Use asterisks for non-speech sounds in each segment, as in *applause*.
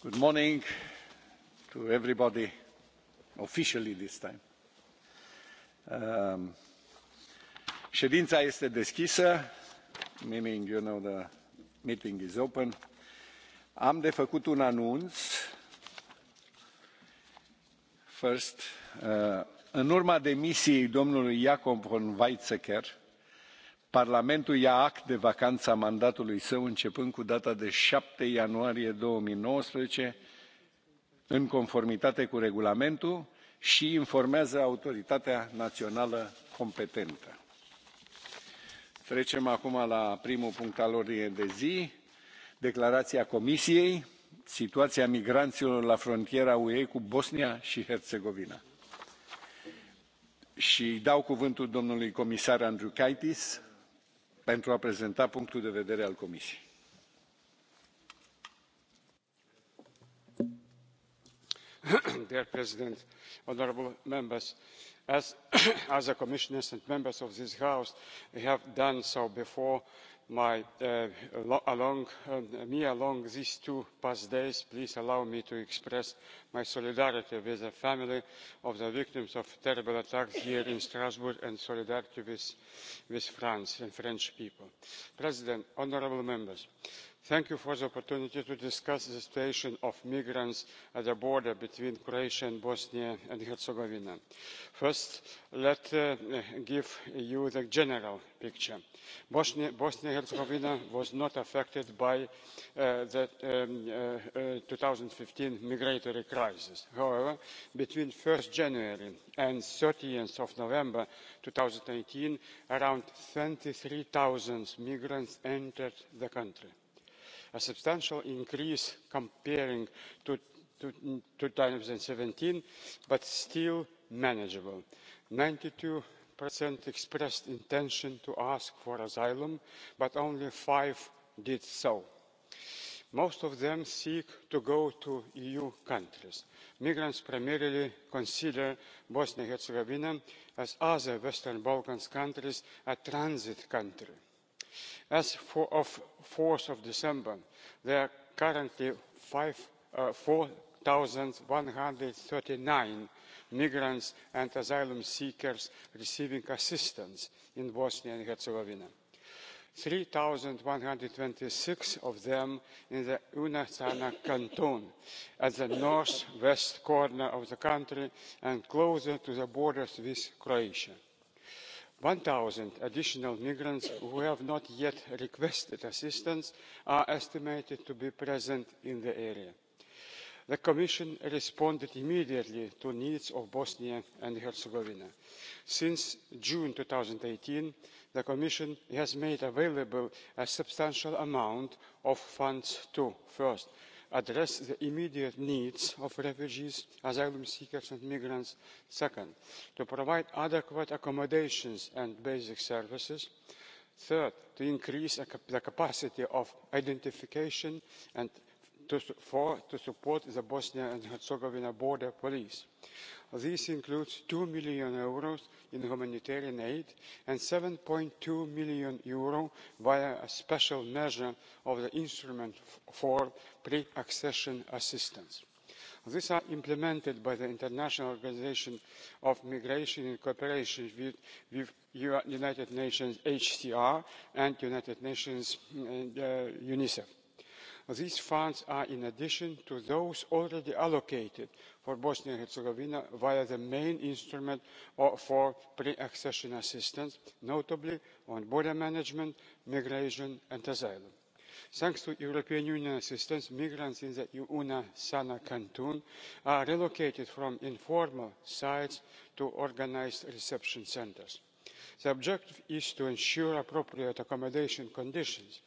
good morning to everybody officially this time. Um, ședința este deschisă meaning you know the meeting is open. Am de făcut un anunț. First, uh, în urma demisiei domnului Jacob von weizscker parlamentul ia act de vacanța mandatului său începând cu data de 7 ianuarie două mii în conformitate cu regulamentul și informează autoritatea națională competentă. trecem acum la primul punct al ordinii de zi declarația comisiei situația migranților la frontiera ue cu bosnia și herțegovina și dau cuvântul domnului comisar andriukaitis pentru a prezenta punctul de vedere al comisiei. *coughs* dear president Honorable members as other *coughs* commissioners and members of this house have done so before my, uh, along, um, me along these two past days please allow me to express my solidarity with the family of the victims of terrible attacks here in strasbourg and solidarity with, france and french people. honourable members thank you for the opportunity to discuss the situation of migrants at the border between croatia and bosnia and herzegovina. first let me uh, give you the general picture. bosnia and herzegovina was not affected by uh, the um, uh, two thousand and fifteen migratory crisis. however between one january and thirty november two thousand and eighteen around twenty three zero migrants entered the country a substantial increase comparing to two thousand and seventeen but still manageable ninety two expressed intention to ask for asylum but only five did so. most of them seek to go to eu countries. migrants primarily consider bosnia and herzegovina as other western Balkans countries a transit country as of four of december there are currently and thirty nine migrants and asylum seekers receiving assistance in bosnia and herzegovina three one hundred and twenty six of them in the Unasana canton at the north west corner of the country and closer to the borders with croatia one zero additional migrants who have not yet requested assistance are estimated to be present in the area. the commission responded immediately to the needs of bosnia and herzegovina. since june two thousand and eighteen the commission has made available a substantial amount of funds to first address the immediate needs of refugees asylum seekers and migrants; second to provide adequate accommodation and basic services; third to increase the capacity of identification and to, for, to support the Bosnia and Herzegovina border police. This includes EUR 2 million euros in humanitarian aid and 7.2 million via a special measure of the instrument for pre-accession assistance. These are implemented by the International Organization of Migration in cooperation with, the United Nations HCR and United Nations mm, uh, UNICEF These funds are in addition to those already allocated for Bosnia and Herzegovina via the main instrument for pre-accession assistance, notably on border management, migration and asylum. Thanks to European Union assistance, migrants in the Una Sana canton are relocated from informal sites to organised reception centres. The objective is to ensure appropriate accommodation conditions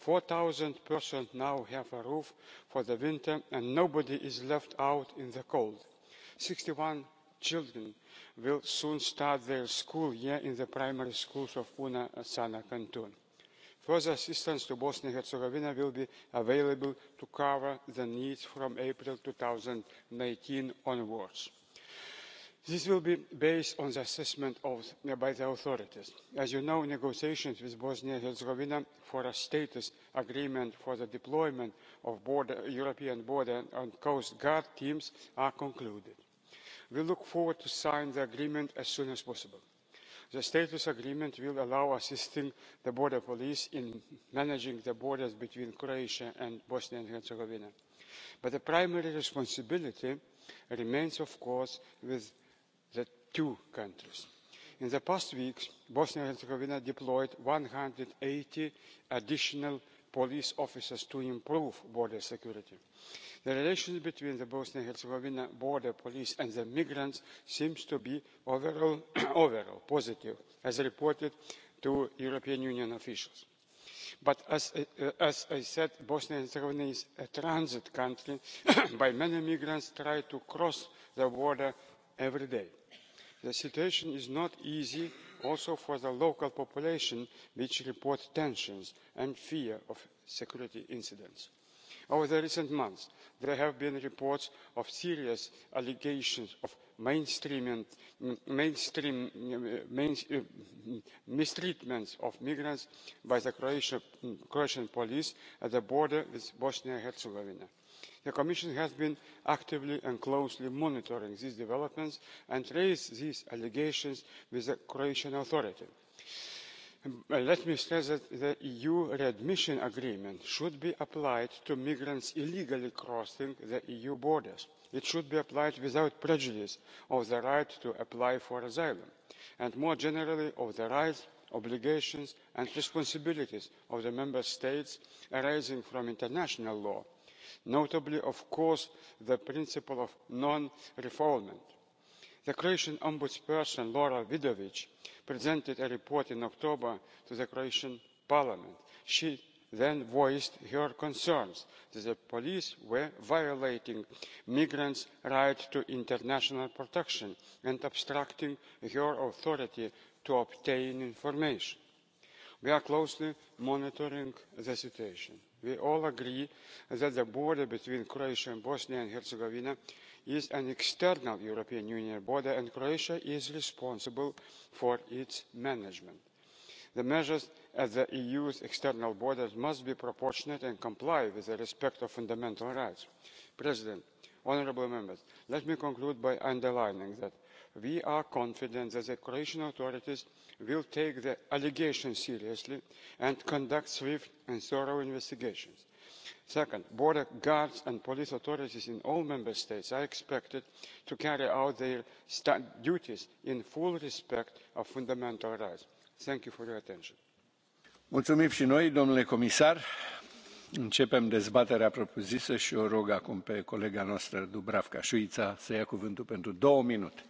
four thousand persons now have a roof for the winter and nobody is left out in the cold. sixty one children will soon start their school year in the primary schools of una sana canton. further assistance to bosnia and herzegovina will be available to cover the needs from april two thousand and onwards this will be based on the assessment of, by the authorities. as you know negotiations with bosnia and herzegovina for a status agreement for the deployment of border, european border and coast guard teams are concluded. we look forward to signing the agreement as soon as possible. the status agreement will allow assisting the border police in managing the borders between croatia and bosnia and herzegovina but the primary responsibility remains of course with the two countries. in the past weeks bosnia and herzegovina deployed one hundred and eighty additional police officers to improve border security. the relations between the bosnia and herzegovina border police and the migrants seems to be *coughs* overall positive as reported to european union officials. but as uh, i said bosnia and herzegovina is a transit country *coughs* by many migrants try to cross the border every day. the situation is not easy also for the local population which report tensions and fear of security incidents. over the recent months there have been reports of serious allegations of mistreatment of migrants by the croatian police at the border with bosnia and herzegovina the commission has been actively and closely monitoring these developments and raised these allegations with the croatian authorities. Uh, let me stress that the eu readmission agreement should be applied to migrants illegally crossing the eu borders. it should be applied without prejudice of the right to apply for asylum and more generally of the rights obligations and responsibilities of the member states arising from international law notably of course the principle of non refoulement. the croatian ombudsperson lora vidovi presented a report in october to the croatian parliament. she then voiced her concerns that the police were violating migrants' right to international protection and obstructing her authority to obtain information. we are closely monitoring the situation we all agree that the border between croatia and bosnia and herzegovina is an external european union border and croatia is responsible for its management. the measures at the eu's external borders must be proportionate and comply with the respect of fundamental rights. let me conclude by underlining we are confident that the croatian authorities will take the allegations seriously and conduct swift and thorough investigations. second border guards and police authorities in all member states are expected to carry out their duties in full respect of fundamental rights. thank you for your attention. mulțumim și noi domnule comisar. începem dezbaterea propriu zisă și o rog acum pe colega noastră dubravka uica să ia cuvântul pentru două minute.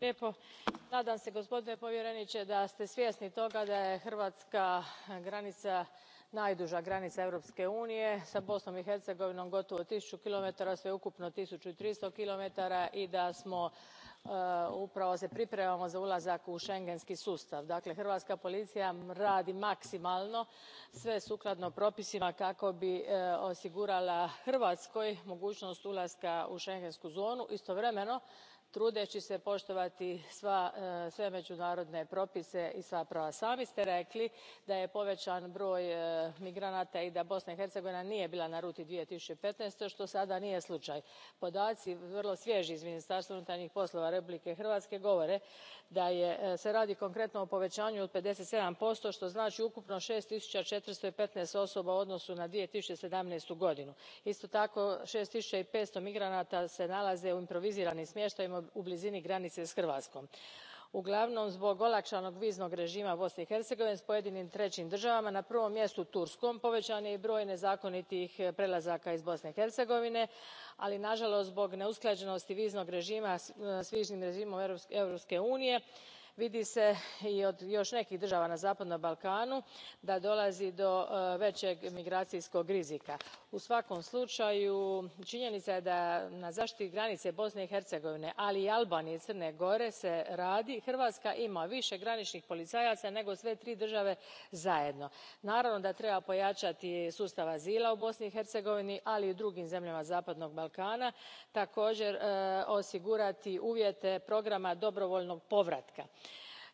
Lijepo. nadam se gospodine povjereniče da ste svjesni toga da je hrvatska granica najduža granica europske unije s bosnom i hercegovinom gotovo one tisuća km sveukupno one three hundred km i da smo e, upravo pripremamo za ulazak u schengenski sustav. dakle hrvatska policija radi maksimalno sve sukladno propisima kako bi e, osigurala hrvatskoj mogućnost ulaska u schengensku zonu. istovremeno trudei se potovati e, sve meunarodne propise i sva prava. sami ste rekli da je povean broj e, migranata i da bosna i hercegovina nije bila na ruti. two thousand and fifteen to sada nije sluaj. podaci vrlo svježi iz ministarstva unutarnjih poslova republike hrvatske govore da e, se radi konkretno o poveanju od fifty seven to znai ukupno six four hundred and fifteen osoba u odnosu na. two thousand and godinu isto tako six five hundred migranata se nalaze u improviziranim smještajima u blizini granice s hrvatskom uglavnom zbog olakšanog viznog režima bosne i hercegovine s pojedinim trećim državama na prvom mjestu turskom povećan je i broj nezakonitih prelazaka iz bosne i hercegovine ali nažalost zbog neusklađenosti viznog režima s viznim režimom europske unije vidi se i od još nekih država na zapadnom balkanu da dolazi do e, većeg migracijskog rizika. u svakom slučaju činjenica je da na zaštiti granice bosne i hercegovine ali i albanije i crne gore se radi. hrvatska ima više graničnih policajaca nego sve tri države zajedno. naravno da treba pojačati sustav azila u bosni i hercegovini ali i u drugim zemljama zapadnog balkana također e, osigurati uvjete programa dobrovoljnog povratka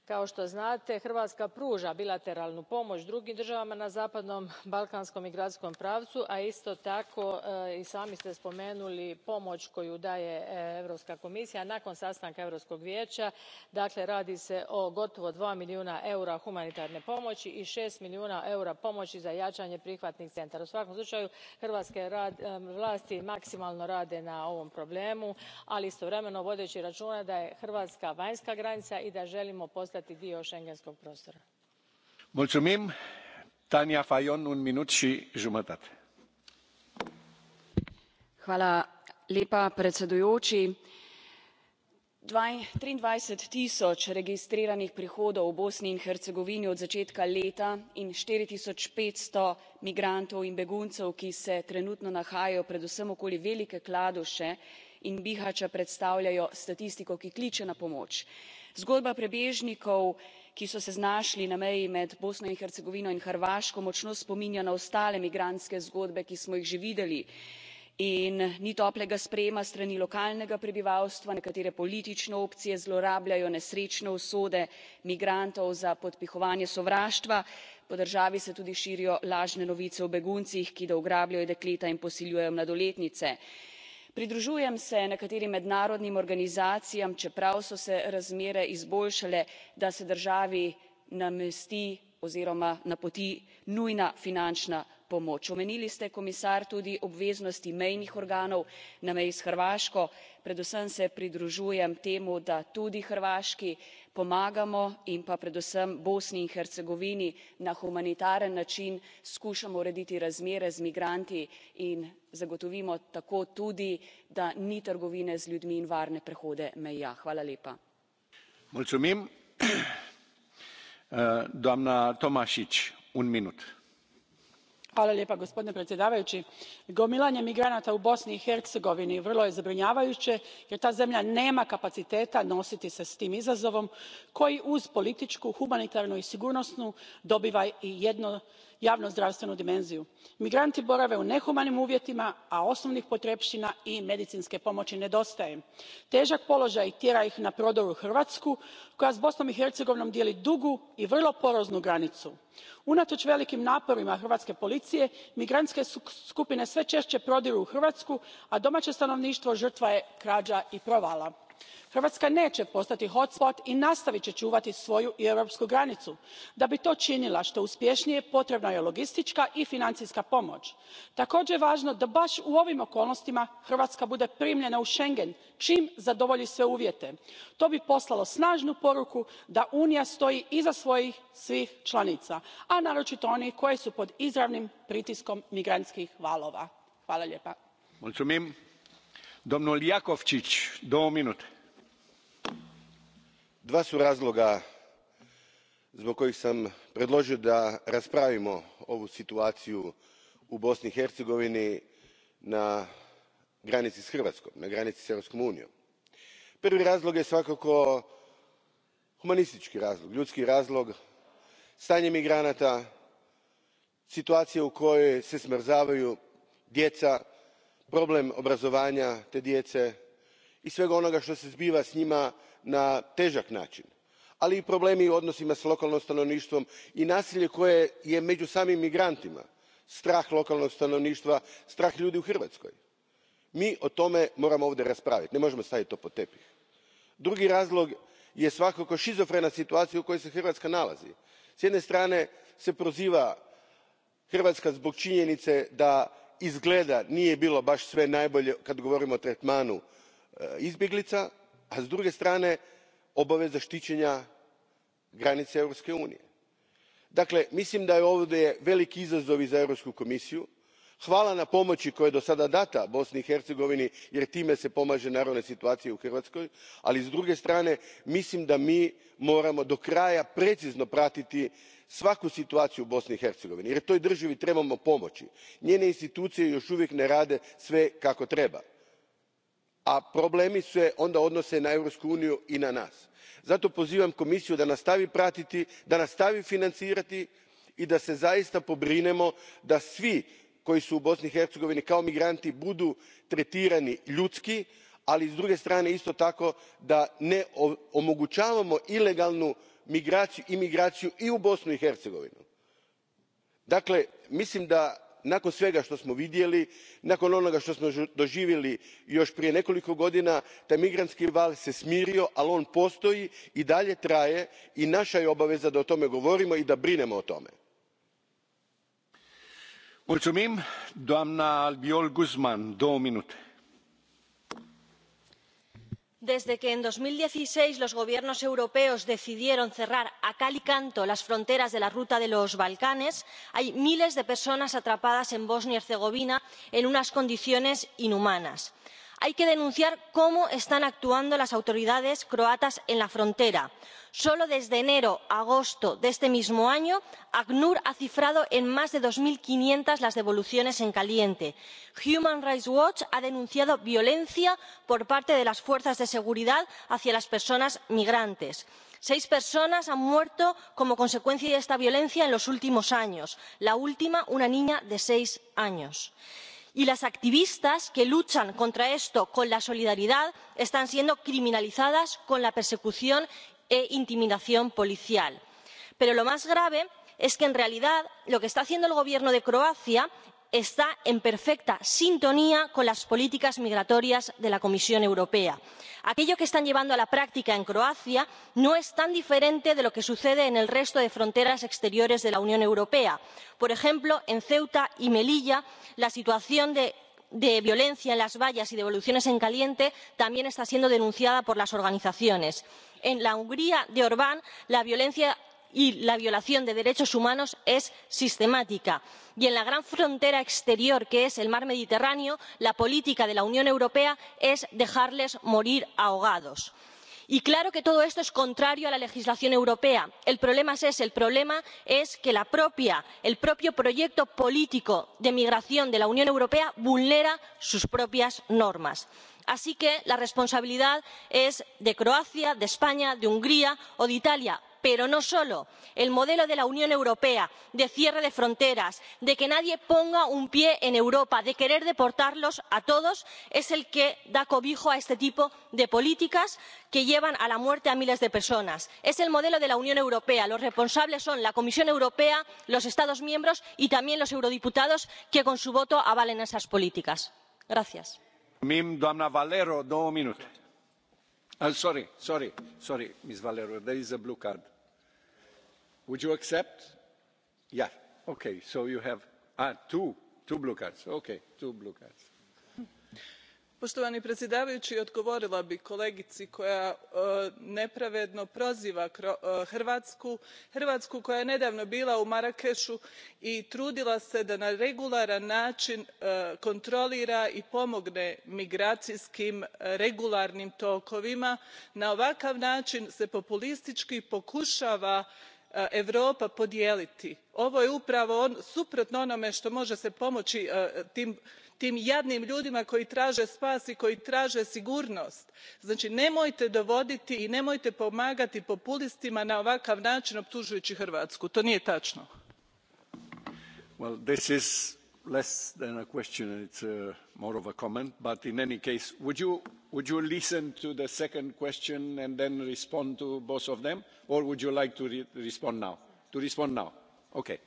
kao to znate hrvatska pruža bilateralnu pomo drugim dravama na zapadnom balkanskom migracijskom pravcu a isto tako eh, i sami ste spomenuli pomo koju daje eh, europska komisija nakon sastanka europskog vijeća, dakle radi se o gotovo two milijuna eura humanitarne pomoi i six milijuna eura pomoi za jačanje prihvatnih centara. u svakom sluaju hrvatske eh, vlasti maksimalno rade na ovom problemu ali istovremeno vodei rauna da je hrvatska vanjska granica i da elimo postati dio schengenskog prostora. triindvajset tisoč registriranih prihodov u bosni in hercegovini od začetka leta in štiri tisoč petsto migrantov in beguncev ki se trenutno nahajajo predvsem okoli velike kladuše in bihača predstavljajo statistiko ki kliče na pomoč zgodba prebežnikov ki so se znašli na meji med bosno in hercegovino in hrvaško močno spominja na ostale migrantske zgodbe ki smo jih že videli in ni toplega sprejema s strani lokalnega prebivalstva nekatere politične opcije zlorabljajo nesrečne usode migrantov za podpihovanje sovraštva po državi se tudi širijo lažne novice o beguncih ki da ugrabljajo dekleta in posiljujejo mladoletnice pridružujem se nekaterim mednarodnim organizacijam čeprav so se razmere izboljšale da se državi namesti oziroma napoti nujna finančna pomoč. omenili ste komisar tudi obveznosti mejnih organov na meji s hrvaško predvsem se pridružujem temu da tudi hrvaški pomagamo in pa predvsem bosni in hercegovini na humanitaren način skušamo urediti razmere z migranti in zagotovimo tako tudi da ni trgovine z ljudmi in varne prehode meja. *clears throat* gospodine predsjedavajući gomilanje migranata u bosni i hercegovini vrlo je zabrinjavajuće jer ta zemlja nema kapaciteta nositi se s tim izazovom koji uz političku humanitarnu i sigurnosnu dobiva i jedno javnozdravstvenu dimenziju. migranti borave u nehumanim uvjetima a osnovnih potrepština i medicinske pomoći nedostaje. težak položaj tjera ih na prodoru hrvatsku koja s bosnom i hercegovinom dijeli dugu i vrlo poroznu granicu. unatoč velikim naporima hrvatske policije migrantske skupine sve češće prodiru u hrvatsku a domaće stanovništvo žrtva je krađa i provala hrvatska neće postati hotspot i nastavit će čuvati svoju i europsku granicu. da bi to činila što uspješnije potrebna je logistička i financijska pomoć. također je važno da baš u ovim okolnostima hrvatska bude primljena u schengen čim zadovolji sve uvjete. to bi poslalo snažnu poruku da unija stoji iza svojih svih članica a naročito onih koje su pod izravnim pritiskom migrantskih valova. hvala lijepa. Domno do minute. Dva su razloga zbog kojih sam predložio da raspravimo ovu situaciju u Bosni i Hercegovini na granici s Hrvatskom, na granici s Europskom unijom. Prvi razlog je svakako humanistički razlog, ljudski razlog, stanje migranata, situacija u kojoj se smrzavaju djeca problem obrazovanja te djece i svega onoga što se zbiva s njima na težak način ali i problemi u odnosima s lokalnim stanovništvom i nasilje koje je među samim migrantima strah lokalnog stanovništva strah ljudi u hrvatskoj. mi o tome moramo ovdje raspraviti ne možemo staviti to pod tepih. drugi razlog je svakako šizofrena situacija u kojoj se hrvatska nalazi. s jedne strane se proziva Hrvatska zbog činjenice da izgleda nije bilo baš sve najbolje kad govorimo o tretmanu e, izbjeglica a s druge strane obaveza štićenja granice europske unije. dakle mislim da je ovdje veliki izazov i za europsku komisiju. hvala na pomoći koja je do sada dana bosni i hercegovini jer time se pomaže naravno i u hrvatskoj ali s druge strane mislim da mi moramo do kraja precizno pratiti svaku situaciju u bosni i hercegovini jer toj državi trebamo pomoći. njene institucije još uvijek ne rade sve kako treba a problemi se onda odnose na europsku uniju i na nas. zato pozivam komisiju da nastavi pratiti da nastavi financirati i da se zaista pobrinemo da svi koji su u bosni i hercegovini kao migranti budu tretirani ljudski ali s druge strane isto tako da ne omogućavamo ilegalnu imigraciju i u bosnu i hercegovinu. dakle mislim da nakon svega što smo vidjeli nakon onoga što smo doživjeli još prije nekoliko godina taj migrantski val se smirio ali on postoji i dalje traje i naša je obaveza da o tome govorimo i da brinemo o tome desde que en dos mil dieciseis los gobiernos europeos decidieron cerrar a cal y canto las fronteras de la ruta de los balcanes hay miles de personas atrapadas en bosnia y herzegovina en unas condiciones inhumanas hay que denunciar cómo están actuando las autoridades croatas en la frontera solo desde enero a agosto de este mismo año acnur ha cifrado en más de dos quinientos las devoluciones en caliente human rights watch ha denunciado violencia por parte de las fuerzas de seguridad hacia las personas migrantes seis personas han muerto como consecuencia de esta violencia en los últimos años la última una niña de seis años y las activistas que luchan contra esto con la solidaridad están siendo criminalizadas con la persecución e intimidación policial. pero lo más grave es que en realidad lo que está haciendo el gobierno de croacia está en perfecta sintonía con las políticas migratorias de la comisión europea. aquello que están llevando a la práctica en croacia no es tan diferente de lo que sucede en el resto de fronteras exteriores de la unión europea. por ejemplo en ceuta y melilla la situación de violencia en las vallas y devoluciones en caliente también está siendo denunciada por las organizaciones. en la hungría de orbán la violencia y la violación de derechos humanos es sistemática y en la gran frontera exterior que es el mar mediterráneo la política de la unión europea es dejarles morir ahogados. y claro que todo esto es contrario a la legislación europea. el problema es ese el problema es que el propio proyecto político de migración de la unión europea vulnera sus propias normas. así que la responsabilidad es de croacia de españa de hungría o de italia pero no solo el modelo de la unión europea de cierre de fronteras de que nadie ponga un pie en europa de querer deportarlos a todos es el que da cobijo a este tipo de políticas que llevan a la muerte a miles de personas. es el modelo de la unión europea los responsables son la comisión europea los estados miembros y también los eurodiputados que con su voto avalen esas políticas would you accept? yeah okay so you have ah, two, blue cards okay two blue cards. poštovani predsjedavajući odgovorila bih kolegici koja e, nepravedno proziva e, hrvatsku hrvatsku koja je nedavno bila u marakešu i trudila se da na regularan način e, kontrolira i pomogne migracijskim regularnim tokovima na ovakav način se populistički pokušava europa podijeliti. ovo je upravo suprotno onome što se pomoći e, tim jadnim ljudima koji traže spas i koji traže sigurnost. znači nemojte dovoditi i nemojte pomagati populistima na ovakav način optužujući hrvatsku. to nije točno less than a question it's uh, more of a comment but in any case would you would you listen to the second question and then respond to both of them or would you like to respond now to respond now okay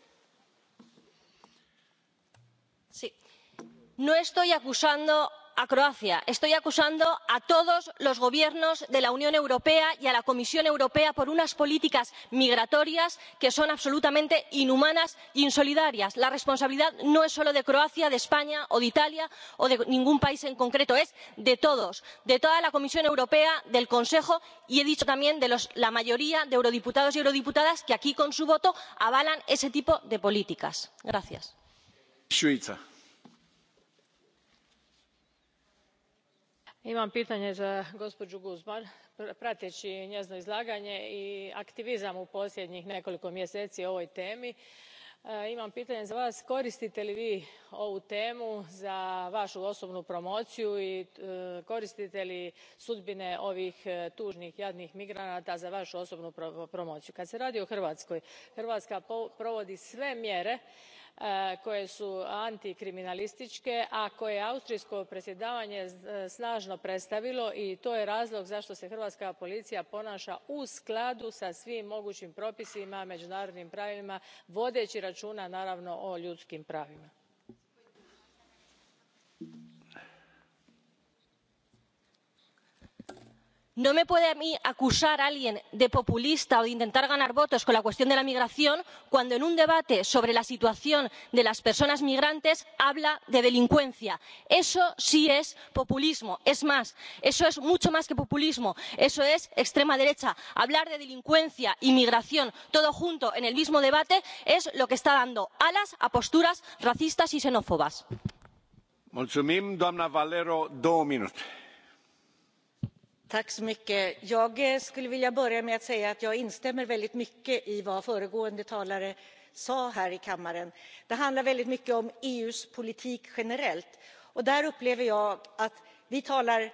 no estoy acusando a croacia. estoy acusando a todos los gobiernos de la unión europea y a la comisión europea por unas políticas migratorias que son absolutamente inhumanas e insolidarias. la responsabilidad no es solo de croacia de españa o de italia o de ningún país en concreto es de todos de toda la comisión europea del consejo y he dicho también de la mayoría de eurodiputados y eurodiputadas que aquí con su voto avalan ese tipo de políticas. imam pitanje za gospođu guzman. prateći njezino izlaganje i aktivizam u posljednjih nekoliko mjeseci o ovoj temi e, imam pitanje za vas koristite li vi ovu temu za vašu osobnu promociju i e, koristite li sudbine ovih e, tužnih jadnih migranata za vašu osobnu promociju? kad se radi o hrvatskoj hrvatska provodi sve mjere E, koje su antikriminalističke, a koje je austrijsko predsjedavanje e, snažno predstavilo i to je razlog zašto se hrvatska policija ponaša u skladu sa svim mogućim propisima međunarodnim pravilima vodeći računa naravno o ljudskim pravima. no me puede a mí acusar alguien de populista o de intentar ganar votos con la cuestión de la migración cuando en un debate sobre la situación de las personas migrantes habla de delincuencia. eso sí es populismo es más eso es mucho más que populismo eso es extrema derecha. hablar de delincuencia y migración todo junto en el mismo debate es lo que está dando alas a posturas racistas y xenófobas herr talman! Jag eh, skulle vilja börja med att säga att jag instämmer väldigt mycket i vad föregående talare sade här i kammaren. Det handlar väldigt mycket om eus politik generellt. och Där upplever jag att vi talar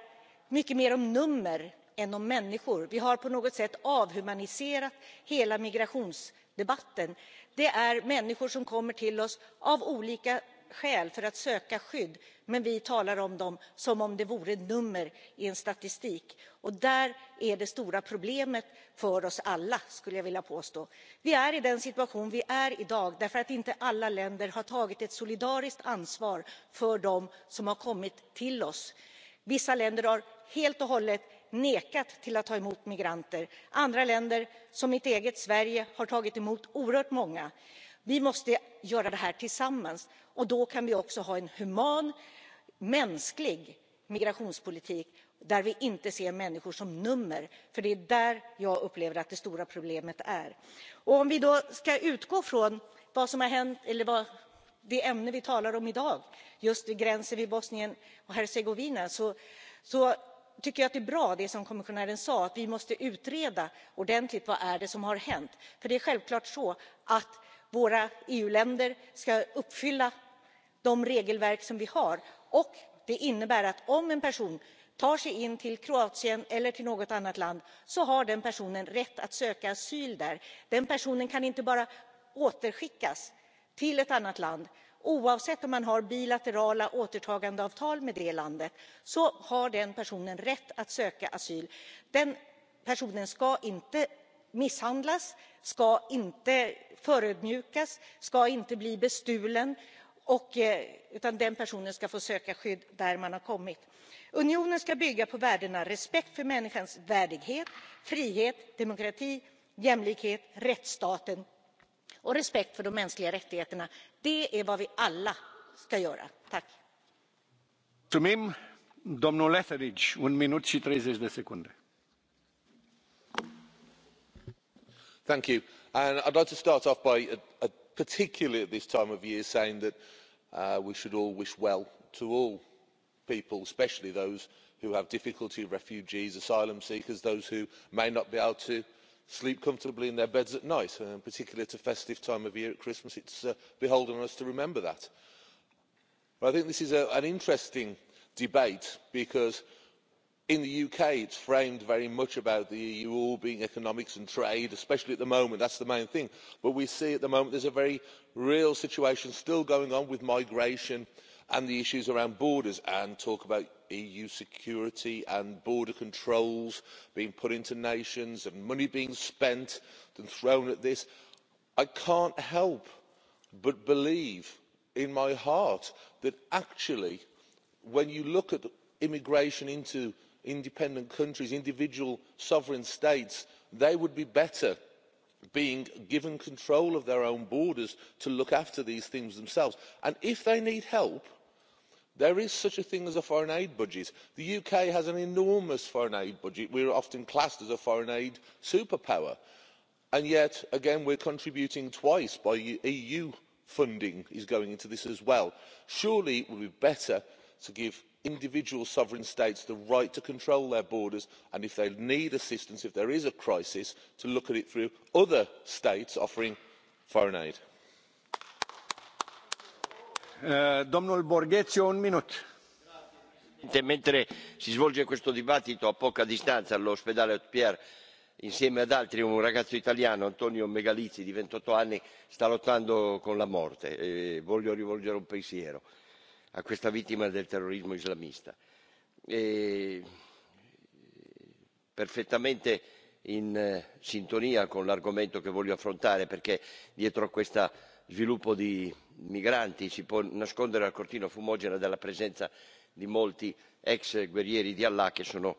mycket mer om nummer än om människor. Vi har på något sätt avhumaniserat hela migrationsdebatten. Det är människor som kommer till oss av olika skäl för att söka skydd men vi talar om dem som om de vore nummer i en statistik. där är det stora problemet för oss alla skulle jag vilja påstå. vi är i den situation vi är i dag därför att inte alla länder har tagit ett solidariskt ansvar för dem som har kommit till oss. vissa länder har helt och hållet nekat till att ta emot migranter. andra länder som mitt eget sverige har tagit emot oerhört många. vi måste göra det här tillsammans. Och då kan vi också ha en human mänsklig migrationspolitik där vi inte ser människor som nummer för det är där jag upplever att det stora problemet är. om vi då ska utgå från det ämne vi talar om i dag just vid gränsen vid bosnien och hercegovina tycker jag att det är bra det som kommissionären sa, att vi måste utreda ordentligt vad det är som har hänt. för det är självklart så att våra eu länder ska uppfylla de regelverk som vi har och det innebär att om en person tar sig in till kroatien eller till något annat land har den personen rätt att söka asyl där. Den personen kan inte bara återskickas till ett annat land. oavsett om man har bilaterala återtagandeavtal med det landet har den personen rätt att söka asyl. Den personen ska inte misshandlas ska inte förödmjukas ska inte bli bestulen. Eh, utan den personen ska få söka skydd där man har kommit. unionen ska bygga på värdena respekt för människans värdighet frihet demokrati jämlikhet rättsstaten och respekt för de mänskliga rättigheterna. det är vad vi alla ska göra particularly at this time of year saying that uh, we should all wish well to all people especially those who have difficulty refugees asylum seekers those who may not be able to sleep comfortably in their beds at night and particularly at a festive time of year at christmas it's uh, beholden on us to remember that. i think this is an interesting debate because in the uk it's framed very much about the eu all being economics and trade especially at the moment that's the main thing but we see at the moment there's a very real situation still going on with migration and the issues around borders and talk about eu security and border controls being put into nations and money being spent and thrown at this i can't help but believe in my heart that actually when you look at immigration into independent countries individual sovereign states they would be better being given control of their own borders to look after these things themselves and if they need help there is such a thing as a foreign aid budget. the uk has an enormous foreign aid budget we are often classed as a foreign aid superpower and yet again we're contributing twice by eu funding is going into this as well. surely it would be better to give individual sovereign states the right to control their borders and if they need assistance if there is a crisis to look at it through other states offering foreign aid. Eh, un minut. mentre si svolge questo dibattito a poca distanza all'ospedale pierre insieme ad altri un ragazzo italiano antonio megalizzi di ventotto anni sta lottando con la morte e voglio rivolgere un pensiero a questa vittima del terrorismo islamista. E, perfettamente in eh, sintonia con l'argomento che voglio affrontare perché dietro a questo sviluppo di migranti si può nascondere la cortina fumogena della presenza di molti ex guerrieri di Allah che sono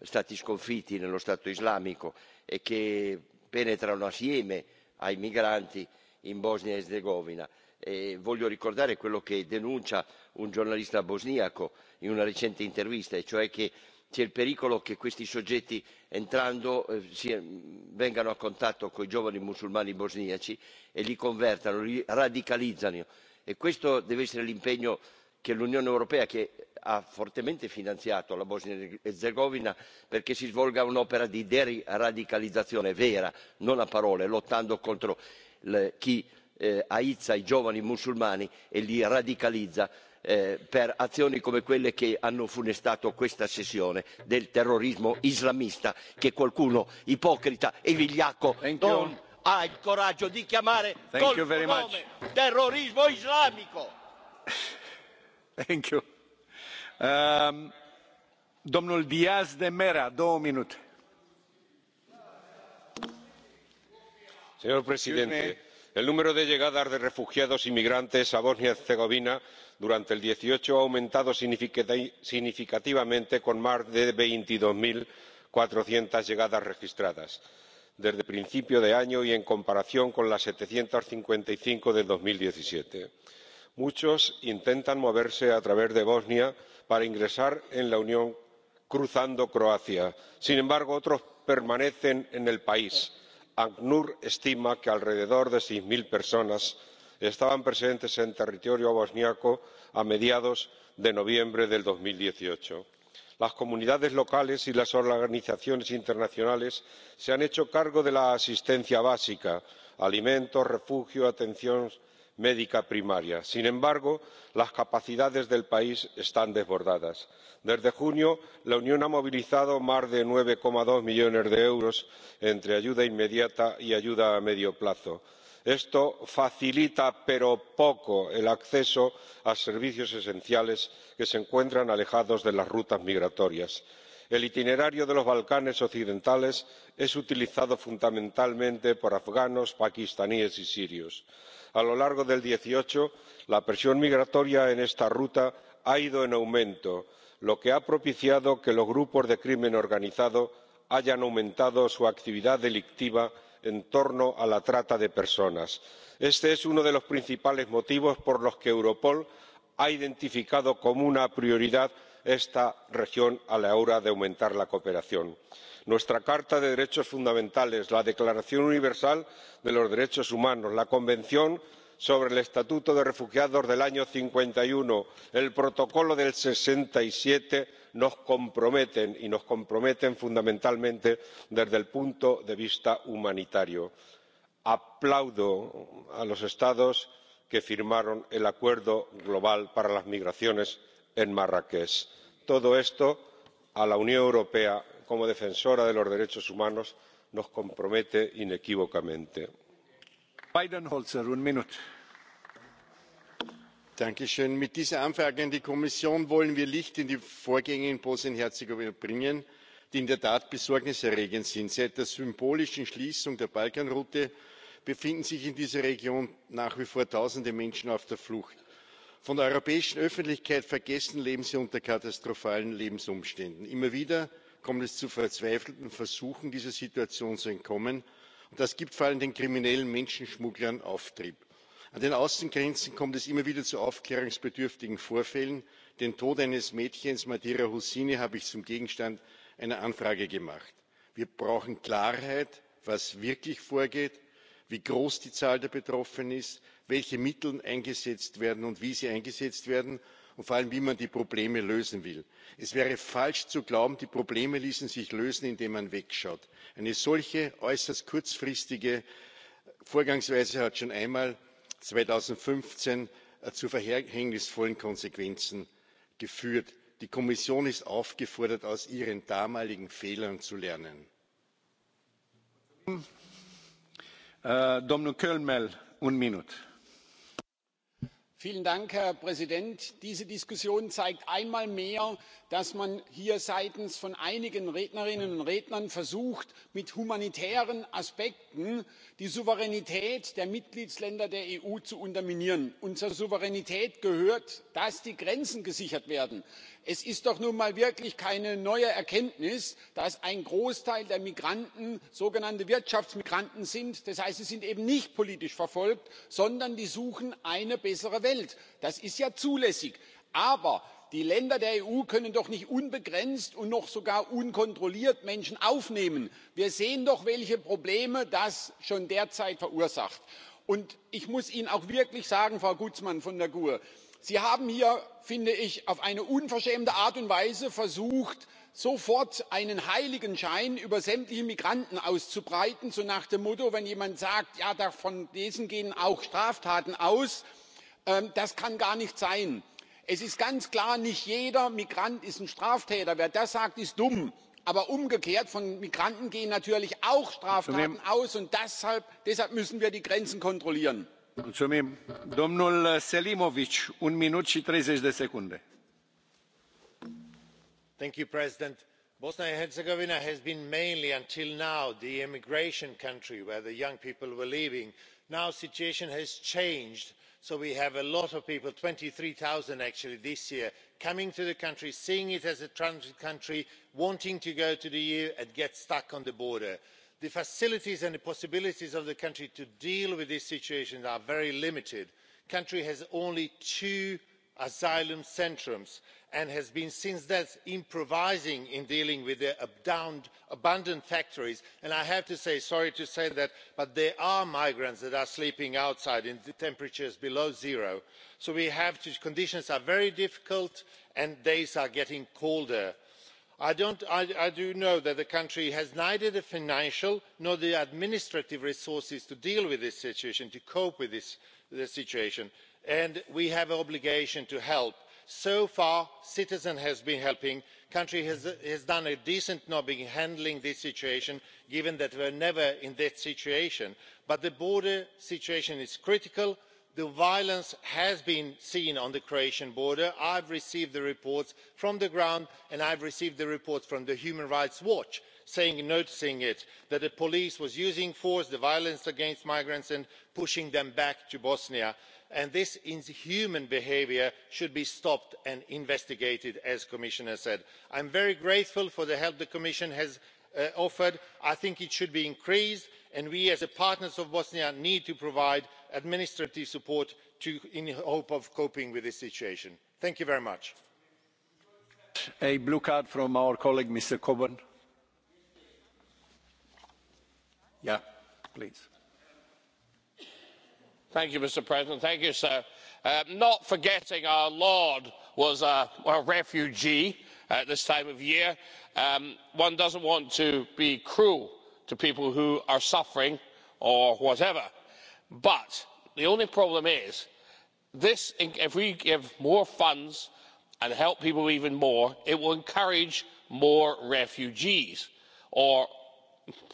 stati sconfitti nello Stato islamico e che penetrano assieme ai migranti in Bosnia ed Erzegovina e voglio ricordare quello che denuncia un giornalista bosniaco in una recente intervista e cioè che c'è il pericolo che questi soggetti entrando eh, vengano a contatto con i giovani musulmani bosniaci e li convertano li radicalizzano. e questo deve essere l'impegno che l'unione europea che ha fortemente finanziato la bosnia erzegovina perché si svolga un'opera di deradicalizzazione vera non a parole lottando contro chi Eh, aizza i giovani musulmani e li radicalizza eh, per azioni come quelle che hanno funestato questa sessione del terrorismo islamista che qualcuno ipocrita e vigliacco non ha il coraggio di chiamare col suo nome terrorismo islamico. *laughs* Thank you. Um, presidente, el número de llegadas de refugiados y migrantes a bosnia y herzegovina durante el mil dieciocho ha aumentado significativamente con más de veintidós cuatrocientos llegadas registradas desde principio de año y en comparación con las setecientos cincuenta y cinco de dos mil diecisiete muchos intentan moverse a través de bosnia para ingresar en la unión cruzando croacia. sin embargo otros permanecen en el país acnur estima que alrededor de seis cero personas estaban presentes en territorio bosniaco a mediados de noviembre de. dos mil dieciocho las comunidades locales y las organizaciones internacionales se han hecho cargo de la asistencia básica alimentos refugio atención médica primaria. sin embargo las capacidades del país están desbordadas. desde junio la unión ha movilizado más de nueve dos millones de euros entre ayuda inmediata y ayuda a medio plazo. esto facilita pero poco el acceso a servicios esenciales que se encuentran alejados de las rutas migratorias el itinerario de los balcanes occidentales es utilizado fundamentalmente por afganos pakistaníes y sirios. a lo largo del dos la presión migratoria en esta ruta ha ido en aumento lo que ha propiciado que los grupos de crimen organizado hayan aumentado su actividad delictiva en torno a la trata de personas. este es uno de los principales motivos por los que europol ha identificado como una prioridad esta región a la hora de aumentar la cooperación. nuestra carta de los derechos fundamentales la declaración universal de los derechos humanos la convención sobre el estatuto de los refugiados del año cincuenta y uno el protocolo del sesenta y siete nos comprometen y nos comprometen fundamentalmente desde el punto de vista humanitario. aplaudo a los estados que firmaron el acuerdo global para las migraciones en marrakech. todo esto a la unión europea como defensora de los derechos humanos nos compromete inequívocamente. mit dieser anfrage an die kommission wollen wir licht in die vorgänge in bosnien und herzegowina bringen die in der tat besorgniserregend sind. seit der symbolischen schließung der balkanroute befinden sich in dieser region nach wie vor tausende menschen auf der flucht von der europäischen öffentlichkeit vergessen leben sie unter katastrophalen lebensumständen. immer wieder kommt es zu verzweifelten versuchen dieser situation zu entkommen und das gibt vor allem den kriminellen menschenschmugglern auftrieb. an den außengrenzen kommt es immer wieder zu aufklärungsbedürftigen vorfällen den tod eines mädchens madeira huseini habe ich zum gegenstand einer anfrage gemacht. wir brauchen klarheit was wirklich vorgeht wie groß die zahl der betroffenen ist welche mittel eingesetzt werden und wie sie eingesetzt werden und vor allem wie man die probleme lösen will. es wäre falsch zu glauben die probleme ließen sich lösen indem man wegschaut. eine solche äußerst kurzfristige vorgangsweise hat schon einmal zweitausendfünfzehn äh, zu verhängnisvollen konsequenzen geführt. die kommission ist aufgefordert aus ihren damaligen fehlern zu lernen. herr äh, präsident! herr präsident! diese diskussion zeigt einmal mehr dass man hier seitens von einigen rednerinnen und rednern versucht mit humanitären aspekten die souveränität der mitgliedstaaten der eu zu unterminieren. und souveränität gehört dass die grenzen gesichert werden es ist doch nun mal wirklich keine neue erkenntnis dass ein großteil der migranten sogenannte wirtschaftsmigranten sind das heißt sie sind eben nicht politisch verfolgt sondern sie suchen eine bessere welt. das ist ja zulässig. aber die länder der eu können doch nicht unbegrenzt und noch sogar unkontrolliert menschen aufnehmen. wir sehen doch welche probleme das schon derzeit verursacht. und ich muss ihnen auch wirklich sagen frau guzmn von der gue sie haben hier finde ich auf eine unverschämte art und weise versucht sofort einen heiligenschein über sämtliche migranten auszubreiten so nach dem motto wenn jemand sagt ja von diesen gehen auch straftaten aus ähm, das kann gar nicht sein. es ist ganz klar nicht jeder migrant ist ein straftäter. wer das sagt ist dumm. aber umgekehrt von migranten gehen natürlich auch straftaten aus und deshalb müssen wir die grenzen kontrollieren. Mr President, Bosnia and Herzegovina has been mainly until now the immigration country where the young people were leaving. Now the situation has changed, so we have a lot of people twenty three zero actually this year coming to the country, seeing it as a transit country, wanting to go to the EU and get stuck on the border the facilities and the possibilities of the country to deal with this situation are very limited. the country has only two asylum centres and has been since then improvising in dealing with the abandoned factories and i have to say sorry to say that but there are migrants that are sleeping outside in temperatures below zero so conditions are very difficult and days are getting colder i do know that the country has neither the financial nor the administrative resources to deal with this situation to cope with this situation and we have an obligation to help. so far citizens have been helping the country has done a decent job in handling this situation given that we were never in that situation but the border situation is critical the violence has been seen on the croatian border. i have received the reports from the ground and i have received the reports from the human rights watch noting that the police was using force the violence against migrants and pushing them back to bosnia. this inhuman behaviour should be stopped and investigated as the commissioner said. i am very grateful for the help the commission has uh, offered. i think it should be increased and we as partners of bosnia need to provide administrative support in the hope of coping with this situation. thank you very much. a from our colleague mr coburn. mr president thank you sir. Um, not forgetting our lord was a, refugee at this time of year um, one doesn't want to be cruel to people who are suffering or whatever but the only problem is that if we give more funds and help people even more it will encourage more refugees or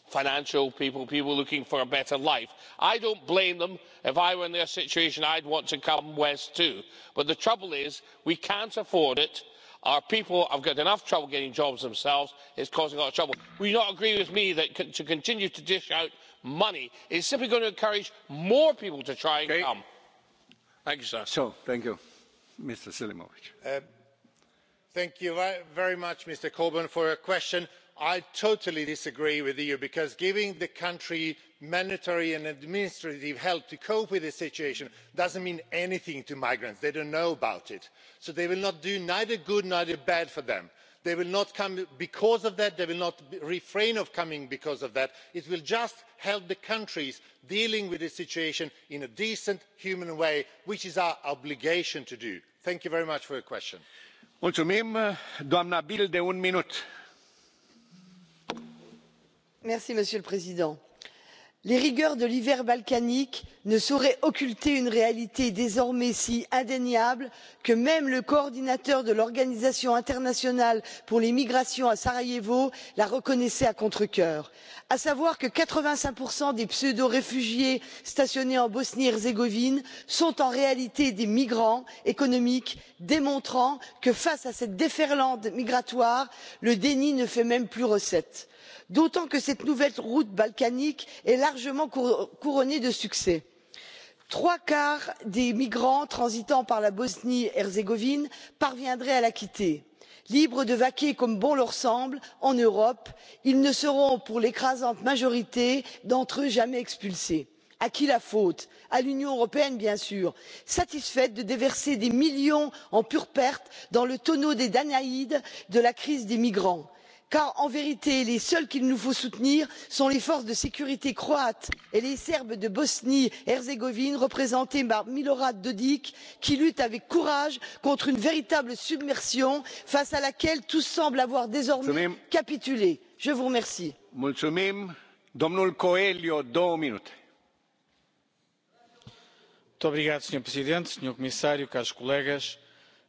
financial people people looking for a better life. i don't blame them. if i were in their situation i'd want to come west too but the trouble is we can't afford it our people have got enough trouble getting jobs themselves it's causing a lot of trouble. will you not agree with me that to continue to dish out money is simply going to encourage more people to try and come. Thank you, Mr. Uh, very much, Mr. Coburn, for your question. I totally disagree with you because giving the country mandatory and administrative help to cope with this situation doesn't mean anything to migrants. They don't know about it. So they will not do neither good nor bad for them they will not come because of that they will not refrain from coming because of that. it will just help the countries dealing with the situation in a decent human way which is our obligation to do. thank you very much for your question. monsieur le président les rigueurs de l'hiver balkanique ne sauraient occulter une réalité désormais si indéniable que même le coordinateur de l'organisation internationale pour les migrations à sarajevo la reconnaissait à contre cœur à savoir que quatre vingt cinq des pseudo réfugiés stationnés en bosnie herzégovine sont en réalité des migrants économiques démontrant que face à cette déferlante migratoire le déni ne fait même plus recette d'autant que cette nouvelle route balkanique est largement couronnée de succès. trois quarts des migrants transitant par la bosnie herzégovine parviendraient à la quitter. libres de vaquer comme bon leur semble en europe ils ne seront pour l'écrasante majorité d'entre eux jamais expulsés. à qui la faute? à l'union européenne bien sûr satisfaite de déverser des millions en pure perte dans le tonneau des danaïdes de la crise des migrants car en vérité les seuls qu'il nous faut soutenir sont les forces de sécurité croates et les serbes de bosnie herzégovine représentés par milorad dodik qui luttent avec courage contre une véritable submersion face à laquelle tous semblent avoir désormais capitulé. je vous remercie. L'Union européenne senhor comissário caros colegas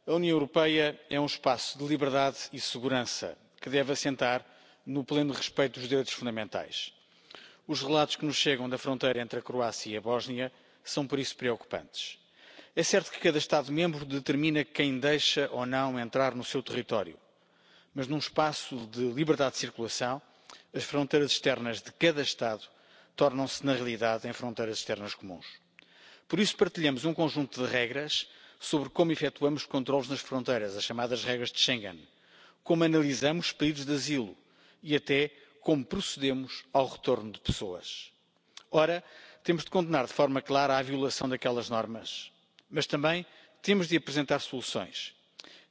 a união um de liberdade e segurança que deve assentar no pleno respeito dos direitos fundamentais. os relatos que nos chegam da fronteira entre a croácia e a bósnia são por isso preocupantes. é certo que cada estado membro determina quem deixa ou não entrar no seu território mas num espaço de liberdade de circulação as fronteiras externas de cada estado tornam se na realidade em fronteiras externas comuns. por isso partilhamos um conjunto de regras sobre como efetuamos controles nas fronteiras as chamadas regras de schengen como analisamos pedidos de asilo e até como procedemos ao retorno de pessoas. ora temos de condenar de forma clara a violação daquelas normas mas também temos de apresentar soluções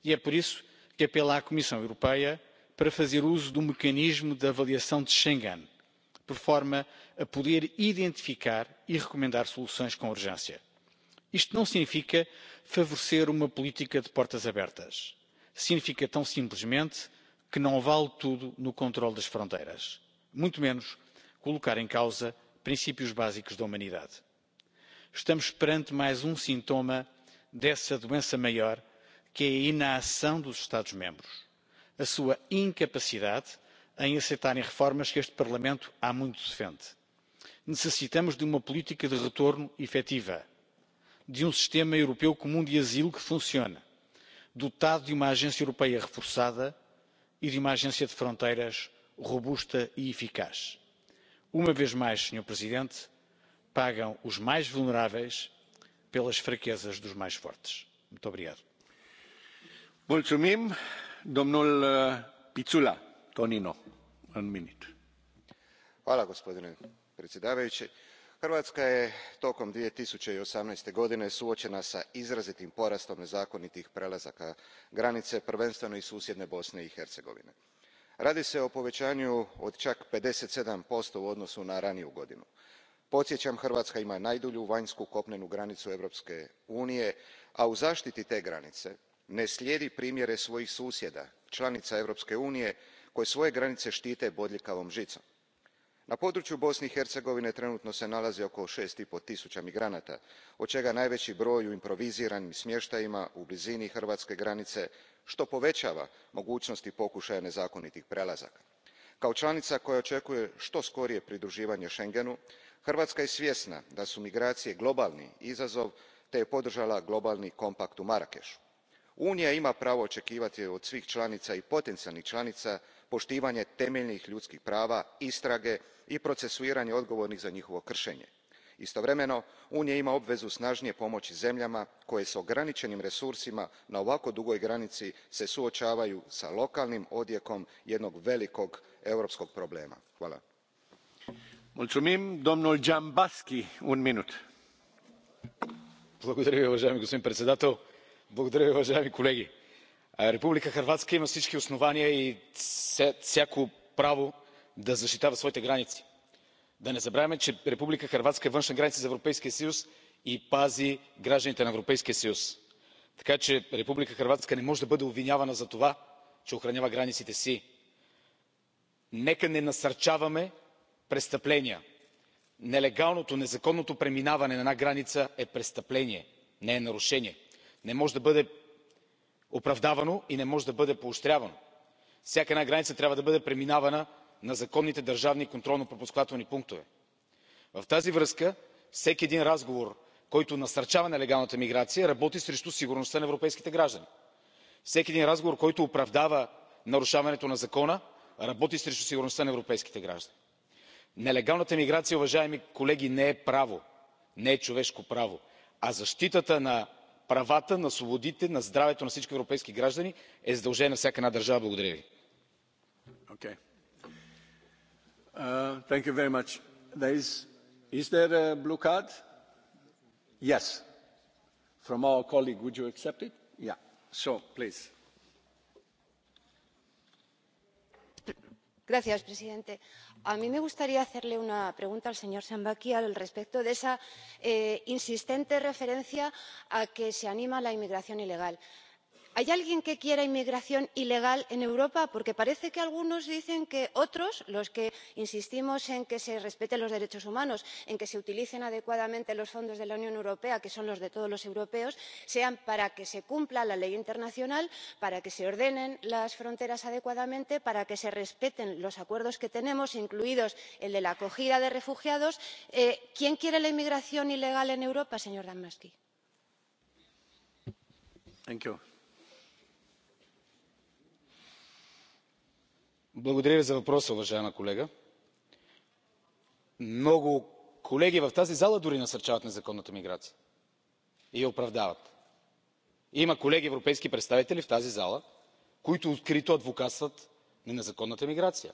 e é por isso que apelo à comissão europeia para fazer uso do mecanismo de avaliação de schengen por forma a poder identificar e recomendar soluções com urgência. isto não significa favorecer uma política de portas abertas significa tão simplesmente que não vale tudo no controle das fronteiras muito menos colocar em causa princípios básicos da humanidade. estamos perante mais um sintoma dessa doença maior que é a inação dos estados membros a sua incapacidade em aceitarem reformas que este parlamento há muito defende. necessitamos de uma política de retorno efetiva de um sistema europeu comum de asilo que funcione dotado de uma agência europeia reforçada e de uma agência de fronteiras robusta e eficaz. uma vez mais senhor presidente pagam os mais vulneráveis pelas fraquezas dos mais fortes. muito obrigado. Uh, gospodine hrvatska je tokom. two thousand and eighteen godine suoena s izrazitim porastom nezakonitih prelazaka granice prvenstveno iz susjedne bosne i hercegovine. radi se o poveanju od ak fifty seven u odnosu na raniju godinu. podsjeam hrvatska ima najdulju vanjsku kopnenu granicu europske unije a u zatiti te granice ne slijedi primjere svojih susjeda lanica europske unije koje svoje granice tite bodljikavom žicom na području bosne i hercegovine trenutno se nalazi oko šest tisuća migranata od čega najveći broj u improviziranim smještajima u blizini hrvatske granice što povećava mogućnosti pokušaja nezakonitih prelazaka. kao članica koja očekuje što skorije pridruživanje schengenu hrvatska je svjesna da su migracije globalni izazov te je podržala globalni kompakt u marakešu. unija ima pravo očekivati od svih članica i potencijalnih članica poštivanje temeljnih ljudskih prava istrage i procesuiranje odgovornih za njihovo kršenje. istovremeno unija ima obvezu snažnije pomoći zemljama koje s ograničenim resursima na ovako dugoj granici se suočavaju s lokalnim odjekom jednog velikog europskog problema. hvala република хърватска има всички основания и всяко право да защитава своите граници. да не забравяме че република хърватска е външна граница за европейския съюз и пази гражданите на европейския съюз така че република хърватска не може да бъде обвинявана за това че охранява границите си. нека не насърчаваме престъпления. нелегалното незаконното преминаване на една граница е престъпление не е нарушение. не може да бъде оправдавано и не може да бъде поощрявано. всяка една граница трябва да бъде преминавана на законните държавни контролно пропускателни пунктове. в тази връзка всеки един разговор който насърчава нелегалната миграция работи срещу сигурността на европейските граждани. всеки един разговор който оправдава нарушаването на закона работи срещу сигурността на европейските граждани. нелегалната миграция уважаеми колеги не е право не е човешко право а защитата на правата на свободите на здравето на всички европейски граждани е задължение на всяка една държава. благодаря ви. señor presidente a mí me gustaría hacerle una pregunta al señor al respecto de esa eh, insistente referencia a que se anima la inmigración ilegal hay alguien que quiera inmigración ilegal en europa? porque parece que algunos dicen que otros los que insistimos en que se respeten los derechos humanos en que se utilicen adecuadamente los fondos de la unión europea que son los de todos los europeos sean para que se cumpla la ley internacional para que se ordenen las fronteras adecuadamente para que se respeten los acuerdos que tenemos incluidos el de la acogida de refugiados. Eh, quién quiere la inmigración ilegal en europa señor dombrovskis? благодаря ви за въпроса уважаема колега. много колеги в тази зала дори насърчават незаконната миграция и я оправдават. има колеги европейски представители в тази зала които открито адвокатстват на незаконната миграция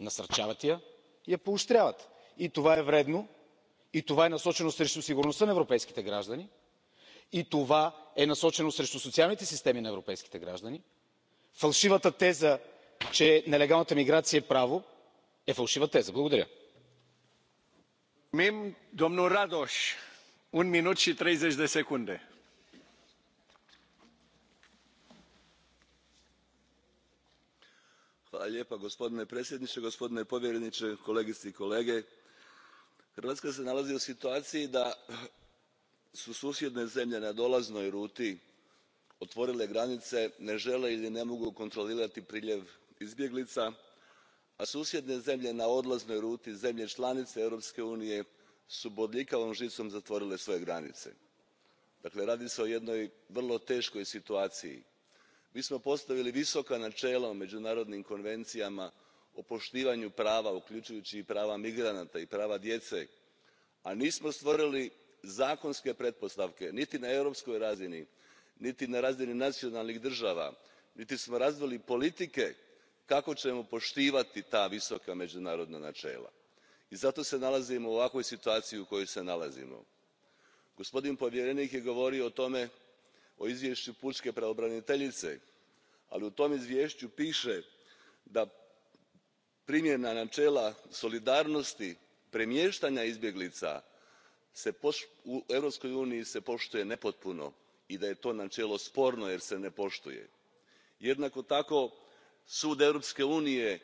насърчават я и я поощряват. и това е вредно и това е насочено срещу сигурността на европейските граждани и това е насочено срещу социалните системи на европейските граждани. фалшивата теза че нелегалната миграция е право е фалшива теза. благодаря. gospodine predsjedniče, gospodine povjereniče, kolegice i kolege hrvatska se nalazi u situaciji da su susjedne zemlje na dolaznoj ruti otvorile granice ne žele ili ne mogu kontrolirati priljev izbjeglica a susjedne zemlje na odlaznoj ruti zemlje članice europske unije su bodljikavom žicom zatvorile svoje granice. dakle radi se o jednoj vrlo teškoj situaciji. mi smo postavili visoka načela u međunarodnim konvencijama o poštivanju prava uključujući i prava migranata i prava djece a nismo stvorili zakonske pretpostavke niti na europskoj razini niti na razini nacionalnih država niti smo razvili politike kako ćemo poštivati ta visoka međunarodna načela i zato se nalazimo u ovakvoj situaciji u kojoj se nalazimo. gospodin povjerenik je govorio o tome o izvješću pučke pravobraniteljice ali u tom izvješću piše da primjena načela solidarnosti premještanja izbjeglica u europskoj uniji se poštuje nepotpuno i da je to načelo sporno jer se ne poštuje. jednako tako sud europske unije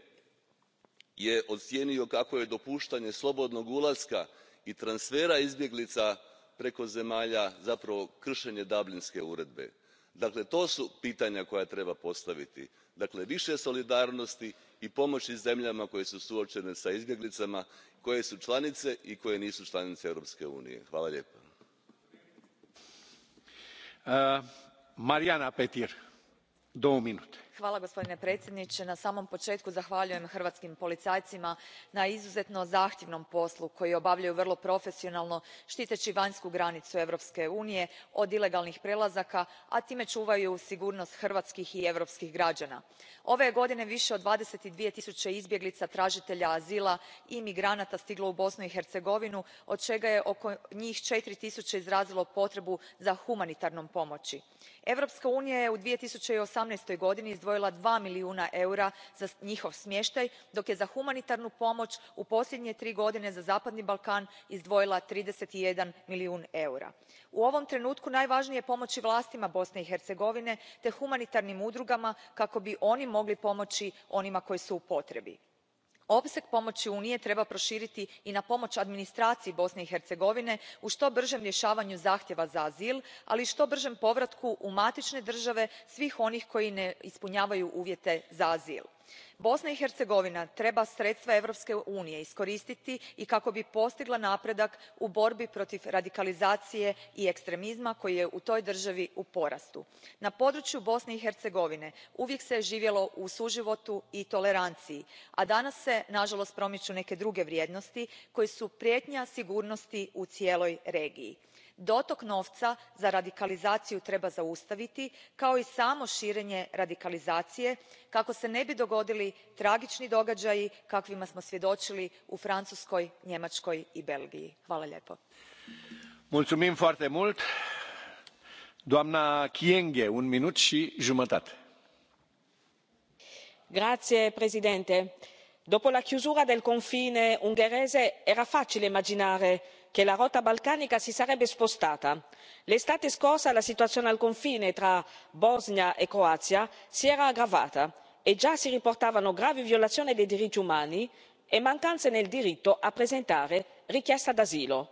je ocijenio kako je dopuštanje slobodnog ulaska i transfera izbjeglica preko zemalja zapravo kršenje dublinske uredbe. dakle to su pitanja koja treba postaviti. dakle više solidarnosti i pomoći zemljama koje su suočene s izbjeglicama koje su članice i koje nisu članice europske unije. hvala gospodine predsjedniče. na samom početku zahvaljujem hrvatskim policajcima na izuzetno zahtjevnom poslu koji obavljaju vrlo profesionalno titei vanjsku granicu europske unije od ilegalnih prelazaka a time uvaju sigurnost hrvatskih i europskih graana. ove je godine više od twenty two zero izbjeglica traitelja azila i migranata stiglo u bosnu i hercegovinu od čega je oko njih four izrazilo potrebu za humanitarnom pomoi. europska unija je u. two thousand and eighteen godini izdvojila two milijuna eura za njihov smještaj, dok je za humanitarnu pomo u posljednje tri godine za zapadni balkan izdvojila thirty one milijun eura. u ovom trenutku najvažnije je pomoi vlastima bosne i hercegovine te humanitarnim udrugama kako bi oni mogli pomoi onima koji su u potrebi opseg pomoi unije treba proširiti i na pomoć administraciji bosne i hercegovine u što bržem rješavanju zahtjeva za azil ali i to povratku u matične države svih onih koji ne ispunjavaju uvjete za azil bosna i hercegovina treba sredstva europske unije iskoristiti i kako bi postigla napredak u borbi protiv radikalizacije i ekstremizma koji je u toj državi u porastu. na području bosne i hercegovine uvijek se živjelo u suživotu i toleranciji a danas se nažalost promiču neke druge vrijednosti koje su prijetnja sigurnosti u cijeloj regiji dotok novca za radikalizaciju treba zaustaviti kao i samo širenje radikalizacije kako se ne bi dogodili tragični događaji kakvima smo svjedočili u francuskoj njemačkoj i belgiji. hvala lijepo. presidente dopo la del confine ungherese era facile immaginare che la rotta balcanica si sarebbe spostata. l'estate scorsa la situazione al confine tra bosnia e croazia si era aggravata e già si riportavano gravi violazioni dei diritti umani e mancanze nel diritto a presentare richiesta d'asilo.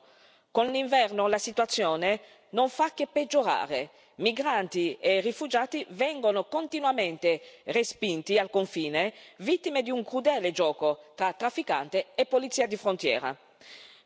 con l'inverno la situazione non fa che peggiorare migranti e rifugiati vengono continuamente respinti al confine vittime di un crudele gioco tra trafficante e polizia di frontiera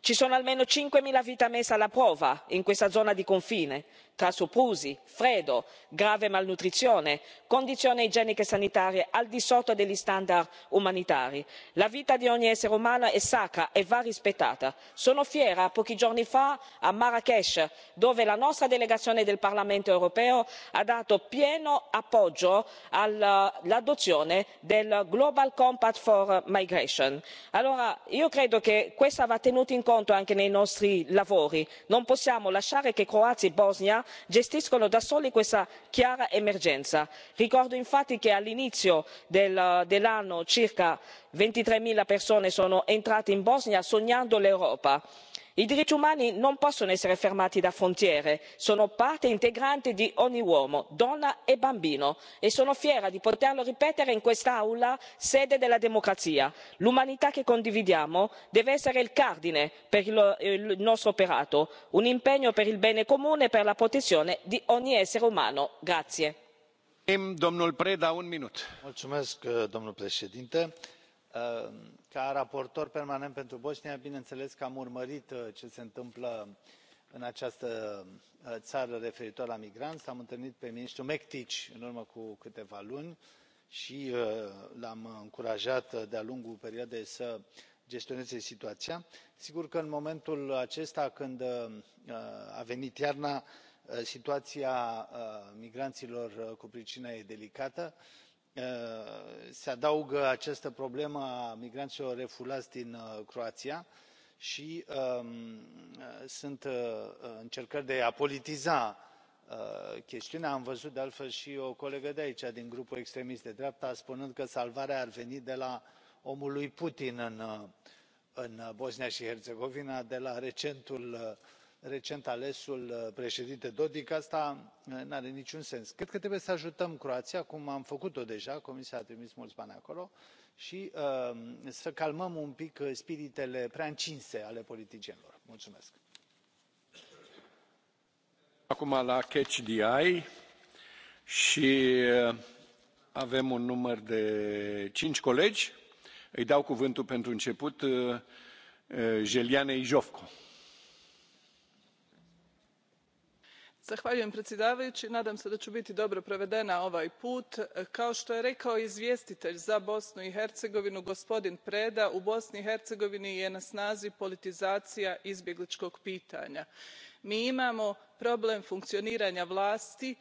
ci sono almeno cinque zero vite messe alla prova in questa zona di confine tra soprusi freddo grave malnutrizione condizioni igieniche e sanitarie al di sotto degli standard umanitari. la vita di ogni essere umano è sacra e va rispettata. sono fiera pochi giorni fa a marrakech dove la nostra delegazione del parlamento europeo ha dato pieno appoggio all'adozione del global compact for migration. Allora, io credo che questo va tenuto in conto anche nei nostri lavori non possiamo lasciare che croazia e bosnia gestiscono da soli questa chiara emergenza ricordo infatti che all'inizio dell'anno circa ventitré zero persone sono entrate in bosnia sognando l'europa i diritti umani non possono essere fermati da frontiere sono parte integrante di ogni uomo donna e bambino e sono fiera di poterlo ripetere in quest'aula sede della democrazia l'umanità che condividiamo deve essere il cardine per il nostro operato un impegno per il bene comune e per la protezione di ogni essere umano. Ehm, ca raportor permanent pentru bosnia bineînțeles că am urmărit eh, ce se întâmplă în această eh, țară referitor la migranți l am întâlnit pe ministrul mekti în urmă cu câteva luni și eh, l am încurajat de a lungul perioadei să gestioneze situația. sigur că în momentul acesta când a venit iarna situația migranților cu pricina e delicată Eh, se adaugă această problemă a migranților refulați din eh, croația și ehm, eh, sunt încercări de a politiza chestiunea. am văzut de altfel și o colegă de aici din grupul extremist de dreapta spunând că salvarea ar veni de la omul lui putin în bosnia și herțegovina de la recentul recent alesul uh, președinte dodik asta uh, nu are niciun sens. cred că trebuie să ajutăm croația cum am făcut o deja comisia a trimis mulți bani acolo și uh, să calmăm un pic spiritele prea încinse ale politicienilor. mulțumesc. acum la catch the eye și avem un număr de cinci colegi. îi dau cuvântul pentru început jelianei zhovko. Zahvaljujem predsjedavajući. nadam se da ću biti dobro provedena ovaj put. kao što je rekao izvjestitelj za bosnu i hercegovinu gospodin preda u bosni i hercegovini je na snazi politizacija izbjegličkog pitanja. mi imamo problem funkcioniranja vlasti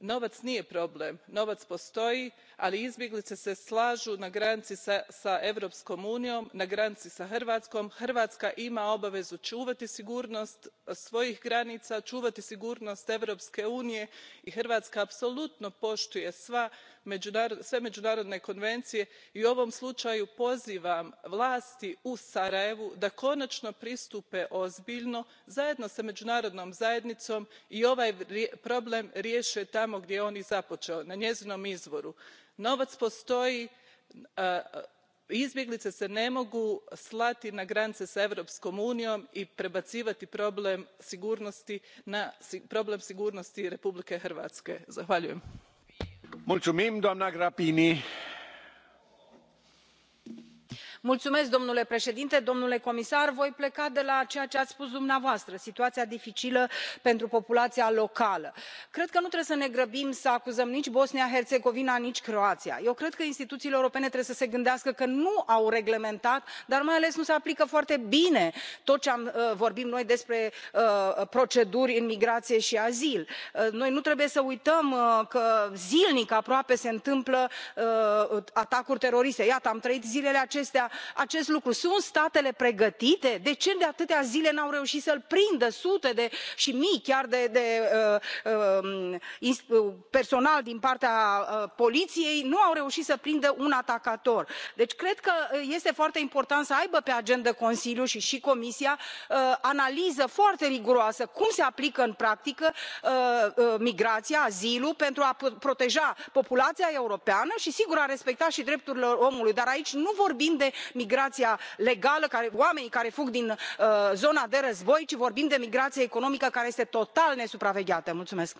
novac nije problem novac postoji ali izbjeglice se slažu na granici s europskom unijom na granici sa hrvatskom. hrvatska ima obavezu čuvati sigurnost svojih granica čuvati sigurnost europske unije i hrvatska apsolutno poštuje sva sve međunarodne konvencije i u ovom slučaju pozivam vlasti u sarajevu da konačno pristupe ozbiljno zajedno s međunarodnom zajednicom i ovaj problem riješe tamo gdje je on i započeo na njezinom izvoru. novac postoji izbjeglice se ne mogu slati na granice s europskom unijom i prebacivati problem sigurnosti na problem sigurnosti republike hrvatske. zahvaljujem. Molimo doamna Grapini domnule președinte domnule comisar voi pleca de la ceea ce ați spus dumneavoastră situația dificilă pentru populația locală. cred că nu trebuie să ne grăbim să acuzăm nici bosnia herțegovina nici croația. eu cred că instituțiile europene trebuie să se gândească că nu au reglementat dar mai ales nu se aplică foarte bine tot ce uh, vorbim noi despre uh, proceduri în migrație și azil. Uh, noi nu trebuie să uităm că zilnic aproape se întâmplă atacuri teroriste iată am trăit zilele acestea acest lucru sunt statele pregătite? de ce de atâtea zile nu au reușit să îl prindă sute și mii chiar de uh, uh, um, uh, personal din partea poliției nu au reușit să prindă un atacator? deci cred că este foarte important să aibă pe agendă consiliul și și comisia analiză foarte riguroasă cum se aplică în practică migrația azilul pentru a proteja populația europeană și sigur a respecta și drepturile omului dar aici nu vorbim de migrația legală oamenii care fug din zona de război ci vorbim de migrație economică care este total nesupravegheată. mulțumesc.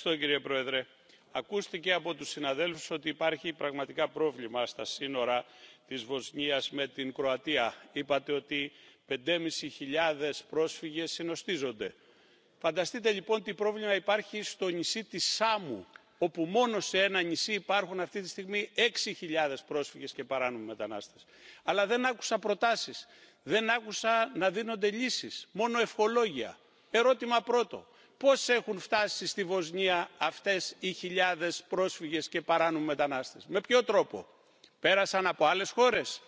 κύριε ακούστηκε από τους συναδέλφους ότι υπάρχει πραγματικά πρόβλημα στα σύνορα της βοσνίας με την κροατία. είπατε ότι 5.500 χιλιάδες πρόσφυγες συνοστίζονται. φανταστείτε λοιπόν τι πρόβλημα υπάρχει στο νησί όπου μόνο σε ένα νησί υπάρχουν αυτή τη στιγμή 6.000 πρόσφυγες και παράνομοι μετανάστες. Αλλά δεν άκουσα προτάσεις, δεν άκουσα να δίνονται λύσεις, μόνο ευχολόγια. Ερώτημα πρώτο, πώς έχουν φτάσει στη Βοσνία αυτές οι χιλιάδες πρόσφυγες και παράνομοι μετανάστες. Με ποιο τρόπο. Πέρασαν από άλλες χώρες.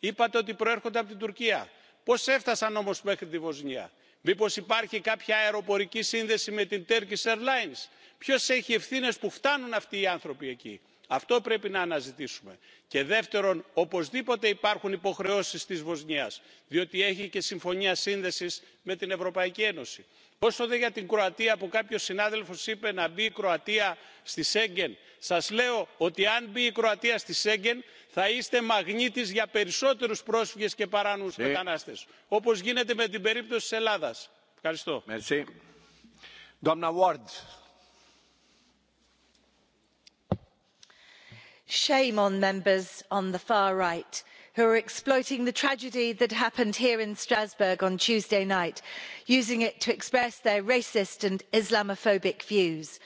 Είπατε ότι προέρχονται από την Τουρκία. Πώς έφτασαν όμως μέχρι τη Βοσνία. Μήπως υπάρχει κάποια αεροπορική σύνδεση με την Turkish Airlines ποιος έχει ευθύνες που φτάνουν αυτοί οι άνθρωποι εκεί. αυτό πρέπει να αναζητήσουμε. και δεύτερον οπωσδήποτε υπάρχουν υποχρεώσεις της βοσνίας διότι έχει και συμφωνία σύνδεσης με την ευρωπαϊκή ένωση. όσο δε για την κροατία που κάποιος συνάδελφος είπε να μπει η κροατία στη σέγγεν σας λέω ότι αν μπει η κροατία στη σέγγεν θα είστε μαγνήτης για περισσότερους πρόσφυγες και παράνομους μετανάστες όπως γίνεται με την περίπτωση της ελλάδας. ευχαριστώ. Merci. shame on members on the far right who are exploiting the tragedy that happened here in strasbourg on tuesday night using it to express their racist and islamophobic views.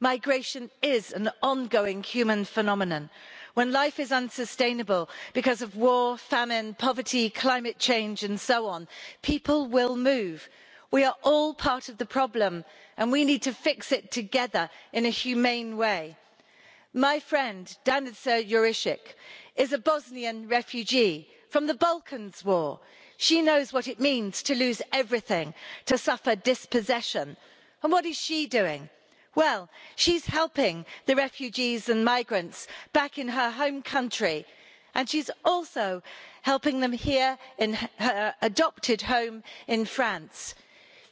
migration is an ongoing human phenomenon. when life is unsustainable because of war famine poverty climate change and so on people will move. we are all part of the problem and we need to fix it together in a humane way my friend danica jurek is a bosnian refugee from the balkans war. she knows what it means to lose everything to suffer dispossession and what is she doing? well she's helping the refugees and migrants back in her home country and she's also helping them here in her adopted home in france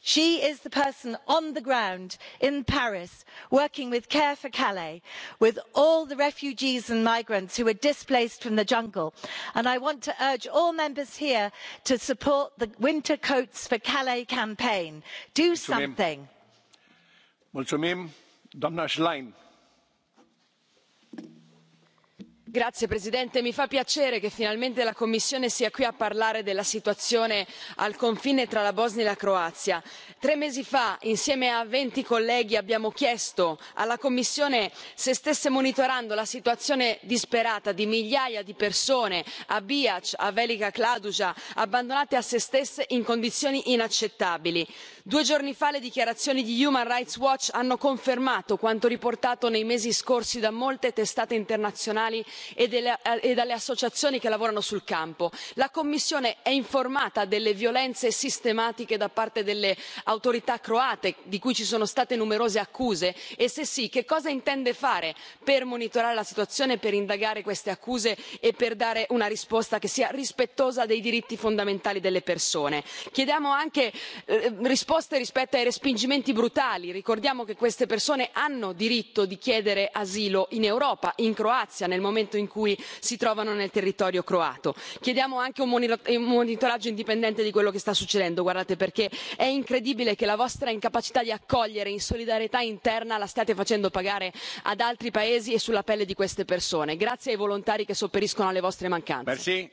she is the person on the ground in paris working with care for calais with all the refugees and migrants who were displaced from the jungle and i want to urge all members here to support the winter coats for calais campaign. do something. signor presidente mi fa piacere che finalmente la commissione sia qui a parlare della situazione al confine tra la bosnia e la croazia. tre mesi fa insieme a venti colleghi abbiamo chiesto alla commissione se stesse monitorando la situazione disperata di migliaia di persone a biha a velika kladuja abbandonate a se stesse in condizioni inaccettabili. due giorni fa le dichiarazioni di human rights watch hanno confermato quanto riportato nei mesi scorsi da molte testate internazionali E, e dalle associazioni che lavorano sul campo la commissione è informata delle violenze sistematiche da parte delle autorità croate di cui ci sono state numerose accuse e se sì che cosa intende fare per monitorare la situazione per indagare queste accuse e per dare una risposta che sia rispettosa dei diritti fondamentali delle persone? chiediamo anche eh, risposte rispetto ai respingimenti brutali ricordiamo che queste persone hanno diritto di chiedere asilo in europa in croazia nel momento in cui in cui si trovano nel territorio croato. chiediamo anche un monitoraggio indipendente di quello che sta succedendo perché è incredibile che la vostra incapacità di accogliere in solidarietà interna la stiate facendo pagare ad altri paesi e sulla pelle di queste persone grazie ai volontari che sopperiscono alle vostre mancanze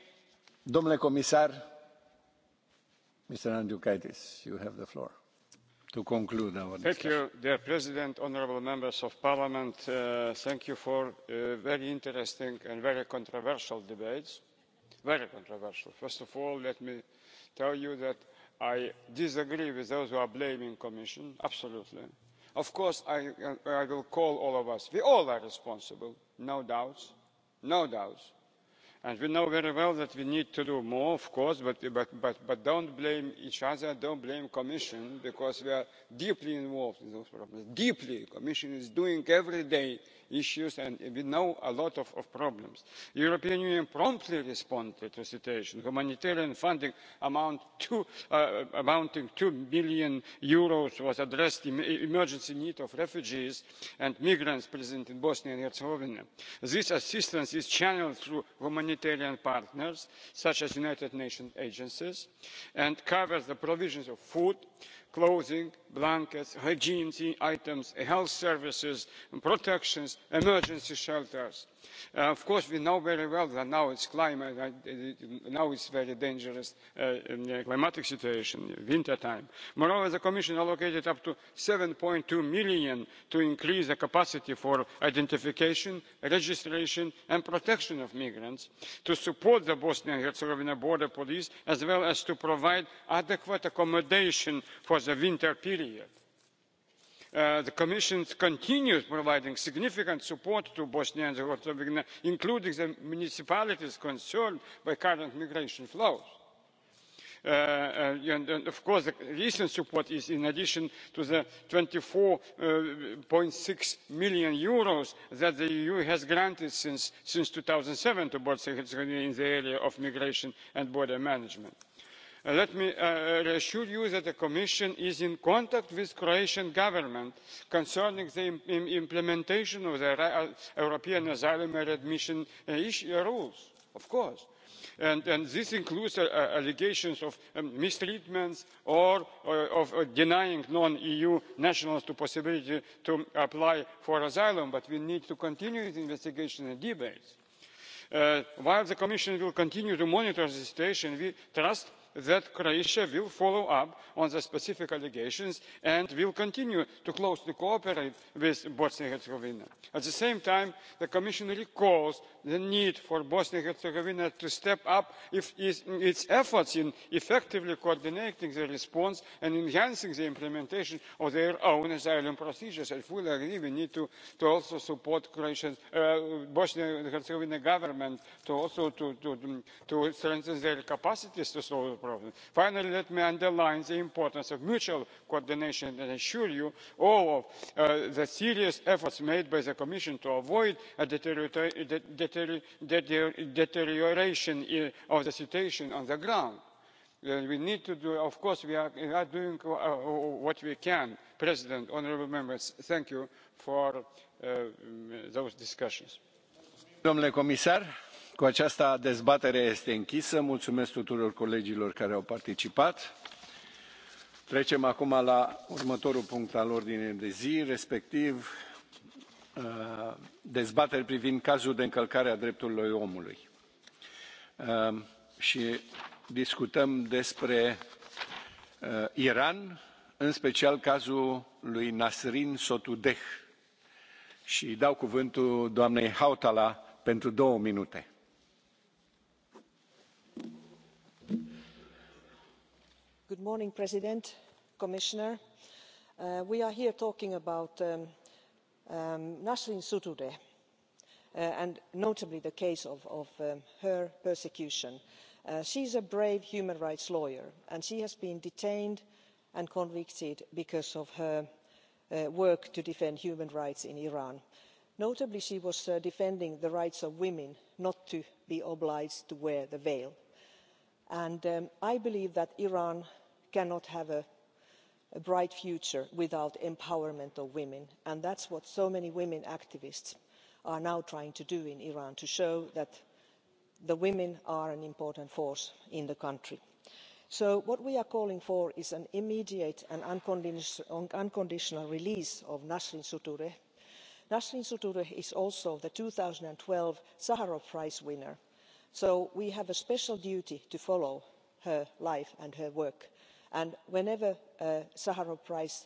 to conclude honorable Thank you, dear President, honourable members of Parliament. Uh, thank you for uh, very interesting and very controversial debates. Very controversial. First of all, let me tell you that I disagree with those who are blaming the Commission, absolutely. Of course, I, I will call all of us. We all are responsible, no doubts, no doubts and we know very well that we need to do more of course but but but don't blame each other don't blame the commission because we are deeply involved in those problems deeply. the commission is doing every day issues and we know a lot of, problems. the european union promptly responded to the situation humanitarian funding uh, amounting to eur two billion Euros was addressed the emergency needs of refugees and migrants present in bosnia and herzegovina. this assistance is channelled through humanitarian partners such as united nations agencies and covers the provisions of food clothing blankets hygiene items health services protection emergency shelters. Uh, of course we know very well that now it's climate uh, now it's very dangerous uh, um, climatic situation winter time. moreover the commission allocated up to eur. seven two million to increase the capacity for identification registration and protection of migrants to support the bosnia and herzegovina border police as well as to provide adequate accommodation for the winter period. Uh, the commission continues providing significant support to bosnia and herzegovina including the municipalities concerned by current migration flows. Uh, uh, of course the recent support is in addition to the eur. twenty four six million Euros that the eu has granted since two thousand and seven to bosnia and herzegovina in the area of migration and border management. Uh, let me uh, uh, reassure you that the commission is in contact with the croatian government concerning the implementation of the european asylum and admission rules of course and this includes allegations of um, mistreatment or of denying non eu nationals the possibility to apply for asylum but we need to continue the investigation and debate. while the commission will continue to monitor the situation we trust that croatia will follow up on the specific allegations and will continue to closely cooperate with bosnia and herzegovina. at the same time the commission recalls the need for bosnia and herzegovina to step up its efforts in effectively coordinating the response and enhancing the implementation of their own asylum procedures. i fully agree we need to also support the uh, bosnia and herzegovina government to strengthen their capacities to problems. finally let me underline the importance of mutual coordination and assure you all of uh, the serious efforts made by the commission to avoid a deterioration uh, of the situation on the ground. Uh, we need to do of course we are doing what we can. president honourable members thank you for those discussions cu aceasta dezbaterea este închisă mulțumesc tuturor colegilor care au participat. trecem acum la următorul punct al ordinii de zi respectiv uh, dezbateri privind cazul de încălcare a drepturilor omului uh, și discutăm despre uh, iran în special cazul lui nasrin sotudeh și dau cuvântul doamnei hautala pentru două minute. morning president commissioner uh, we are here talking about um, um, nasrin sotoudeh uh, and notably the case of um, her persecution. Uh, she is a brave human rights lawyer and she has been detained and convicted because of her work to defend human rights in iran. notably she was defending the rights of women not to be obliged to wear the veil and i believe that iran cannot have a bright future without empowerment of women and that's what so many women activists are now trying to do in iran to show that the women are an important force in the country. so what we are calling for is an immediate and unconditional release of nasrin sotoudeh. nasrin sotoudeh is also the two thousand and twelve sakharov prize winner so we have a special duty to follow her life and her work and whenever uh, sakharov prize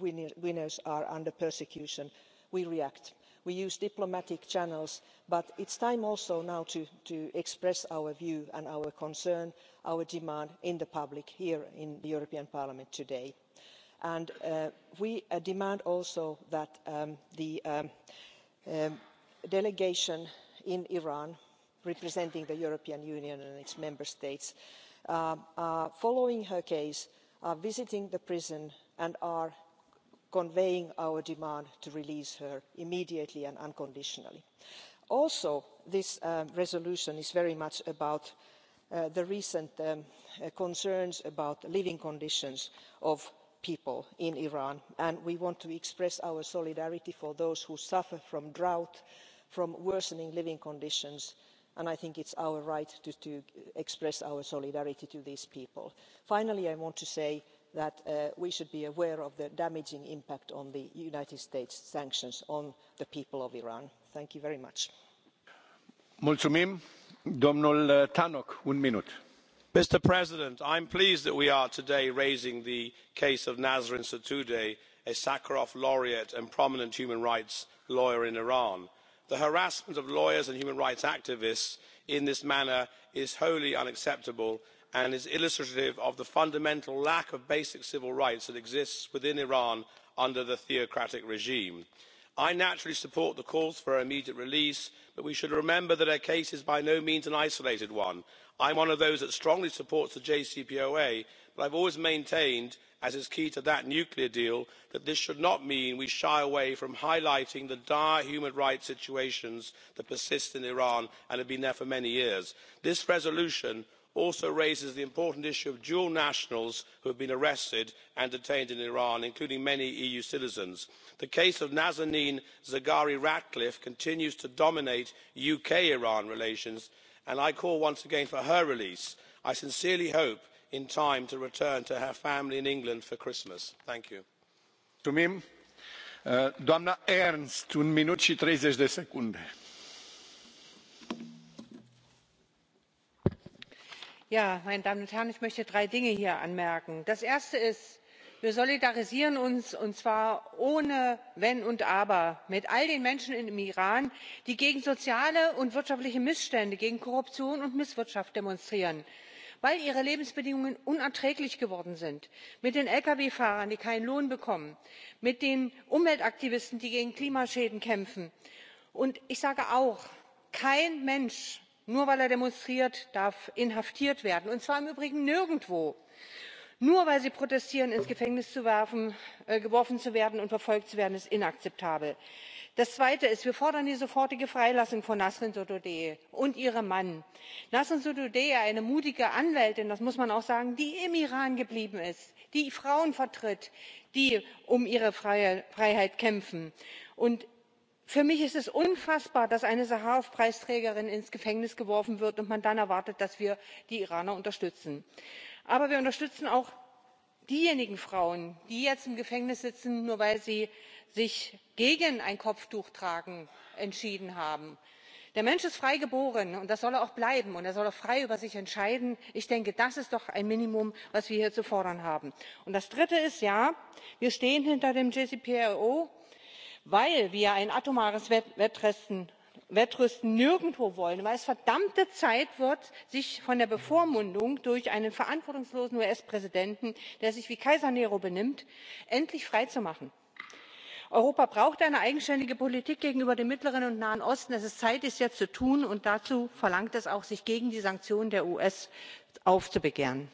winners are under persecution we react we use diplomatic channels but it's time also now to express our view and our concern our demand in the public here in the european parliament today and uh, we uh, demand also that um, the um, um, delegation in iran representing the european union and its member states are uh, uh, following her case are visiting the prison and are conveying our demand to release her immediately and unconditionally. also this um, resolution is very much about uh, the recent um, concerns about the living conditions of people in iran and we want to express our solidarity for those who suffer from drought from worsening living conditions and i think it's our right to express our solidarity to these people. finally i want to say that uh, we should be aware of the damaging impact of the united states' sanctions on the people of iran. thank you very much. mr uh, president I am pleased that we are today raising the case of nasrin sotoudeh a sakharov laureate and prominent human rights lawyer in iran the harassment of lawyers and human rights activists in this manner is wholly unacceptable and is illustrative of the fundamental lack of basic civil rights that exists within iran under the theocratic regime. i naturally support the calls for her immediate release but we should remember that her case is by no means an isolated one. i'm one of those that strongly supports the jcpoa but i've always maintained as is key to that nuclear deal that this should not mean we shy away from highlighting the dire human rights situations that persist in iran and have been there for many years. this resolution also raises the important issue of dual nationals who have been arrested and detained in iran including many eu citizens. the case of nazanin zaghari ratcliffe continues to dominate uk iran relations and i call once again for her release. i sincerely hope in time to return to her family in england for christmas. thank you. Uh, meine Damen und Herren, ich möchte drei Dinge hier anmerken. Das erste ist, wir solidarisieren uns und zwar ohne wenn und aber mit all den menschen im iran die gegen soziale und wirtschaftliche missstände gegen korruption und misswirtschaft demonstrieren weil ihre lebensbedingungen unerträglich geworden sind mit den lkw fahrern die keinen lohn bekommen mit den umweltaktivisten die gegen klimaschäden kämpfen. und ich sage auch kein mensch nur weil er demonstriert darf inhaftiert werden und zwar im übrigen nirgendwo. nur weil sie protestieren ins gefängnis äh, geworfen zu werden und verfolgt zu werden ist inakzeptabel das zweite ist wir fordern die sofortige freilassung von nasrin sotudeh und ihrem mann. nasrin sotudeh eine mutige anwältin das muss man auch sagen die im iran geblieben ist die frauen vertritt die um ihre freiheit kämpfen. und für mich ist es unfassbar dass eine sacharow preisträgerin ins gefängnis geworfen wird und man dann erwartet dass wir die iraner unterstützen. aber wir unterstützen auch diejenigen frauen die jetzt im gefängnis sitzen nur weil sie sich gegen ein kopftuchtragen entschieden haben. der mensch ist frei geboren und das soll er auch bleiben und er soll auch frei über sich entscheiden. ich denke das ist doch ein minimum was wir hier zu fordern haben. und das dritte ist ja wir stehen hinter dem jcpoa weil wir ein atomares wettrüsten nirgendwo wollen weil es verdammte zeit wird sich von der bevormundung durch einen verantwortungslosen us präsidenten der sich wie kaiser nero benimmt endlich freizumachen europa braucht eine eigenständige politik gegenüber dem mittleren und nahen osten. es ist zeit dies jetzt zu tun und dazu verlangt es auch sich gegen die sanktionen der us aufzubegehren.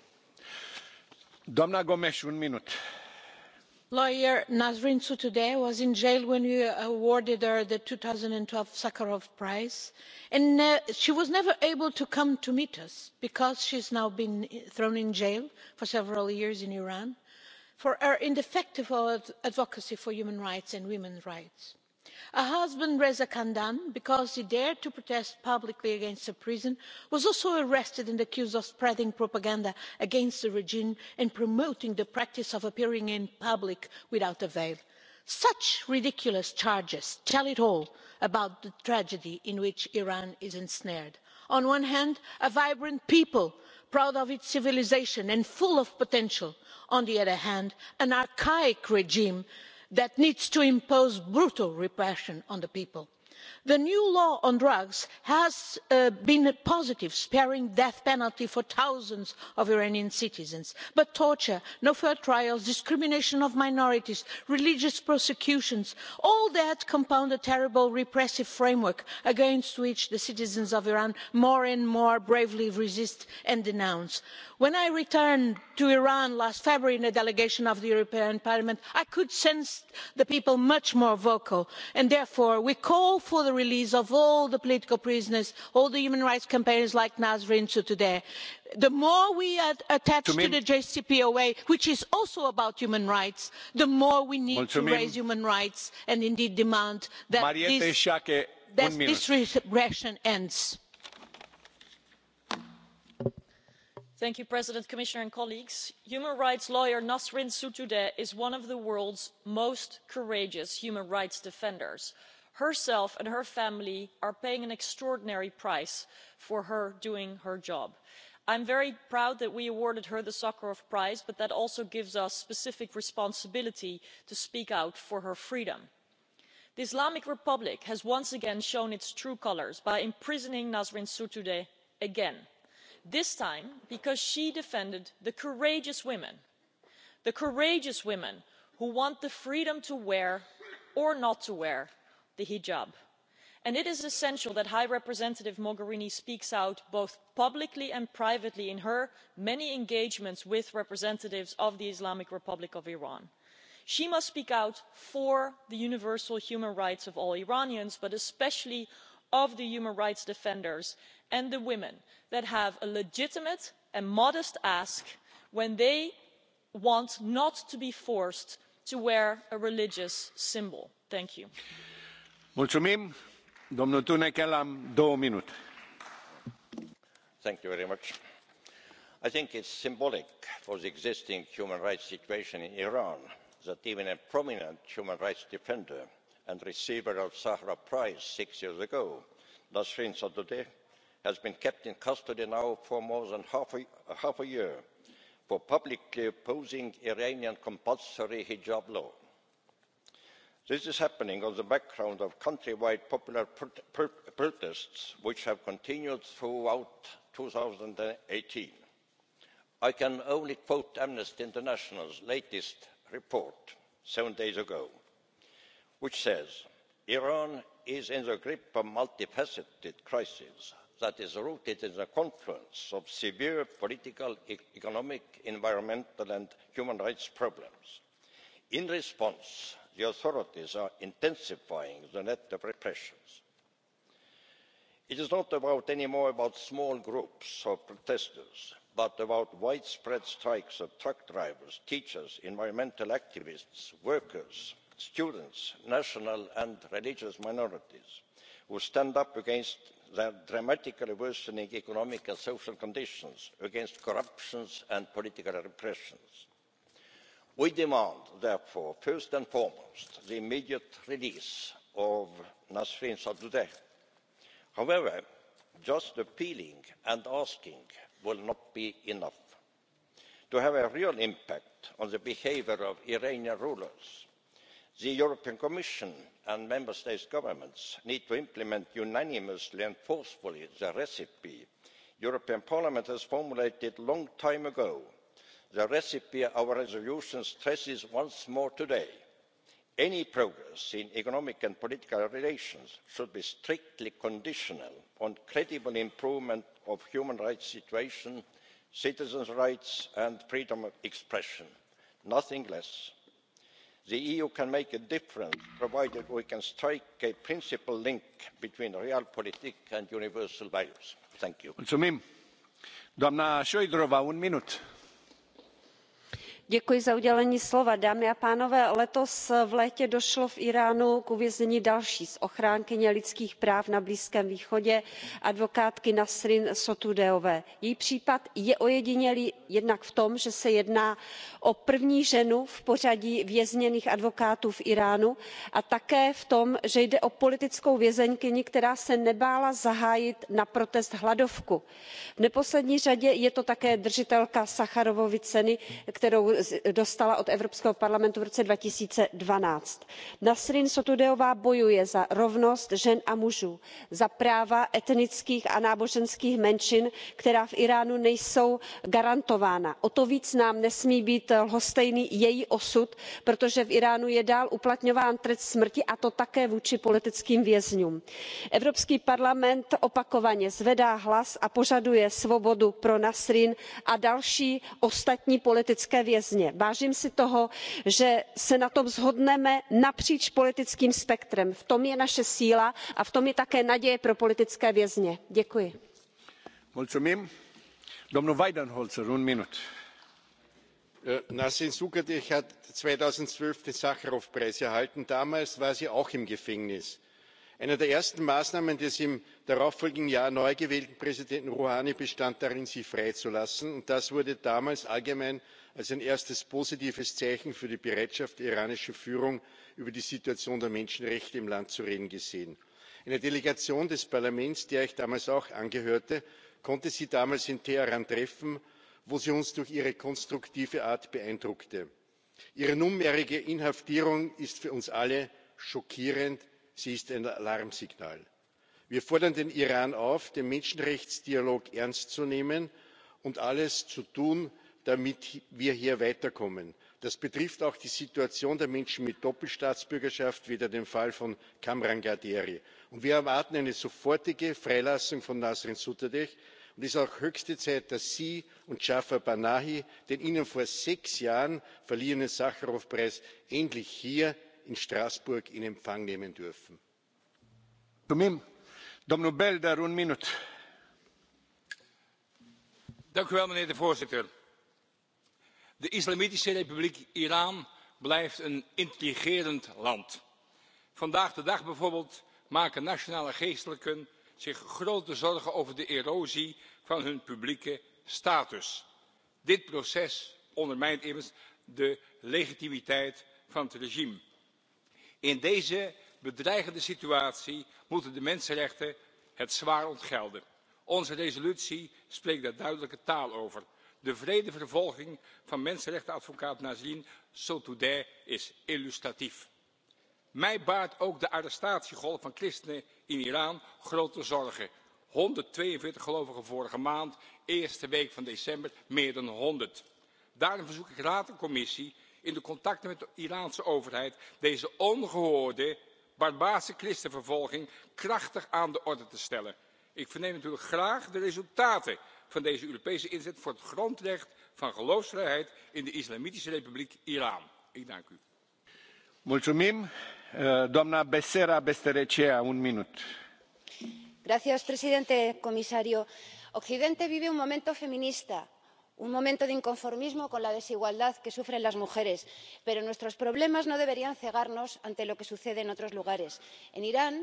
lawyer nasrin sotoudeh was in jail when you awarded her the two thousand and twelve sakharov prize and she was never able to come to meet us because she has now been thrown in jail for several years in iran for her indefatigable advocacy for human rights and women's rights. her husband reza khandan because he dared to protest publicly against the prison was also arrested and accused of spreading propaganda against the regime and promoting the practice of appearing in public without a veil. such ridiculous charges tell it all about the tragedy in which iran is ensnared. on one hand a vibrant people proud of its civilisation and full of potential on the other hand an archaic regime that needs to impose brutal repression on the people the new law on drugs has uh, been positive sparing the death penalty for thousands of iranian citizens but torture no fair trials discrimination of minorities religious prosecutions, all that compound a terrible repressive framework against which the citizens of iran more and more bravely resist and denounce. when i returned to iran last february in a delegation of the european parliament i could sense the people much more vocal and therefore we call for the release of all the political prisoners all the human rights campaigners like nasrin sotoudeh. the more we are attached to the jcpoa which is also about human rights the more we need to raise human rights and indeed demand that this repression ends. mr president commissioner and colleagues human rights lawyer nasrin sotoudeh is one of the world's most courageous human rights defenders herself and her family are paying an extraordinary price for her doing her job. I'm very proud that we awarded her the sakharov prize but that also gives us specific responsibility to speak out for her freedom. the islamic republic has once again shown its true colours by imprisoning nasrin sotoudeh again this time because she defended the courageous women the courageous women who want the freedom to wear or not to wear the hijab and it is essential that high representative mogherini speaks out both publicly and privately in her many engagements with representatives of the islamic republic of iran. she must speak out for the universal human rights of all iranians but especially of the human rights defenders and the women that have a legitimate and modest ask when they want not to be forced to wear a religious symbol. thank you. I think it's symbolic for the existing human rights situation in Iran that even a prominent human rights defender and receiver of Sahara Prize six years ago, Nasrin Sotoudeh, has been kept in custody now for more than half a year for publicly opposing Iranian compulsory hijab law this is happening on the background of countrywide popular protests which have continued throughout. two thousand and eighteen i can only quote amnesty international's latest report seven days ago which says iran is in the grip of a multifaceted crisis that is rooted in the confluence of severe political e-, economic environmental and human rights problems. in response the authorities are intensifying the net of repressions. it is not anymore more about small groups of protesters but about widespread strikes of truck drivers teachers environmental activists workers students national and religious minorities who stand up against the dramatically worsening economic and social conditions against corruption and political repressions we demand therefore first and foremost the immediate release of nasrin sotoudeh. however just appealing and asking will not be enough. to have a real impact on the behaviour of iranian rulers the european commission and member states' governments need to implement unanimously and forcefully the recipe the european parliament formulated a long time ago the recipe our resolution stresses once more today any progress in economic and political relations should be strictly conditional on credible improvement of the human rights situation citizens' rights and freedom of expression nothing less. the eu can make a difference provided we can strike a principal link between realpolitik and universal values. thank you dámy a pánové letos v létě došlo v íránu k uvěznění další z ochránkyně lidských práv na blízkém východě advokátky nasrin sotudehové. její případ je ojedinělý jednak v tom že se jedná o první ženu v pořadí vězněných advokátů v íránu a také v tom že jde o politickou vězeňkyni která se nebála zahájit na protest hladovku. v neposlední řadě je to také držitelka sacharovovy ceny kterou dostala od evropského parlamentu v roce. two thousand and nasrin Sotudeová bojuje za rovnost žen a mužů za práva etnických a náboženských menšin která v Iránu nejsou garantována. o to víc nám nesmí být lhostejný její osud protože v Iránu je dál uplatňován trest smrti a to také vůči politickým vězňům. evropský parlament opakovaně zvedá hlas a požaduje svobodu pro nasrin a další ostatní politické obecně vážím si toho že se na tom shodneme napříč politickým spektrem v tom je naše síla a v tom je také naděje pro politické vězně. děkuji. nasrin sukadic hat zweitausendzwölf den sacharow preis erhalten. damals war sie auch im gefängnis. eine der ersten maßnahmen des im darauffolgenden jahr neu gewählten präsidenten rouhani bestand darin sie freizulassen und das wurde damals allgemein als ein erstes positives zeichen für die bereitschaft der iranischen führung über die situation der menschenrechte im land zu reden gesehen. eine delegation des parlaments der ich damals auch angehörte konnte sie damals in teheran treffen wo sie uns durch ihre konstruktive art beeindruckte. ihre nunmehrige inhaftierung ist für uns alle schockierend sie ist ein alarmsignal. wir fordern den iran auf den menschenrechtsdialog ernst zu nehmen und alles zu tun damit wir hier weiterkommen. das betrifft auch die situation der menschen mit doppelstaatsbürgerschaft wie den fall von kamran gadeeri. wir erwarten eine sofortige freilassung von nasrin sotoudeh und es ist auch höchste zeit dass sie und jafar panahi den ihnen vor sechs jahren verliehenen sacharow preis endlich hier in straßburg in empfang nehmen dürfen. voorzitter de islamitische republiek iran blijft een intrigerend land. vandaag de dag bijvoorbeeld maken nationale geestelijken zich grote zorgen over de erosie van hun publieke status. dit proces ondermijnt immers de legitimiteit van het regime. in deze bedreigende situatie moeten de mensenrechten het zwaar ontgelden. onze resolutie spreekt daar duidelijke taal over de vrede vervolging van mensenrechtenadvocaat nasrin sotoudeh is illustratief. mij baart ook de arrestatiegolf van christenen in iran grote zorgen 142 gelovigen vorige maand eerste week van december meer dan honderd. daarom verzoek ik raad en commissie in de contacten met de iraanse overheid deze ongehoorde barbaarse christenvervolging krachtig aan de orde te stellen. ik verneem natuurlijk graag de resultaten van deze europese inzet voor het grondrecht van geloofsvrijheid in de islamitische republiek iran. ik dank u. Eh, señor presidente comisario occidente vive un momento feminista un momento de inconformismo con la desigualdad que sufren las mujeres pero nuestros problemas no deberían cegarnos ante lo que sucede en otros lugares. en irán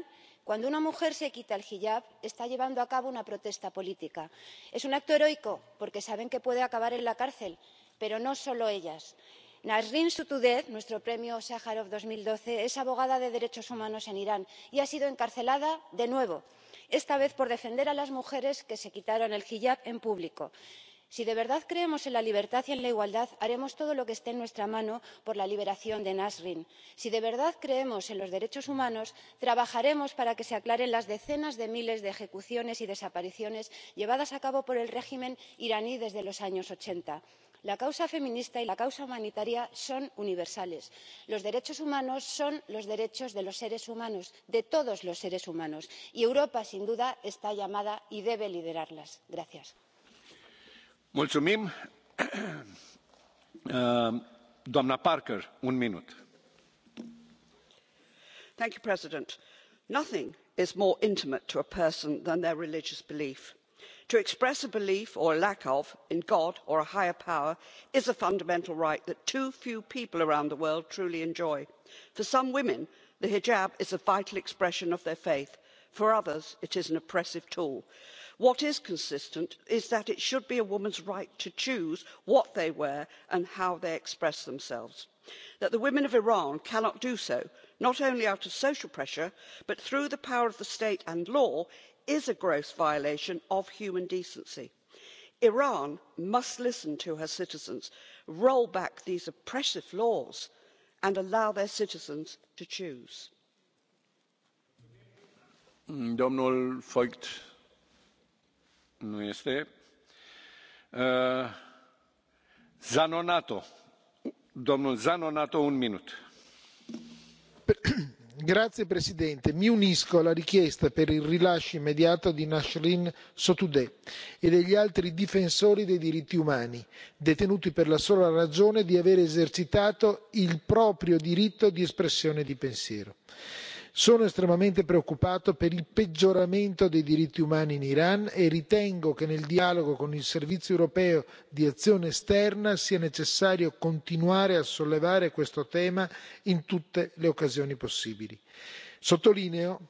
cuando una mujer se quita el hiyab está llevando a cabo una protesta política. es un acto heroico porque saben que puede acabar en la cárcel pero no solo ellas. nasrín sotudé nuestro premio sájarov dos mil doce es abogada de derechos humanos en irán y ha sido encarcelada de nuevo esta vez por defender a las mujeres que se quitaron el hiyab en público si de verdad creemos en la libertad y en la igualdad haremos todo lo que esté en nuestra mano por la liberación de Nasrin. si de verdad creemos en los derechos humanos trabajaremos para que se aclaren las decenas de miles de ejecuciones y desapariciones llevadas a cabo por el régimen iraní desde los años. ochenta la causa feminista y la causa humanitaria son universales. los derechos humanos son los derechos de los seres humanos de todos los seres humanos y europa sin duda está llamada y debe liderarlas madam *clears throat* uh, Thank you, President. Nothing is more intimate to a person than their religious belief. To express a belief or a lack of in God or a higher power is a fundamental right that too few people around the world truly enjoy. For some women, the hijab is a vital expression of their faith. For others, it is an oppressive tool what is consistent is that it should be a woman's right to choose what they wear and how they express themselves. that the women of iran cannot do so not only out of social pressure but through the power of the state and law is a gross violation of human decency. iran must listen to her citizens roll back these oppressive laws and allow their citizens to choose. Mm, nu este signor presidente mi unisco alla richiesta per il rilascio immediato di nasrin Sotoudeh e degli altri difensori dei diritti umani detenuti per la sola ragione di aver esercitato il proprio diritto di espressione di pensiero sono estremamente preoccupato per il peggioramento dei diritti umani in iran e ritengo che nel dialogo con il servizio europeo di azione esterna sia necessario continuare a sollevare questo tema in tutte le occasioni possibili. sottolineo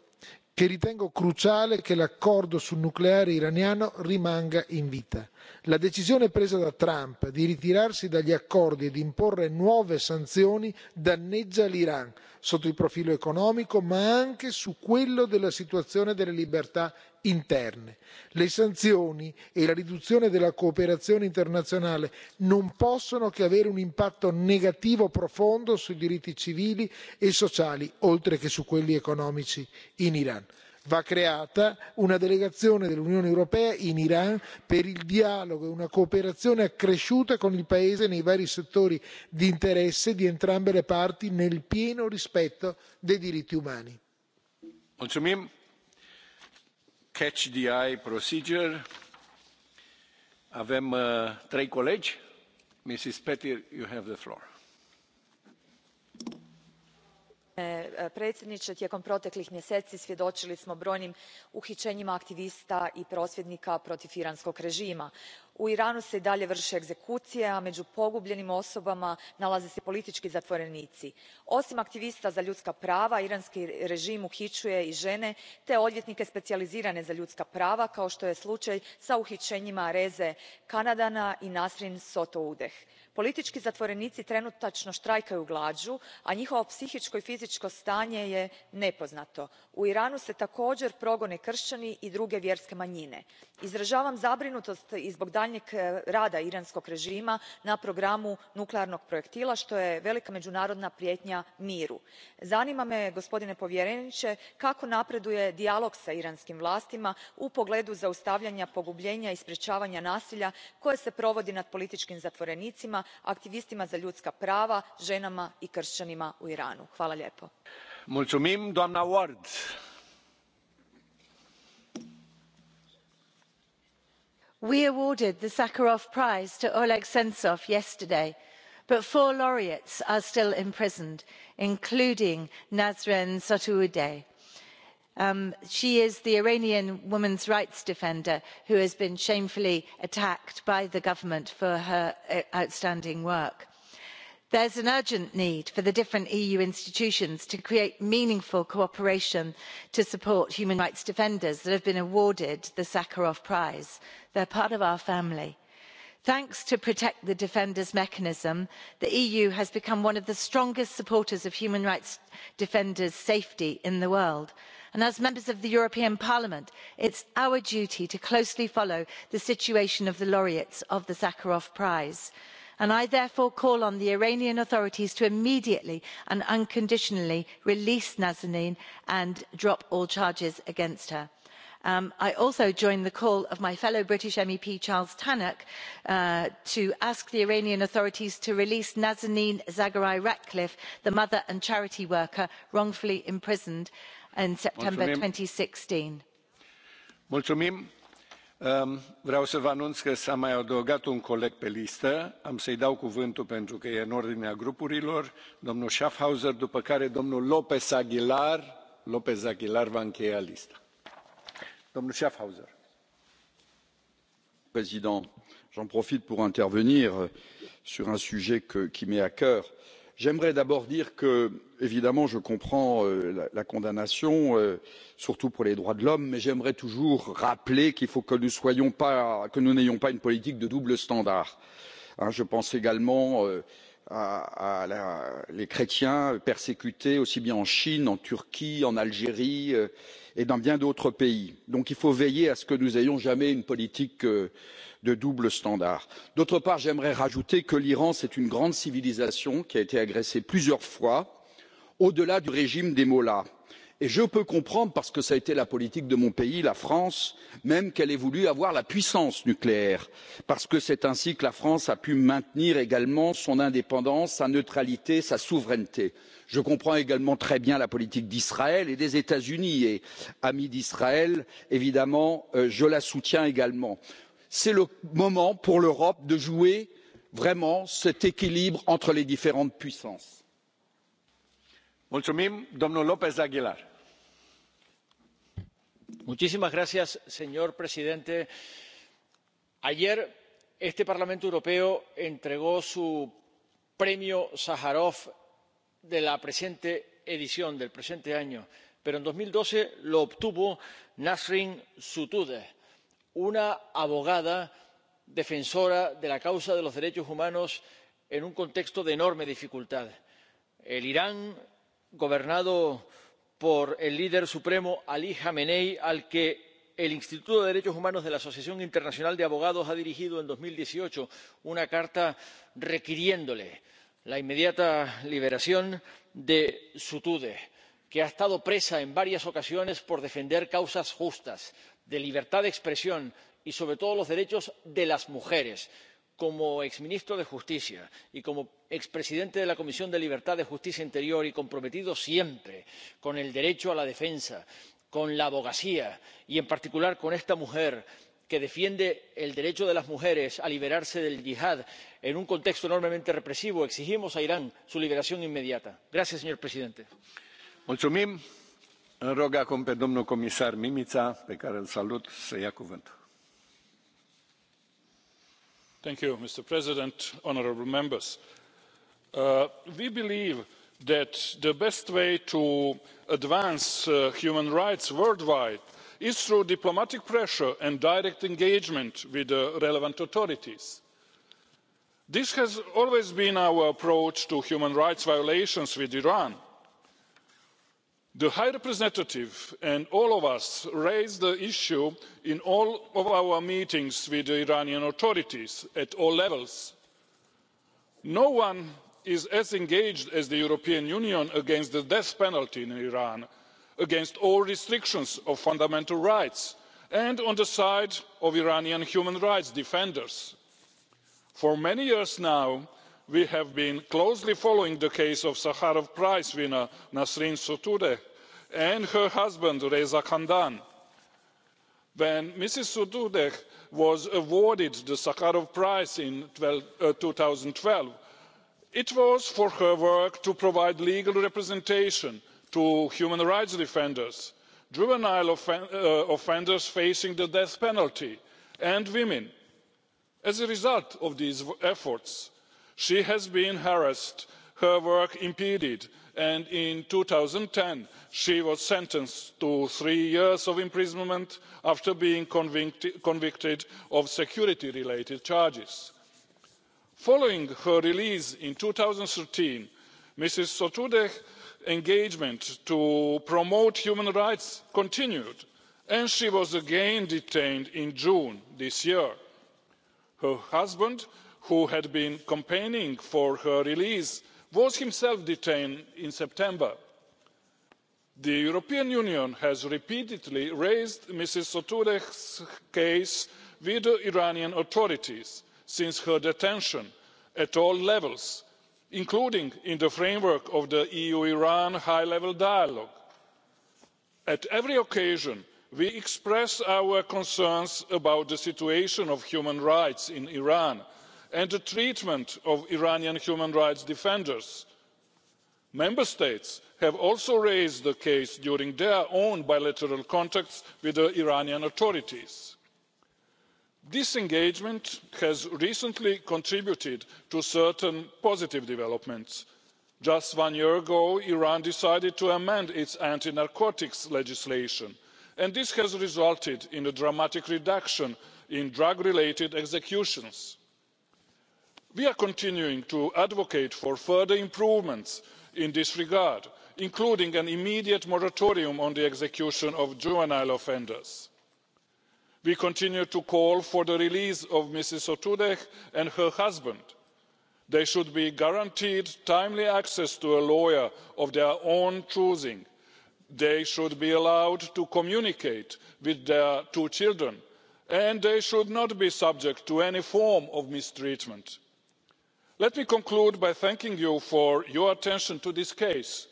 che ritengo cruciale che l'accordo sul nucleare iraniano rimanga in vita. la decisione presa da trump di ritirarsi dagli accordi e di imporre nuove sanzioni danneggia l'iran sotto il profilo economico ma anche su quello della situazione delle libertà interne. le sanzioni e la riduzione della cooperazione internazionale non possono che avere un impatto negativo profondo sui diritti civili e sociali oltre che su quelli economici in iran. va creata una delegazione dell'unione europea in iran per il dialogo e una cooperazione accresciuta con il paese nei vari settori di interesse di entrambe le parti nel pieno rispetto dei diritti umani catch the eye procedure. Avem uh, trei colegi. Mrs. Petir, you have the floor. E, e, predsjedniče, tijekom proteklih mjeseci svjedočili smo brojnim uhićenjima aktivista i prosvjednika protiv iranskog režima u iranu se i dalje vrše egzekucije a među pogubljenim osobama nalaze se politički zatvorenici. osim aktivista za ljudska prava iranski režim uhićuje i žene te odvjetnike specijalizirane za ljudska prava kao što je slučaj s uhićenjima reze kanadana i nasrin sotoudeh politički zatvorenici trenutačno štrajkaju glađu a njihovo psihičko i fizičko stanje je nepoznato. u iranu se također progone kršćani i druge vjerske manjine. izražavam zabrinutost i zbog daljnjeg e, rada iranskog režima na programu nuklearnog projektila što je velika međunarodna prijetnja miru. zanima me gospodine povjereniče kako napreduje dijalog s iranskim vlastima u pogledu zaustavljanja pogubljenja i sprječavanja nasilja koje se provodi nad političkim zatvorenicima aktivistima za ljudska prava ženama i kršćanima u iranu. hvala lijepo. we awarded the sakharov prize to oleg sentsov yesterday but four laureates are still imprisoned including nasrin sotoudeh. Um, she is the iranian women's rights defender who has been shamefully attacked by the government for her uh, outstanding work. there's an urgent need for the different eu institutions to create meaningful cooperation to support human rights defenders that have been awarded the sakharov prize. they're part of our family thanks to protect the defenders mechanism the eu has become one of the strongest supporters of human rights defenders' safety in the world and as members of the european parliament it's our duty to closely follow the situation of the laureates of the sakharov prize and i therefore call on the iranian authorities to immediately and unconditionally release nazanin and drop all charges against her. Um, i also join the call of my fellow british mep charles tannock uh, to ask the iranian authorities to release nazanin zaghari ratcliffe the mother and charity worker wrongfully imprisoned and september. 2016. Mulțumim. sixteen um, vreau să vă anunț că s a mai adăugat un coleg pe listă am să i dau cuvântul pentru că e în ordinea grupurilor domnul schaffhauser după care domnul lpez aguilar lpez aguilar va încheia lista. domnul schaffhauser. président j'en profite pour intervenir sur un sujet que, qui m'est à cœur j'aimerais d'abord dire que évidemment je comprends euh, la condamnation euh, surtout pour les droits de l'homme mais j'aimerais toujours rappeler qu'il faut que nous n'ayons pas une politique de double standard. je pense également euh, à les chrétiens persécutés aussi bien en chine en turquie en algérie et dans bien d'autres pays. donc il faut veiller à ce que nous n'ayons jamais une politique de double standard. d'autre part j'aimerais rajouter que l'iran c'est une grande civilisation qui a été agressée plusieurs fois au delà du régime des mollahs et je peux comprendre parce que cela a été la politique de mon pays la france même qu'elle ait voulu avoir la puissance nucléaire parce que c'est ainsi que la france a pu maintenir également son indépendance sa neutralité sa souveraineté. je comprends également très bien la politique d'israël et des états unis et ami d'israël évidemment euh, je la soutiens également c'est le moment pour l'europe de jouer vraiment cet équilibre entre les différentes puissances. señor presidente ayer este parlamento europeo entregó su premio sájarov de la presente edición del presente año pero en dos mil doce lo obtuvo nasrin sotudé una abogada defensora de la causa de los derechos humanos en un contexto de enorme dificultad el irán gobernado por el líder supremo ali jamenei al que el instituto de derechos humanos de la asociación internacional de abogados ha dirigido en dos mil dieciocho una carta requiriéndole la inmediata liberación de Sutude, que ha estado presa en varias ocasiones por defender causas justas de libertad de expresión y sobre todo los derechos de las mujeres. como exministro de justicia y como expresidente de la comisión de libertades civiles justicia y asuntos de interior y comprometido siempre con el derecho a la defensa con la abogacía y en particular con esta mujer que defiende el derecho de las mujeres a liberarse del yihad en un contexto enormemente represivo exigimos a irán su liberación inmediata. gracias señor presidente mr president honourable members uh, we believe that the best way to advance uh, human rights worldwide is through diplomatic pressure and direct engagement with the relevant authorities. this has always been our approach to human rights violations with iran the high representative and all of us raised the issue in all of our meetings with the iranian authorities at all levels. no one is as engaged as the european union against the death penalty in iran against all restrictions of fundamental rights and on the side of iranian human rights defenders. for many years now we have been closely following the case of sakharov prize winner nasrin sotoudeh and her husband reza khandan. when Ms sotoudeh was awarded the sakharov prize in uh, two thousand and twelve it was for her work to provide legal representation to human rights defenders juvenile uh, offenders facing the death penalty and women. as a result of these efforts she has been harassed her work impeded and in two thousand and ten she was sentenced to three years of imprisonment after being convicted of security related charges. following her release in two thousand and thirteen ms sotoudeh's engagement to promote human rights continued and she was again detained in june this year. her husband who had been campaigning for her release was himself detained in september. the european union has repeatedly raised ms sotoudeh's case with the iranian authorities since her detention at all levels including in the framework of the eu iran high level dialogue. At every occasion we express our concerns about the situation of human rights in iran and the treatment of iranian human rights defenders. member states have also raised the case during their own bilateral contacts with the iranian authorities. this engagement has recently contributed to certain positive developments. just one year ago iran decided to amend its anti narcotics legislation and this has resulted in a dramatic reduction in drug related executions we are continuing to advocate for further improvements in this regard including an immediate moratorium on the execution of juvenile offenders. we continue to call for the release of Ms sotoudeh and her husband. they should be guaranteed timely access to a lawyer of their own choosing. they should be allowed to communicate with their two children and they should not be subject to any form of mistreatment let me conclude by thanking you for your attention to this case.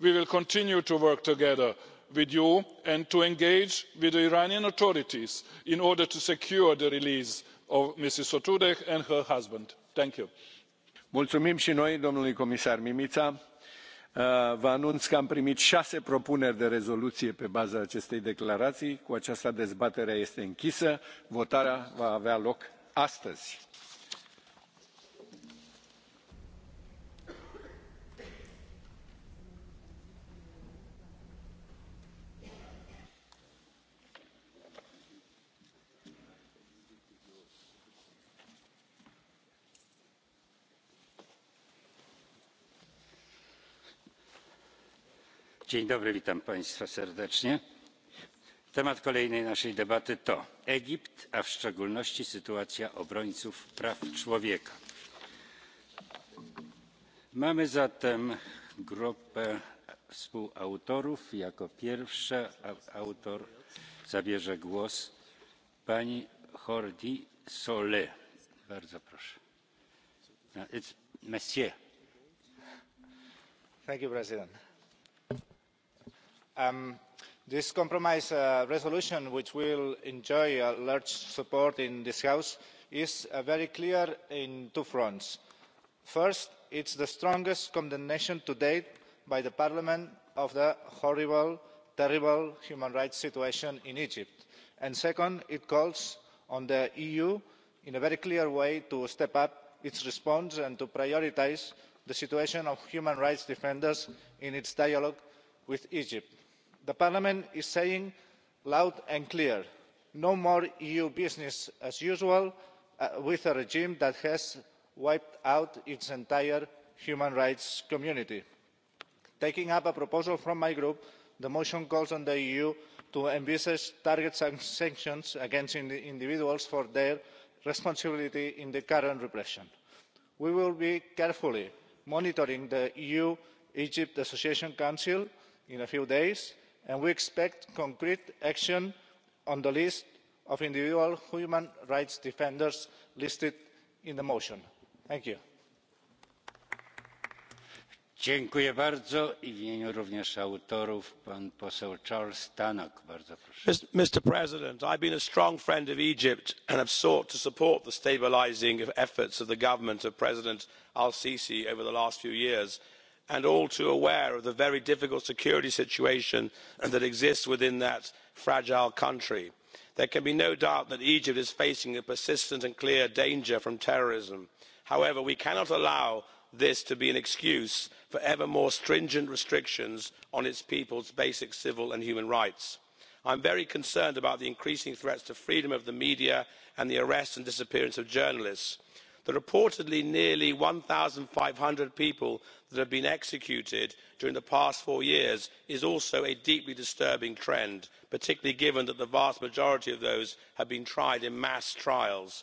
we will continue to work together with you and to engage with the iranian authorities in order to secure the release of mrs sotoudeh and her husband. thank you. mulțumim și noi domnului comisar mimica. Uh, vă anunț că am primit șase propuneri de rezoluție pe baza acestei declarații. cu aceasta dezbaterea este închisă. votarea va avea loc astăzi. dzień dobry witam państwa serdecznie. temat kolejnej naszej debaty to egipt a w szczególności sytuacja obrońców praw człowieka. mamy zatem grupę współautorów jako pierwsza autor zabierze głos pani jordi Sole. bardzo proszę. you, president Um, this compromise uh, resolution which will enjoy a large support in this house is uh, very clear on two fronts. first it's the strongest condemnation to date by the parliament of the horrible terrible human rights situation in egypt and second it calls on the eu in a very clear way to step up its response and to prioritise the situation of human rights defenders in its dialogue with egypt parliament is saying loud and clear no more eu business as usual uh, with a regime that has wiped out its entire human rights community. taking up a proposal from my group the motion calls on the eu to envisage targeted sanctions against individuals for their responsibility in the current repression. we will be carefully monitoring the eu egypt association council in a few days and we expect concrete action on the list of individual human rights defenders listed in the motion. thank you. mr president i have been a strong friend of egypt and have sought to support the stabilising efforts of the government of president al sisi over the last few years and all too aware of the very difficult security situation that exists within that fragile country. there can be no doubt that egypt is facing a persistent and clear danger from terrorism. however we cannot allow this to be an excuse for ever more stringent restrictions on its people's basic civil and human rights. i am very concerned about the increasing threats to freedom of the media and the arrest and disappearance of journalists the reportedly nearly one five hundred people that have been executed during the past four years is also a deeply disturbing trend particularly given that the vast majority of those have been tried in mass trials.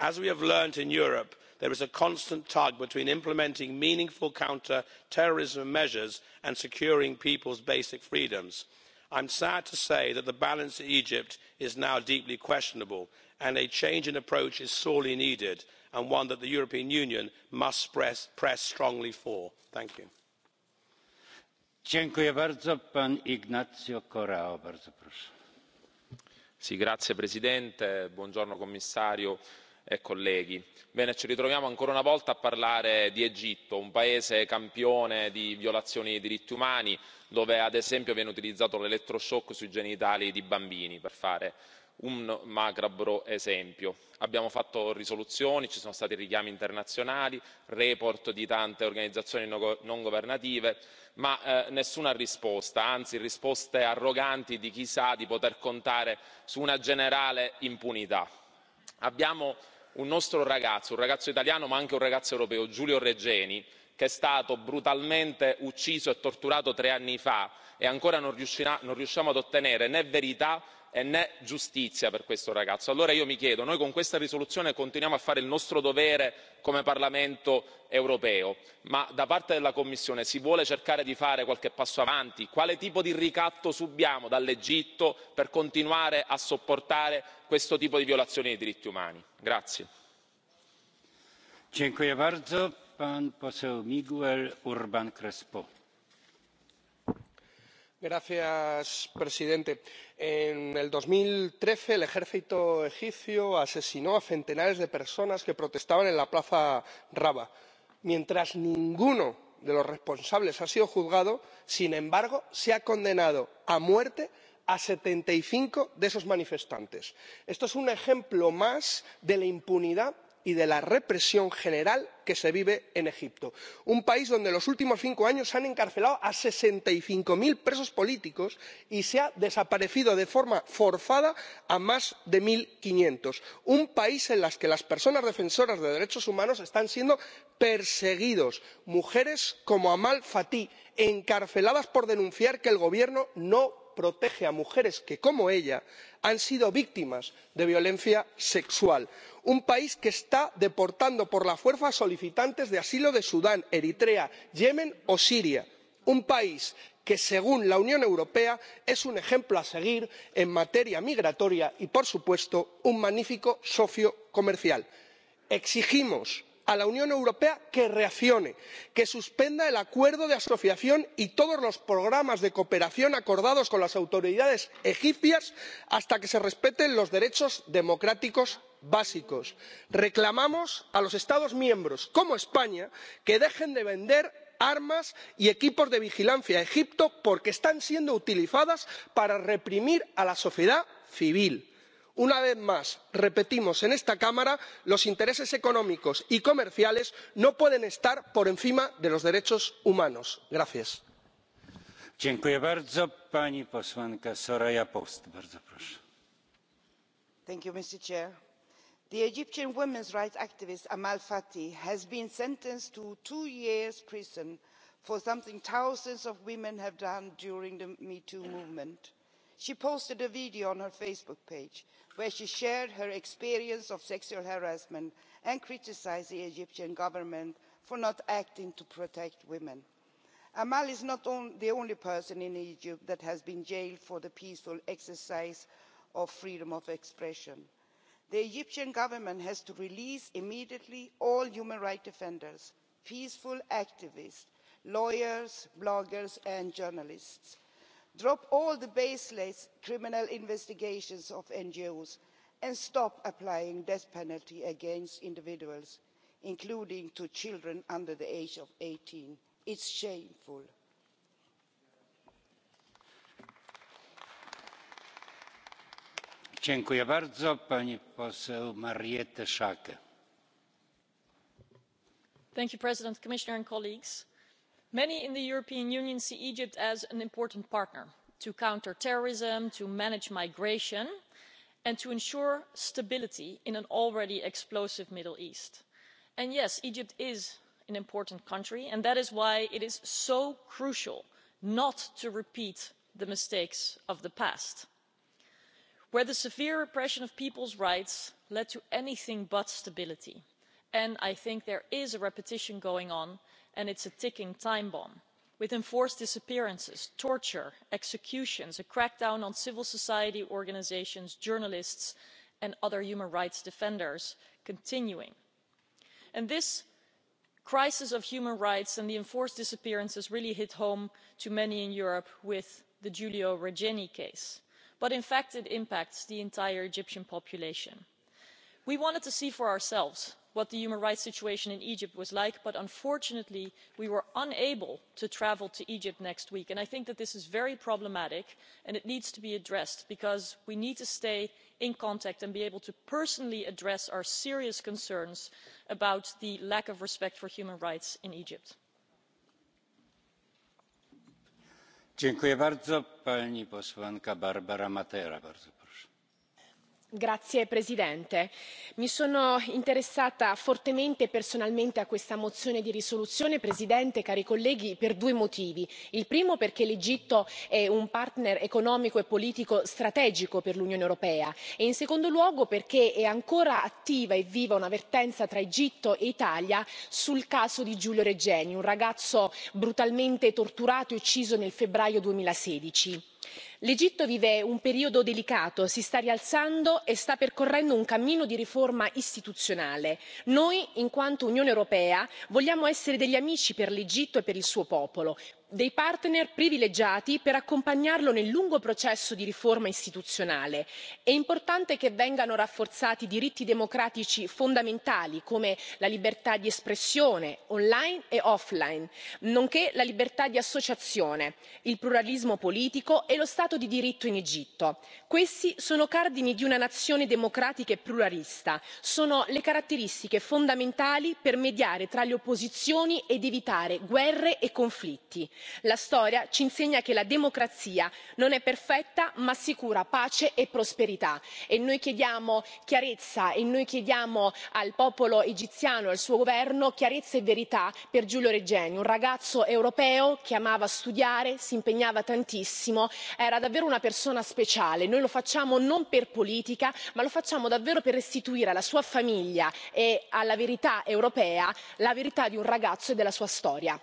as we have learned in europe there is a constant tug between implementing meaningful counter terrorism measures and securing people's basic freedoms. i am sad to say that the balance in egypt is now deeply questionable and a change in approach is sorely needed and one that the european union must press, strongly for. thank you. presidente buongiorno commissario e colleghi Bene, ci ritroviamo ancora una volta a parlare di egitto un paese campione di violazioni dei diritti umani dove ad esempio viene utilizzato l'elettroshock sui genitali di bambini per fare un macabro esempio. abbiamo fatto risoluzioni ci sono stati richiami internazionali report di tante organizzazioni non governative ma eh, nessuna risposta anzi risposte arroganti di chi sa di poter contare su una generale impunità. abbiamo un nostro ragazzo un ragazzo italiano ma anche un ragazzo europeo giulio regeni che è stato brutalmente ucciso e torturato tre anni fa e ancora non riusciamo ad ottenere né verità e né giustizia per questo ragazzo. allora io mi chiedo noi con questa risoluzione continuiamo a fare il nostro dovere come parlamento europeo ma da parte della commissione si vuole cercare di fare qualche passo avanti? quale tipo di ricatto subiamo dall'egitto per continuare a sopportare questo tipo di violazioni dei diritti umani? señor presidente en dos mil trece el ejército egipcio asesinó a centenares de personas que protestaban en la plaza raba. mientras ninguno de los responsables ha sido juzgado sin embargo se ha condenado a muerte a setenta y cinco de esos manifestantes. esto es un ejemplo más de la impunidad y de la represión general que se vive en egipto un país donde en los últimos cinco años se han encarcelado a sesenta y cinco cero presos políticos y se ha desaparecido de forma forzada a más de uno quinientos un país en el que las personas defensoras de derechos humanos están siendo perseguidas mujeres como amal fathy encarceladas por denunciar que el gobierno no protege a mujeres que como ella han sido víctimas de violencia sexual un país que está deportando por la fuerza a solicitantes de asilo de sudán eritrea yemen o siria un país que según la unión europea es un ejemplo a seguir en materia migratoria y por supuesto un magnífico socio comercial. exigimos a la unión europea que reaccione que suspenda el acuerdo de asociación y todos los programas de cooperación acordados con las autoridades egipcias hasta que se respeten los derechos democráticos básicos. reclamamos a los estados miembros como españa que dejen de vender armas y equipos de vigilancia a egipto porque están siendo utilizadas para reprimir a la sociedad civil una vez más repetimos en esta cámara los intereses económicos y comerciales no pueden estar por encima de los derechos humanos. mr Chair. the egyptian women's rights activist amal fatih has been sentenced to two years' prison for something thousands of women have done during the metoo movement she posted a video on her facebook page where she shared her experience of sexual harassment and criticised the egyptian government for not acting to protect women. amal is not the only person in egypt that has been jailed for the peaceful exercise of freedom of expression. the egyptian government has to release immediately all human rights defenders peaceful activists lawyers bloggers and journalists drop all the baseless criminal investigations of ngos and stop applying the death penalty against individuals including to children under the age of. eighteen it's shameful. mr president commissioner and colleagues many in the european union see egypt as an important partner to counter terrorism to manage migration and to ensure stability in an already explosive middle east and yes egypt is an important country and that is why it is so crucial not to repeat the mistakes of the past where the severe repression of people's rights led to anything but stability and i think there is a repetition going on and it's a ticking time bomb with enforced disappearances torture executions a crackdown on civil society organisations journalists and other human rights defenders continuing. this crisis of human rights and the enforced disappearances really hit home to many in europe with the giulio regeni case but in fact it impacts the entire egyptian population. we wanted to see for ourselves what the human rights situation in egypt was like but unfortunately we were unable to travel to egypt next week and i think that this is very problematic and it needs to be addressed because we need to stay in contact and be able to personally address our serious concerns about the lack of respect for human rights in egypt. Signora presidente onorevoli colleghi mi sono interessata fortemente e personalmente a questa mozione di risoluzione Presidente cari colleghi, per due motivi il primo perché l'egitto è un partner economico e politico strategico per l'unione europea e in secondo luogo perché è ancora attiva e viva una vertenza tra egitto e italia sul caso di giulio regeni un ragazzo brutalmente torturato e ucciso nel febbraio duemilasedici l'egitto vive un periodo delicato si sta rialzando e sta percorrendo un cammino di riforma istituzionale. noi in quanto unione europea vogliamo essere degli amici per l'egitto e per il suo popolo dei partner privilegiati per accompagnarlo nel lungo processo di riforma istituzionale. è importante che vengano rafforzati diritti democratici fondamentali come la libertà di espressione online e offline nonché la libertà di associazione il pluralismo politico e lo stato di diritto in egitto. questi sono cardini di una nazione democratica e pluralista sono le caratteristiche fondamentali per mediare tra le opposizioni ed evitare guerre e conflitti la storia ci insegna che la democrazia non è perfetta ma assicura pace e prosperità e noi chiediamo chiarezza e noi chiediamo al popolo egiziano e al suo governo chiarezza e verità per giulio regeni un ragazzo europeo che amava studiare si impegnava tantissimo era davvero una persona speciale noi lo facciamo non per politica ma lo facciamo davvero per restituire alla sua famiglia e alla verità europea la verità di un ragazzo e della sua storia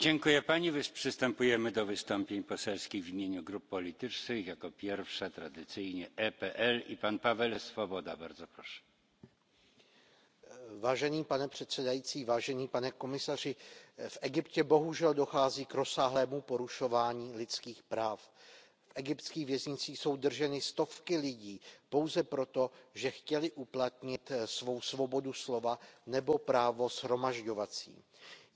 Dziękuję pani. Przystępujemy do wystąpień poselskich w imieniu grup politycznych. Jako pierwsza tradycyjnie EPL i pan Paweł Swoboda. Bardzo proszę. Vážený pane předsedající, vážený pane komisaři, v Egyptě bohužel dochází k rozsáhlému porušování lidských práv. V egyptských věznicích jsou drženy stovky lidí pouze proto, že chtěli uplatnit svou svobodu slova nebo právo shromažďovací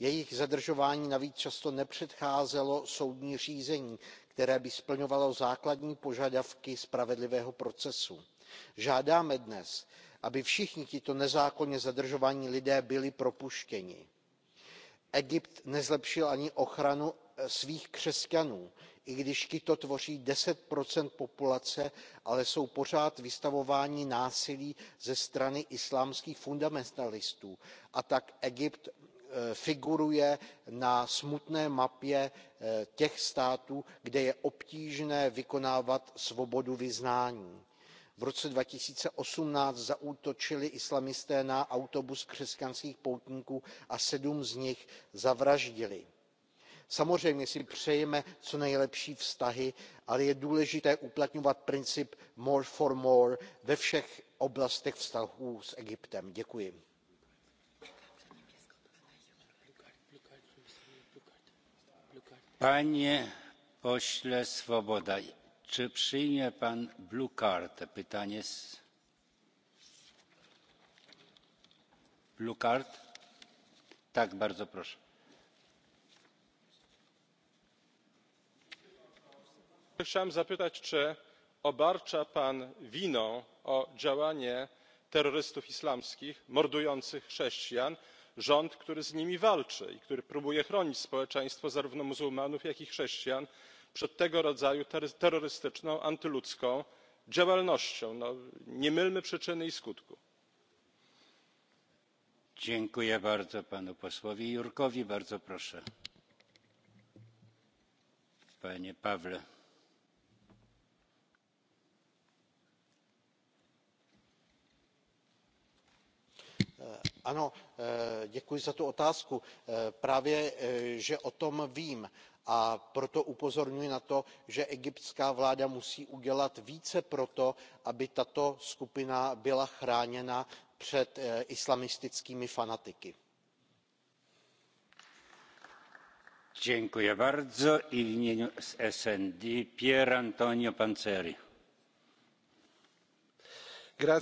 jejich zadržování navíc často nepředcházelo soudní řízení které by splňovalo základní požadavky spravedlivého procesu. žádáme dnes aby všichni tito nezákonně zadržovaní lidé byli propuštěni. egypt nezlepšil ani ochranu eh, svých křesťanů i když tito tvoří ten populace ale jsou pořád vystavováni násilí ze strany islámských fundamentalistů a tak egypt E, figuruje na smutné mapě e, těch států kde je obtížné vykonávat svobodu vyznání. v roce two thousand and zaútočili islamisté na autobus křesťanských poutníků a sedm z nich zavraždili. samozřejmě si přejeme co nejlepší vztahy ale je důležité uplatňovat princip more for more ve všech oblastech vztahů s egyptem. děkuji. panie pośle swoboda czy przyjmie pan pytanie Blue Card? tak bardzo proszę. chciałem zapytać czy obarcza pan winą o działanie terrorystów islamskich mordujących chrześcijan rząd który z nimi walczy i który próbuje chronić społeczeństwo zarówno muzułmanów jak i chrześcijan przed tego rodzaju terrorystyczną antyludzką działalnością. nie mylmy przyczyny i skutku. ano eh, děkuji za tu otázku. Eh, právě eh, že o tom vím a proto upozorňuji na to že egyptská vláda musí udělat více pro to aby tato skupina byla chráněna před islamistickými fanatiky.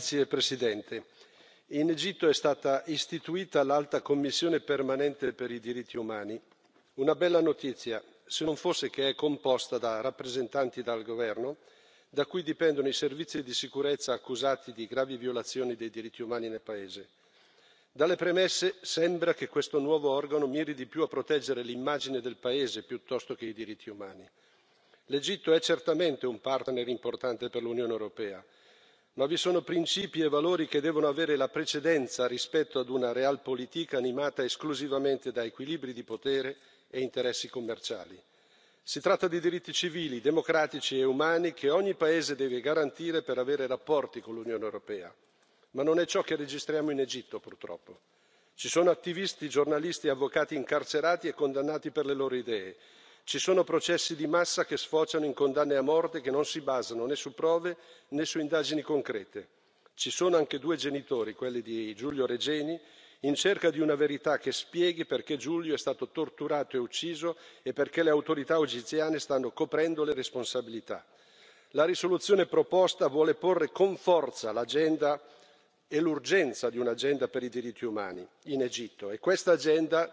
signor in egitto è stata istituita l'alta commissione permanente per i diritti umani una bella notizia se non fosse che è composta da rappresentanti del governo da cui dipendono i servizi di sicurezza accusati di gravi violazioni dei diritti umani nel paese. dalle premesse sembra che questo nuovo organo miri di più a proteggere l'immagine del paese piuttosto che i diritti umani. l'egitto è certamente un partner importante per l'unione europea ma vi sono principi e valori che devono avere la precedenza rispetto ad una politica animata esclusivamente da equilibri di potere e interessi commerciali. si tratta di diritti civili democratici e umani che ogni paese deve garantire per avere rapporti con l'unione europea ma non è ciò che registriamo in egitto purtroppo. ci sono attivisti giornalisti e avvocati incarcerati e condannati per le loro idee ci sono processi di massa che sfociano in condanne a morte che non si basano né su prove né su indagini concrete. ci sono anche due genitori quelli di giulio regeni in cerca di una verità che spieghi perché giulio è stato torturato e ucciso e perché le autorità egiziane stanno coprendo le responsabilità. la risoluzione proposta vuole porre con forza l'agenda e l'urgenza di un'agenda per i diritti umani in egitto e questa agenda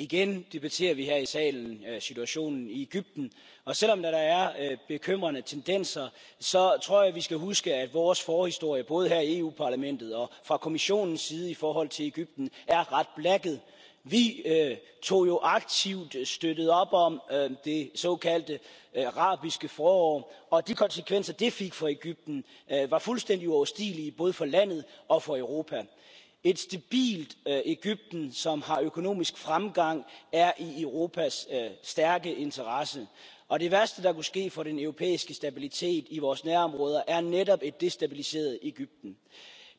igen debatterer vi her i salen øh, situationen i egypten og selvom der er øh, bekymrende tendenser tror jeg vi skal huske at vores forhistorie både her i EU parlamentet og fra kommissionens side i forhold til egypten er ret blakket vi øh, tog jo aktivt støttede op om det såkaldte arabiske forår og de konsekvenser det fik for egypten var fuldstændig uoverstigelige både for landet og for europa et stabilt øh, egypten som har økonomisk fremgang er i europas øh, stærke interesse og det værste der kunne ske for den europæiske stabilitet i vores nærområder er netop et destabiliseret egypten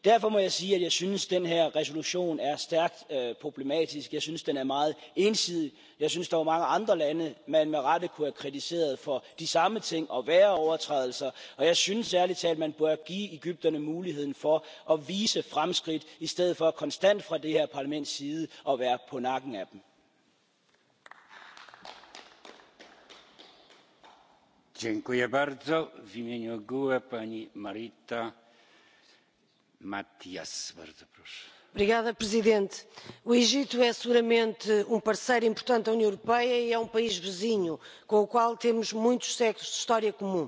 derfor må jeg sige at jeg synes den her resolution er stærkt øh, problematisk jeg synes den er meget ensidig jeg synes der var er mange andre lande man med rette kunne have kritiseret for de samme ting og værre overtrædelser og jeg synes ærlig talt man bør give egypterne muligheden for at vise fremskridt i stedet for konstant fra det her parlaments side at være på nakken af dem presidente o egito é seguramente um parceiro importante da união europeia e é um país vizinho com o qual temos muitos séculos de história comum.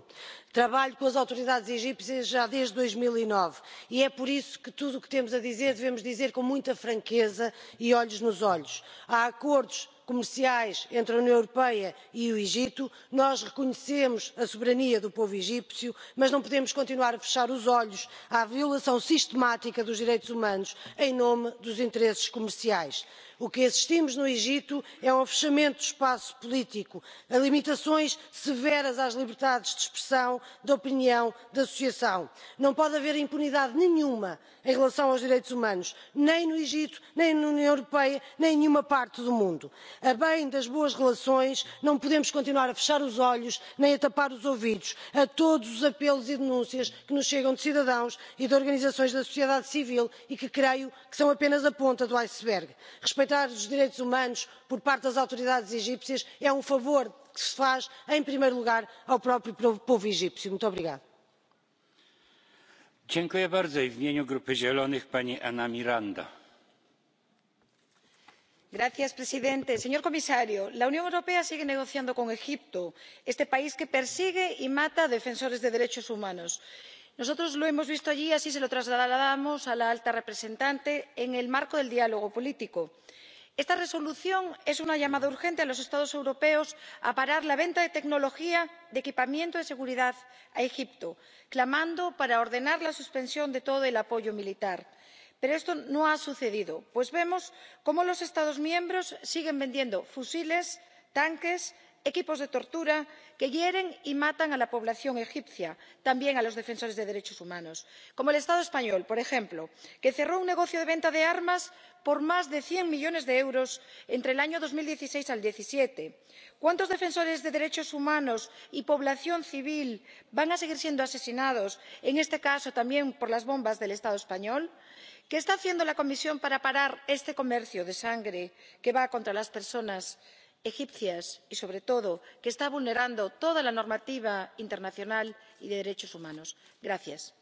trabalho com as autoridades egípcias já desde dois mil e nove e é por isso que tudo o que temos a dizer devemos dizer com muita franqueza e olhos nos olhos. há acordos comerciais entre a união europeia e o egito nós reconhecemos a soberania do povo egípcio mas não podemos continuar a fechar os olhos à violação sistemática dos direitos humanos em nome dos interesses comerciais o que assistimos no egito é ao um fechamento do espaço político a limitações severas às liberdades de expressão de opinião de associação. não pode haver impunidade nenhuma em relação aos direitos humanos nem no egito nem na união europeia nem em nenhuma parte do mundo. a bem das boas relações não podemos continuar a fechar os olhos nem a tapar os ouvidos a todos os apelos e denúncias que nos chegam de cidadãos e de organizações da sociedade civil e que creio que são apenas a ponta do iceberg respeitar os direitos humanos por parte das autoridades egípcias é um favor que se faz em primeiro lugar ao próprio povo egípcio. muito obrigada. señor presidente señor comisario la unión europea sigue negociando con egipto este país que persigue y mata a defensores de derechos humanos nosotros lo hemos visto allí y así se lo trasladamos a la alta representante en el marco del diálogo político. esta resolución es una llamada urgente a los estados europeos a parar la venta de tecnología de equipamiento de seguridad a egipto clamando para ordenar la suspensión de todo el apoyo militar. pero esto no ha sucedido pues vemos cómo los estados miembros siguen vendiendo fusiles tanques equipos de tortura que hieren y matan a la población egipcia también a los defensores de derechos humanos como el estado español por ejemplo que cerró un negocio de venta de armas por más de cien millones de euros entre el año dos mil dieciseis y diecisiete cuántos defensores de derechos humanos y población civil van a seguir siendo asesinados en este caso también por las bombas del estado español? qué está haciendo la comisión para parar este comercio de sangre que va contra las personas egipcias y sobre todo que está vulnerando toda la normativa internacional y de derechos humanos. gracias.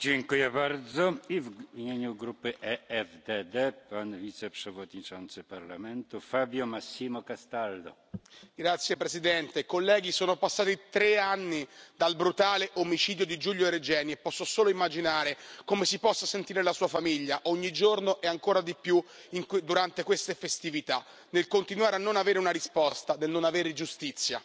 Dziękuję bardzo. I w imieniu grupy EFDD pan wiceprzewodniczący parlamentu Fabio Massimo Castaldo. Signor Presidente, colleghi, sono passati tre anni dal brutale omicidio di Giulio Regeni e posso solo immaginare come si possa sentire la sua famiglia ogni giorno e ancora di più durante queste festività nel continuare a non avere una risposta nel non avere giustizia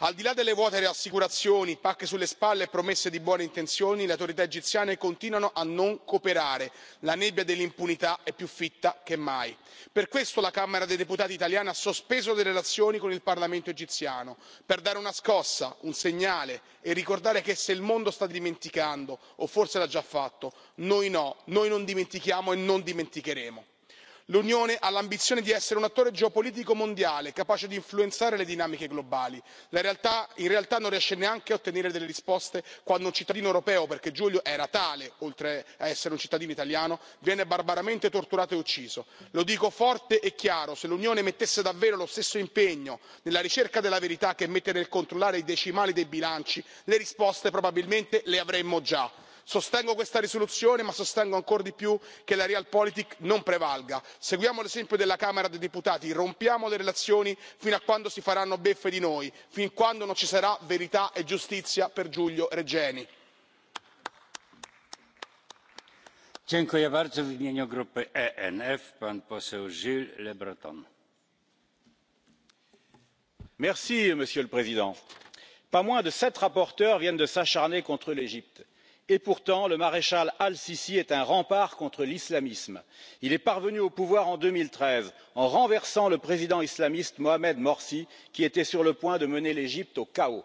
al di là delle vuote rassicurazioni pacche sulle spalle e promesse di buone intenzioni le autorità egiziane continuano a non cooperare la nebbia dell'impunità è più fitta che mai. per questo la camera dei deputati italiana ha sospeso le relazioni con il parlamento egiziano per dare una scossa un segnale e ricordare che se il mondo sta dimenticando o forse l'ha già fatto noi no noi non dimentichiamo e non dimenticheremo l'unione ha l'ambizione di essere un attore geopolitico mondiale capace di influenzare le dinamiche globali in realtà non riesce neanche a ottenere delle risposte quando un cittadino europeo perché giulio era tale oltre a essere un cittadino italiano viene barbaramente torturato e ucciso. lo dico forte e chiaro se l'unione mettesse davvero lo stesso impegno nella ricerca della verità che mette nel controllare i decimali dei bilanci le risposte probabilmente le avremmo già sostengo questa risoluzione ma sostengo ancor di più che la realpolitik non prevalga seguiamo l'esempio della camera dei deputati rompiamo le relazioni fino a quando si faranno beffe di noi fin quando non ci sarà verità e giustizia per giulio regeni. E monsieur le président pas moins de sept rapporteurs viennent de s'acharner contre l'égypte et pourtant le maréchal al sissi est un rempart contre l'islamisme. il est parvenu au pouvoir en deux mille treize en renversant le président islamiste mohamed morsi qui était sur le point de mener l'égypte au chaos.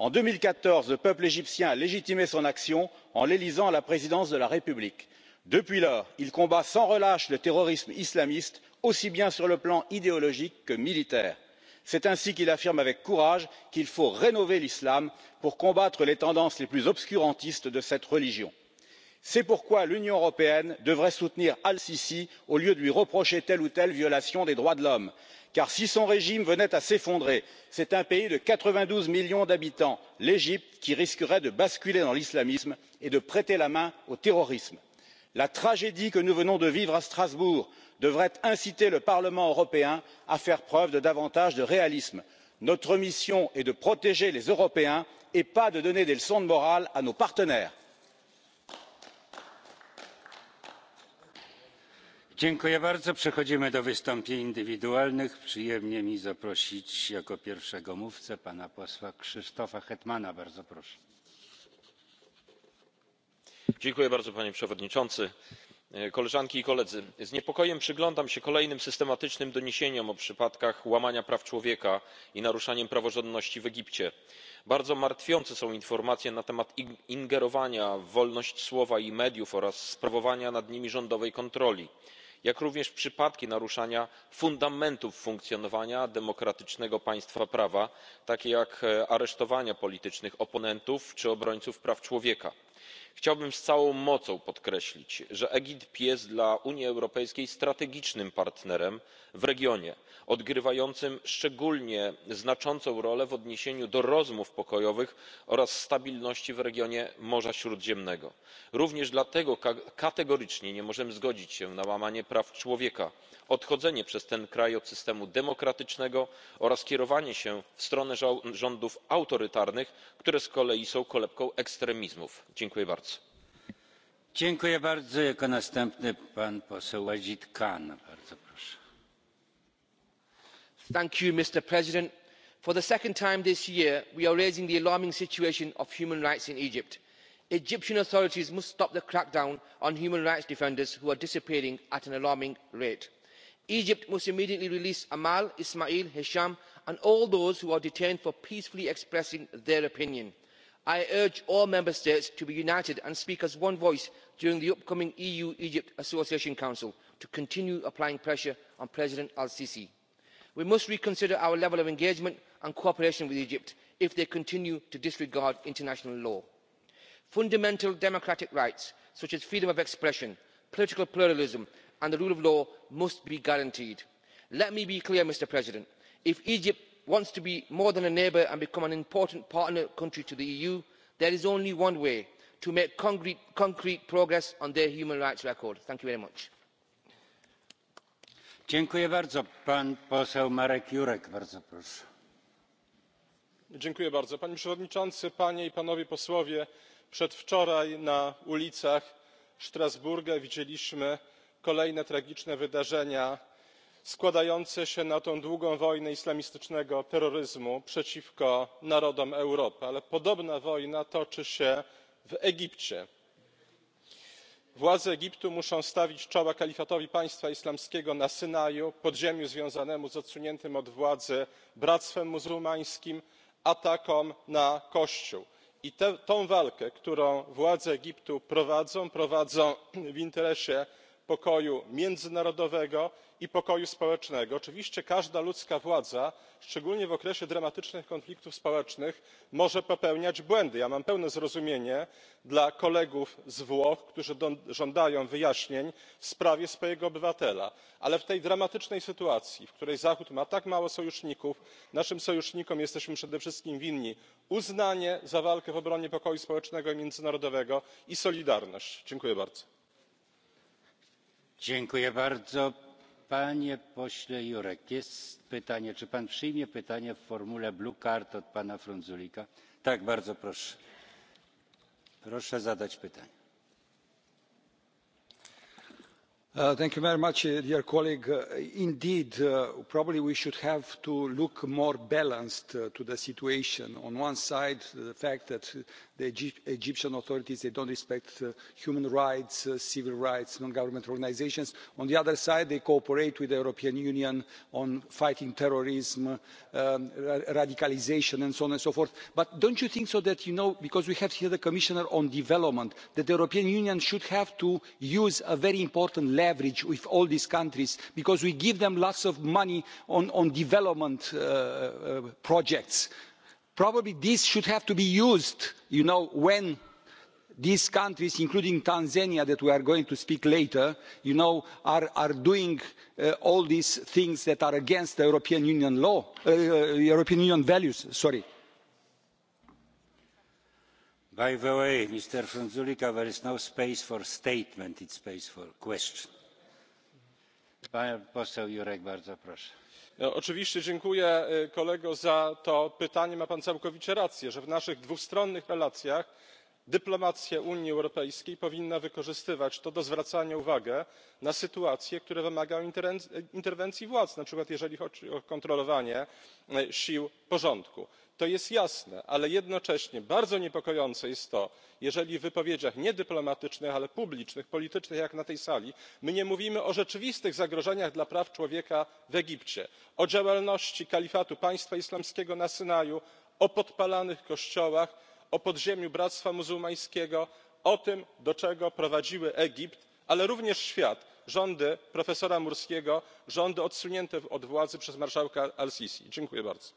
en deux mille quatorze le peuple égyptien a légitimé son action en l'élisant à la présidence de la république. depuis lors il combat sans relâche le terrorisme islamiste aussi bien sur le plan idéologique que militaire c'est ainsi qu'il affirme avec courage qu'il faut rénover l'islam pour combattre les tendances les plus obscurantistes de cette religion. c'est pourquoi l'union européenne devrait soutenir al sissi au lieu de lui reprocher telle ou telle violation des droits de l'homme car si son régime venait à s'effondrer c'est un pays de quatre vingt douze millions d'habitants l'égypte qui risquerait de basculer dans l'islamisme et de prêter la main au terrorisme. la tragédie que nous venons de vivre à strasbourg devrait inciter le parlement européen à faire preuve de davantage de réalisme. notre mission est de protéger les européens et pas de donner des leçons de morale à nos partenaires. przechodzimy do wystąpień indywidualnych. przyjemnie mi zaprosić jako pierwszego mówcę pana posła krzysztofa hetmana. bardzo proszę. panie przewodniczący! E, i Koledzy. z niepokojem przyglądam się kolejnym systematycznym doniesieniom o przypadkach łamania praw człowieka i naruszaniem praworządności w egipcie. bardzo martwiące są informacje na temat ingerowania w wolność słowa i mediów oraz sprawowania nad nimi rządowej kontroli jak również przypadki naruszania fundamentów funkcjonowania demokratycznego państwa prawa takie jak e, aresztowania politycznych oponentów czy obrońców praw człowieka chciałbym z całą mocą podkreślić że egipt jest dla unii europejskiej strategicznym partnerem w regionie odgrywającym szczególnie znaczącą rolę w odniesieniu do rozmów pokojowych oraz stabilności w regionie morza śródziemnego. również dlatego kategorycznie nie możemy zgodzić się na łamanie praw człowieka odchodzenie przez ten kraj od systemu demokratycznego oraz kierowanie się w stronę rządów autorytarnych które z kolei są kolebką ekstremizmów. dziękuję bardzo. dziękuję bardzo. jako następny pan poseł khan mr president for the second time this year we are raising the alarming situation of human rights in egypt. egyptian authorities must stop the crackdown on human rights defenders who are disappearing at an alarming rate. egypt must immediately release amal ismail hisham and all those who are detained for peacefully expressing their opinion. i urge all member states to be united and speak as one voice during the upcoming eu egypt association council to continue applying pressure on president al sisi we must reconsider our level of engagement and cooperation with egypt if they continue to disregard international law. fundamental democratic rights such as freedom of expression political pluralism and the rule of law must be guaranteed. let me be clear mr president if egypt wants to be more than a neighbour and become an important partner country to the eu there is only one way to make concrete progress on their human rights record. thank you very much panie przewodniczący! panie i panowie posłowie! przedwczoraj na ulicach strasburga widzieliśmy kolejne tragiczne wydarzenia składające się na tę długą wojnę islamistycznego terroryzmu przeciwko narodom europy ale podobna wojna toczy się w egipcie władze egiptu muszą stawić czoła kalifatowi państwa islamskiego na synaju podziemiu związanemu z odsuniętym od władzy bractwem muzułmańskim atakom na kościół i tę walkę którą władze egiptu prowadzą prowadzą w interesie pokoju międzynarodowego i pokoju społecznego. oczywiście każda ludzka władza szczególnie w okresie dramatycznych konfliktów społecznych może popełniać błędy. ja mam pełne zrozumienie dla kolegów z włoch którzy żądają wyjaśnień w sprawie swojego obywatela ale w tej dramatycznej sytuacji w której zachód ma tak mało sojuszników naszym sojusznikom jesteśmy przede wszystkim winni uznanie za walkę w obronie pokoju społecznego i międzynarodowego i solidarność. dziękuję bardzo. Dziękuję bardzo. Panie pośle Jurek, jest pytanie, czy pan przyjmie pytanie w formule blue card od pana Frunzulika? Tak, bardzo proszę. Proszę zadać pytanie. Uh, thank you very much, uh, dear colleague. Uh, indeed, probably we should have to look more balanced to the situation. On one side, the fact that the egyptian authorities they don't respect uh, human rights uh, civil rights non government organisations. on the other side they cooperate with the european union on fighting terrorism um, radicalisation and so on and so forth. but don't you think that you know because we have here the commissioner on development that the european union should have to use a very important leverage with all these countries because we give them lots of money on development uh, projects probably this should have to be used you know when these countries including tanzania that we are going to speak about later you know are doing uh, all these things that are against european union law uh, uh, european union values sorry. by the way mr frunzulic there is no space for statement it's space for question. E, oczywiście dziękuję e, kolego za to pytanie. ma pan całkowicie rację że w naszych dwustronnych relacjach dyplomacja unii europejskiej powinna wykorzystywać to do zwracania uwagi na sytuacje które wymagają interwencji władz na przykład jeżeli chodzi o kontrolowanie e, sił porządku to jest jasne ale jednocześnie bardzo niepokojące jest to jeżeli w wypowiedziach nie ale publicznych politycznych jak na tej sali my nie mówimy o rzeczywistych zagrożeniach dla praw człowieka w egipcie o działalności kalifatu państwa islamskiego na synaju o podpalanych kościołach o podziemiu bractwa muzułmańskiego o tym do czego prowadziły egipt ale również świat rządy profesora Murskiego, rządy odsunięte od władzy przez marszałka al sisi. dziękuję bardzo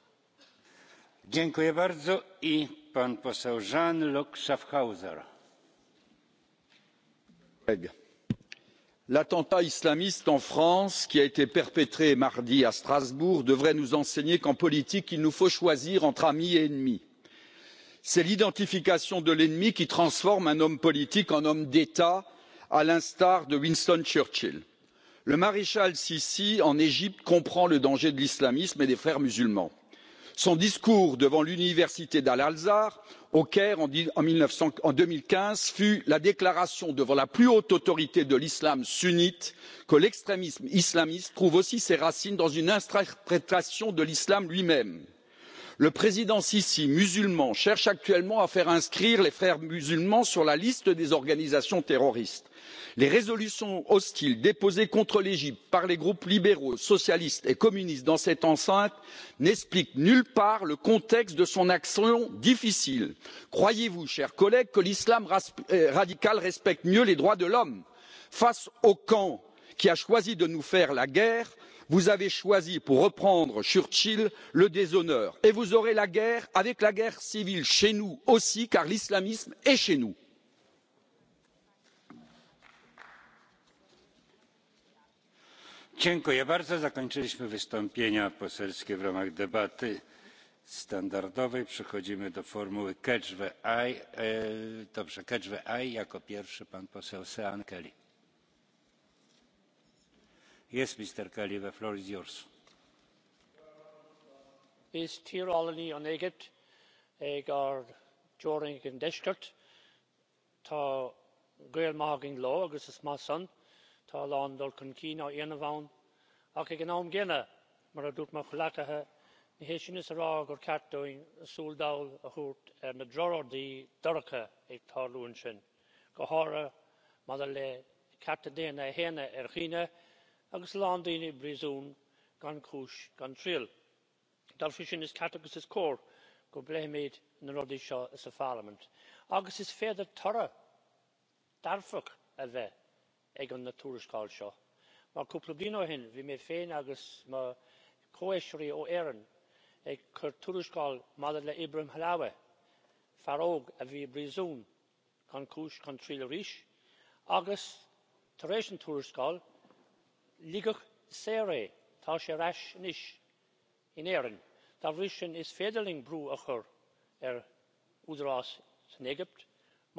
l'attentat islamiste en france qui a été perpétré mardi à strasbourg devrait nous enseigner qu'en politique il nous faut choisir entre amis et ennemis. c'est l'identification de l'ennemi qui transforme un homme politique en homme d'état à l'instar de winston churchill. le maréchal sissi en égypte comprend le danger de l'islamisme et des frères musulmans son discours devant l'université d'al azhar au caire en deux mille quinze fut la déclaration devant la plus haute autorité de l'islam sunnite que l'extrémisme islamiste trouve aussi ses racines dans une interprétation de l'islam lui même. le président sissi musulman cherche actuellement à faire inscrire les frères musulmans sur la liste des organisations terroristes les résolutions hostiles déposées contre l'égypte par les groupes libéraux socialistes et communistes dans cette enceinte n'expliquent nulle part le contexte de son action difficile. croyez vous chers collègues que l'islam euh, radical respecte mieux les droits de l'homme? face au camp qui a choisi de nous faire la guerre vous avez choisi pour reprendre churchill le déshonneur et vous aurez la guerre avec la guerre civile chez nous aussi car l'islamisme est chez nous. dziękuję bardzo zakończyliśmy wystąpienia poselskie w ramach debaty standardowej. przechodzimy do formuły catch the eye. E, dobrze, catch the eye jako pierwszy pan poseł sean kelly. jest mister Kelly, the floor is yours. Is tír an éigead ag ar deorainn an deisceart tá gaol agus is talán dul chun cinn á dhéanamh ann ach ag an am céanna mar a dúirt mo chomhlathach ní hé sin is a rá gur ceartúin súl domhall a thabhairt ar na drordaí dorcha ag tarlúin sin go háirithe maidir le cearta daonna a théanna ar dhaoine agus lán daoine bríosún gan chúis gan triail. d'fhí sin is ceart agus is comhair go bleiméid na rudaí seo is a pharlaimint agus is féidir tortha d'fhearfaidh a bheith ag an natúris gáil seo. mar cúpla bliain orthu bhí mé féin agus má comhéisirí ó éireann ag cur tuarascáil maidir le oibrim halawa fearóg a bhí breizún chun cúis chun triail arís agus tar éis an tuarascáil ligeadh saoire tá sé ar ais anois in éireann dá bhris sin is féidir linn brú a chur ar uairás san éigipt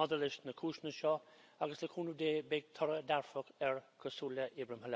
maidir leis na cúiseanna seo agus le cúnamh dé beidh toradh ar cosúil ibrahim pani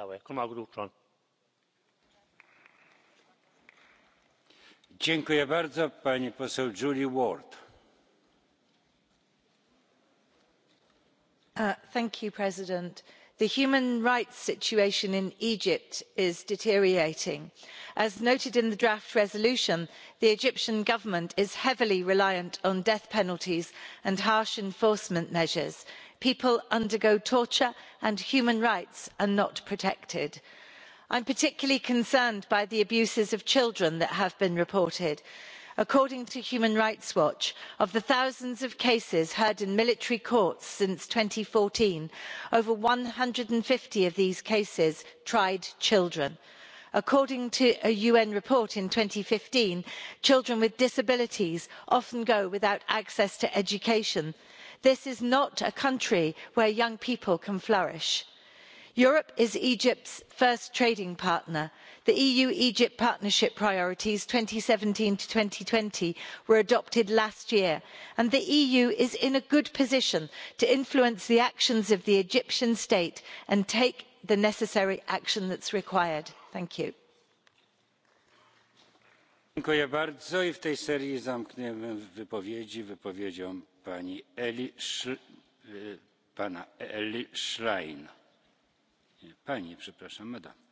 uh, you, president the human rights situation in egypt is deteriorating. as noted in the draft resolution the egyptian government is heavily reliant on death penalties and harsh enforcement measures people undergo torture and human rights are not protected. i'm particularly concerned by the abuses of children that have been reported. according to human rights watch of the thousands of cases heard in military courts since two thousand and fourteen over one hundred and fifty of these cases tried children. according to a un report in two thousand and fifteen children with disabilities often go without access to education this is not a country where young people can flourish. europe is egypt's first trading partner. the eu egypt partnership priorities two thousand and seventeen two thousand twenty were adopted last year and the eu is in a good position to influence the actions of the egyptian state and take the necessary action that's required. thank you pani Eli pana Eli Schlein. Pani, przepraszam, madame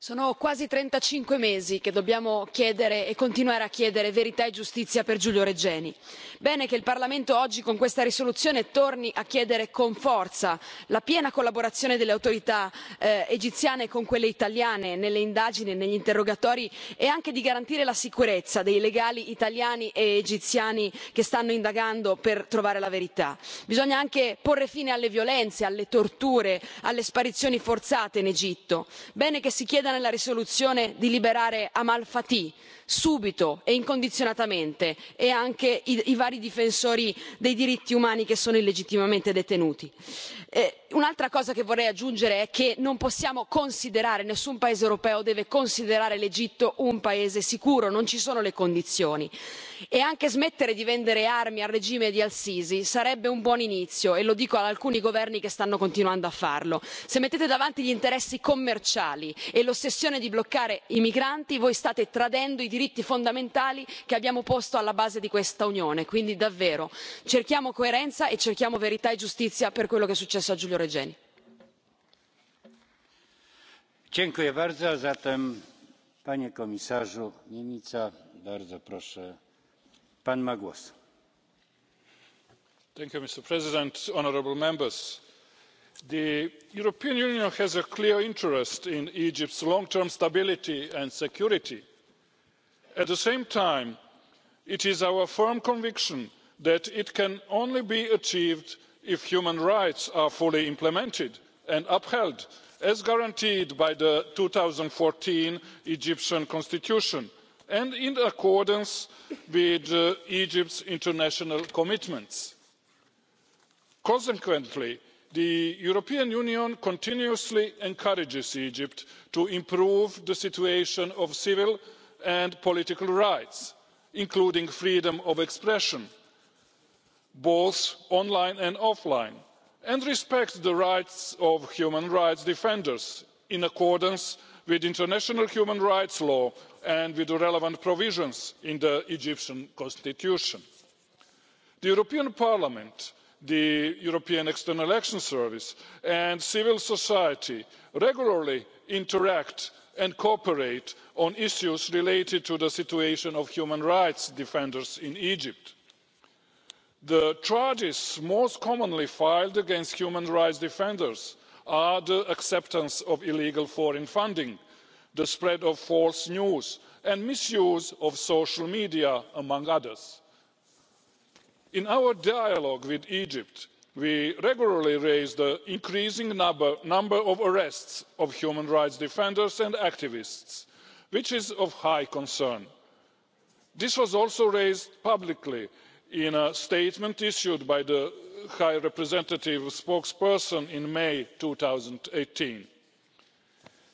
sono quasi trentacinque mesi che dobbiamo chiedere e continuare a chiedere verità e giustizia per giulio regeni. bene che il parlamento oggi con questa risoluzione torni a chiedere con forza la piena collaborazione delle autorità eh, egiziane con quelle italiane nelle indagini e negli interrogatori e anche di garantire la sicurezza dei legali italiani e egiziani che stanno indagando per trovare la verità. bisogna anche porre fine alle violenze alle torture alle sparizioni forzate in egitto. bene che si nella risoluzione di liberare amal subito e incondizionatamente e anche i vari difensori dei diritti umani che sono illegittimamente detenuti. Eh, un'altra cosa che vorrei aggiungere è che non possiamo considerare nessun paese europeo deve considerare l'egitto un paese sicuro non ci sono le condizioni e anche smettere di vendere armi al regime di al sisi sarebbe un buon inizio e lo dico ad alcuni governi che stanno continuando a farlo. se mettete davanti gli interessi commerciali e l'ossessione di bloccare i migranti voi state tradendo diritti fondamentali che abbiamo posto alla base di questa unione quindi davvero cerchiamo coerenza e cerchiamo verità e giustizia per quello che è successo a giulio regeni. mr president honourable members the european union has a clear interest in egypt's long term stability and security at the same time it is our firm conviction that it can only be achieved if human rights are fully implemented and upheld as guaranteed by the two thousand and fourteen egyptian constitution and in accordance with egypt's international commitments. consequently the european union continuously encourages egypt to improve the situation of civil and political rights including freedom of expression both online and offline and respect the rights of human rights defenders in accordance with international human rights law and with the relevant provisions in the egyptian constitution. the european parliament the european external action service and civil society regularly interact and cooperate on issues related to the situation of human rights defenders in egypt. the charges most commonly filed against human rights defenders are the acceptance of illegal foreign funding the spread of false news and misuse of social media among others. in our dialogue with egypt we regularly raise the increasing number of arrests of human rights defenders and activists which is of high concern. this was also raised publicly in a statement issued by the high Representative spokesperson in may. two thousand and eighteen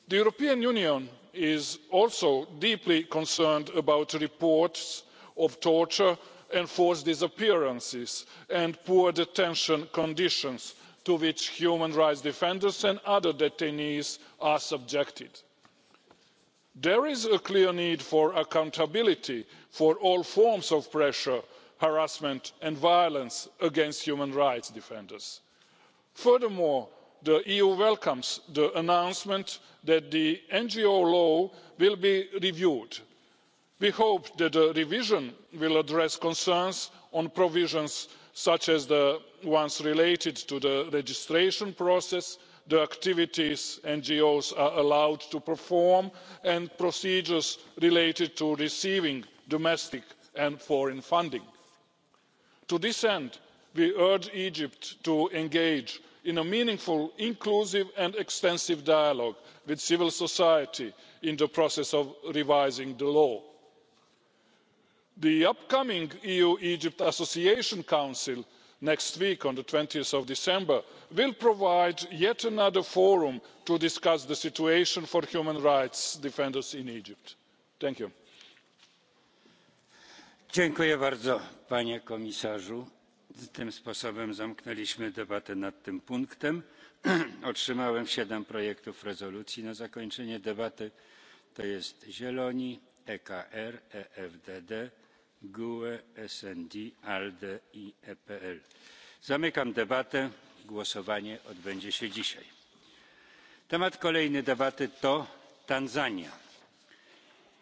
the european union is also deeply concerned about reports of torture enforced disappearances and poor detention conditions to which human rights defenders and other detainees are subjected. there is a clear need for accountability for all forms of pressure harassment and violence against human rights defenders. furthermore the eu welcomes the announcement that the ngo law will be reviewed we hope that the revision will address concerns on provisions such as the ones related to the registration process the activities ngos are allowed to perform and procedures related to receiving domestic and foreign funding. to this end we urge egypt to engage in a meaningful inclusive and extensive dialogue with civil society in the process of revising the law the upcoming eu egypt association council next week on twenty december will provide yet another forum to discuss the situation for human rights defenders in egypt. thank you. dziękuję bardzo panie komisarzu. tym sposobem zamknęliśmy debatę nad tym punktem. *clears throat* otrzymałem 7 projektów rezolucji na zakończenie debaty to jest zieloni ekr efdd gue sd alde i epl. zamykam debatę. głosowanie odbędzie się dzisiaj. temat kolejny debaty to tanzania.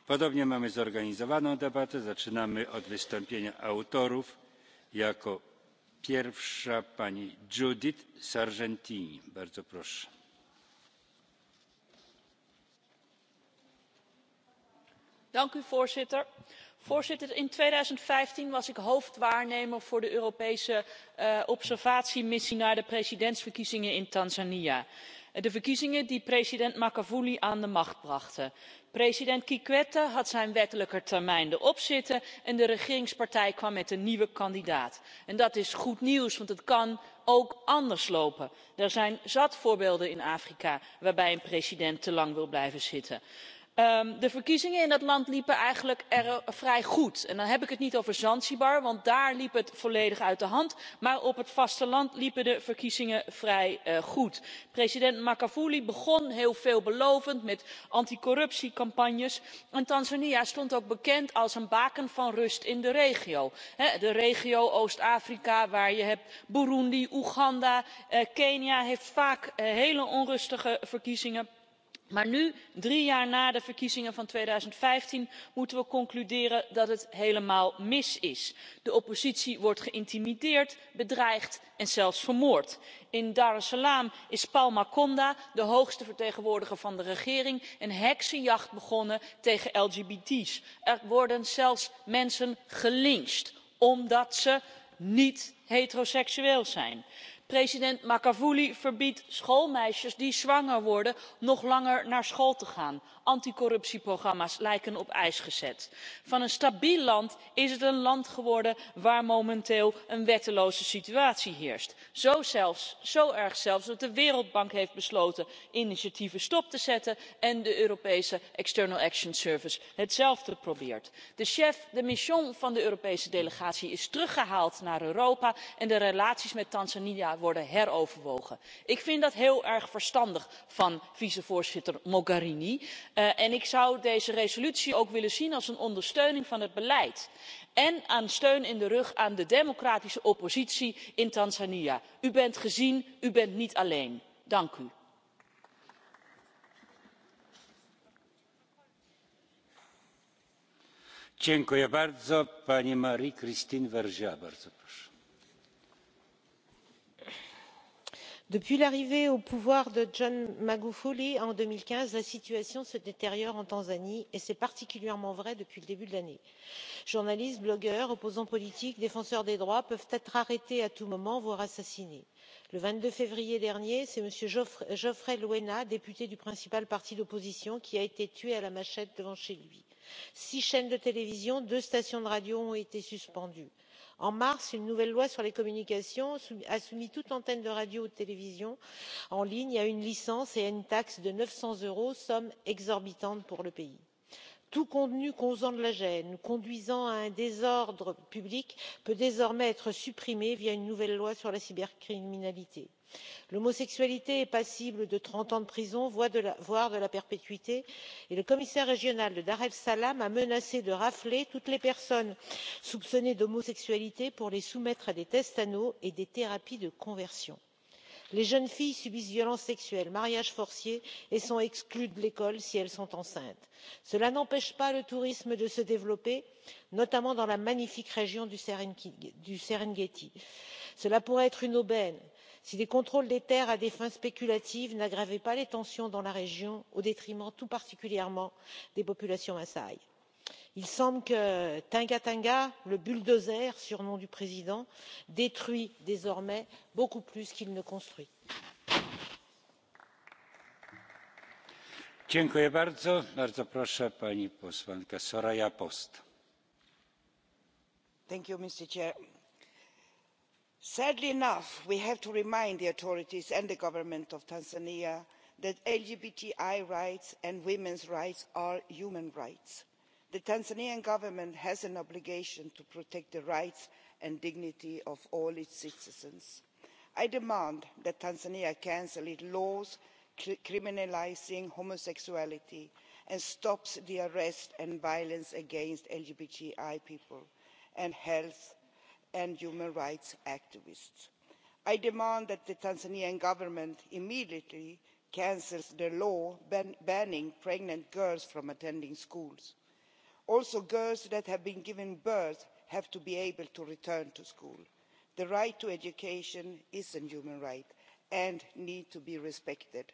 podobnie mamy zorganizowaną debatę. zaczynamy od wystąpienia autorów. jako pierwsza pani judith sargentini. bardzo proszę. voorzitter voorzitter in tweeduizendvijftien was ik hoofdwaarnemer voor de europese eh, observatiemissie naar de presidentsverkiezingen in tanzania de verkiezingen die president magufuli aan de macht brachten. president kikwete had zijn wettelijke termijn erop zitten en de regeringspartij kwam met een nieuwe kandidaat. dat is goed nieuws want het kan ook anders lopen. er zijn zat voorbeelden in afrika waarbij een president te lang wil blijven zitten. Ehm, de verkiezingen in dat land liepen eigenlijk er, vrij goed en dan heb ik het niet over zanzibar want daar liep het volledig uit de hand maar op het vasteland liepen de verkiezingen vrij eh, goed. president magufuli begon heel veelbelovend met anticorruptiecampagnes en tanzania stond ook bekend als een baken van rust in de regio de regio oost afrika waar je hebt burundi oeganda eh, kenia heeft vaak eh, hele onrustige verkiezingen maar nu drie jaar na de verkiezingen van tweeduizendvijftien moeten we concluderen dat het helemaal mis is. de oppositie wordt geïntimideerd bedreigd en zelfs vermoord. in dar es salaam is paul makonda de hoogste vertegenwoordiger van de regering een heksenjacht begonnen tegen lgbt's. er worden zelfs mensen gelyncht omdat ze niet heteroseksueel zijn president makavuli verbiedt schoolmeisjes die zwanger worden nog langer naar school te gaan anticorruptieprogramma's lijken op ijs gezet. van een stabiel land is het een land geworden waar momenteel een wetteloze situatie heerst zo erg zelfs dat de wereldbank heeft besloten initiatieven stop te zetten en de europese external action service hetzelfde probeert. de chef de mission van de europese delegatie is teruggehaald naar europa en de relaties met tanzania worden heroverwogen. ik vind dat heel erg verstandig van vicevoorzitter mogherini Eh, en ik zou deze resolutie ook willen zien als een ondersteuning van het beleid en als steun in de rug aan de democratische oppositie in tanzania. u bent gezien u bent niet alleen. dank u. depuis l'arrivée au pouvoir de john magufuli en deux mille quinze la situation se détériore en tanzanie et c'est particulièrement vrai depuis le début de l'année. journalistes blogueurs opposants politiques défenseurs des droits peuvent être arrêtés à tout moment voire assassinés. le vingt deux février dernier c'est m. geoffrey luena député du principal parti d'opposition qui a été tué à la machette devant chez lui. six chaînes de télévision deux stations de radio ont été suspendues en mars une nouvelle loi sur les communications a soumis toute antenne de radio ou de télévision en ligne à une licence et à une taxe de neuf cents euros somme exorbitante pour le pays. tout contenu causant de la gêne ou conduisant à un désordre public peut désormais être supprimé via une nouvelle loi sur la cybercriminalité l'homosexualité est passible de trente ans de prison voire de la perpétuité et le commissaire régional de dar es salaam a menacé de rafler toutes les personnes soupçonnées d'homosexualité pour les soumettre à des tests anaux et des thérapies de conversion. les jeunes filles subissent violences sexuelles mariages forcés et sont exclues de l'école si elles sont enceintes. cela n'empêche pas le tourisme de se développer notamment dans la magnifique région du serengeti. cela pourrait être une aubaine si les contrôles des terres à des fins spéculatives n'aggravaient pas les tensions dans la région au détriment tout particulièrement des populations massaï. il semble que tinga tinga le bulldozer surnom du président détruit désormais beaucoup plus qu'il ne construit sadly enough we have to remind the authorities and the government of tanzania that lgbti rights and women's rights are human rights. the tanzanian government has an obligation to protect the rights and dignity of all its citizens. i demand that tanzania cancel its laws criminalising homosexuality and stops the arrest and violence against lgbti people and health and human rights activists. i demand that the tanzanian government immediately cancels the law banning pregnant girls from attending schools. also girls that have been given birth have to be able to return to school. the right to education is a human right and needs to be respected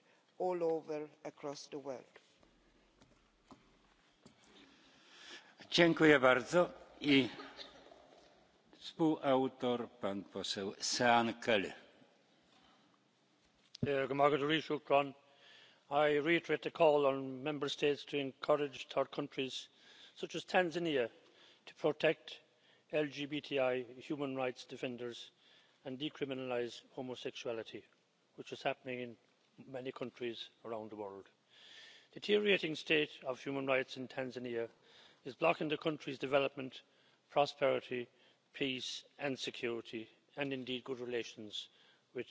all over across the world mr president uh, i reiterate the call on member states to encourage third countries such as tanzania to protect lgbti human rights defenders and decriminalise homosexuality which is happening in many countries around the world. the deteriorating state of human rights in tanzania is blocking the country's development prosperity peace and security and indeed good relations with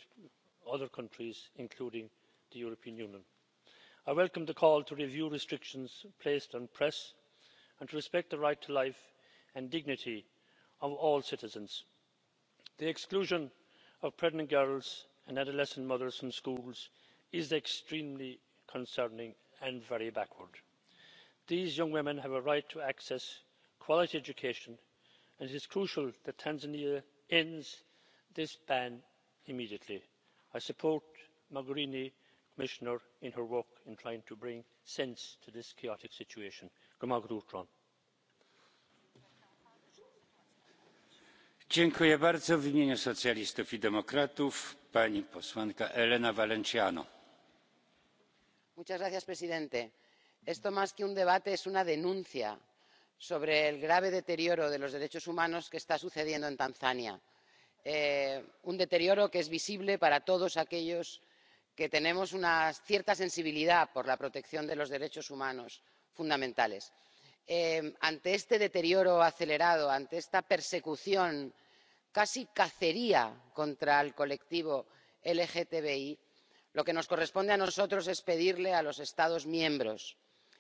other countries including the european union. i welcome the call to review restrictions placed on press and to respect the right to life and dignity of all citizens. the exclusion of pregnant girls and adolescent mothers from schools is extremely concerning and very backward. these young women have a right to access quality education it is crucial that tanzania ends this ban immediately. i support mogherini commissioner in her work in trying to bring sense to this chaotic situation. w imieniu socjalistów i demokratów pani posłanka elena valenciano. señor presidente esto más que un debate es una denuncia sobre el grave deterioro de los derechos humanos que está sucediendo en tanzania eh, un deterioro que es visible para todos aquellos que tenemos una cierta sensibilidad por la protección de los derechos humanos fundamentales. Eh, ante este deterioro acelerado ante esta persecución casi cacería contra el colectivo lgtbi lo que nos corresponde a nosotros es pedirle a los estados miembros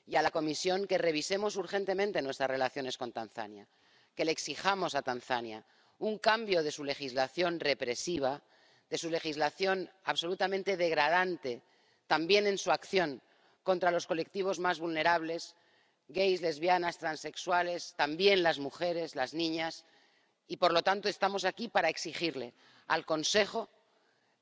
y a la comisión que revisemos urgentemente nuestras relaciones con tanzania que le exijamos a tanzania un cambio de su legislación represiva de su legislación absolutamente degradante también en su acción contra los colectivos más vulnerables gays lesbianas transexuales también las mujeres las niñas y por lo tanto estamos aquí para exigirle al consejo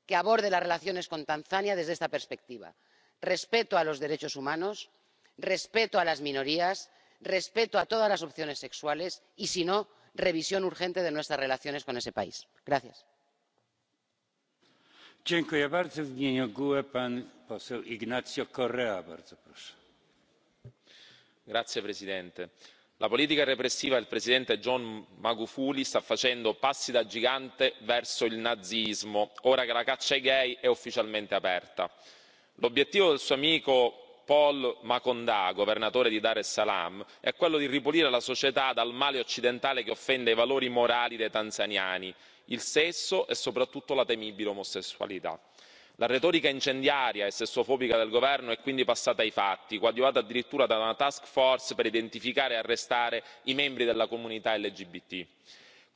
que aborde las relaciones con tanzania desde esta perspectiva respeto a los derechos humanos respeto a las minorías respeto a todas las opciones sexuales y si no revisión urgente de nuestras relaciones con ese país. Signora presidente la politica repressiva del presidente john magufuli sta facendo passi da gigante verso il nazismo ora che la caccia ai gay è ufficialmente aperta. l'obiettivo del suo amico paul makonda governatore di dar es salaam è quello di ripulire la società dal male occidentale che offende i valori morali dei tanzaniani il sesso e soprattutto la temibile omosessualità. la retorica incendiaria e sessofobica del governo è quindi passata ai fatti coadiuvata addirittura da una task force per identificare e arrestare i membri della comunità lgbt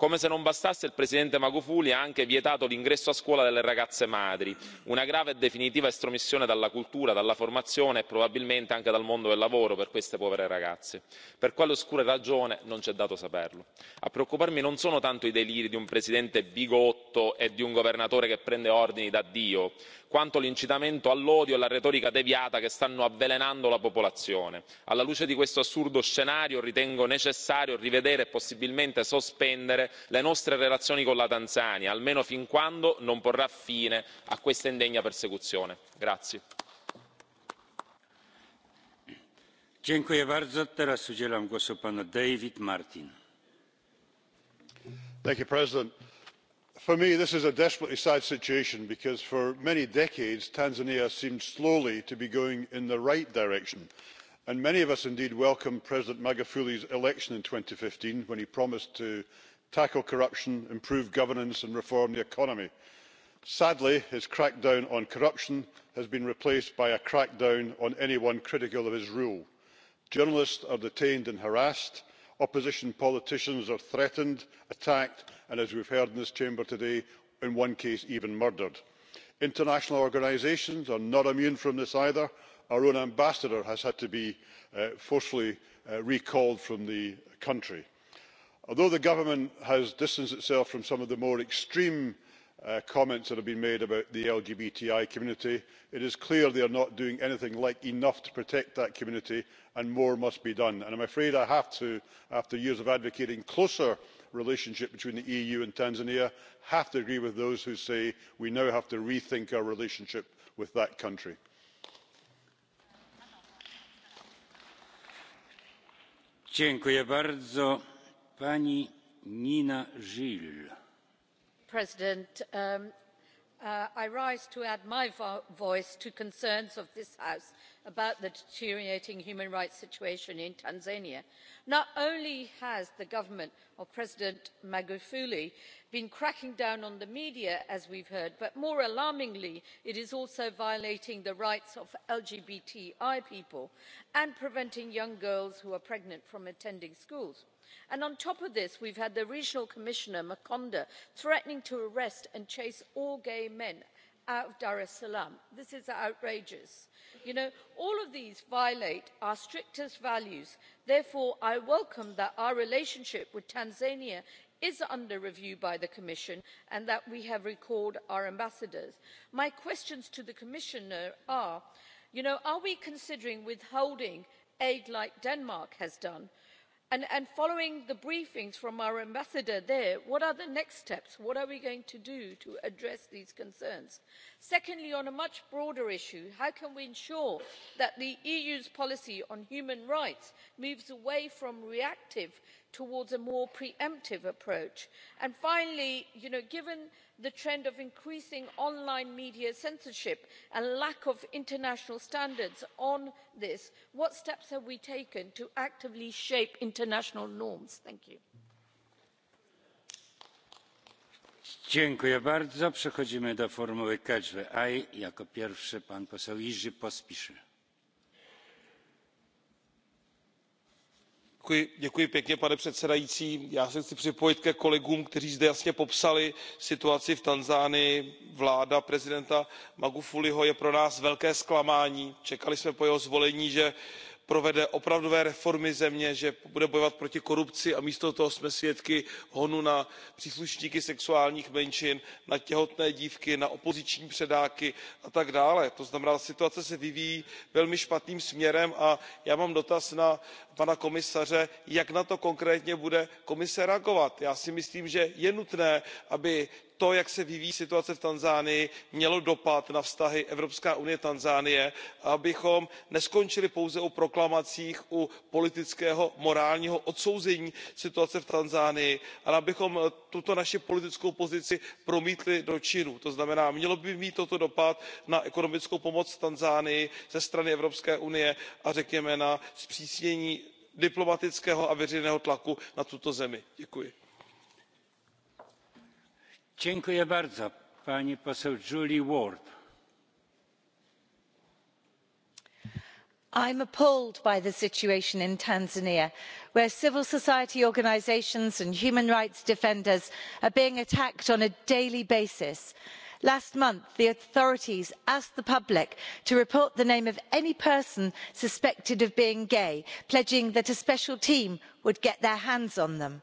come se non bastasse il presidente magufuli ha anche vietato l'ingresso a scuola delle ragazze madri una grave e definitiva estromissione dalla cultura dalla formazione e probabilmente anche dal mondo del lavoro per queste povere ragazze per quale oscura ragione non ci dato saperlo. a preoccuparmi non sono tanto i deliri di un presidente bigotto e di un governatore che prende ordini da dio quanto l'incitamento all'odio e la retorica deviata che stanno avvelenando la popolazione. alla luce di questo assurdo scenario ritengo necessario rivedere e possibilmente sospendere le nostre relazioni con la tanzania almeno fin quando non porrà fine a questa indegna persecuzione. mr president for me this is a desperately sad situation because for many decades tanzania seemed slowly to be going in the right direction and many of us indeed welcomed president magufuli's election in two thousand and fifteen when he promised to tackle corruption improve governance and reform the economy. sadly his crackdown on corruption has been replaced by a crackdown on anyone critical of his rule. journalists are detained and harassed opposition politicians are threatened attacked and as we've heard in this chamber today in one case even murdered. international organisations are not immune from this either. our own ambassador has had to be uh, forcefully uh, recalled from the country although the government has distanced itself from some of the more extreme uh, comments that have been made about the lgbti community it is clear they are not doing anything like enough to protect that community and more must be done. i am afraid i have to after years of advocating a closer relationship between the eu and tanzania have to agree with those who say we now have to rethink our relationship with that country. Mr President, um, uh, i rise to add my voice to concerns of this house about the deteriorating human rights situation in tanzania. not only has the government of president magufuli been cracking down on the media as we've heard but more alarmingly it is also violating the rights of lgbti people and preventing young girls who are pregnant from attending schools and on top of this we've had the regional commissioner makonda threatening to arrest and chase all gay men out of dar es salaam. this is outrageous. you know all of these violate our strictest values. therefore i welcome that our relationship with tanzania is under review by the commission and that we have recalled our ambassadors. my questions to the commissioner are you know are we considering withholding aid like denmark has done? and following the briefings from our ambassador there what are the next steps? what are we going to do to address these concerns? secondly on a much broader issue how can we ensure that the eu's policy on human rights moves away from reactive towards a more pre emptive approach? and finally given the trend of increasing online media censorship and lack of international standards on this what steps have we taken to actively shape international norms? Thank you. Dziękuję bardzo. Przechodzimy do formuły Jako pierwszy pan poseł pane předsedající já se chci připojit ke kolegům kteří zde jasně popsali situaci v tanzanii. vláda prezidenta magufuliho je pro nás velké zklamání čekali jsme po jeho zvolení že provede opravdové reformy země že bude bojovat proti korupci a místo toho jsme svědky honu na příslušníky sexuálních menšin na těhotné dívky na opoziční předáky a tak dále. to znamená situace se vyvíjí velmi špatným směrem a já mám dotaz na pana komisaře jak na to konkrétně bude komise reagovat. já si myslím že je nutné aby to jak se vyvíjí situace v tanzanii mělo dopad na vztahy evropská unie tanzanie abychom neskončili pouze u proklamacích u politického morálního odsouzení situace v tanzanii ale abychom tuto naši politickou pozici promítli do činů. to znamená mělo by mít toto dopad na ekonomickou pomoc tanzanii ze strany evropské unie a řekněme na zpřísnění diplomatického a veřejného tlaku na tuto zemi. děkuji i'm appalled by the situation in tanzania where civil society organisations and human rights defenders are being attacked on a daily basis. last month the authorities asked the public to report the name of any person suspected of being gay pledging that a special team would get their hands on them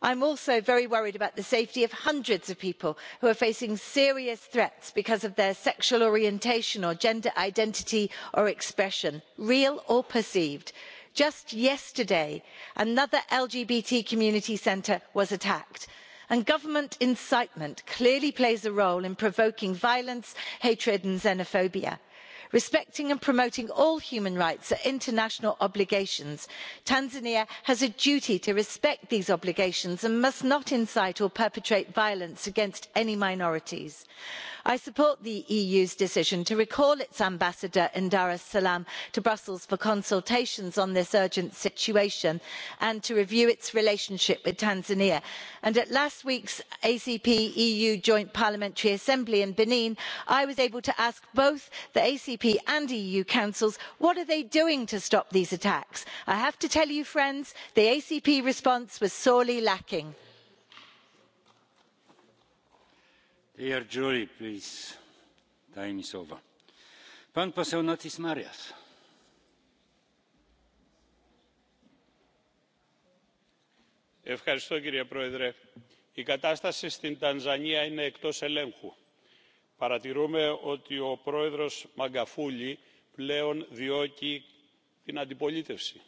i'm also very worried about the safety of hundreds of people who are facing serious threats because of their sexual orientation or gender identity or expression real or perceived. just yesterday another lgbt community centre was attacked and government incitement clearly plays a role in provoking violence hatred and xenophobia respecting and promoting all human rights are international obligations. tanzania has a duty to respect these obligations and must not incite or perpetrate violence against any minorities. i support the eu's decision to recall its ambassador in dar es salaam to brussels for consultations on this urgent situation and to review its relationship with tanzania and at last week's acp eu joint parliamentary assembly in benin i was able to ask both the ep and eu councils what are they doing to stop these attacks? i have to tell you friends the acp response was sorely lacking. Jury, Ευχαριστώ κύριε Πρόεδρε. Η κατάσταση στην Τανζανία είναι παρατηρούμε ότι ο πρόεδρος μαγκαφούλη πλέον διώκει την αντιπολίτευση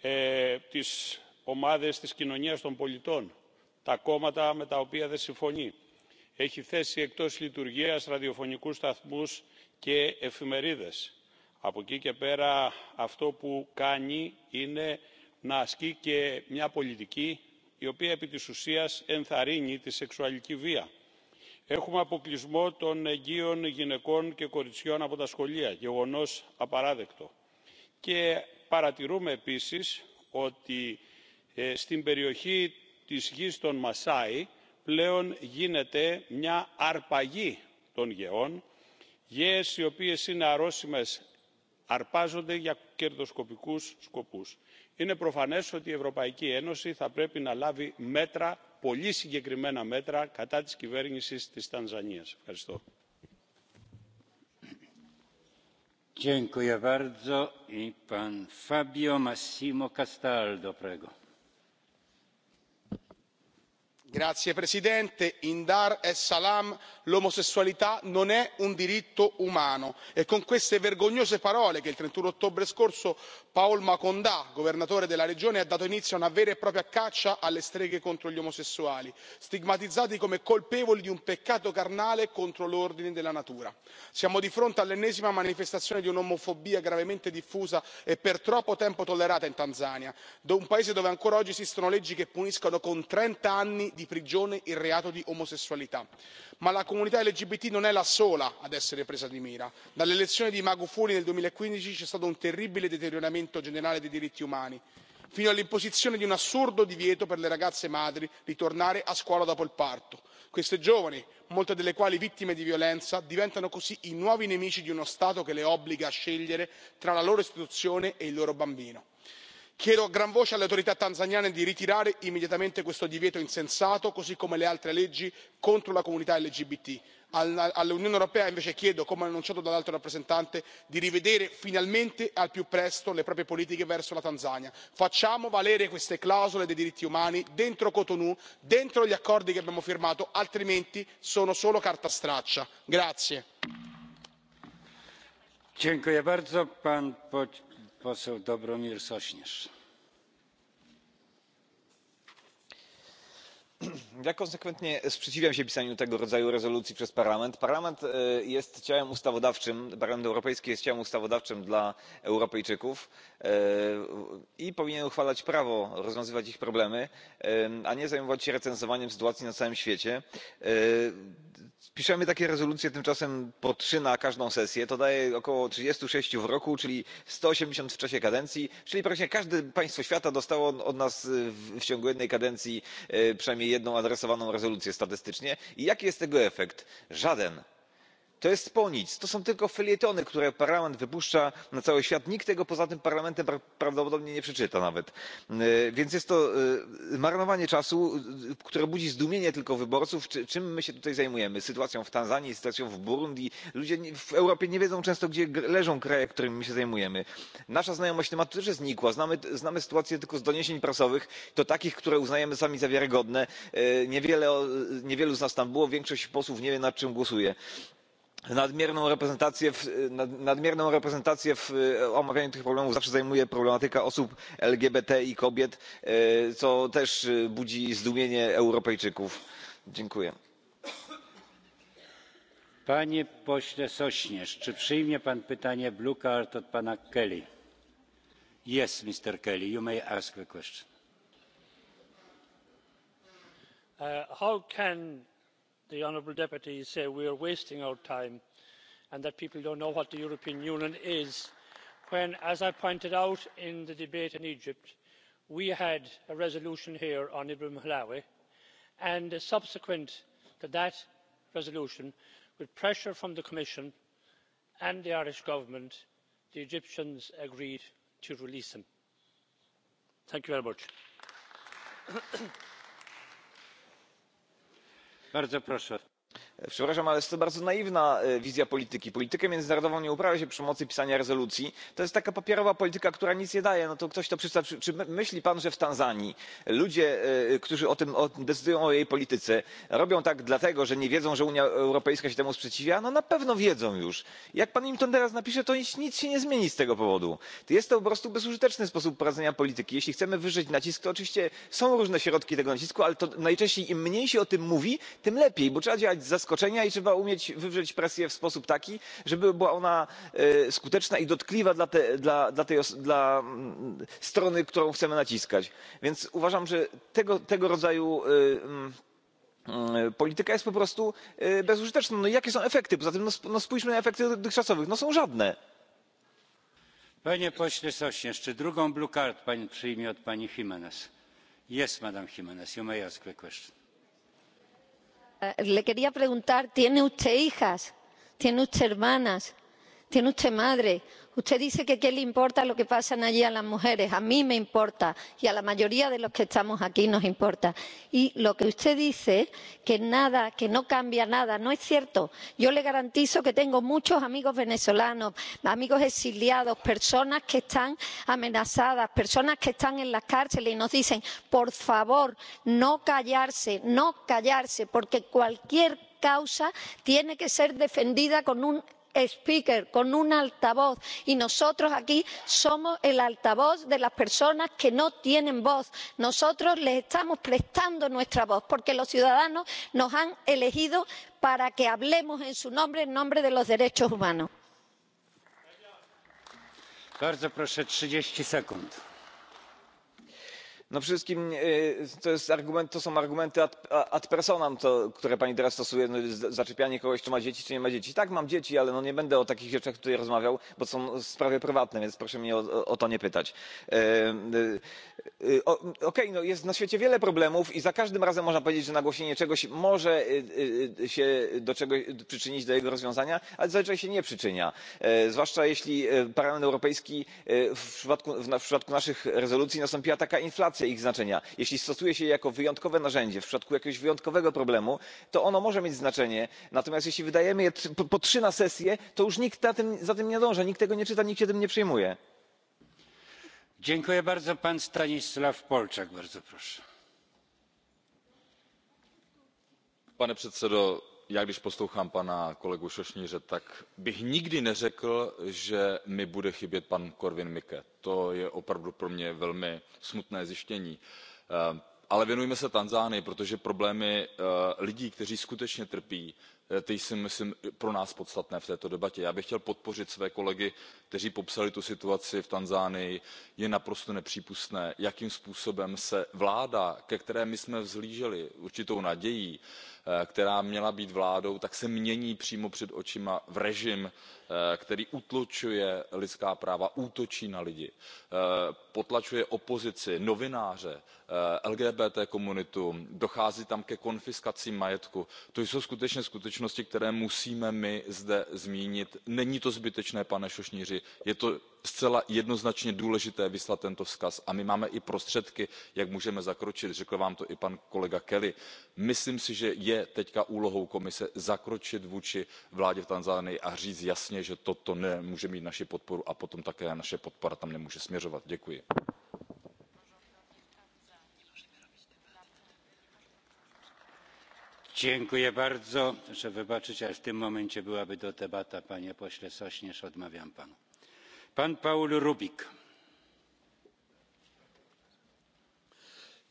ε, τις ομάδες της κοινωνίας των πολιτών τα κόμματα με τα οποία δεν συμφωνεί. έχει θέσει εκτός λειτουργίας ραδιοφωνικούς σταθμούς και εφημερίδες. από εκεί και πέρα αυτό που κάνει είναι να ασκεί και μια πολιτική η οποία επί της ουσίας ενθαρρύνει τη σεξουαλική βία έχουμε αποκλεισμό των εγγύων γυναικών και κοριτσιών από τα σχολεία γεγονός απαράδεκτο και παρατηρούμε επίσης ότι στην περιοχή της γης των μασάι πλέον γίνεται μια αρπαγή των γεών γέες οι οποίες είναι αρρώσιμες αρπάζονται για κερδοσκοπικούς σκοπούς. είναι προφανές ότι η ευρωπαϊκή ένωση θα πρέπει να λάβει μέτρα πολύ συγκεκριμένα μέτρα κατά της κυβέρνησης της τανζανίας. ευχαριστώ signor presidente onorevoli colleghi in dar es salaam l'omosessualità non è un diritto umano. è e con queste vergognose parole che il trentuno ottobre scorso paul makonda governatore della regione ha dato inizio a una vera e propria caccia alle streghe contro gli omosessuali stigmatizzati come colpevoli di un peccato carnale contro l'ordine della natura. siamo di fronte all'ennesima manifestazione di un'omofobia gravemente diffusa e per troppo tempo tollerata in tanzania un paese dove ancora oggi esistono leggi che puniscono con trent'anni prigione il reato di omosessualità ma la comunità lgbt non è la sola ad essere presa di mira dall'elezione di magufuli nel duemilaquindici c'è stato un terribile deterioramento generale dei diritti umani fino all'imposizione di un assurdo divieto per le ragazze madri di tornare a scuola dopo il parto. queste giovani molte delle quali vittime di violenza diventano così i nuovi nemici di uno stato che le obbliga a scegliere tra la loro istituzione e il loro bambino chiedo a gran voce alle autorità tanzaniane di ritirare immediatamente questo divieto insensato così come le altre leggi contro la comunità lgbt. all'unione europea invece chiedo come annunciato dall'alto rappresentante di rivedere finalmente al più presto le proprie politiche verso la tanzania. facciamo valere queste clausole dei diritti umani dentro cotonou dentro gli accordi che abbiamo firmato altrimenti sono solo carta straccia ja konsekwentnie sprzeciwiam się pisaniu tego rodzaju rezolucji przez parlament. parlament e, jest ciałem ustawodawczym parlament europejski jest ciałem ustawodawczym dla europejczyków e, i powinien uchwalać prawo rozwiązywać ich problemy e, a nie zajmować się recenzowaniem sytuacji na całym świecie piszemy takie rezolucje tymczasem po trzy na każdą sesję to daje około trzydzieści sześć w roku czyli sto osiemdziesiąt w czasie kadencji czyli praktycznie każde państwo świata dostało od nas w ciągu jednej kadencji przynajmniej jedną adresowaną rezolucję statystycznie i jaki jest tego efekt? żaden to jest po nic to są tylko felietony które parlament wypuszcza na cały świat nikt tego poza tym parlamentem prawdopodobnie nie przeczyta nawet e, więc jest to e, marnowanie czasu e, które budzi zdumienie tylko wyborców czym my się tutaj zajmujemy sytuacją w tanzanii sytuacją w burundi ludzie w europie nie wiedzą często gdzie leżą kraje którymi my się zajmujemy. nasza znajomość tematu też jest nikła znamy sytuację tylko z doniesień prasowych to takich które uznajemy sami za wiarygodne niewielu z nas tam było większość posłów nie wie nad czym głosuje nadmierną reprezentację, w e, omawianiu tych problemów zawsze zajmuje problematyka osób lgbt i kobiet e, co też e, budzi zdumienie europejczyków. dziękuję. panie pośle sonierz czy przyjmie pan pytanie blue card od pana kelly? yes mr kelly you may ask a question. Uh, how can the honourable deputy say we are wasting our time and that people don't know what the european union is when as i pointed out in the debate in egypt we had a resolution here on ibrahim halawa and subsequent to that resolution with pressure from the commission and the irish government the egyptians agreed to release him. thank you very much. Bardzo proszę E, przepraszam ale jest to bardzo naiwna e, wizja polityki. politykę międzynarodową nie uprawia się przy pomocy pisania rezolucji to jest taka papierowa polityka która nic nie daje. no to ktoś to czy myśli pan że w tanzanii ludzie e, którzy decydują o jej polityce robią tak dlatego że nie wiedzą że unia europejska się temu sprzeciwia? no na pewno wiedzą już. jak pan im to teraz napisze to nic się nie zmieni z tego powodu. jest to po prostu bezużyteczny sposób prowadzenia polityki. jeśli chcemy wywrzeć nacisk to oczywiście są różne środki tego nacisku ale najczęściej im mniej się o tym mówi tym lepiej bo trzeba działać zaskoczenia i trzeba umieć wywrzeć presję w sposób taki żeby była ona e, skuteczna i dotkliwa dla, mm, strony którą chcemy naciskać. więc uważam że tego, rodzaju e, mm, e, polityka jest po prostu bezużyteczna. no i jakie są efekty? poza tym no, spójrzmy na efekty dotychczasowych no są żadne. panie pośle sośnierz czy drugą blue card pan przyjmie od pani jimenez? Jest madam jimenez you may Eh, le quería preguntar tiene usted hijas? tiene usted hermanas? tiene usted madre? usted dice que qué le importa lo que pasa allí a las mujeres a mí me importa y a la mayoría de los que estamos aquí nos importa. y lo que usted dice que nada que no cambia nada no es cierto. yo le garantizo que tengo muchos amigos venezolanos amigos exiliados personas que están amenazadas personas que están en las cárceles y nos dicen por favor no callarse no callarse porque cualquier causa tiene que ser defendida con un speaker con un altavoz y nosotros aquí somos el altavoz de las personas que no tienen voz. nosotros les estamos prestando nuestra voz porque los ciudadanos nos han elegido para que hablemos en su nombre en nombre de los derechos humanos no przede wszystkim e, to, jest argument, to są argumenty ad, personam, które pani teraz stosuje, zaczepianie kogoś, czy ma dzieci, czy nie ma dzieci. Tak, mam dzieci, ale nie będę o takich rzeczach tutaj rozmawiał, bo są sprawy prywatne, więc proszę mnie o, to nie pytać. E, e, okej, no jest na świecie wiele problemów i za każdym razem można powiedzieć, że nagłośnienie czegoś może się do czegoś przyczynić do jego rozwiązania, ale zazwyczaj się nie przyczynia. zwłaszcza jeśli Parlament Europejski w przypadku naszych rezolucji nastąpiła taka inflacja, i ich znaczenia. jeśli stosuje się je jako wyjątkowe narzędzie w przypadku jakiegoś wyjątkowego problemu to ono może mieć znaczenie natomiast jeśli wydajemy je po trzy na sesję to już nikt za tym nie nadąża nikt tego nie czyta nikt się tym nie przejmuje. Pan panie przewodniczący! já když poslouchám pana kolegu sonierze tak bych nikdy neřekl že mi bude chybět pan korwin Mike. to je opravdu pro mě velmi smutné zjištění. Eh, ale věnujme se tanzanii protože problémy eh, lidí kteří skutečně trpí eh, ty jsou myslím pro nás podstatné v této debatě. já bych chtěl podpořit své kolegy kteří popsali tu situaci v tanzanii je naprosto nepřípustné jakým způsobem se vláda ke které my jsme vzhlíželi s určitou nadějí Eh, která měla být vládou tak se mění přímo před očima v režim eh, který utločuje lidská práva útočí na lidi eh, potlačuje opozici novináře lgbt komunitu dochází tam ke konfiskacím majetku. to jsou skutečně skutečnosti které musíme my zde zmínit. není to zbytečné pane sonierzi je to zcela jednoznačně důležité vyslat tento vzkaz a my máme i prostředky jak můžeme zakročit řekl vám to i pan kolega kelly. myslím si že je teď úlohou komise zakročit vůči vládě v tanzanii a říct jasně že toto nemůže mít naši podporu a potom také naše podpora tam nemůže směřovat. děkuji. bardzo tym momencie byłaby to debata panie panu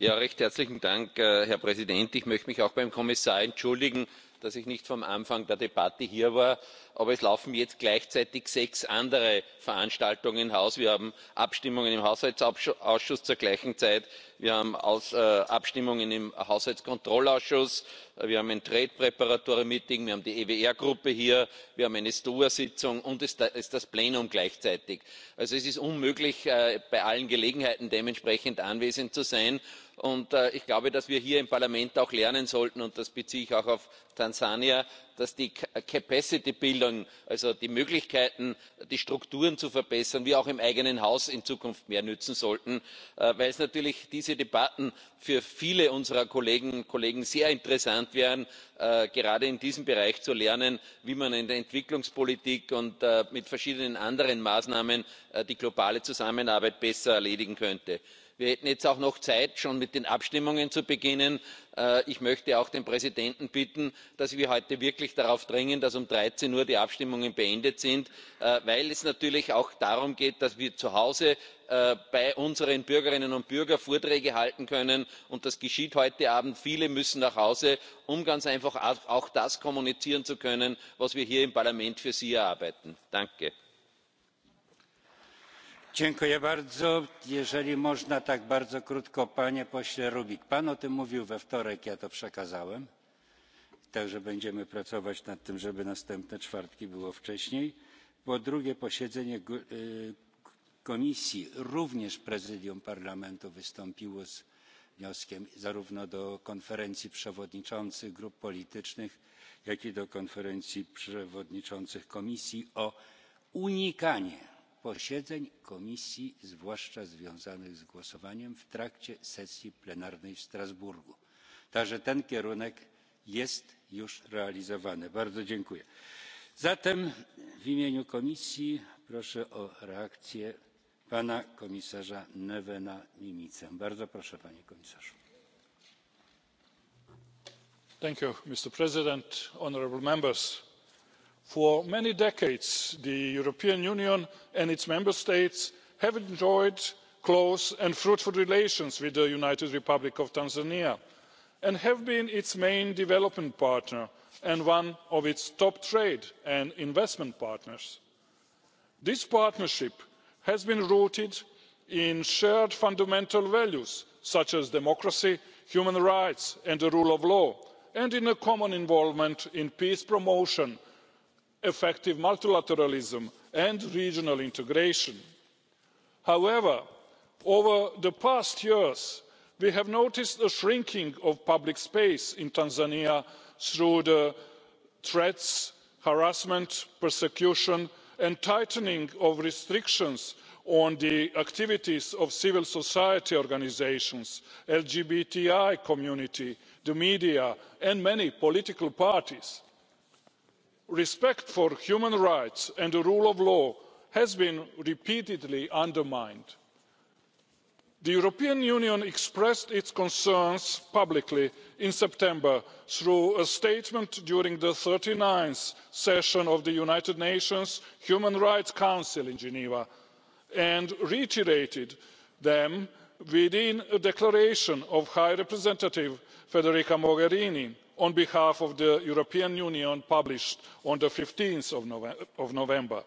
recht herzlichen Dank, äh, Herr Präsident. Ich möchte mich auch beim Kommissar entschuldigen dass ich nicht vom anfang der debatte hier war aber es laufen jetzt gleichzeitig sechs andere veranstaltungen im haus wir haben abstimmungen im haushaltsausschuss zur gleichen zeit wir haben äh, abstimmungen im haushaltskontrollausschuss wir haben ein trade preparatory meeting wir haben die ewr gruppe hier wir haben eine stoa sitzung und es ist das plenum gleichzeitig. also es ist unmöglich äh, bei allen gelegenheiten dementsprechend anwesend zu sein und äh, ich glaube dass wir hier im parlament auch lernen sollten und das beziehe ich auch auf tansania dass die äh, capacity building also die möglichkeiten die strukturen zu verbessern wir auch im eigenen haus in zukunft mehr nutzen sollten äh, weil natürlich diese debatten für viele unserer kolleginnen und kollegen sehr interessant wären gerade in diesem bereich zu lernen wie man in der entwicklungspolitik und mit verschiedenen anderen maßnahmen die globale zusammenarbeit besser erledigen könnte wir hätten jetzt auch noch zeit schon mit den abstimmungen zu beginnen. Äh, ich möchte auch den präsidenten bitten dass wir heute wirklich darauf drängen dass um. dreizehn uhr die abstimmungen beendet sind äh, weil es natürlich auch darum geht dass wir zu hause äh, bei unseren bürgerinnen und bürgern vorträge halten können und das geschieht heute abend. viele müssen nach hause um ganz einfach auch das kommunizieren zu können was wir hier im parlament für sie erarbeiten. danke! dziękuję bardzo jeżeli można tak bardzo krótko panie pośle rubik pan o tym mówił we wtorek ja to przekazałem że będziemy pracować nad tym żeby następne czwartki było wcześniej bo drugie posiedzenie komisji również prezydium parlamentu wystąpiło z wnioskiem zarówno do konferencji przewodniczących grup politycznych jak i do konferencji przewodniczących komisji o unikanie posiedzeń komisji zwłaszcza związanych z głosowaniem w trakcie sesji plenarnej w strasburgu. także ten kierunek jest już realizowany. bardzo dziękuję. zatem w imieniu komisji proszę o reakcję pana komisarza nevena mimicę. bardzo proszę panie komisarzu. mr president honourable members for many decades the european union and its member states have enjoyed close and fruitful relations with the united republic of tanzania and have been its main development partner and one of its top trade and investment partners. this partnership has been rooted in shared fundamental values such as democracy human rights and the rule of law and in a common involvement in peace promotion effective multilateralism and regional integration. however over the past years we have noticed a shrinking of public space in tanzania through the threats harassment persecution and tightening of restrictions on the activities of civil society organisations lgbti community the media and many political parties respect for human rights and the rule of law has been repeatedly undermined. the european union expressed its concerns publicly in september through a statement during the thirty ninth session of the united nations human rights council in geneva and reiterated them within a declaration of high representative federica mogherini on behalf of the european union published on fifteen november.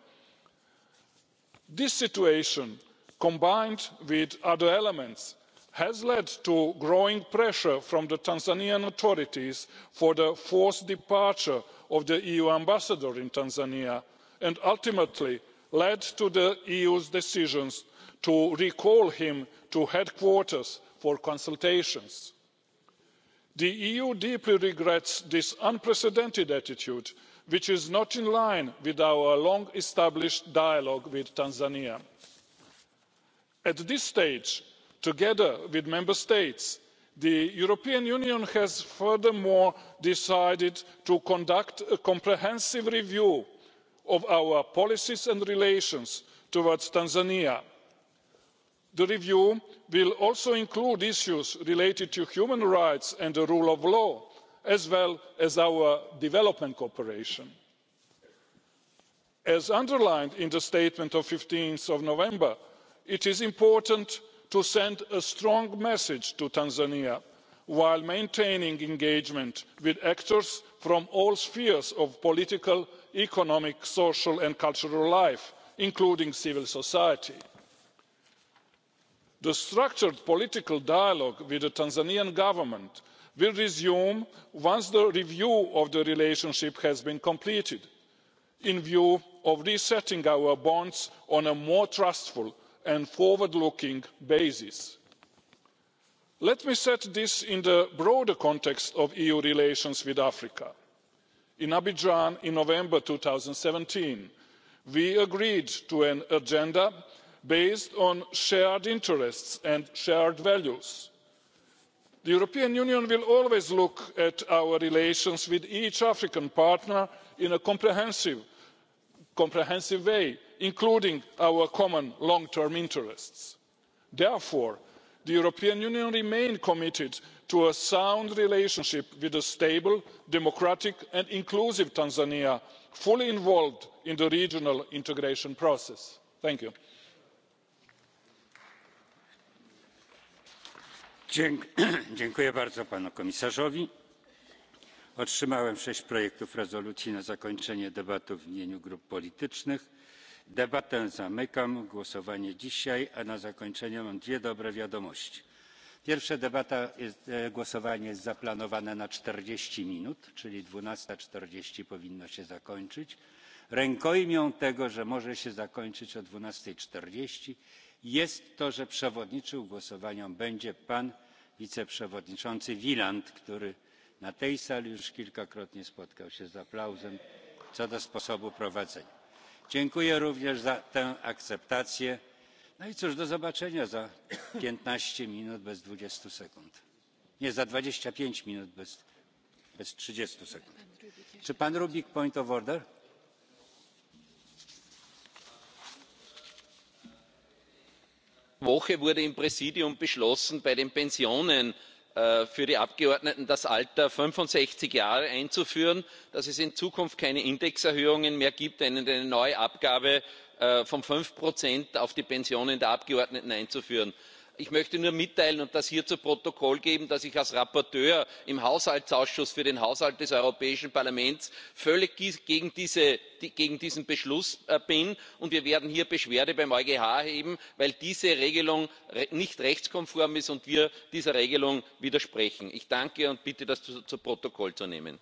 this situation combined with other elements has led to growing pressure from the tanzanian authorities for the forced departure of the eu ambassador in tanzania and ultimately led to the eu's decision to recall him to headquarters for consultations the eu deeply regrets this unprecedented attitude which is not in line with our long established dialogue with tanzania. at this stage together with member states the european union has furthermore decided to conduct a comprehensive review of our policies and relations towards tanzania the review will also include issues related to human rights and the rule of law as well as our development cooperation. as underlined in the statement of fifteen november it is important to send a strong message to tanzania while maintaining engagement with actors from all spheres of political economic social and cultural life including civil society the structured political dialogue with the tanzanian government will resume once the review of the relationship has been completed in view of resetting our bonds on a more trustful and forward looking basis. let me set this in the broader context of eu relations with africa. in abidjan in november two thousand and seventeen we agreed to an agenda based on shared interests and shared values. the european union will always look at our relations with each african partner in a comprehensive way including our common long term interests. therefore the european union remains committed to a sound relationship with a stable democratic and inclusive tanzania fully involved in the regional integration process. thank you. *clears throat* dziękuję bardzo panu komisarzowi. otrzymałem sześć projektów rezolucji na zakończenie debaty w imieniu grup politycznych. debatę zamykam. głosowanie dzisiaj a na zakończenie mam dwie dobre wiadomości. pierwsze głosowanie jest zaplanowane na czterdzieści minut czyli dwunasta czterdzieści powinno się zakończyć. rękojmią tego że może się zakończyć o dwunastej czterdzieści jest to że przewodniczył głosowaniom będzie pan wiceprzewodniczący wieland który na tej sali już kilkakrotnie spotkał się z aplauzem co do sposobu prowadzenia. dziękuję również za tę akceptację no i cóż do zobaczenia za piętnaście minut bez dwudziestu sekund nie za dwadzieścia pięć minut bez trzydziestu sekund. czy pan rubik point of order? woche wurde im präsidium beschlossen bei den pensionen äh, für die abgeordneten das alter fünfundsechzig jahre einzuführen dass es in zukunft keine indexerhöhungen mehr gibt eine neue abgabe äh, von fünf auf die pensionen der abgeordneten einzuführen ich möchte nur mitteilen und das hier zu protokoll geben dass ich als berichterstatter im haushaltsausschuss für den haushalt des europäischen parlaments völlig gegen diesen beschluss äh, bin und wir werden hier beschwerde beim eugh erheben weil diese regelung nicht rechtskonform ist und wir dieser regelung widersprechen. ich danke und bitte das zu protokoll zu nehmen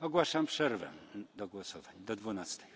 ogłaszam przerwę do głosowań do dwunastej.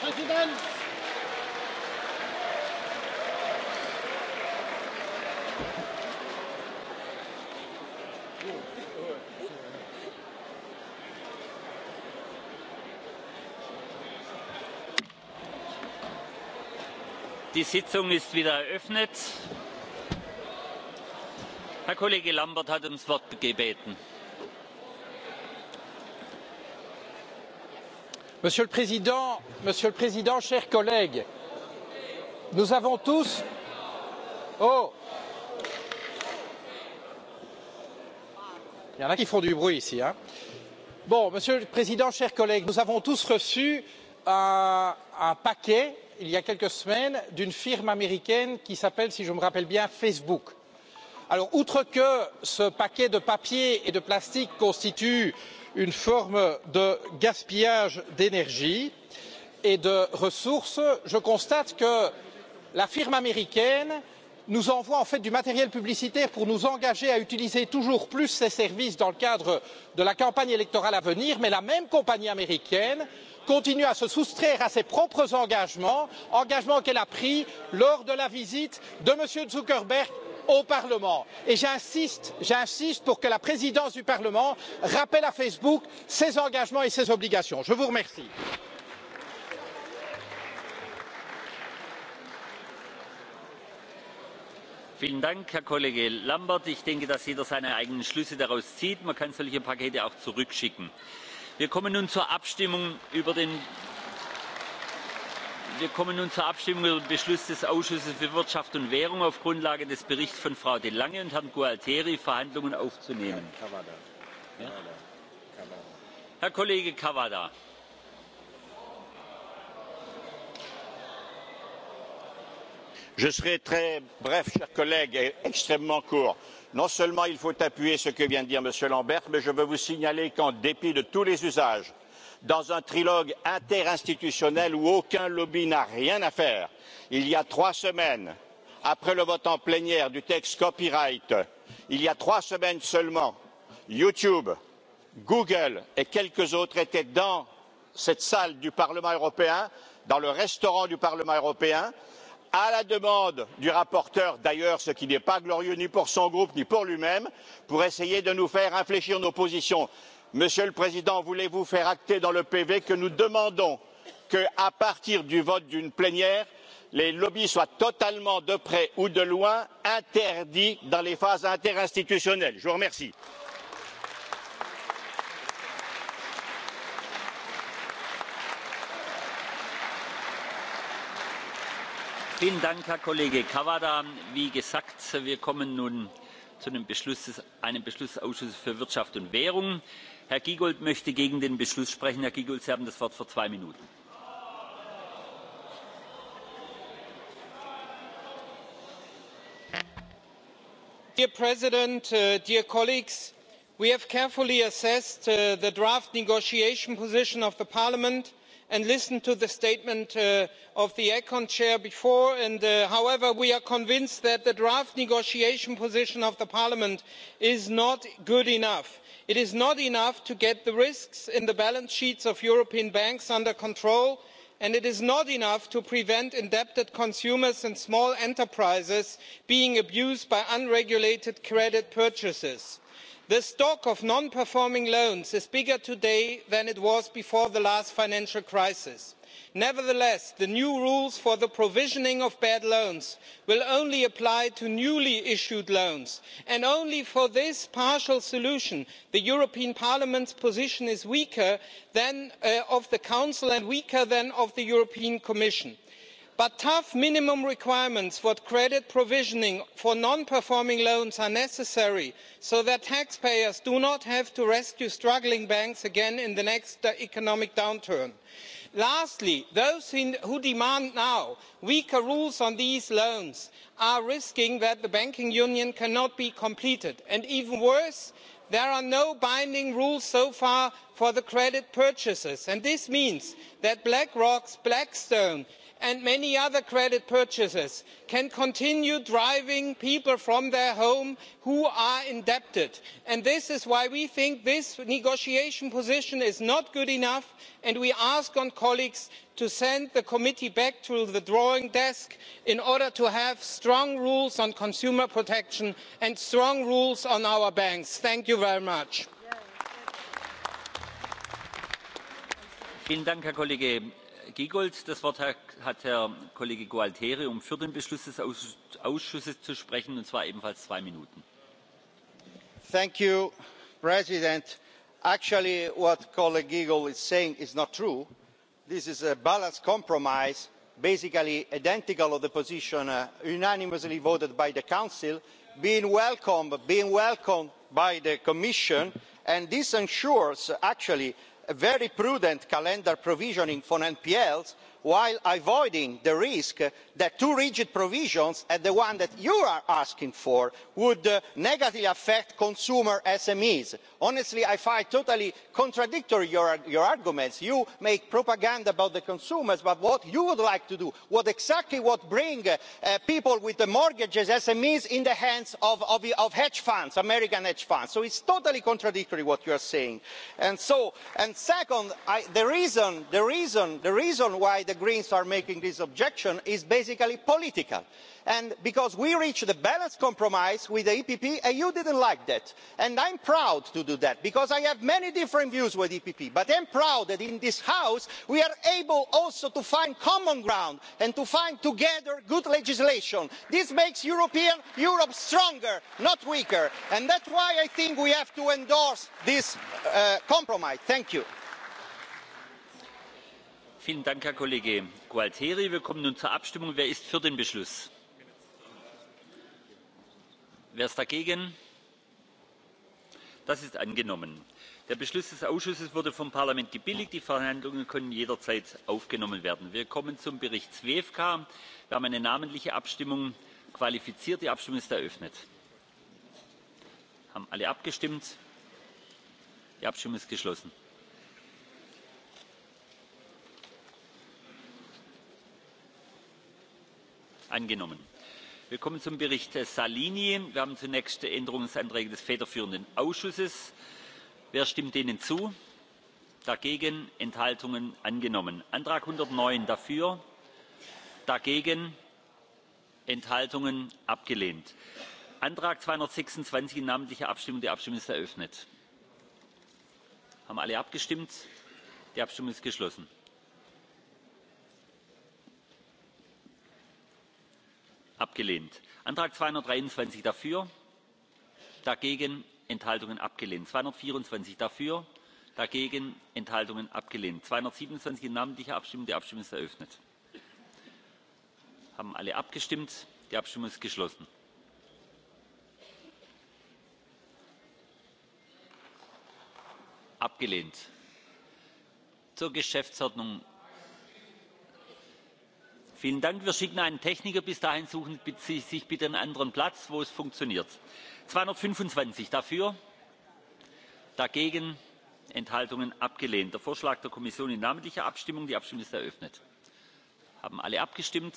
präsident! die sitzung ist wieder eröffnet. herr kollege Lambert hat ums wort gebeten. monsieur le président monsieur le président chers collègues nous avons tous oh, il y en a qui font du bruit ici hein bon monsieur le président chers collègues nous avons tous reçu un, un paquet il y a quelques semaines d'une firme américaine qui s'appelle si je me rappelle bien facebook. alors outre que ce paquet de papier et de plastique constitue une forme de gaspillage d'énergie et de ressources je constate que la firme américaine nous envoie en fait du matériel publicitaire pour nous engager à utiliser toujours plus ses services dans le cadre de la campagne électorale à venir mais la même compagnie américaine continue à se soustraire à ses propres engagements engagements qu'elle a pris lors de la visite de m. zuckerberg au parlement et j'insiste pour que la présidence du parlement rappelle à facebook ses engagements et ses obligations. je vous remercie. Vielen Dank, Herr Kollege Lambert. Ich denke, dass jeder seine eigenen Schlüsse daraus zieht. Man kann solche Pakete auch zurückschicken. Wir kommen nun zur Abstimmung über den wir kommen nun zur Abstimmung über den Beschluss des Ausschusses für Wirtschaft und Währung auf Grundlage des Berichts von Frau De Lange und Herrn Gualtieri Verhandlungen aufzunehmen. Herr Kollege Cavada. je serai très bref chers collègues et extrêmement court. non seulement il faut appuyer ce que vient de dire m. lamberts mais je veux vous signaler qu'en dépit de tous les usages dans un trilogue interinstitutionnel où aucun lobby n'a rien à faire il y a trois semaines après le vote en plénière du texte copyright il y a trois semaines seulement youtube google et quelques autres étaient dans cette salle du parlement européen dans le restaurant du parlement européen à la demande du rapporteur d'ailleurs ce qui n'est pas glorieux ni pour son groupe ni pour lui même pour essayer de nous faire infléchir nos positions. monsieur le président voulez vous faire acter dans le pv que nous demandons qu'à partir du vote d'une plénière les lobbies soient totalement de près ou de loin interdits dans les phases interinstitutionnelles? je vous remercie. Vielen Dank, Herr Kollege Cavada. Wie gesagt, wir kommen nun zu einem Beschluss, des Ausschusses für Wirtschaft und Währung. Herr Giegold möchte gegen den Beschluss sprechen. Herr Giegold, Sie haben das Wort für zwei Minuten. Dear President, uh, dear colleagues, we have carefully assessed uh, the draft negotiation position of the Parliament and listened to the statement uh, of the econ chair before and uh, however we are convinced that the draft negotiation position of parliament is not good enough. it is not enough to get the risks in the balance sheets of european banks under control and it is not enough to prevent indebted consumers and small enterprises being abused by unregulated credit purchases the stock of non performing loans is bigger today than it was before the last financial crisis. nevertheless the new rules for the provisioning of bad loans will only apply to newly issued loans and only for this partial solution the european parliament's position is weaker than that uh, of the council and weaker than that of the european commission but tough minimum requirements for credit provisioning for non performing loans are necessary so that taxpayers do not have to rescue struggling banks again in the next uh, economic downturn. lastly those who demand now weaker rules on these loans are risking that the banking union cannot be completed and even worse there are no binding rules so far for the credit purchases and this means that blackrock blackstone and many other credit purchases can continue driving people from their home who are indebted and this is why we think this negotiation position is not good enough and we ask colleagues to send the committee back to the drawing desk in order to have strong rules on consumer protection and strong rules on our banks. thank you very much giegold. das wort hat herr kollege gualtieri um für den beschluss des ausschusses zu sprechen und zwar ebenfalls zwei minuten. mr president actually what colleague giegold is saying is not true. this is a balanced compromise basically identical to the position uh, unanimously voted by the council being being welcomed by the commission and this ensures actually very prudent calendar provisioning for npls while avoiding the risk that too rigid provisions like the one that you are asking for would uh, negatively affect consumer smes. honestly i find totally contradictory your arguments. you make propaganda about the consumers but what you would like to do what exactly what would bring uh, people with mortgages smes in the hands of hedge funds american hedge funds so it's totally contradictory what you are saying. And second the reason why The greens are making this objection is basically political and because we reached a balanced compromise with the epp and you didn't like that and i'm proud to do that because i have many different views with the epp but i'm proud that in this house we are able also to find common ground and to find together good legislation. this makes European europe stronger not weaker and that's why i think we have to endorse this uh, compromise. thank you vielen dank herr kollege gualtieri. wir kommen nun zur abstimmung. wer ist für den beschluss? wer ist dagegen? das ist angenommen. der beschluss des ausschusses wurde vom parlament gebilligt. die verhandlungen können jederzeit aufgenommen werden. wir kommen zum bericht zwiefka. wir haben eine namentliche abstimmung qualifiziert. die abstimmung ist eröffnet. haben alle abgestimmt? die abstimmung ist geschlossen. angenommen. wir kommen zum bericht salini. wir haben zunächst änderungsanträge des federführenden ausschusses. wer stimmt denen zu? dagegen enthaltungen angenommen. antrag einhundertneun dafür dagegen enthaltungen abgelehnt. antrag zweihundertsechsundzwanzig in namentlicher abstimmung. die abstimmung ist eröffnet. haben alle abgestimmt? die abstimmung ist geschlossen. abgelehnt; antrag zweihundertdreiundzwanzig dafür dagegen enthaltungen abgelehnt; zweihundertvierundzwanzig dafür dagegen enthaltungen abgelehnt; zweihundertsiebenundzwanzig in namentlicher abstimmung die abstimmung ist eröffnet. haben alle abgestimmt? die abstimmung ist geschlossen. abgelehnt! zur geschäftsordnung Vielen Dank. Wir schicken einen Techniker. Bis dahin suchen Sie sich bitte einen anderen Platz, wo es funktioniert. 225 dafür, dagegen Enthaltungen abgelehnt. Der Vorschlag der Kommission in namentlicher Abstimmung. Die Abstimmung ist eröffnet. Haben alle abgestimmt?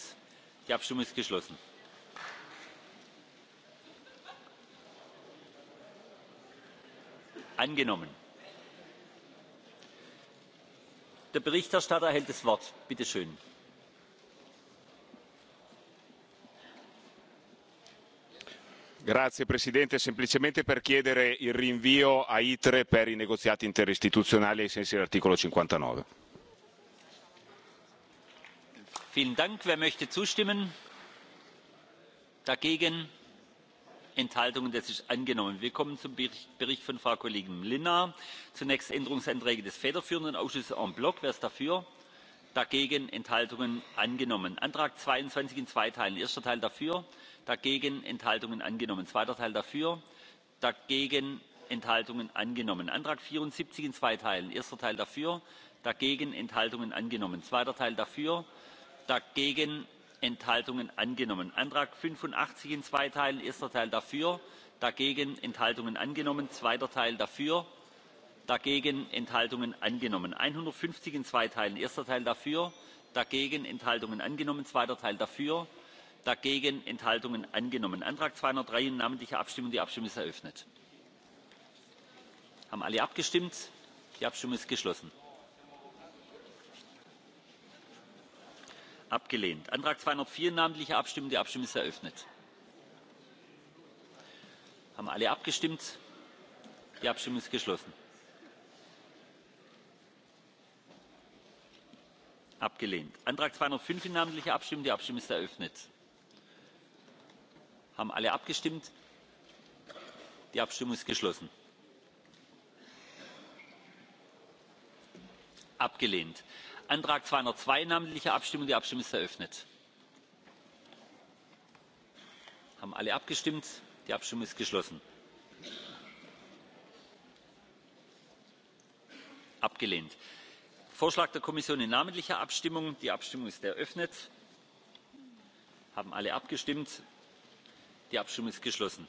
Die Abstimmung ist geschlossen. Angenommen. Der Berichterstatter erhält das Wort. Bitte schön. signor presidente semplicemente per chiedere il rinvio a itre per i negoziati interistituzionali ai sensi dell'articolo. cinquantanove wer möchte zustimmen? dagegen? enthaltungen? das ist angenommen. wir kommen zum bericht von frau kollegin mlinar. zunächst änderungsanträge des federführenden ausschusses en bloc. wer ist dafür? dagegen? enthaltungen? angenommen. antrag zweiundzwanzig in zwei teilen erster teil dafür dagegen enthaltungen angenommen; zweiter teil dafür dagegen enthaltungen angenommen; antrag vierundsiebzig in zwei teilen erster teil dafür dagegen enthaltungen angenommen; zweiter teil dafür dagegen enthaltungen angenommen; antrag fünfundachtzig in zwei teilen erster teil dafür dagegen enthaltungen angenommen; zweiter teil dafür dagegen enthaltungen angenommen; einhundertfünfzig in zwei teilen erster teil dafür dagegen enthaltungen angenommen; zweiter teil dafür dagegen enthaltungen angenommen. antrag zweihundertdrei in namentlicher abstimmung. die abstimmung ist eröffnet. haben alle abgestimmt? die abstimmung ist geschlossen. abgelehnt. antrag zweihundertvier in namentlicher abstimmung. die abstimmung ist eröffnet. haben alle abgestimmt? die abstimmung ist geschlossen. abgelehnt. antrag zweihundertfünf in namentlicher abstimmung. die abstimmung ist eröffnet haben alle abgestimmt? die abstimmung ist geschlossen. abgelehnt; antrag 202 namentliche abstimmung die abstimmung ist eröffnet. haben alle abgestimmt? die abstimmung ist geschlossen. abgelehnt; vorschlag der kommission in namentlicher abstimmung die abstimmung ist eröffnet. haben alle abgestimmt? die abstimmung ist geschlossen.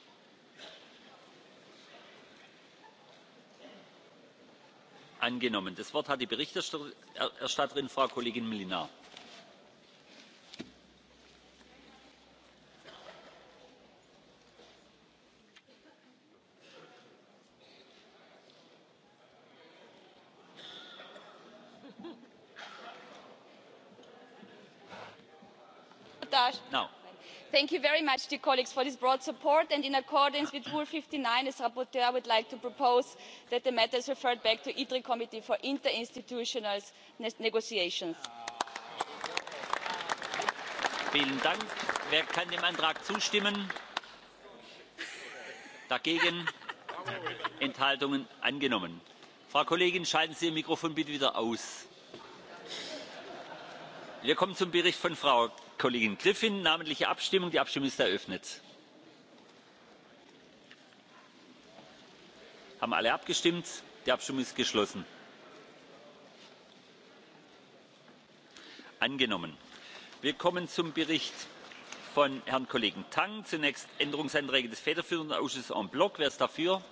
angenommen. das wort hat die berichterstatterin frau kollegin mlinar. very much dear colleagues for this broad support and in accordance with rule fifty nine rapporteur i would like to propose that the matter is referred back to the committee for interinstitutional negotiations. wer kann dem antrag zustimmen? dagegen? enthaltungen? angenommen. frau kollegin schalten sie ihr mikrofon wieder aus. wir kommen zum bericht von frau kollegin griffin namentliche abstimmung. die abstimmung ist eröffnet. haben alle abgestimmt? die abstimmung ist geschlossen. angenommen. wir kommen zum bericht von herrn kollegen tang zunächst änderungsanträge des federführenden ausschusses en bloc. wer ist dafür?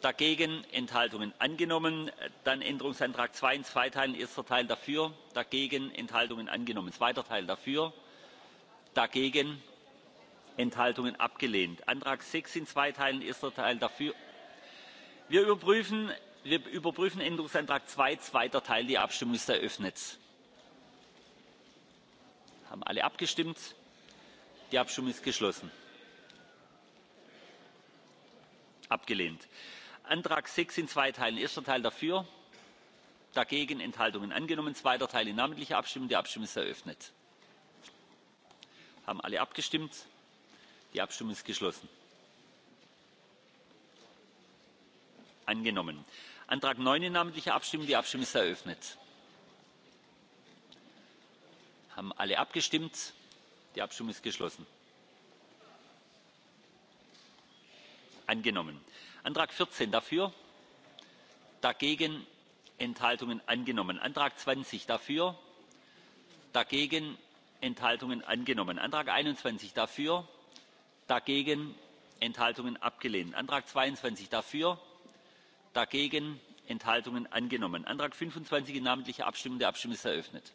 dagegen enthaltungen angenommen dann änderungsantrag zwei in zwei teilen erster teil dafür dagegen enthaltungen angenommen zweiter teil dafür dagegen enthaltungen abgelehnt antrag sechs in zwei teilen erster teil dafür wir überprüfen wir überprüfen änderungsantrag zwei zweiter teil die abstimmung ist eröffnet haben alle abgestimmt die abstimmung ist geschlossen abgelehnt antrag sechs in zwei teilen erster teil dafür dagegen enthaltungen angenommen zweiter teil in namentlicher abstimmung. die abstimmung ist eröffnet. haben alle abgestimmt? die abstimmung ist geschlossen. angenommen. antrag neun in namentlicher abstimmung. die abstimmung ist eröffnet. haben alle abgestimmt? die abstimmung ist geschlossen. angenommen antrag vierzehn dafür dagegen enthaltungen angenommen; antrag zwanzig dafür dagegen enthaltungen angenommen; antrag einundzwanzig dafür dagegen enthaltungen abgelehnt; antrag zweiundzwanzig dafür dagegen enthaltungen angenommen; antrag fünfundzwanzig in namentlicher abstimmung. der abstimmung ist eröffnet.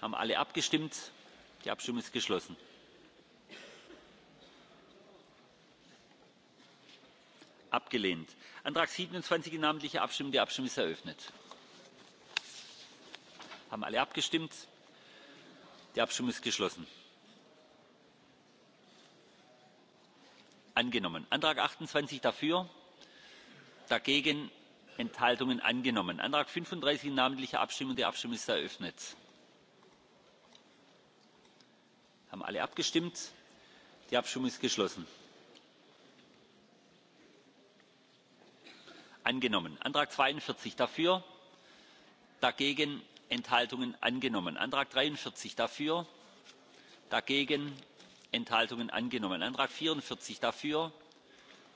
haben alle abgestimmt? die abstimmung ist geschlossen. abgelehnt; antrag siebenundzwanzig in namentlicher abstimmung die abstimmung ist eröffnet. haben alle abgestimmt? die abstimmung ist geschlossen. angenommen; antrag achtundzwanzig dafür dagegen enthaltungen angenommen; antrag 35 namentliche abstimmung die abstimmung ist eröffnet. haben alle abgestimmt? die abstimmung ist geschlossen. angenommen; antrag zweiundvierzig dafür dagegen enthaltungen angenommen; antrag dreiundvierzig dafür dagegen enthaltungen angenommen; antrag vierundvierzig dafür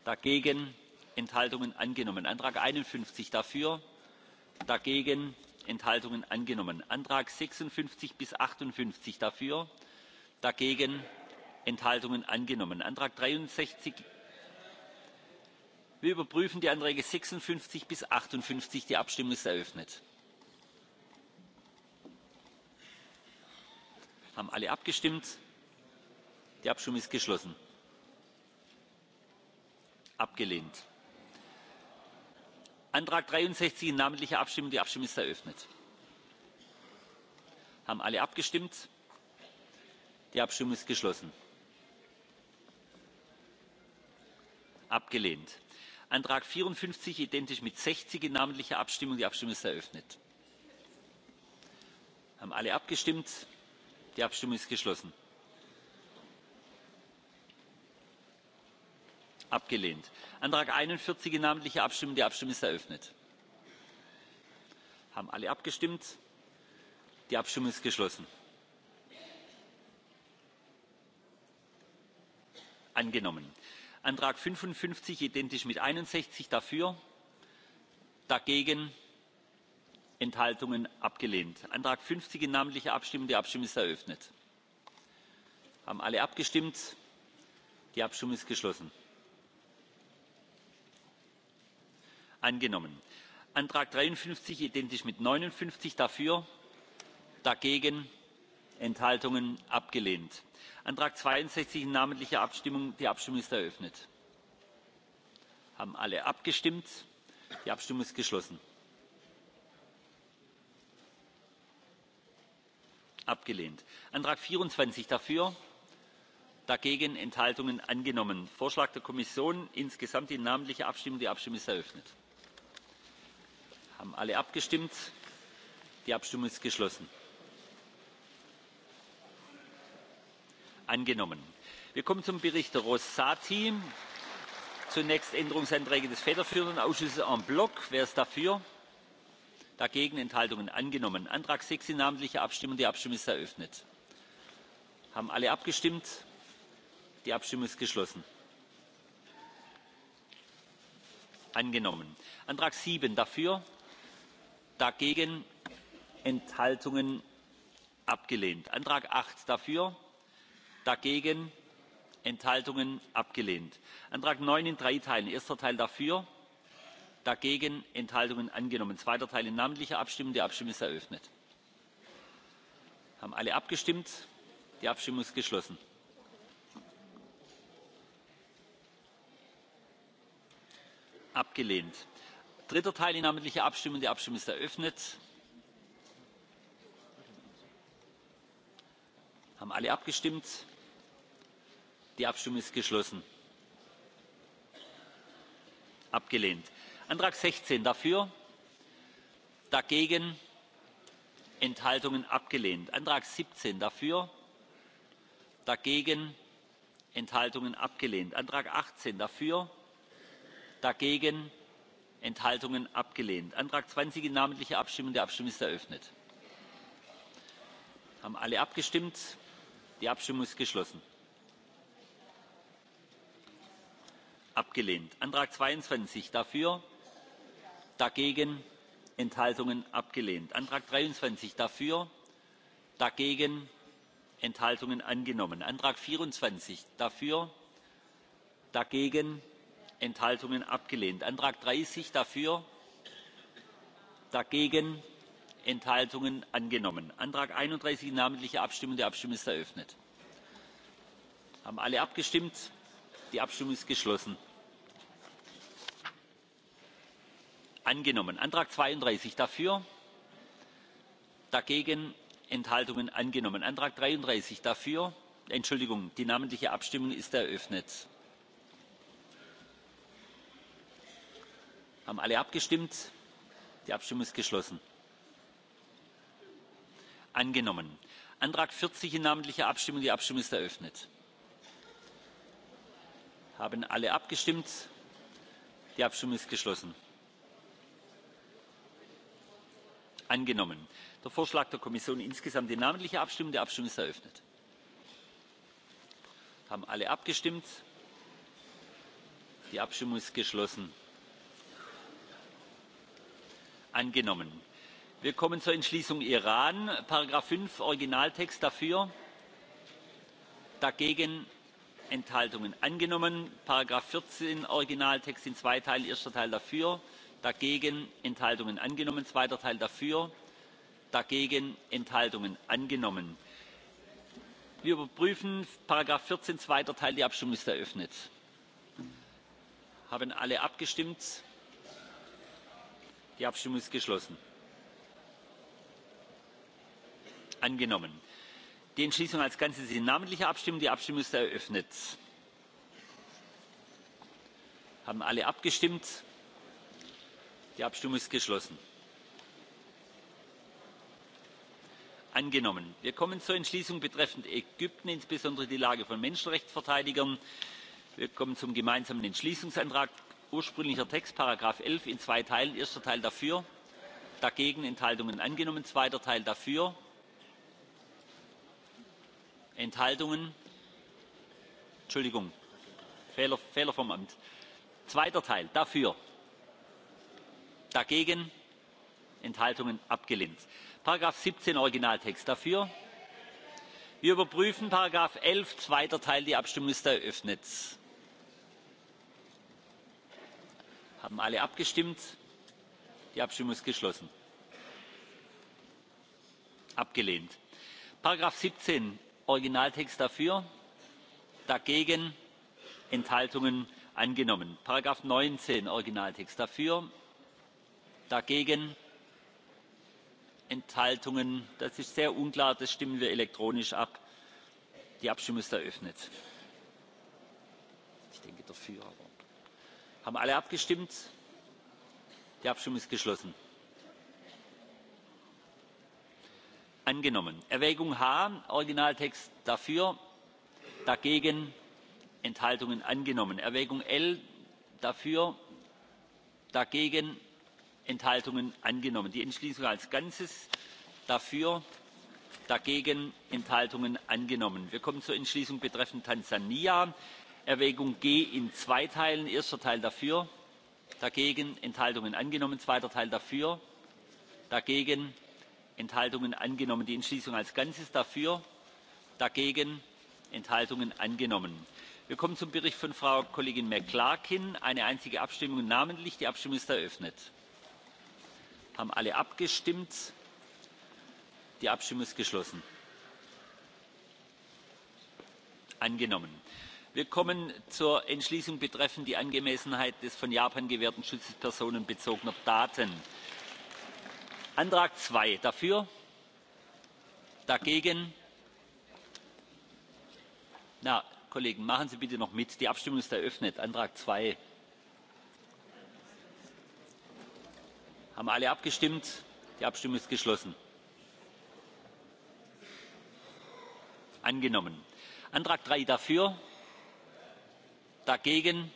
dagegen enthaltungen angenommen; antrag einundfünfzig dafür dagegen enthaltungen angenommen; antrag sechsundfünfzig bis achtundfünfzig dafür dagegen enthaltungen angenommen; antrag dreiundsechzig wir überprüfen die anträge sechsundfünfzig bis. achtundfünfzig die abstimmung ist eröffnet. haben alle abgestimmt? die abstimmung ist geschlossen. abgelehnt. antrag dreiundsechzig in namentlicher abstimmung. die abstimmung ist eröffnet. haben alle abgestimmt? die abstimmung ist geschlossen. abgelehnt antrag vierundfünfzig identisch mit sechzig in namentlicher abstimmung. die abstimmung ist eröffnet. haben alle abgestimmt? die abstimmung ist geschlossen. abgelehnt; antrag einundvierzig in namentlicher abstimmung. die abstimmung ist eröffnet. haben alle abgestimmt? die abstimmung ist geschlossen. angenommen; antrag fünfundfünfzig identisch mit einundsechzig dafür dagegen enthaltungen abgelehnt; antrag fünfzig in namentlicher abstimmung die abstimmung ist eröffnet. haben alle abgestimmt? die abstimmung ist geschlossen. angenommen; antrag dreiundfünfzig identisch mit neunundfünfzig dafür dagegen enthaltungen abgelehnt; antrag zweiundsechzig in namentlicher abstimmung die abstimmung ist eröffnet. haben alle abgestimmt? die abstimmung ist geschlossen. abgelehnt; antrag vierundzwanzig dafür dagegen enthaltungen angenommen. vorschlag der kommission insgesamt in namentlicher abstimmung die abstimmung ist eröffnet. haben alle abgestimmt? die abstimmung ist geschlossen. angenommen. wir kommen zum bericht rossati zunächst änderungsanträge des federführenden ausschusses en bloc wer ist dafür? dagegen enthaltungen angenommen. antrag sechs in namentlicher abstimmung die abstimmung ist eröffnet. haben alle abgestimmt? die abstimmung ist geschlossen. angenommen. antrag sieben dafür? dagegen enthaltungen abgelehnt. antrag acht dafür? dagegen enthaltungen abgelehnt; antrag neun in drei teilen erster teil dafür dagegen enthaltungen angenommen; zweiter teil in namentlicher abstimmung. die abstimmung ist eröffnet. haben alle abgestimmt? die abstimmung ist geschlossen. abgelehnt; dritter teil in namentlicher abstimmung. die abstimmung ist eröffnet. haben alle abgestimmt? die abstimmung ist geschlossen. abgelehnt; antrag sechzehn dafür dagegen enthaltungen abgelehnt; antrag siebzehn dafür dagegen enthaltungen abgelehnt; antrag achtzehn dafür dagegen enthaltungen abgelehnt; antrag zwanzig in namentlicher abstimmung Der abstimmung ist eröffnet. haben alle abgestimmt? die abstimmung ist geschlossen. abgelehnt; antrag zweiundzwanzig dafür dagegen enthaltungen abgelehnt; antrag dreiundzwanzig dafür dagegen enthaltungen angenommen; antrag vierundzwanzig dafür dagegen enthaltungen abgelehnt; antrag dreißig dafür dagegen enthaltungen angenommen; antrag einunddreißig namentliche abstimmung die abstimmung ist eröffnet. haben alle abgestimmt? die abstimmung ist geschlossen. angenommen; antrag zweiunddreißig dafür dagegen enthaltungen angenommen; antrag dreiunddreißig dafür entschuldigung die namentliche abstimmung ist eröffnet. haben alle abgestimmt? die abstimmung ist geschlossen. angenommen; antrag vierzig in namentlicher abstimmung die abstimmung ist eröffnet. haben alle abgestimmt? die abstimmung ist geschlossen. angenommen. der vorschlag der kommission insgesamt die namentlicher abstimmung. Der abstimmung ist eröffnet. haben alle abgestimmt? die abstimmung ist geschlossen. angenommen. wir kommen zur entschließung iran paragraph fünf originaltext dafür dagegen enthaltungen angenommen. paragraph vierzehn originaltext in zwei teilen erster teil dafür dagegen enthaltungen angenommen zweiter teil dafür dagegen enthaltungen angenommen. wir überprüfen ziffer vierzehn zweiter teil die abstimmung ist eröffnet. haben alle abgestimmt? die abstimmung ist geschlossen. angenommen. die entschließung als ganzes in namentlicher abstimmung. die abstimmung ist eröffnet. haben alle abgestimmt? die abstimmung ist geschlossen. angenommen. wir kommen zur entschließung betreffend ägypten insbesondere die lage von menschenrechtsverteidigern. wir kommen zum gemeinsamen entschließungsantrag ursprünglicher text paragraph elf in zwei teilen erster teil dafür dagegen enthaltungen angenommen zweiter teil dafür enthaltungen entschuldigung fehler, fehler vom amt zweiter teil dafür dagegen enthaltungen abgelehnt; paragraph siebzehn originaltext dafür wir überprüfen paragraf elf zweiter teil die abstimmung ist eröffnet. haben alle abgestimmt? die abstimmung ist geschlossen. abgelehnt; paragraph siebzehn originaltext dafür dagegen enthaltungen angenommen; paragraph neunzehn originaltext dafür dagegen enthaltungen das ist sehr unklar das stimmen wir elektronisch ab. die abstimmung ist eröffnet. ich denke dafür aber. haben alle abgestimmt? die abstimmung ist geschlossen. angenommen. erwägung h originaltext dafür dagegen enthaltungen angenommen. erwägung l dafür dagegen enthaltungen angenommen. die entschließung als ganzes dafür dagegen enthaltungen angenommen. wir kommen zur entschließung betreffend tansania erwägung g in zwei teilen erster teil dafür dagegen enthaltungen angenommen zweiter teil dafür dagegen enthaltungen angenommen. die entschließung als ganzes dafür dagegen enthaltungen angenommen. wir kommen zum bericht von frau kollegin mcclarkin eine einzige abstimmung namentlich die abstimmung ist eröffnet haben alle abgestimmt? die abstimmung ist geschlossen. angenommen. wir kommen zur entschließung betreffend die angemessenheit des von japan gewährten schutzes personenbezogener daten. antrag zwei dafür? dagegen? na kollegen machen sie bitte noch mit die abstimmung ist eröffnet antrag. zwei haben alle abgestimmt? die abstimmung ist geschlossen. angenommen; antrag drei dafür dagegen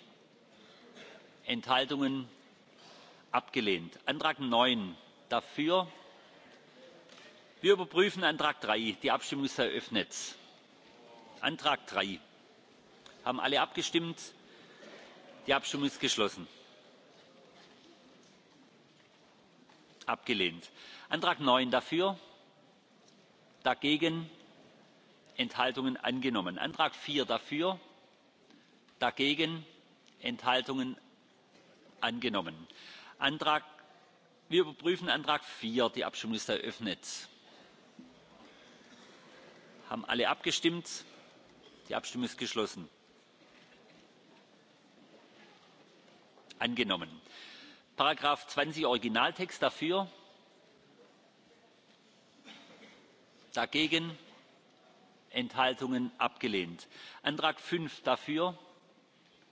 enthaltungen abgelehnt; antrag neun dafür wir überprüfen antrag drei die abstimmung ist eröffnet. antrag drei haben alle abgestimmt? die abstimmung ist geschlossen. abgelehnt; antrag neun dafür dagegen enthaltungen angenommen; antrag vier dafür dagegen enthaltungen angenommen; antrag wir überprüfen antrag vier die abstimmung ist eröffnet. haben alle abgestimmt? die abstimmung ist geschlossen. angenommen; Paragraph 20 Originaltext dafür. Dagegen Enthaltungen abgelehnt. Antrag 5 dafür.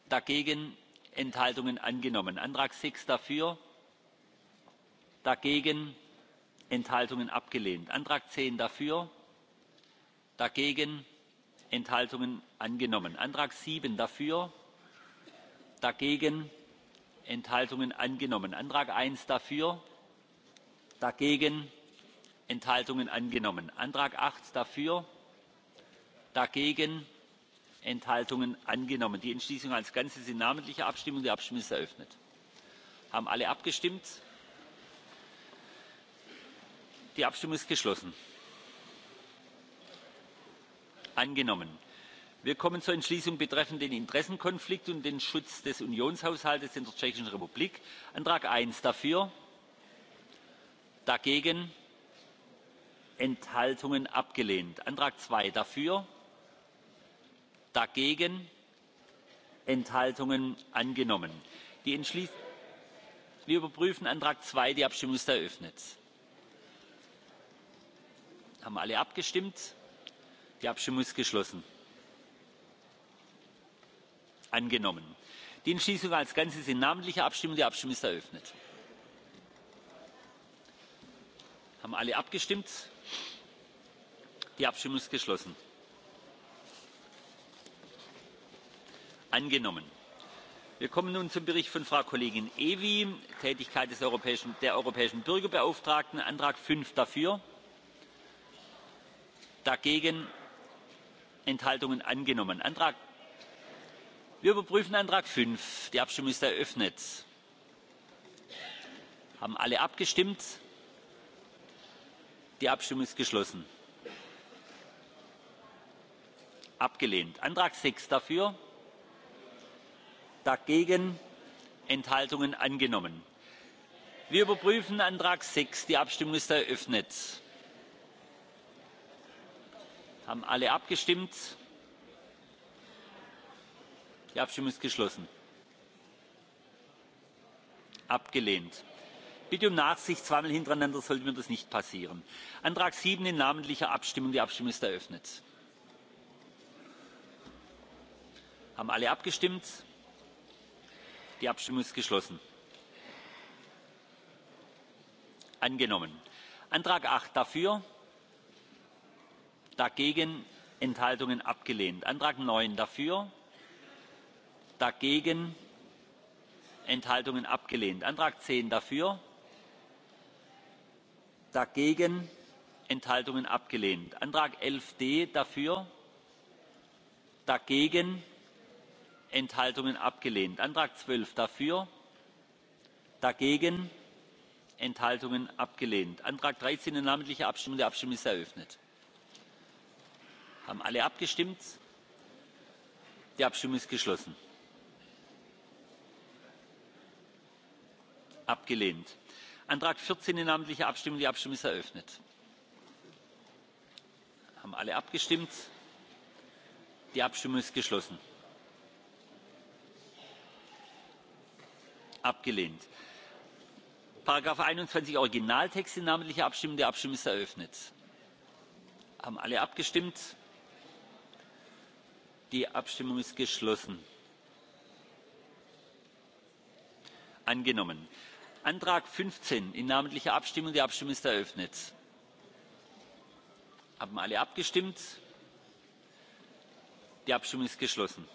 Dagegen Enthaltungen angenommen. Antrag 6 dafür. Dagegen Enthaltungen abgelehnt. Antrag 10 dafür. Dagegen Enthaltungen angenommen. Antrag 7 dafür. Dagegen enthaltungen angenommen; antrag eins dafür dagegen enthaltungen angenommen; antrag acht dafür dagegen enthaltungen angenommen. die entschließung als ganzes in namentlicher abstimmung. die abstimmung ist eröffnet. haben alle abgestimmt? die abstimmung ist geschlossen. angenommen wir kommen zur entschließung betreffend den interessenkonflikt und den schutz des unionshaushalts in der tschechischen republik antrag eins dafür dagegen enthaltungen abgelehnt; antrag zwei dafür dagegen enthaltungen angenommen. wir überprüfen antrag zwei die abstimmung ist eröffnet. haben alle abgestimmt? die abstimmung ist geschlossen angenommen. die entschließung als ganzes in namentlicher abstimmung. die abstimmung ist eröffnet. haben alle abgestimmt? die abstimmung ist geschlossen. angenommen. wir kommen nun zum bericht von frau kollegin Ewi, tätigkeit des europäischen, der europäischen bürgerbeauftragten antrag fünf dafür dagegen enthaltungen angenommen; wir überprüfen antrag fünf die abstimmung ist eröffnet. haben alle abgestimmt? die abstimmung ist geschlossen. abgelehnt; antrag sechs dafür dagegen enthaltungen angenommen. wir überprüfen antrag sechs die abstimmung ist eröffnet. haben alle abgestimmt? die abstimmung ist geschlossen. abgelehnt! bitte um nachsicht zweimal hintereinander sollte mir das nicht passieren. antrag sieben in namentlicher abstimmung. die abstimmung ist eröffnet. haben alle abgestimmt? die abstimmung ist geschlossen. angenommen; antrag acht dafür dagegen enthaltungen abgelehnt; antrag neun dafür dagegen enthaltungen abgelehnt; antrag 10. dafür dagegen enthaltungen abgelehnt; antrag 11. d dafür dagegen enthaltungen abgelehnt; antrag 12. dafür dagegen enthaltungen abgelehnt; antrag 13. in namentlicher abstimmung Der abstimmung ist eröffnet. haben alle abgestimmt? die abstimmung ist geschlossen. abgelehnt; antrag vierzehn in namentlicher abstimmung die abstimmung ist eröffnet. haben alle abgestimmt? die abstimmung ist geschlossen. abgelehnt; paragraph einundzwanzig originaltext in namentlicher abstimmung die abstimmung ist eröffnet. haben alle abgestimmt? die abstimmung ist geschlossen. angenommen; antrag fünfzehn in namentlicher abstimmung die abstimmung ist eröffnet. haben alle abgestimmt? die abstimmung ist geschlossen.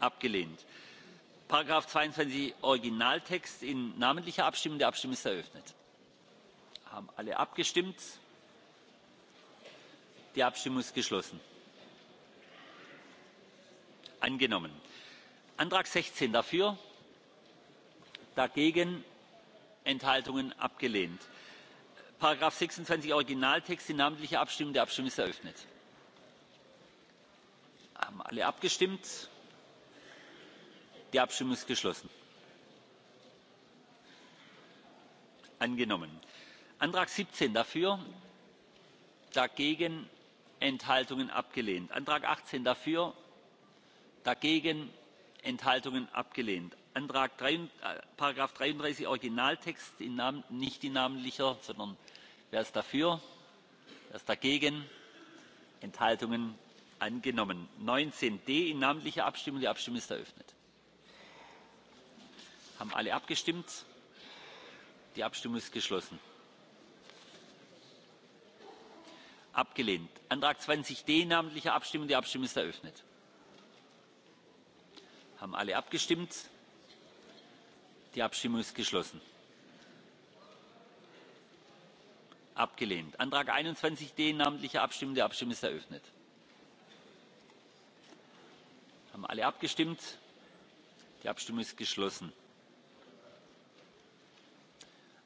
abgelehnt. paragraph zweiundzwanzig originaltext in namentlicher abstimmung die abstimmung ist eröffnet. haben alle abgestimmt? die abstimmung ist geschlossen. angenommen antrag sechzehn dafür dagegen enthaltungen abgelehnt; paragraph sechsundzwanzig originaltext in namentlicher abstimmung der abstimmung ist eröffnet. haben alle abgestimmt? die abstimmung ist geschlossen. angenommen; antrag siebzehn dafür dagegen enthaltungen abgelehnt; antrag achtzehn dafür dagegen enthaltungen abgelehnt; antrag äh, dreiunddreißig originaltext nicht in namentlicher sondern wer ist dafür? wer ist dagegen? enthaltungen? angenommen. 19 d in namentlicher abstimmung die abstimmung ist eröffnet. haben alle abgestimmt? die abstimmung ist geschlossen. abgelehnt; antrag 20 d in namentlicher abstimmung die abstimmung ist eröffnet haben alle abgestimmt? die abstimmung ist geschlossen. abgelehnt; antrag 21 d namentliche abstimmung. die abstimmung ist eröffnet. haben alle abgestimmt? die abstimmung ist geschlossen.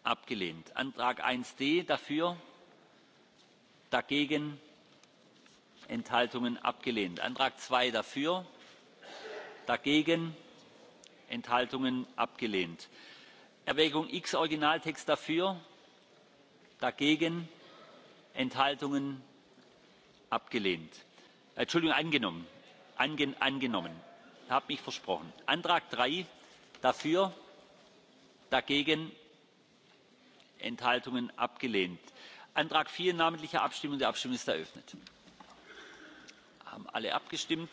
abgelehnt; antrag 1 d dafür; dagegen; enthaltungen abgelehnt; antrag zwei dafür; dagegen enthaltungen abgelehnt; erwägung x originaltext dafür dagegen enthaltungen abgelehnt; äh, entschuldigung angenommen; Angen, angenommen habe mich versprochen; antrag drei dafür dagegen enthaltungen abgelehnt; antrag vier namentliche abstimmung die abstimmung ist eröffnet. haben alle abgestimmt?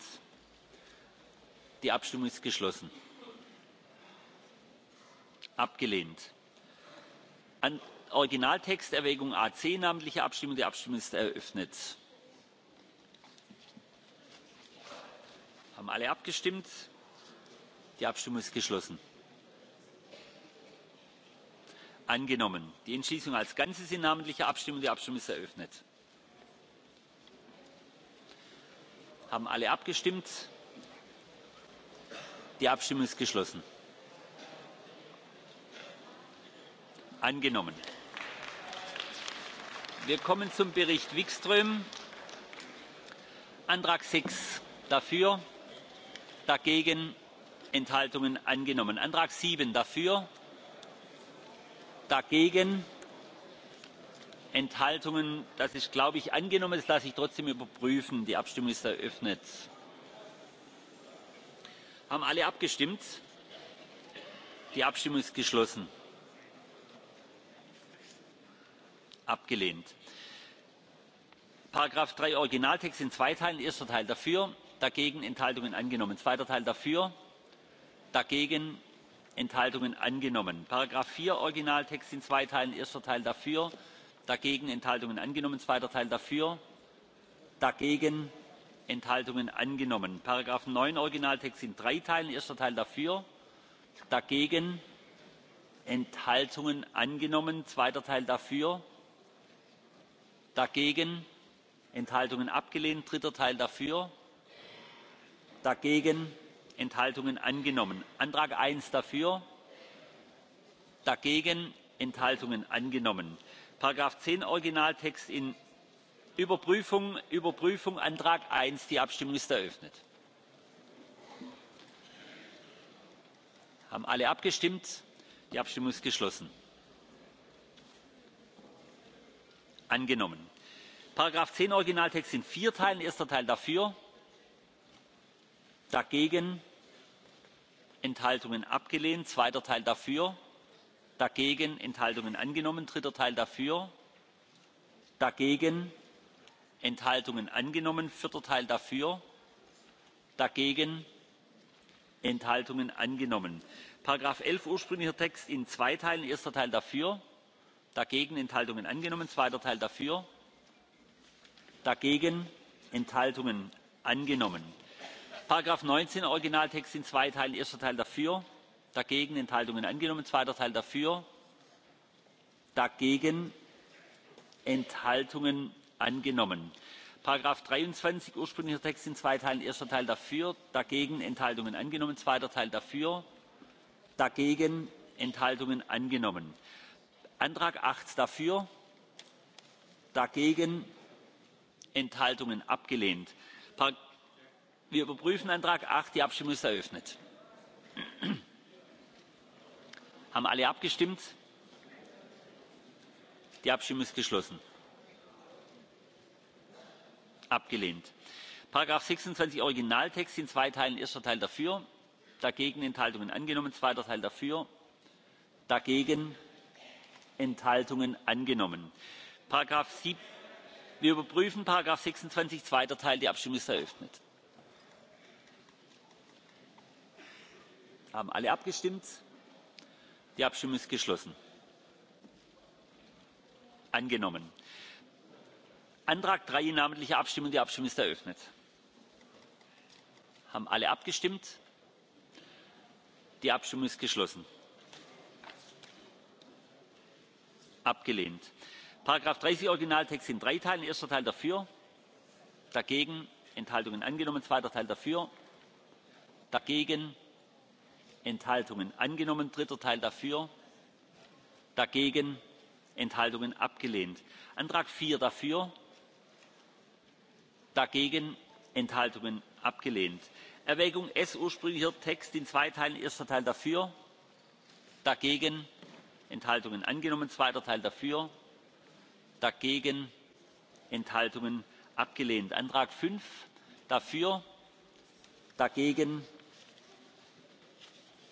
die abstimmung ist geschlossen. abgelehnt; originaltext erwägung a zehn namentliche abstimmung die abstimmung ist eröffnet. haben alle abgestimmt? die abstimmung ist geschlossen. angenommen; die entschließung als ganzes in namentlicher abstimmung die abstimmung ist eröffnet. haben alle abgestimmt? die abstimmung ist geschlossen. angenommen! wir kommen zum bericht wikström antrag sechs dafür dagegen enthaltungen angenommen; antrag sieben dafür dagegen enthaltungen das ist glaube ich angenommen das lasse ich trotzdem überprüfen. die abstimmung ist eröffnet haben alle abgestimmt? die abstimmung ist geschlossen. abgelehnt. paragraph drei originaltext in zwei teilen erster teil dafür dagegen enthaltungen angenommen; zweiter teil dafür dagegen enthaltungen angenommen; paragraph vier originaltext in zwei teilen erster teil dafür dagegen enthaltungen angenommen; zweiter teil dafür dagegen enthaltungen angenommen. paragraph neun originaltext in drei teilen erster teil dafür dagegen enthaltungen angenommen zweiter teil dafür dagegen enthaltungen abgelehnt dritter teil dafür dagegen enthaltungen angenommen; antrag eins dafür dagegen enthaltungen angenommen; paragraph zehn originaltext überprüfung überprüfung antrag eins die abstimmung ist eröffnet. haben alle abgestimmt? die abstimmung ist geschlossen. angenommen. paragraph zehn originaltext in vier teilen erster teil dafür dagegen enthaltungen abgelehnt zweiter teil dafür dagegen enthaltungen angenommen dritter teil dafür dagegen enthaltungen angenommen vierter teil dafür dagegen enthaltungen angenommen. paragraph elf ursprünglicher text in zwei teilen erster teil dafür dagegen enthaltungen angenommen zweiter teil dafür dagegen enthaltungen angenommen. paragraph neunzehn originaltext in zwei teilen erster teil dafür dagegen enthaltungen angenommen zweiter teil dafür dagegen enthaltungen angenommen; paragraph dreiundzwanzig ursprünglicher text in zwei teilen erster teil dafür dagegen enthaltungen angenommen; zweiter teil dafür dagegen enthaltungen angenommen; antrag acht dafür dagegen enthaltungen abgelehnt; wir überprüfen antrag acht die abstimmung ist eröffnet. *clears throat* haben alle abgestimmt? die abstimmung ist geschlossen abgelehnt; sechsundzwanzig originaltext in zwei teilen erster teil dafür dagegen enthaltungen angenommen; zweiter teil dafür dagegen enthaltungen angenommen; wir überprüfen sechsundzwanzig zweiter teil die abstimmung ist eröffnet. haben alle abgestimmt? die abstimmung ist geschlossen. angenommen; antrag drei namentliche abstimmung die abstimmung ist eröffnet. haben alle abgestimmt? die abstimmung ist geschlossen. abgelehnt. paragraph dreißig originaltext in drei teilen erster teil dafür dagegen enthaltungen angenommen zweiter teil dafür dagegen enthaltungen angenommen dritter teil dafür dagegen enthaltungen abgelehnt. antrag vier dafür dagegen enthaltungen abgelehnt; erwägung s ursprünglicher text in zwei teilen erster teil dafür dagegen enthaltungen angenommen zweiter teil dafür dagegen enthaltungen abgelehnt; antrag fünf dafür dagegen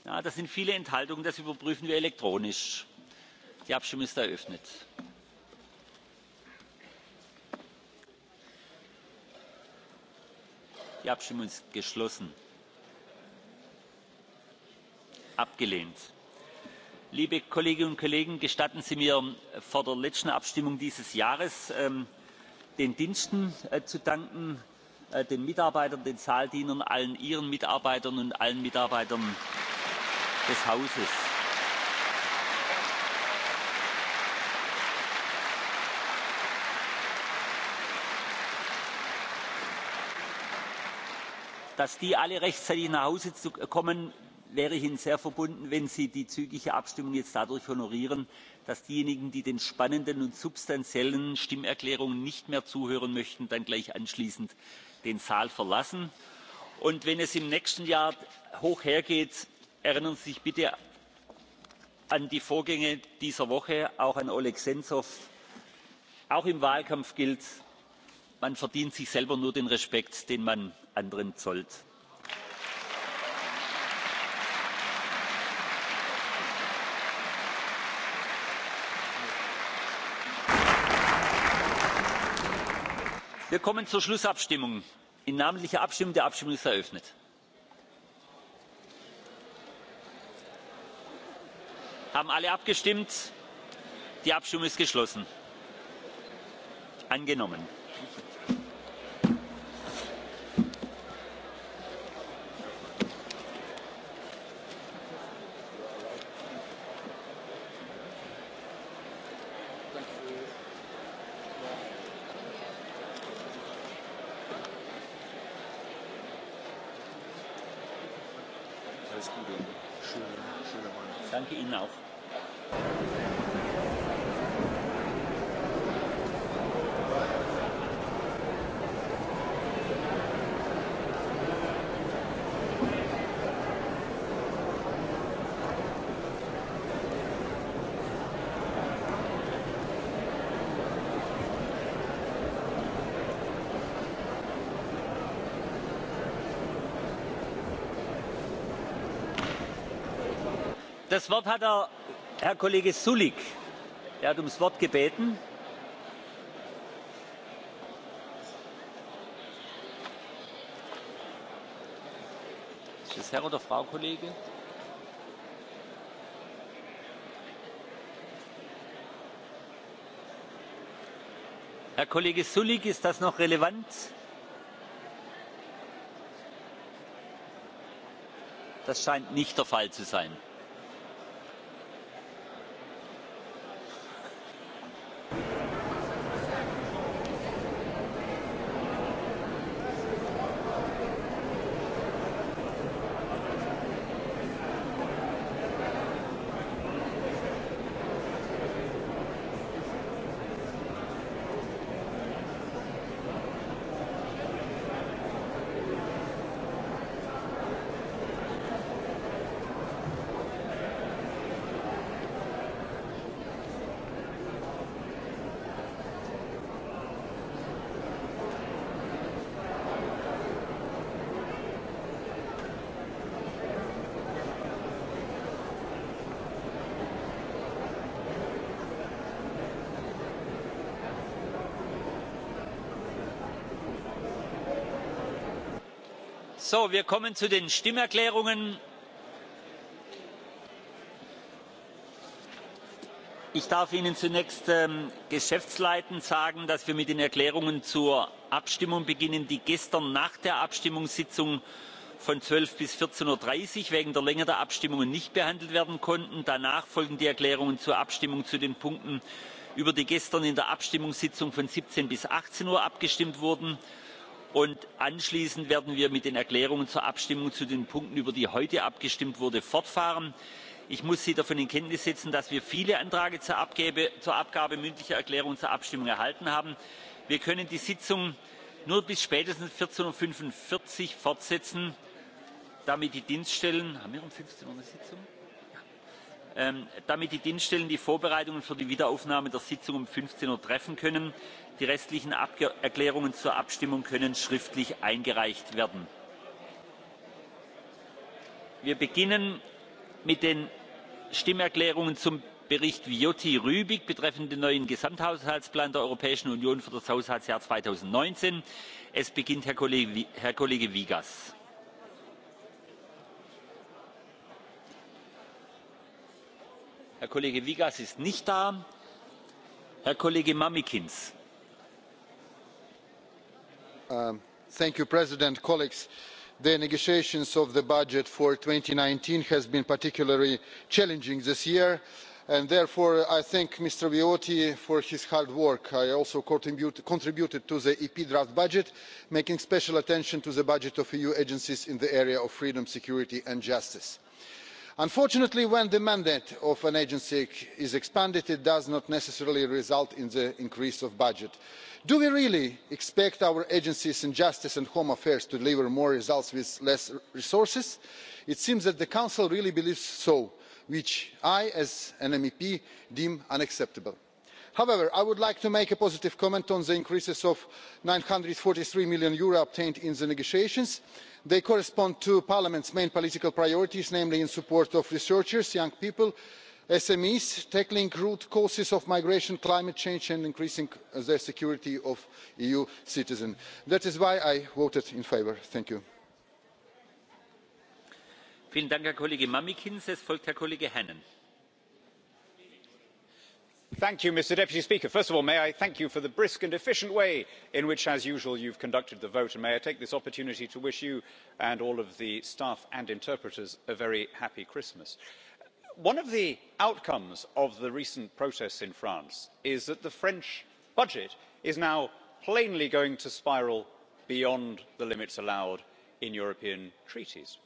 ja das sind viele enthaltungen das überprüfen wir elektronisch. die abstimmung ist eröffnet. die abstimmung ist geschlossen. abgelehnt! liebe kolleginnen und kollegen gestatten sie mir vor der letzten abstimmung dieses jahres ähm, den diensten äh, zu danken äh, den mitarbeitern den Zahldienern, allen ihren mitarbeitern und allen mitarbeitern des hauses. dass die alle rechtzeitig nach hause kommen wäre ich ihnen sehr verbunden wenn sie die zügige abstimmung jetzt dadurch honorieren dass diejenigen die den spannenden und substanziellen stimmerklärungen nicht mehr zuhören möchten dann gleich anschließend den saal verlassen. und wenn es im nächsten jahr hoch hergeht erinnern sie sich bitte an die vorgänge dieser woche auch an oleh senzow. auch im wahlkampf gilt man verdient sich selber nur den respekt den anderen Zolt. wir kommen zur schlussabstimmung. in namentlicher abstimmung die abstimmung ist eröffnet. haben alle abgestimmt? die abstimmung ist geschlossen. angenommen. das wort hat er, herr kollege sulik er hat ums wort gebeten. ist das herr oder frau kollege? herr kollege sulik ist das noch relevant? das scheint nicht der fall zu sein. wir kommen zu den Stimmerklärungen. Ich darf Ihnen zunächst ähm, geschäftsleitend sagen, dass wir mit den Erklärungen zur Abstimmung beginnen, die gestern nach der Abstimmungssitzung von 12 bis 14.30 Uhr wegen der Länge der Abstimmungen nicht behandelt werden konnten. Danach folgen die Erklärungen zur Abstimmung zu den Punkten, über die gestern in der Abstimmungssitzung von 17 bis 18 Uhr abgestimmt wurden und anschließend werden wir mit den erklärungen zur abstimmung zu den punkten über die heute abgestimmt wurde fortfahren. ich muss sie davon in kenntnis setzen dass wir viele anträge zur abgabe mündlicher erklärungen zur abstimmung erhalten haben. wir können die sitzung nur bis spätestens. vierzehn fünfundvierzig uhr fortsetzen damit die dienststellen haben wir um. fünfzehn uhr eine sitzung? Ähm, damit die dienststellen die vorbereitungen für die wiederaufnahme der sitzung um. fünfzehn uhr treffen können die restlichen erklärungen zur abstimmung können schriftlich eingereicht werden. wir beginnen mit den stimmerklärungen zum bericht viotti rübig betreffend den neuen gesamthaushaltsplan der europäischen union für das haushaltsjahr. zweitausendneunzehn es beginnt herr kollege Vigas. herr kollege Vigas ist nicht da. herr kollege mamikins mr um, president the negotiations of the budget for two thousand and nineteen have been particularly challenging this year and therefore i thank mr viotti for his hard work. i also contributed to the ep draft budget making special attention to the budget of eu agencies in the area of freedom security and justice unfortunately when the mandate of an agency is expanded it does not necessarily result in the increase of budget. do we really expect our agencies in justice and home affairs to deliver more results with less resources? it seems that the council really believes so which i as an mep deem unacceptable. however i would like to make a positive comment on the increases of eur nine hundred and forty three million obtained in the negotiations they correspond to parliament's main political priorities namely in support of researchers young people smes tackling root causes of migration climate change and increasing the security of eu citizens. that is why i voted in favour. thank you mr president first of all may i thank you for the brisk and efficient way in which as usual you've conducted the vote and may i take this opportunity to wish you and all of the staff and interpreters a very happy christmas. one of the outcomes of the recent protests in france is that the french budget is now plainly going to spiral beyond the limits allowed in european treaties.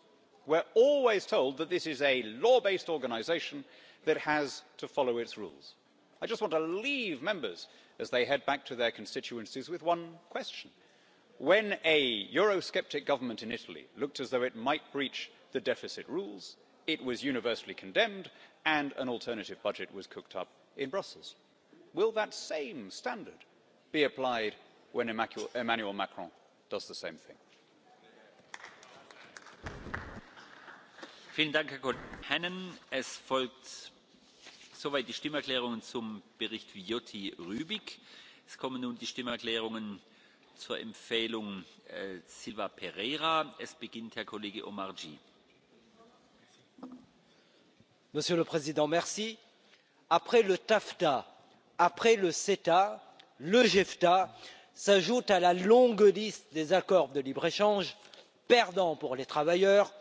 We're always told that this is a law based organisation that has to follow its rules i just want to leave members as they head back to their constituencies with one question when a eurosceptic government in italy looked as though it might breach the deficit rules it was universally condemned and an alternative budget was cooked up in brussels. will that same standard be applied when emmanuel macron does the same thing? soweit die stimmerklärungen zum bericht viotti rübig. es kommen nun die stimmerklärungen zur empfehlung äh, silva pereira. es beginnt herr kollege omarjee. monsieur le président après le tafta après le ceta le jefta s'ajoute à la longue liste des accords de libre échange perdants pour les travailleurs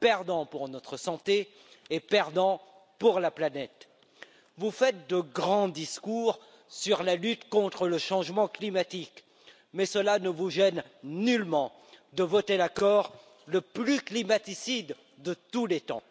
perdants pour notre santé et perdants pour la planète vous faites de grands discours sur la lutte contre le changement climatique mais cela ne vous gêne nullement de voter l'accord le plus climaticide de tous les temps.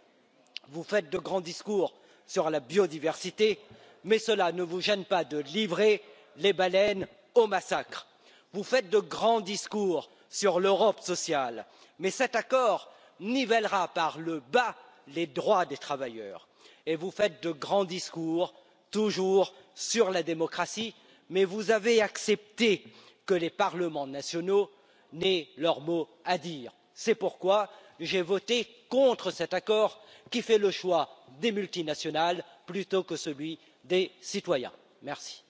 vous faites de grands discours sur la biodiversité mais cela ne vous gêne pas de livrer les baleines au massacre. vous faites de grands discours sur l'europe sociale mais cet accord nivellera par le bas les droits des travailleurs et vous faites de grands discours toujours sur la démocratie mais vous avez accepté que les parlements nationaux n'aient leur mot à dire. c'est pourquoi j'ai voté contre cet accord qui fait le choix des multinationales plutôt que celui des citoyens. merci.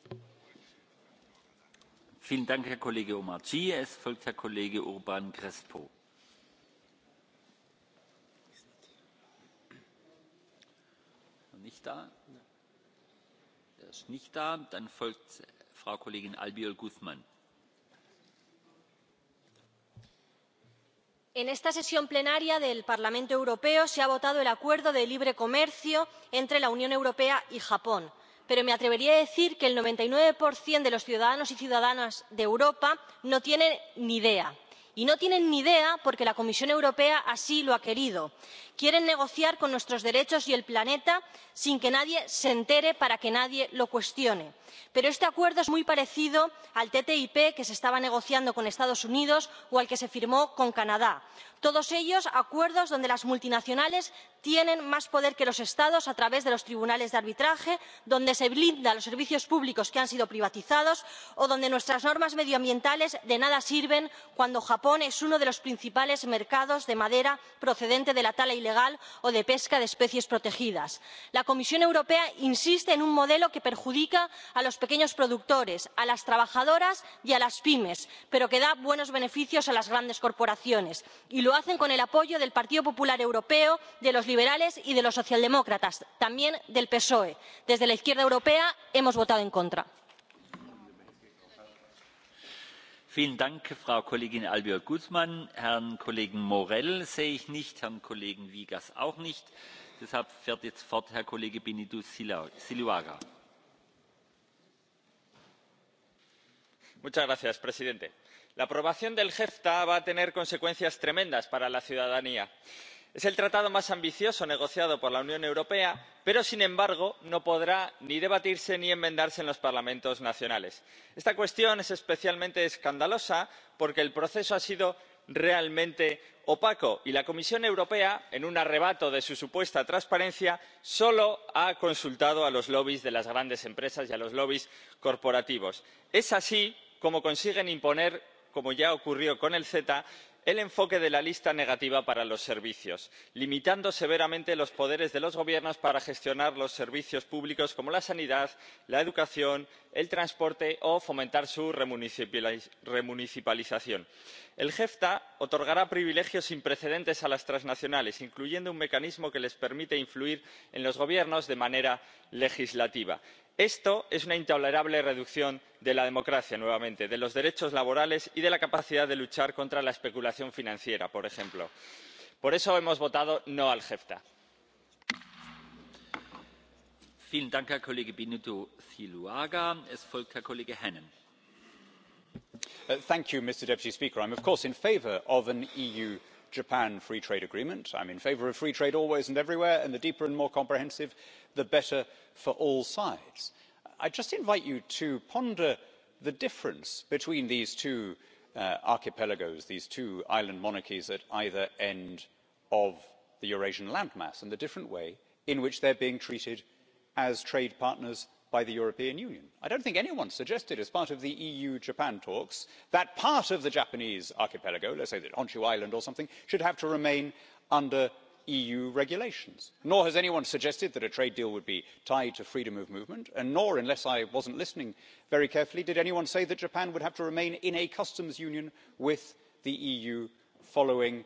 en esta sesión plenaria del parlamento europeo se ha votado el acuerdo de libre comercio entre la unión europea y japón pero me atrevería a decir que el noventa y nueve de los ciudadanos y ciudadanas de europa no tienen ni idea y no tienen ni idea porque la comisión europea así lo ha querido. quieren negociar con nuestros derechos y el planeta sin que nadie se entere para que nadie lo cuestione pero este acuerdo es muy parecido al ttip que se estaba negociando con los estados unidos o al que se firmó con canadá todos ellos acuerdos donde las multinacionales tienen más poder que los estados a través de los tribunales de arbitraje donde se blindan los servicios públicos que han sido privatizados o donde nuestras normas medioambientales de nada sirven cuando japón es uno de los principales mercados de madera procedente de la tala ilegal o de pesca de especies protegidas. la comisión europea insiste en un modelo que perjudica a los pequeños productores a las trabajadoras y a las pymes pero que da buenos beneficios a las grandes corporaciones y lo hacen con el apoyo del partido popular europeo de los liberales y de los socialdemócratas también del psoe. desde la izquierda europea hemos votado en contra. frau kollegin kollegen sehe ich nicht herrn kollegen Vigas auch nicht. deshalb fährt jetzt fort herr kollege señor presidente la aprobación del jefta va a tener consecuencias tremendas para la ciudadanía. es el tratado más ambicioso negociado por la unión europea pero sin embargo no podrá ni debatirse ni enmendarse en los parlamentos nacionales. esta cuestión es especialmente escandalosa porque el proceso ha sido realmente opaco y la comisión europea en un arrebato de su supuesta transparencia solo ha consultado a los lobbies de las grandes empresas y a los lobbies corporativos. es así como consiguen imponer como ya ocurrió con el ceta el enfoque de la lista negativa para los servicios limitando severamente los poderes de los gobiernos para gestionar los servicios públicos como la sanidad la educación el transporte o fomentar su remunicipalización. el jefta otorgará privilegios sin precedentes a las transnacionales incluyendo un mecanismo que les permite influir en los gobiernos de manera legislativa esto es una intolerable reducción de la democracia nuevamente de los derechos laborales y de la capacidad de luchar contra la especulación financiera por ejemplo. por eso hemos votado no al jefta. mr president i of course in of an eu japan free trade agreement. I'm in favour of free trade always and everywhere and the deeper and more comprehensive the better for all sides. i just invite you to ponder the difference between these two uh, archipelagos these two island monarchies at either end of the eurasian landmass and the different way in which they're being treated as trade partners by the european union. i don't think anyone suggested as part of the eu japan talks that part of the japanese archipelago let's say the honshu island or something should have to remain under eu regulations nor has anyone suggested that a trade deal would be tied to freedom of movement and nor unless i wasn't listening very carefully did anyone say that japan would have to remain in a customs union with the eu following uh,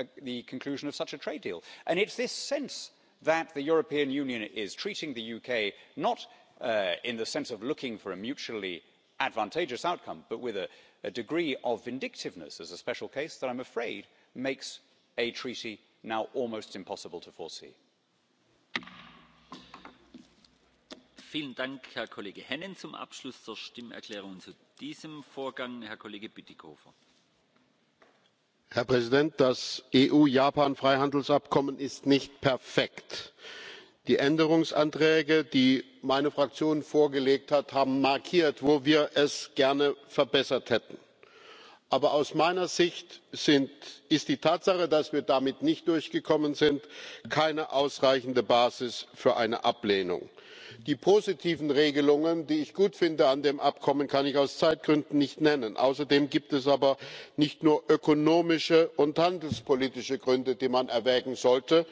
uh, the conclusion of such a trade deal. and it's this sense that the european union is treating the uk not Uh, in the sense of looking for a mutually advantageous outcome but with a degree of vindictiveness as a special case that i'm afraid makes a treaty now almost impossible to foresee. herr kollege hennen zum abschluss der stimmerklärungen zu diesem vorgang herr kollege herr präsident! das eu japan freihandelsabkommen ist nicht perfekt. die änderungsanträge die meine fraktion vorgelegt hat haben markiert wo wir es gerne verbessert hätten. aber aus meiner sicht ist die tatsache dass wir damit nicht durchgekommen sind keine ausreichende basis für eine ablehnung. die positiven regelungen die ich gut finde an dem abkommen kann ich aus zeitgründen nicht nennen. außerdem gibt es aber nicht nur ökonomische und handelspolitische gründe die man erwägen sollte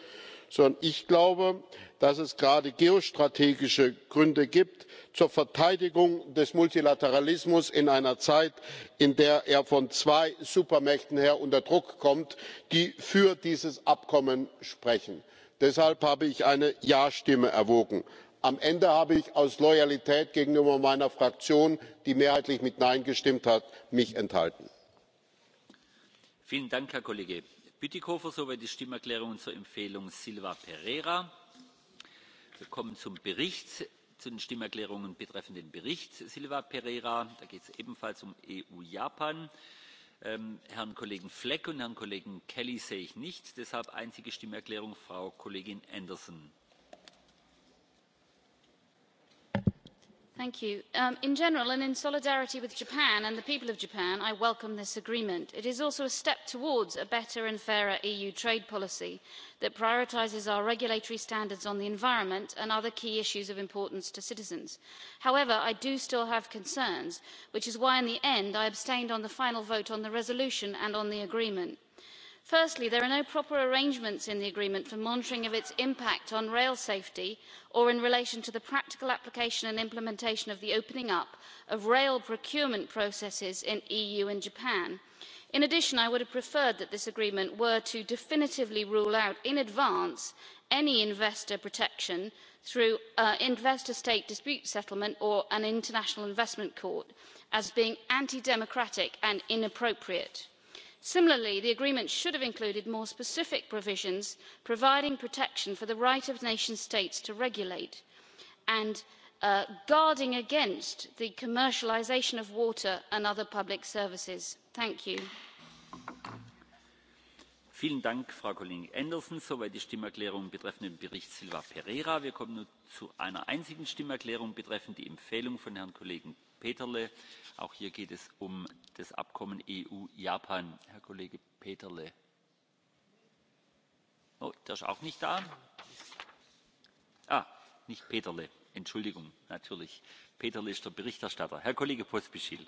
sondern ich glaube dass es gerade geostrategische gründe gibt zur verteidigung des multilateralismus in einer zeit in der er von zwei supermächten her unter druck kommt die für dieses abkommen sprechen. deshalb habe ich eine ja stimme erwogen. am ende habe ich aus loyalität gegenüber meiner fraktion die mehrheitlich mit nein gestimmt hat mich enthalten. vielen dank herr kollege! bütikofer soweit die stimmerklärungen zur empfehlung silva pereira. wir kommen zum bericht zu den stimmerklärungen betreffend den bericht silva pereira. da geht es ebenfalls um eu japan. Ähm, herrn kollegen fleck und herrn kollegen kelly sehe ich nicht deshalb einzige stimmerklärung frau kollegin anderson. madam um, president in general and in solidarity with japan and the people of japan i welcome this agreement. it is also a step towards a better and fairer eu trade policy that prioritises our regulatory standards on the environment and other key issues of importance to citizens. however i do still have concerns which is why in the end i abstained on the final vote on the resolution and on the agreement firstly there are no proper arrangements in the agreement for monitoring of its impact on rail safety or in relation to the practical application and implementation of the opening up of rail procurement processes in the eu and japan. in addition i would have preferred that this agreement were to definitively rule out in advance any investor protection through uh, investor state dispute settlement or an international investment court as being anti democratic and inappropriate similarly the agreement should have included more specific provisions providing protection for the right of nation states to regulate and uh, guarding against the commercialisation of water and other public services. thank you. vielen dank frau kollegin anderson. soweit die stimmerklärungen betreffend den bericht silva pereira. wir kommen nun zu einer einzigen stimmerklärung betreffend die empfehlung von herrn kollegen peterle auch hier geht es um das abkommen eu japan. herr kollege peterle oh, der ist auch nicht da. ah nicht peterle entschuldigung natürlich peterle ist der berichterstatter. herr kollege pospil.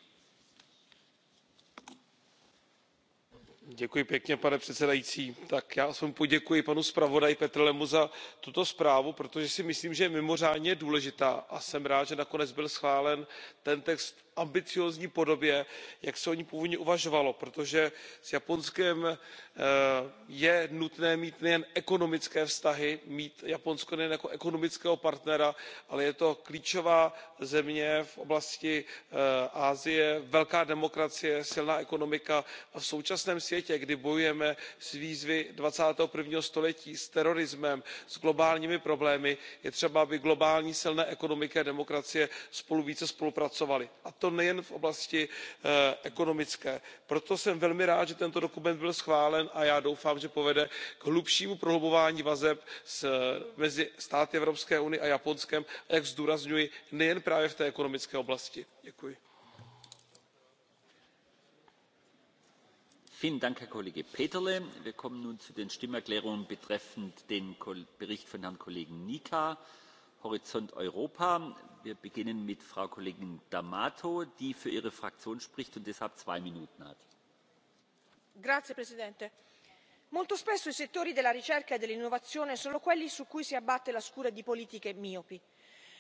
pane předsedající já aspoň poděkuji panu zpravodaji petrlemu za tuto zprávu protože si myslím že je mimořádně důležitá a jsem rád že nakonec byl schválen ten text v ambiciózní podobě jak se o ní původně uvažovalo protože s japonskem eh, je nutné mít nejen ekonomické vztahy mít japonsko nejen jako ekonomického partnera ale je to klíčová země v oblasti eh, asie velká demokracie silná ekonomika a v současném světě světě kdy bojujeme s výzvami 21. století s terorismem s globálními problémy je třeba aby globální silné ekonomiky a demokracie spolu více spolupracovaly a to nejen v oblasti eh, ekonomické. proto jsem velmi rád že tento dokument byl schválen a já doufám že povede k hlubšímu prohlubování vazeb eh, mezi státy evropské unie a japonskem a jak zdůrazňuji nejen právě v té ekonomické oblasti. děkuji. Herr Kollege Peterle, wir kommen nun zu den stimmerklärungen betreffend den bericht von herrn kollegen Nika horizont europa. wir beginnen mit frau kollegin d'amato die für ihre fraktion spricht und deshalb zwei minuten hat. presidente molto spesso i settori della ricerca e dell'innovazione sono quelli su cui si abbatte la scura di politiche miopi.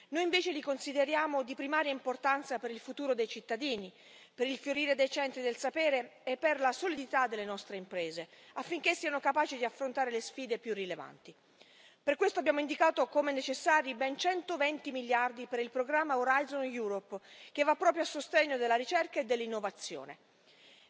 noi invece li consideriamo di primaria importanza per il futuro dei cittadini per il fiorire dei centri del sapere e per la solidità delle nostre imprese affinché siano capaci di affrontare le sfide più rilevanti. per questo abbiamo indicato come necessari ben centoventi miliardi per il programma horizon europe che va proprio a sostegno della ricerca e dell'innovazione.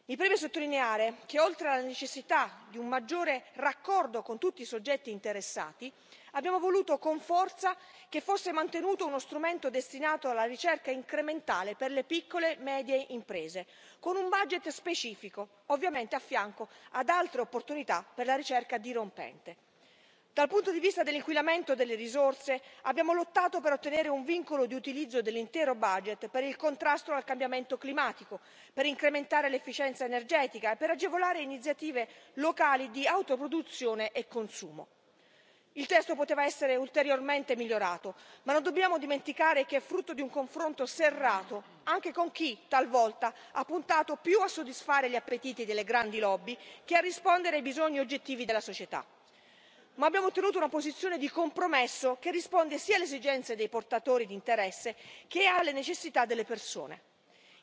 mi preme sottolineare che oltre alla necessità di un maggiore raccordo con tutti i soggetti interessati abbiamo voluto con forza che fosse mantenuto uno strumento destinato alla ricerca incrementale per le piccole e medie imprese con un budget specifico ovviamente a fianco ad altre opportunità per la ricerca dirompente. dal punto di vista dell'inquinamento delle risorse abbiamo lottato per ottenere un vincolo di utilizzo dell'intero budget per il contrasto al cambiamento climatico per incrementare l'efficienza energetica e per agevolare iniziative locali di autoproduzione e consumo il testo poteva essere ulteriormente migliorato ma non dobbiamo dimenticare che è frutto di un confronto serrato anche con chi talvolta ha puntato più a soddisfare gli appetiti delle grandi lobby che a rispondere ai bisogni oggettivi della società ma abbiamo ottenuto una posizione di compromesso che risponde sia alle esigenze dei portatori di interesse che alle necessità delle persone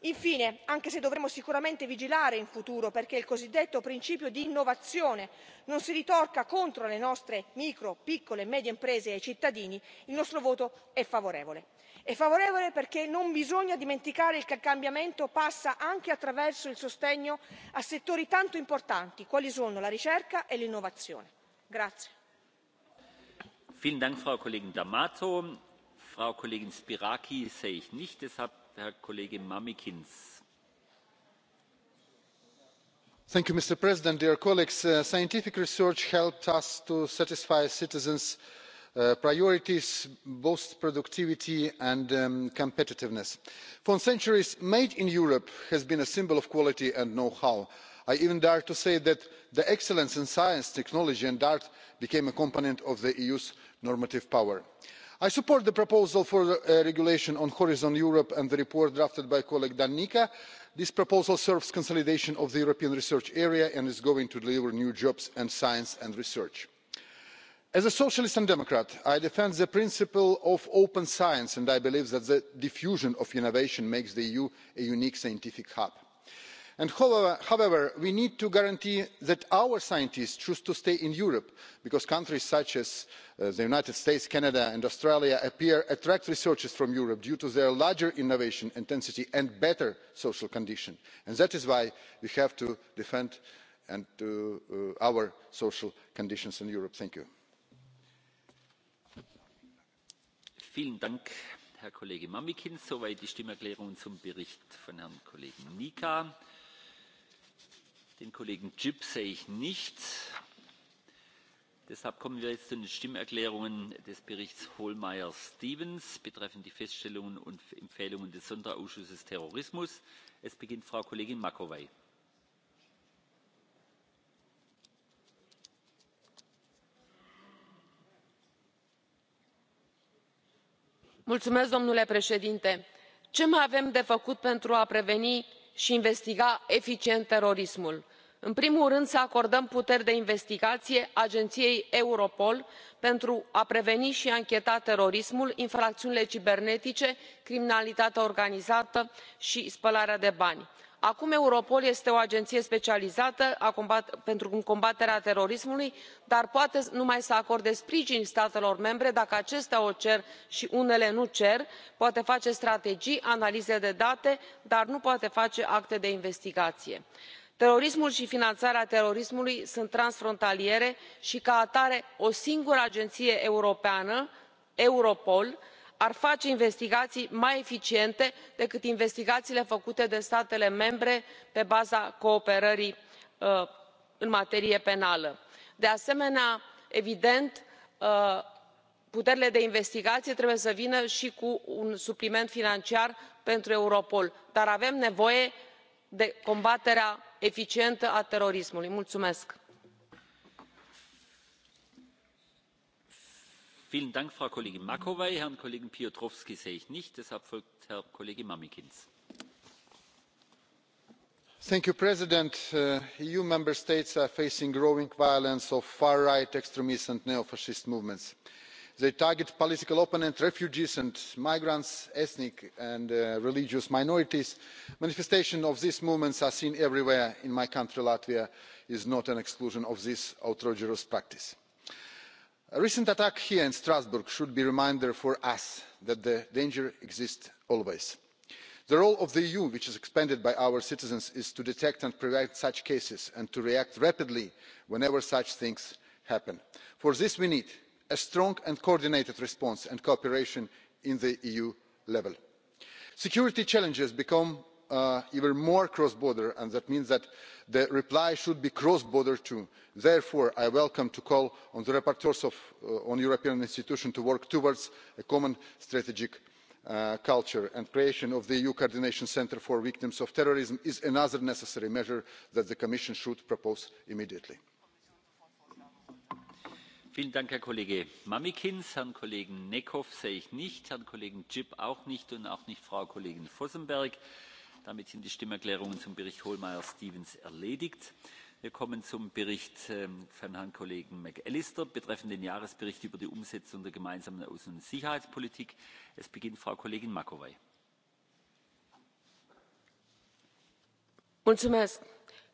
infine anche se dovremo sicuramente vigilare in futuro perché il cosiddetto principio di innovazione non si ritorca contro le nostre micro piccole e medie imprese e i cittadini il nostro voto è favorevole. è favorevole perché non bisogna dimenticare che il cambiamento passa anche attraverso il sostegno a settori tanto importanti quali sono la ricerca e l'innovazione mr president uh, scientific research helped us to satisfy citizens' uh, priorities boost productivity and um, competitiveness. for centuries made in europe' has been a symbol of quality and know how. i even dare to say that the excellence in science technology and art became a component of the eu's normative power i support the proposal for a uh, regulation on horizon europe and the report drafted by colleague danica. this proposal serves consolidation of the european research area and is going to deliver new jobs in science and research. as a socialist and democrat i defend the principle of open science and i believe that the diffusion of innovation makes the eu a unique scientific hub however we need to guarantee that our scientists choose to stay in europe because countries such as uh, the united states canada and australia appear to attract researchers from europe due to their larger innovation intensity and better social condition and that is why we have to defend uh, our social conditions in europe. thank you. herr kollege soweit die zum bericht von den kollegen grzyb sehe ich nicht. deshalb kommen wir jetzt zu den stimmerklärungen des berichts hohlmeier stevens betreffend die feststellungen und empfehlungen des sonderausschusses terrorismus. es beginnt frau kollegin macovei. domnule președinte ce mai avem de făcut pentru a preveni și investiga eficient terorismul? în primul rând să acordăm puteri de investigație agenției europol pentru a preveni și ancheta terorismul infracțiunile cibernetice criminalitatea organizată și spălarea de bani. acum europol este o agenție specializată pentru combaterea terorismului dar poate numai să acorde sprijin statelor membre dacă acestea o cer și unele nu cer poate face strategii analize de date dar nu poate face acte de investigație terorismul și finanțarea terorismului sunt transfrontaliere și ca atare o singură agenție europeană europol ar face investigații mai eficiente decât investigațiile făcute de statele membre pe baza cooperării uh, în materie penală. de asemenea evident uh, puterile de investigație trebuie să vină și cu un supliment financiar pentru europol dar avem nevoie de combaterea eficientă a terorismului. mulțumesc. mr president uh, eu member states are facing growing violence of far right extremist and neo fascist movements they target political opponents refugees and migrants ethnic and uh, religious minorities. manifestations of these movements are seen everywhere. in my country latvia is not an exclusion of this outrageous practice. a recent attack here in strasbourg should be a reminder for us that the danger exists always. the role of the eu which is expanded by our citizens is to detect and prevent such cases and to react rapidly whenever such things happen. for this we need a strong and coordinated response and cooperation at the eu level. security challenges become uh, even more cross border and that means that the reply should be cross border too. therefore i welcome the call on the rapporteurs uh, on the european institutions to work towards a common strategic uh, culture and the creation of the eu coordination centre for victims of terrorism is another necessary measure that the commission should propose immediately herr kollege mamikins herrn kollegen nekov sehe ich nicht herrn kollegen grzyb auch nicht und auch nicht frau kollegin Fossenberg. damit sind die stimmerklärungen zum bericht hohlmeier stevens erledigt. wir kommen zum bericht ähm, von herrn kollegen mcallister betreffend den jahresbericht über die umsetzung der gemeinsamen außen und sicherheitspolitik. es beginnt frau kollegin macovei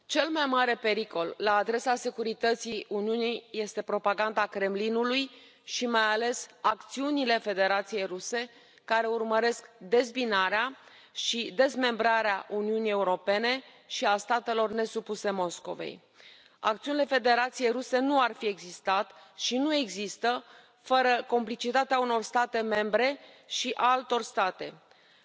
cel mai mare pericol la adresa securității uniunii este propaganda kremlinului și mai ales acțiunile federației ruse care urmăresc dezbinarea și dezmembrarea uniunii europene și a statelor nesupuse moscovei. acțiunile federației ruse nu ar fi existat și nu există fără complicitatea unor state membre și a altor state.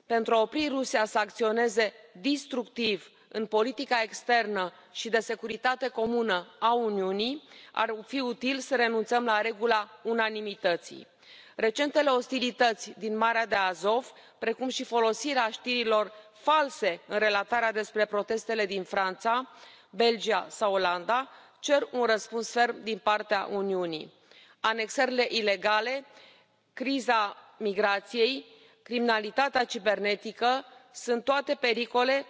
pentru a opri rusia să acționeze destructiv în politica externă și de securitate comună a uniunii ar fi util să renunțăm la regula unanimității. recentele ostilități din marea de azov precum și folosirea știrilor false în relatarea despre protestele din franța belgia sau olanda cer un răspuns ferm din partea uniunii. anexările ilegale criza migrației criminalitatea cibernetică sunt toate pericole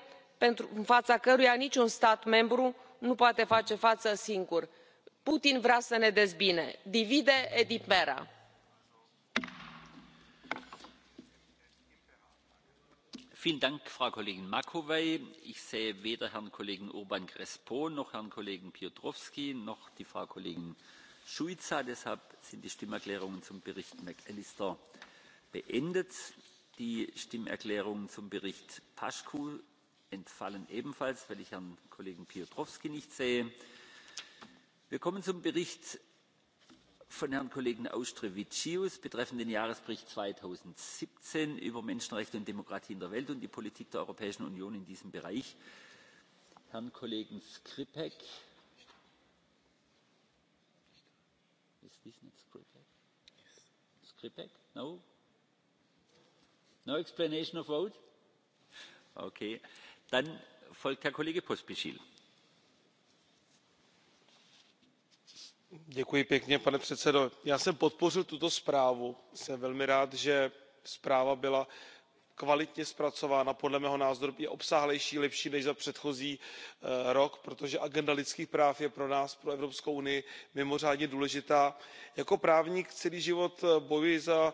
în fața căruia niciun stat membru nu poate face față singur. putin vrea să ne dezbine divide et frau kollegin macovei! ich sehe weder herrn kollegen urban crespo noch herrn kollegen piotrowski noch die frau kollegin uica deshalb sind die stimmerklärungen zum bericht mcallister beendet. die stimmerklärungen zum bericht pacu entfallen ebenfalls weil ich herrn kollegen piotrowski nicht sehe. wir kommen zum bericht von herrn kollegen autreviius betreffend den jahresbericht zweitausendsiebzehn über menschenrechte und demokratie in der welt und die politik der europäischen union in diesem bereich. herrn kollegen skripek No? No explanation of vote? Okay dann volker herr kollege pospil. Pěkně, pane předsedající já jsem podpořil tuto zprávu jsem velmi rád že zpráva byla kvalitně zpracována podle mého názoru je obsáhlejší lepší než za předchozí eh, rok protože agenda lidských práv je pro nás pro evropskou unii mimořádně důležitá. jako právník celý život eh, bojuji za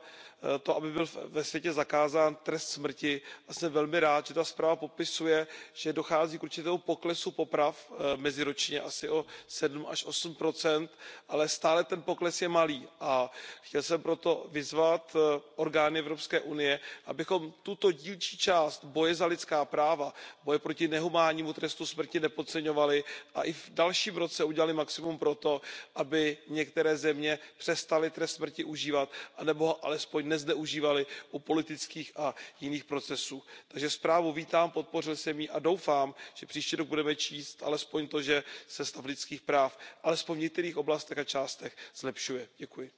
eh, to aby byl ve světě zakázán trest smrti a jsem velmi rád že ta zpráva popisuje že dochází k určitému poklesu poprav meziročně asi o seven až 8%, ale stále ten pokles je malý a chtěl jsem proto vyzvat orgány evropské unie abychom tuto dílčí část boje za lidská práva boje proti nehumánnímu trestu smrti nepodceňovali a i v dalším roce udělali maximum pro to aby některé země přestaly trest smrti užívat anebo ho alespoň nezneužívaly u politických a jiných procesů. takže zprávu vítám podpořil jsem ji a doufám že příští rok budeme číst alespoň to že se stav lidských práv alespoň v některých oblastech a částech zlepšuje. děkuji.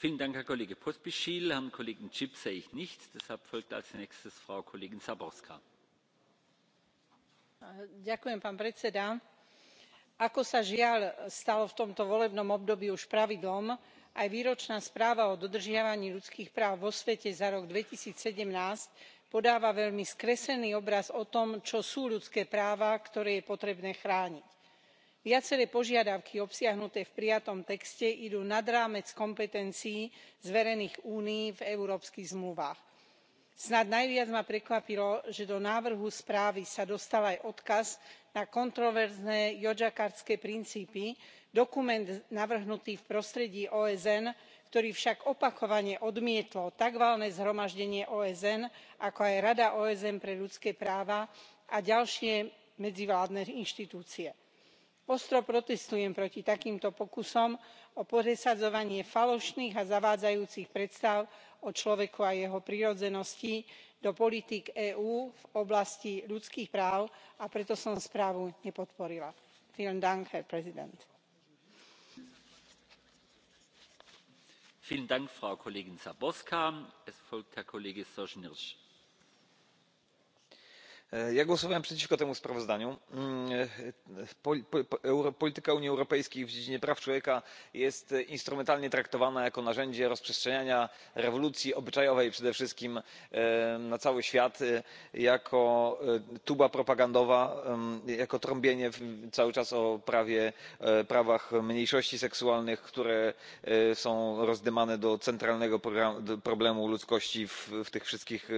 Vielen Dank, Herr Kollege Pospischil. Herrn Kollegen Chip sehe ich nicht. Deshalb folgt als nächstes Frau Kollegin Zaborska. Ďakujem, pán predseda. Ako sa žiaľ stalo v tomto volebnom období už pravidlom, aj výročná správa o dodržiavaní ľudských práv vo svete za rok 2017 thousand and podáva veľmi skresený obraz o tom čo sú ľudské práva ktoré je potrebné chrániť viaceré požiadavky obsiahnuté v prijatom texte idú nad rámec kompetencií zverených únii v európskych zmluvách. Snad najviac ma prekvapilo že do návrhu správy sa dostal aj odkaz na kontroverzné yogyakartské princípy dokument navrhnutý v prostredí osn ktorý však opakovane odmietlo tak valné zhromaždenie osn ako aj rada osn pre ľudské práva a ďalšie medzivládne inštitúcie ostro protestujem proti takýmto pokusom o presadzovanie falošných a zavádzajúcich predstav o človeku a jeho prirodzenosti do politík eú v oblasti ľudských práv a preto som správu nepodporila. vielen dank herr E, ja głosowałem przeciwko temu sprawozdaniu. Mm, e, e, polityka unii europejskiej w dziedzinie praw człowieka jest instrumentalnie traktowana jako narzędzie rozprzestrzeniania rewolucji obyczajowej przede wszystkim na cały świat jako tuba propagandowa jako trąbienie cały czas o prawach mniejszości seksualnych które są rozdymane do centralnego problemu ludzkości w tych wszystkich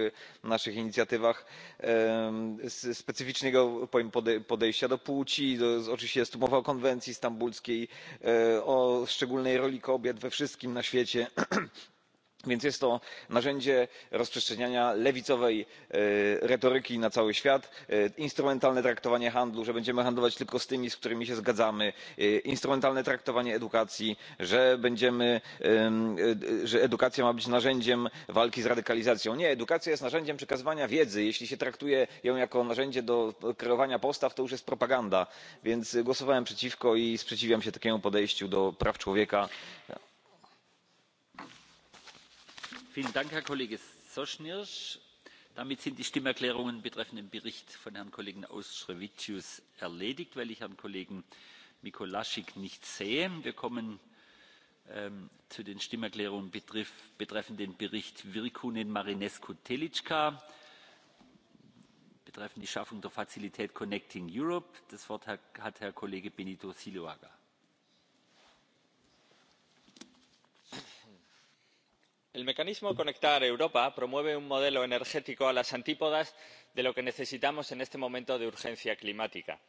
naszych inicjatywach specyficznego podejścia do płci oczywiście jest mowa o konwencji stambulskiej e, o szczególnej roli kobiet we wszystkim na świecie *clears throat* więc jest to narzędzie rozprzestrzeniania lewicowej e, retoryki na cały świat e, instrumentalne traktowanie handlu że będziemy handlować tylko z tymi z którymi się zgadzamy e, instrumentalne traktowanie edukacji że edukacja ma być narzędziem walki z radykalizacją. nie edukacja jest narzędziem przekazywania wiedzy jeśli się traktuje ją jako narzędzie do kreowania postaw to już jest propaganda więc głosowałem przeciwko i sprzeciwiam się takiemu podejściu do praw człowieka. Vielen Dank, Herr Kollege Soschnirsch. Damit sind die Stimmerklärungen betreffend den Bericht von Herrn Kollegen Auschewitschus erledigt, weil ich Herrn Kollegen Mikolaschik nicht sehe. Wir kommen ähm, zu den Stimmerklärungen betreffenden betreffend den Bericht Virkunen Marinescu Telitschka betreffend die Schaffung der Fazilität Connecting Europe. Das Wort hat Herr Kollege Benito Siloaga. el mecanismo conectar europa promueve un modelo energético a las antípodas de lo que necesitamos en este momento de urgencia climática.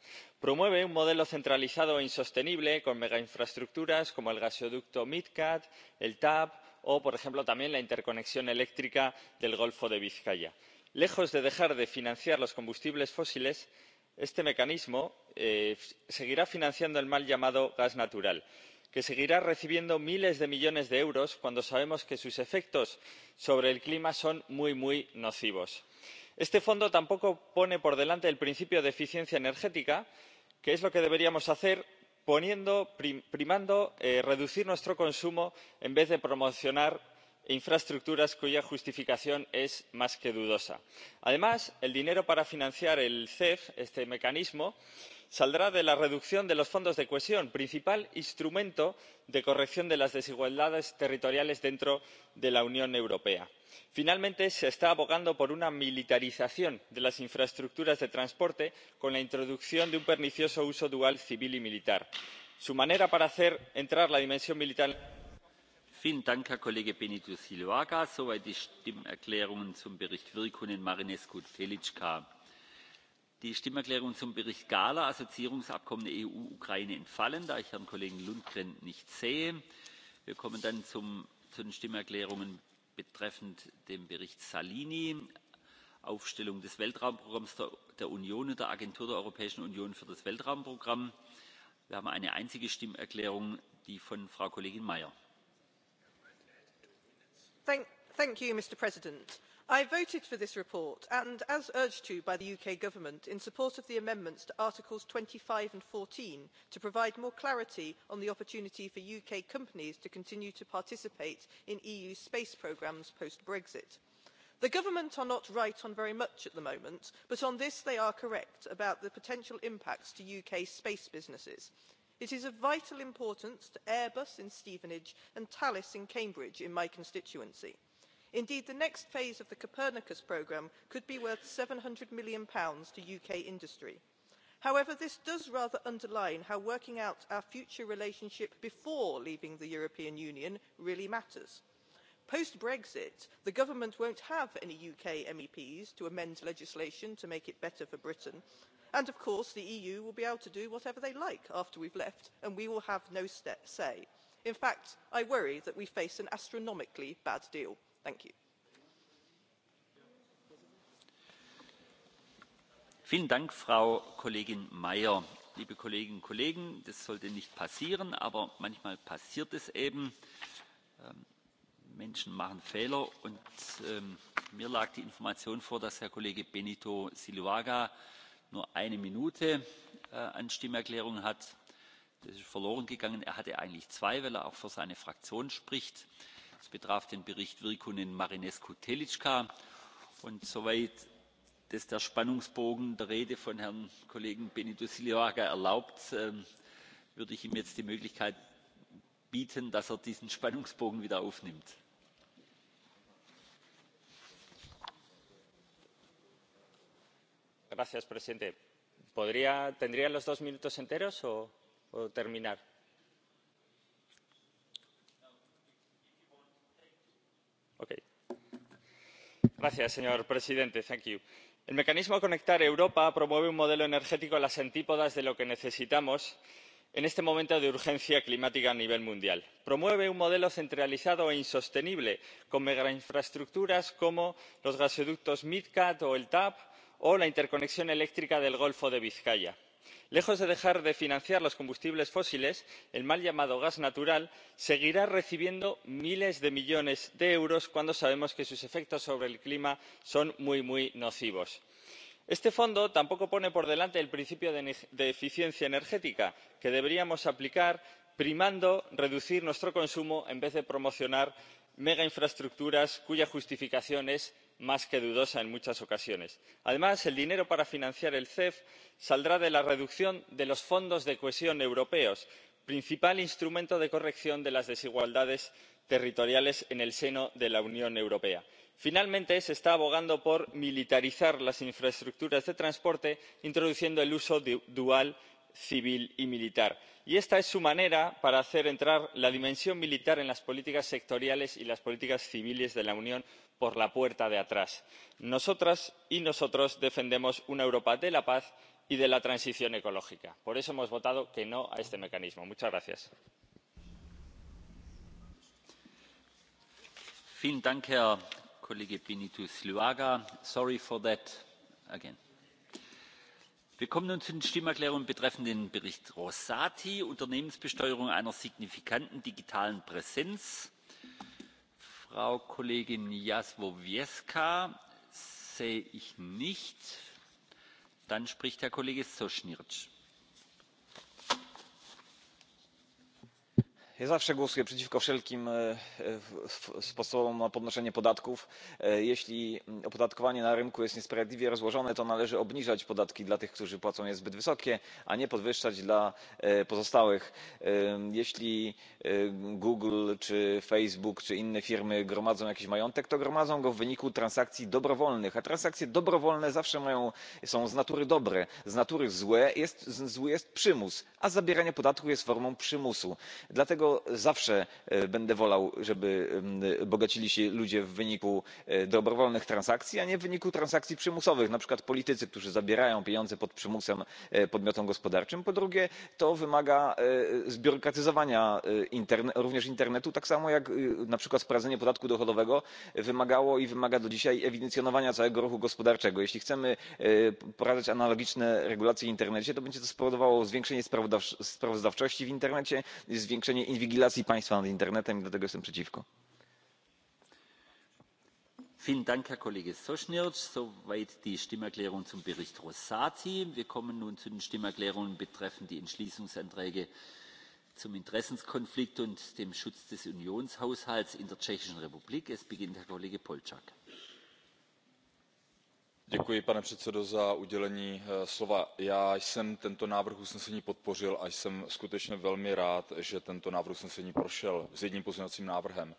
promueve un modelo centralizado e insostenible con megainfraestructuras como el gasoducto midcat el tap o por ejemplo también la interconexión eléctrica del golfo de vizcaya. lejos de dejar de financiar los combustibles fósiles este mecanismo eh, seguirá financiando el mal llamado gas natural que seguirá recibiendo miles de millones de euros cuando sabemos que sus efectos sobre el clima son muy muy nocivos. este fondo tampoco pone por delante el principio de eficiencia energética que es lo que deberíamos hacer primando eh, reducir nuestro consumo en vez de promocionar infraestructuras cuya justificación es más que dudosa. además el dinero para financiar el mec e este mecanismo saldrá de la reducción de los fondos de cohesión principal instrumento de corrección de las desigualdades territoriales dentro de la unión europea. finalmente se está abogando por una militarización de las infraestructuras de transporte con la introducción de un pernicioso uso dual civil y militar. su manera para hacer entrar la dimensión militar en la benito die stimmerklärung zum bericht gahler assoziierungsabkommen eu ukraine entfallen da ich herrn kollegen lundgren nicht sehe. wir kommen dann zu den stimmerklärungen betreffend den bericht salini aufstellung des weltraumprogramms der union und der agentur der europäischen union für das weltraumprogramm. wir haben eine einzige stimmerklärung die von frau kollegin meyer. mr president i voted for this report and as urged to by the uk government in support of the amendments to articles twenty five and fourteen to provide more clarity on the opportunity for uk companies to continue to participate in eu space programmes post brexit. the government are not right on very much at the moment but on this they are correct about the potential impacts to uk space businesses. it is of vital importance to airbus in stevenage and thales in cambridge in my constituency indeed the next phase of the copernicus programme could be worth gbp seven hundred million to uk industry. however this does rather underline how working out our future relationship before leaving the european union really matters. post brexit the government won't have any uk meps to amend legislation to make it better for britain and of course the eu will be able to do whatever they like after we've left and we will have no say. in fact i worry that we face an astronomically bad deal. Vielen Dank, Frau Kollegin Mayer. Liebe Kolleginnen und Kollegen, das sollte nicht passieren, aber manchmal passiert es eben. Ähm, Menschen machen Fehler und ähm, mir lag die Information vor, dass Herr Kollege Benito Siluaga nur eine Minute äh, an Stimmerklärung hat. Das ist verloren gegangen. Er hatte eigentlich zwei, weil er auch für seine Fraktion spricht es betraf den bericht virkkunen marinescu telika und soweit es der spannungsbogen der rede von herrn kollegen benito ziliaga erlaubt ähm, würde ich ihm jetzt die möglichkeit bieten dass er diesen spannungsbogen wieder aufnimmt. señor tendría los minutos enteros o terminar? señor presidente el mecanismo conectar europa promueve un modelo energético a las antípodas de lo que necesitamos en este momento de urgencia climática a nivel mundial. promueve un modelo centralizado e insostenible con megainfraestructuras como los gasoductos midcat o el tap o la interconexión eléctrica del golfo de vizcaya lejos de dejar de financiar los combustibles fósiles el mal llamado gas natural seguirá recibiendo miles de millones de euros cuando sabemos que sus efectos sobre el clima son muy muy nocivos. este fondo tampoco pone por delante el principio de eficiencia energética que deberíamos aplicar primando reducir nuestro consumo en vez de promocionar megainfraestructuras cuya justificación es más que dudosa en muchas ocasiones. además el dinero para financiar el CEF saldrá de la reducción de los fondos de cohesión europeos principal instrumento de corrección de las desigualdades territoriales en el seno de la unión europea. finalmente se está abogando por militarizar las infraestructuras de transporte introduciendo el uso dual civil y militar y esta es su manera de hacer entrar la dimensión militar en las políticas sectoriales y las políticas civiles de la unión por la puerta de atrás. nosotras y nosotros defendemos una europa de la paz y de la transición ecológica. por eso hemos votado que no a este mecanismo. muchas gracias. vielen dank herr kollege benito zuluaga sorry for that again. wir kommen nun zu den stimmerklärungen betreffend den bericht rosati unternehmensbesteuerung einer signifikanten digitalen präsenz. frau kollegin jazłowiecka sehe ich nicht dann spricht herr kollege sonik. ja zawsze głosuję przeciwko wszelkim e, e, sposobom na podnoszenie podatków. E, jeśli opodatkowanie na rynku jest niesprawiedliwie rozłożone to należy obniżać podatki dla tych którzy płacą je zbyt wysokie a nie podwyższać dla pozostałych. jeśli google czy facebook czy inne firmy gromadzą jakiś majątek to gromadzą go w wyniku transakcji dobrowolnych a transakcje dobrowolne zawsze są z natury dobre z natury złe zły jest przymus a zabieranie podatku jest formą przymusu. dlatego dlatego zawsze e, będę wolał żeby mm, bogacili się ludzie w wyniku e, dobrowolnych transakcji a nie w wyniku transakcji przymusowych na przykład politycy którzy zabierają pieniądze pod przymusem e, podmiotom gospodarczym. po drugie to wymaga zbiurokratyzowania również internetu tak samo jak na przykład wprowadzenie podatku dochodowego wymagało i wymaga do dzisiaj ewidencjonowania całego ruchu gospodarczego. jeśli chcemy wprowadzać analogiczne regulacje w internecie to będzie to spowodowało zwiększenie sprawozdawczości w internecie zwiększenie inwigilacji państwa nad internetem i dlatego jestem przeciwko. Vielen Dank, Herr Kollege Sosnierz. Soweit die Stimmerklärung zum Bericht Rosati. Wir kommen nun zu den Stimmerklärungen betreffend die Entschließungsanträge zum Interessenskonflikt und dem Schutz des Unionshaushalts in der Tschechischen Republik. Es beginnt Herr Kollege Polčák pane předsedající eh, já jsem tento návrh usnesení podpořil a jsem skutečně velmi rád že tento návrh usnesení prošel s jedním pozměňovacím návrhem.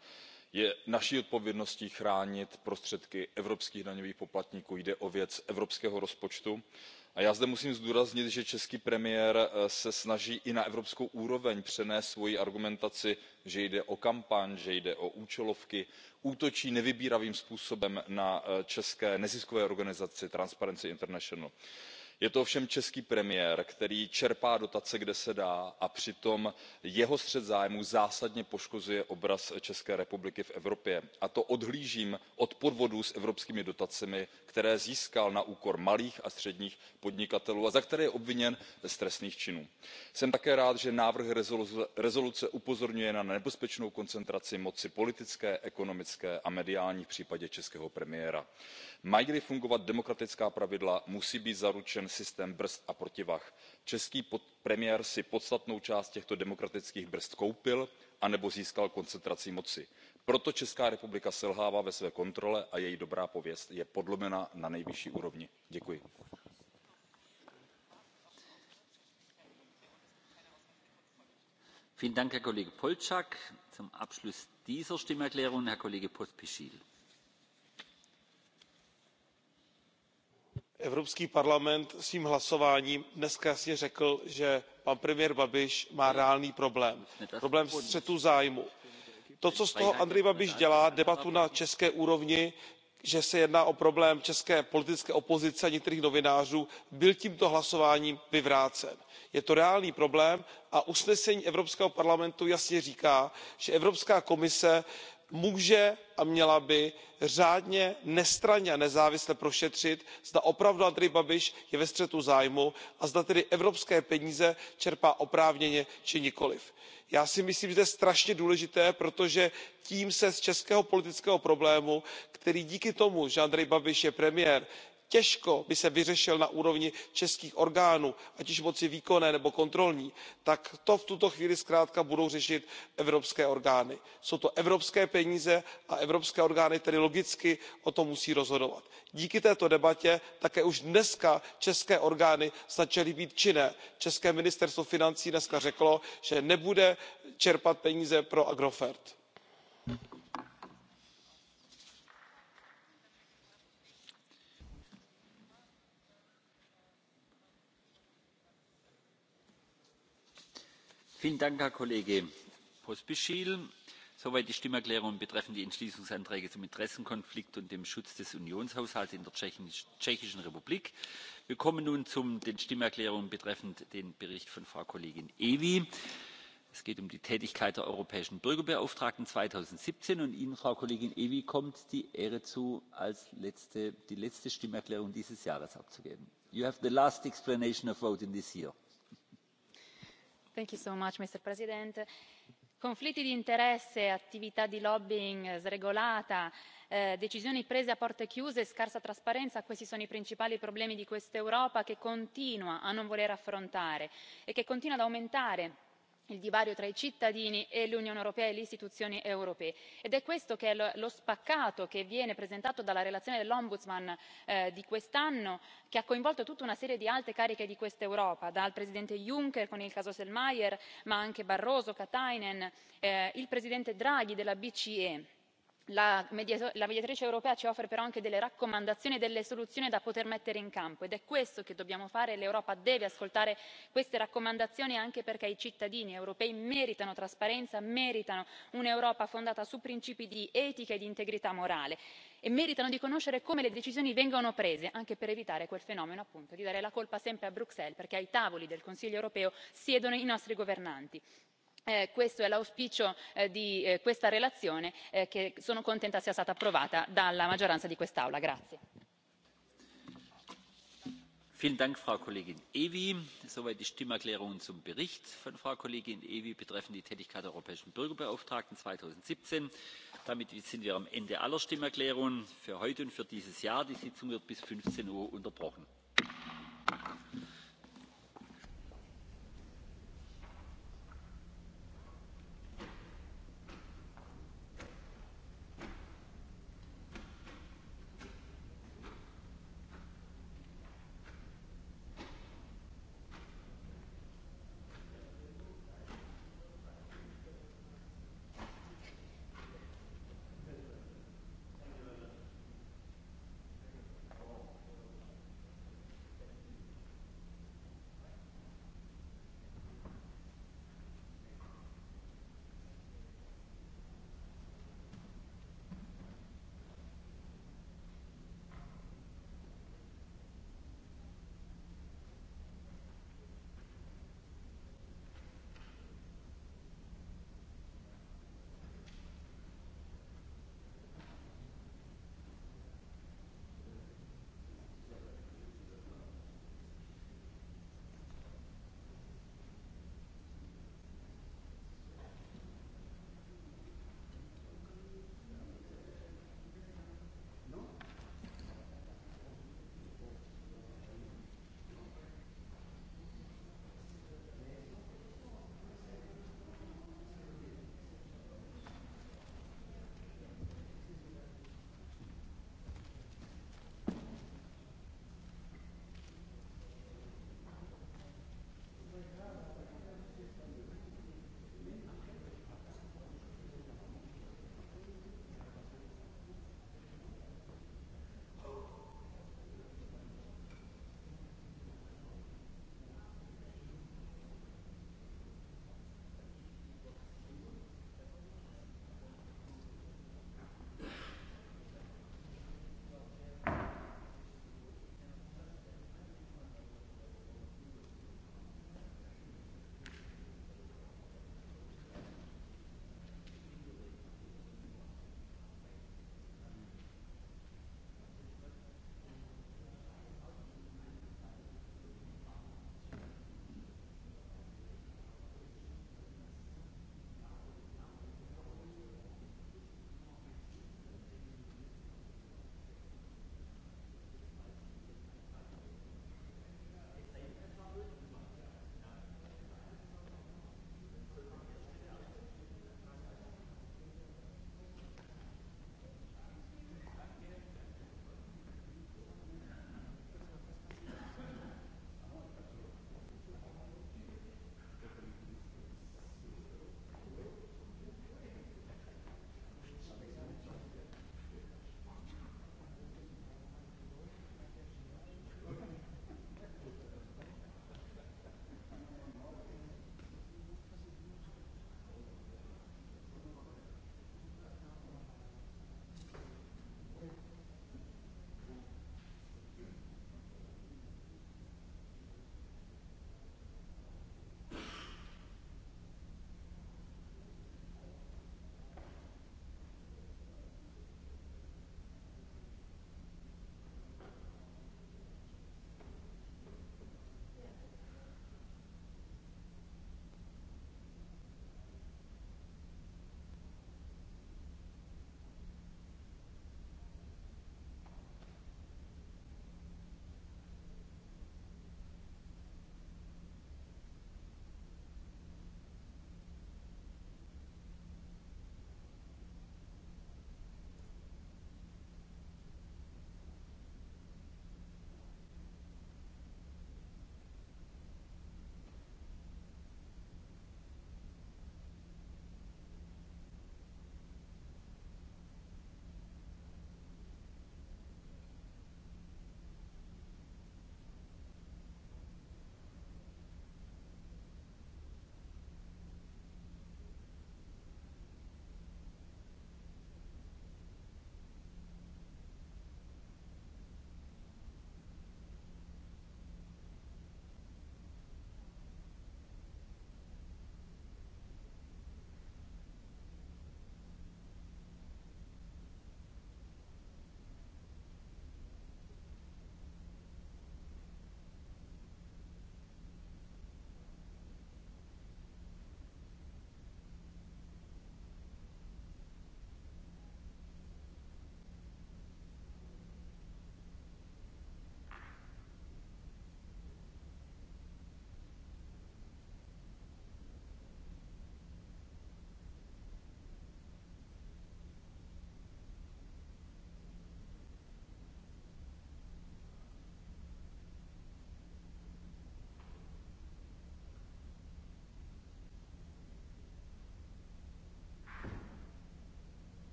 je naší odpovědností chránit prostředky evropských daňových poplatníků jde o věc evropského rozpočtu já zde musím zdůraznit že český premiér eh, se snaží i na evropskou úroveň přenést svoji argumentaci že jde o kampaň že jde o účelovky útočí nevybíravým způsobem na eh, české neziskové organizaci transparency international je to ovšem český premiér který čerpá dotace kde se dá a přitom jeho střet zájmů zásadně poškozuje obraz české republiky v evropě a to odhlížím od podvodů s evropskými dotacemi které získal na úkor malých a středních podnikatelů a za které je obviněn z trestných činů. jsem také rád že návrh rezoluce upozorňuje na nebezpečnou koncentraci moci politické ekonomické a mediální v případě českého premiéra. mají li fungovat demokratická pravidla musí být zaručena ten systém brzd a protivah. český premiér si podstatnou část těchto demokratických brzd koupil anebo získal koncentrací moci. proto česká republika selhává ve své kontrole a její dobrá pověst je podlomena na nejvyšší úrovni. děkuji. evropský parlament svým hlasováním dnes jasně řekl že pan premiér babiš má reálný problém problém střetu zájmů. to co z toho andrej babiš dělá debatu na české úrovni že se jedná o problém české politické opozice a některých novinářů byl tímto hlasováním vyvrácen. je to reálný problém a usnesení evropského parlamentu jasně říká že evropská komise může a měla by řádně nestranně a nezávisle prošetřit zda opravdu andrej babiš je ve střetu zájmů a zda tedy evropské peníze čerpá oprávněně či nikoliv. já si myslím že to je strašně důležité protože tím se z českého politického problému který díky tomu že andrej babiš je premiér těžko by se vyřešil na úrovni českých orgánů ať již moci výkonné nebo kontrolní tak to v tuto chvíli zkrátka budou řešit evropské orgány. jsou to evropské peníze a evropské orgány tedy logicky o tom musí rozhodovat. díky této debatě také už dneska české orgány začaly být činné. české ministerstvo financí dneska řeklo že nebude čerpat peníze pro agrofert. vielen dank herr kollege pospil! soweit die stimmerklärungen betreffen die entschließungsanträge zum interessenkonflikt und dem schutz des unionshaushalts in der tschechischen republik. wir kommen nun zu den stimmerklärungen betreffend den bericht von frau kollegin Ewi. es geht um die tätigkeit der europäischen bürgerbeauftragten zweitausendsiebzehn und ihnen frau kollegin Ewi, kommt die ehre zu als die letzte stimmerklärung dieses jahres abzugeben. you have the last explanation of vote in this year. Signor onorevoli colleghi, conflitti di interesse attività di lobbying sregolata eh, decisioni prese a porte chiuse e scarsa trasparenza questi sono i principali problemi di quest'europa che continua a non voler affrontare e che continua ad aumentare il divario tra i cittadini e l'unione europea e le istituzioni europee ed è questo che è lo spaccato che viene presentato dalla relazione dell'ombudsman eh, di quest'anno che ha coinvolto tutta una serie di alte cariche di quest'europa dal presidente juncker con il caso selmayr ma anche barroso katainen eh, il presidente draghi della bce la mediatrice europea ci offre però anche delle raccomandazioni e delle soluzioni da poter mettere in campo ed è questo che dobbiamo fare l'europa deve ascoltare queste raccomandazioni anche perché i cittadini europei meritano trasparenza meritano un'europa fondata su principi di etica e di integrità morale e meritano di conoscere come le decisioni vengono prese anche per evitare quel fenomeno appunto di dare la colpa sempre a bruxelles perché ai tavoli del consiglio europeo siedono i nostri governanti. Eh, questo è l'auspicio eh, di eh, questa relazione che sono contenta sia stata approvata dalla maggioranza di quest'aula. frau kollegin evi soweit die stimmerklärungen zum bericht von frau kollegin evi betreffend die tätigkeit der europäischen bürgerbeauftragten. 2017. damit sind wir am ende aller stimmerklärungen für heute und für dieses jahr. die sitzung wird bis. fünfzehn uhr unterbrochen.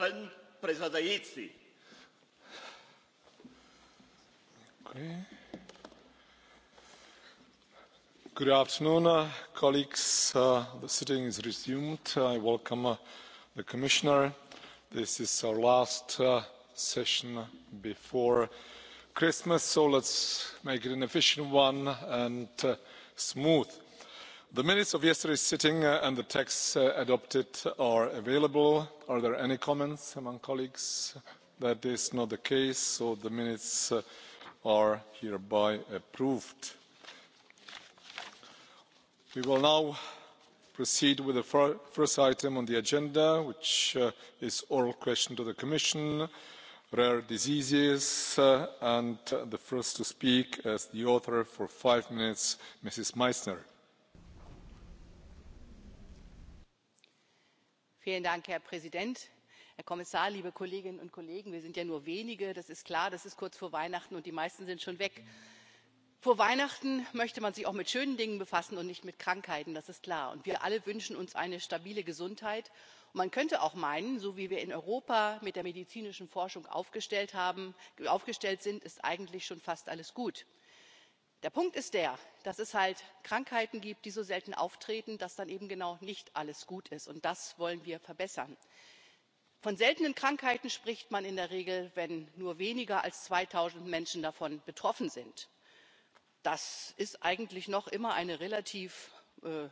pan good afternoon uh, colleagues. Uh, the sitting is resumed. i welcome uh, the commissioner. this is our last session before christmas so let's make it an efficient one and smooth the minutes of yesterday's sitting uh, and the texts uh, adopted are available. are there any comments among colleagues? that is not the case so the minutes uh, are hereby approved. we will now proceed with the first item on the agenda which is oral question to the commission rare diseases and the first to speak as the author for five minutes Ms meissner. herr präsident herr kommissar liebe kolleginnen und kollegen! wir sind ja nur wenige das ist klar das ist kurz vor weihnachten und die meisten sind schon weg. vor weihnachten möchte man sich auch mit schönen dingen befassen und nicht mit krankheiten das ist klar und wir alle wünschen uns eine stabile gesundheit. man könnte auch meinen so wie wir in europa mit der medizinischen forschung aufgestellt sind ist eigentlich schon fast alles gut der punkt ist der dass es halt krankheiten gibt die so selten auftreten dass dann eben genau nicht alles gut ist und das wollen wir verbessern. von seltenen krankheiten spricht man in der regel wenn nur weniger als zwei null menschen davon betroffen sind. das ist eigentlich noch immer eine relativ äh,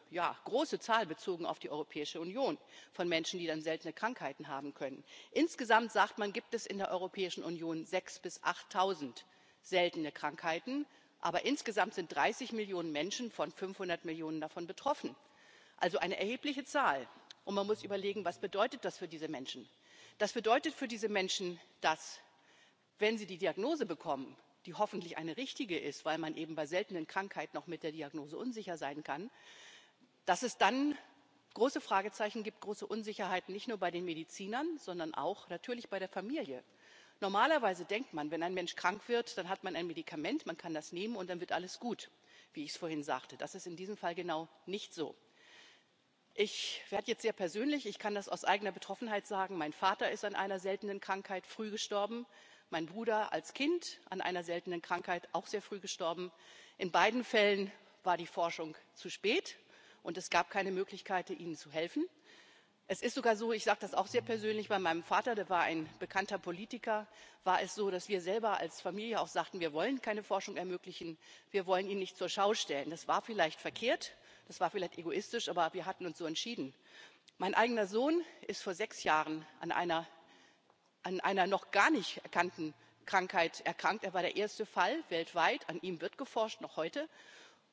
große zahl bezogen auf die europäische union von menschen die dann seltene krankheiten haben können. insgesamt sagt man gibt es in der europäischen union sechs bis acht null seltene krankheiten aber insgesamt sind dreißig millionen menschen von fünfhundert millionen davon betroffen also eine erhebliche zahl und man muss überlegen was bedeutet das für diese menschen? das bedeutet für diese menschen dass wenn sie die diagnose bekommen die hoffentlich eine richtige ist weil man eben bei seltenen krankheiten auch mit der diagnose unsicher sein kann dass es dann große fragezeichen gibt große unsicherheiten nicht nur bei den medizinern sondern auch natürlich bei der familie normalerweise denkt man wenn ein mensch krank wird dann hat man ein medikament man kann das nehmen und dann wird alles gut wie ich es vorhin sagte. das ist in diesem fall genau nicht so. ich werde jetzt sehr persönlich ich kann das aus eigener betroffenheit sagen mein vater ist an einer seltenen krankheit früh gestorben mein bruder als kind an einer seltenen krankheit auch sehr früh gestorben. in beiden fällen war die forschung zu spät und es gab keine möglichkeit ihnen zu helfen es ist sogar so ich sage das auch sehr persönlich bei meinem vater der war ein bekannter politiker war es so dass wir selber als familie auch sagten wir wollen keine forschung ermöglichen wir wollen ihn nicht zur schau stellen. das war vielleicht verkehrt das war vielleicht egoistisch aber wir hatten uns so entschieden. mein eigener sohn ist vor sechs jahren an einer noch gar nicht erkannten krankheit erkrankt er war der erste fall weltweit an ihm wird geforscht noch heute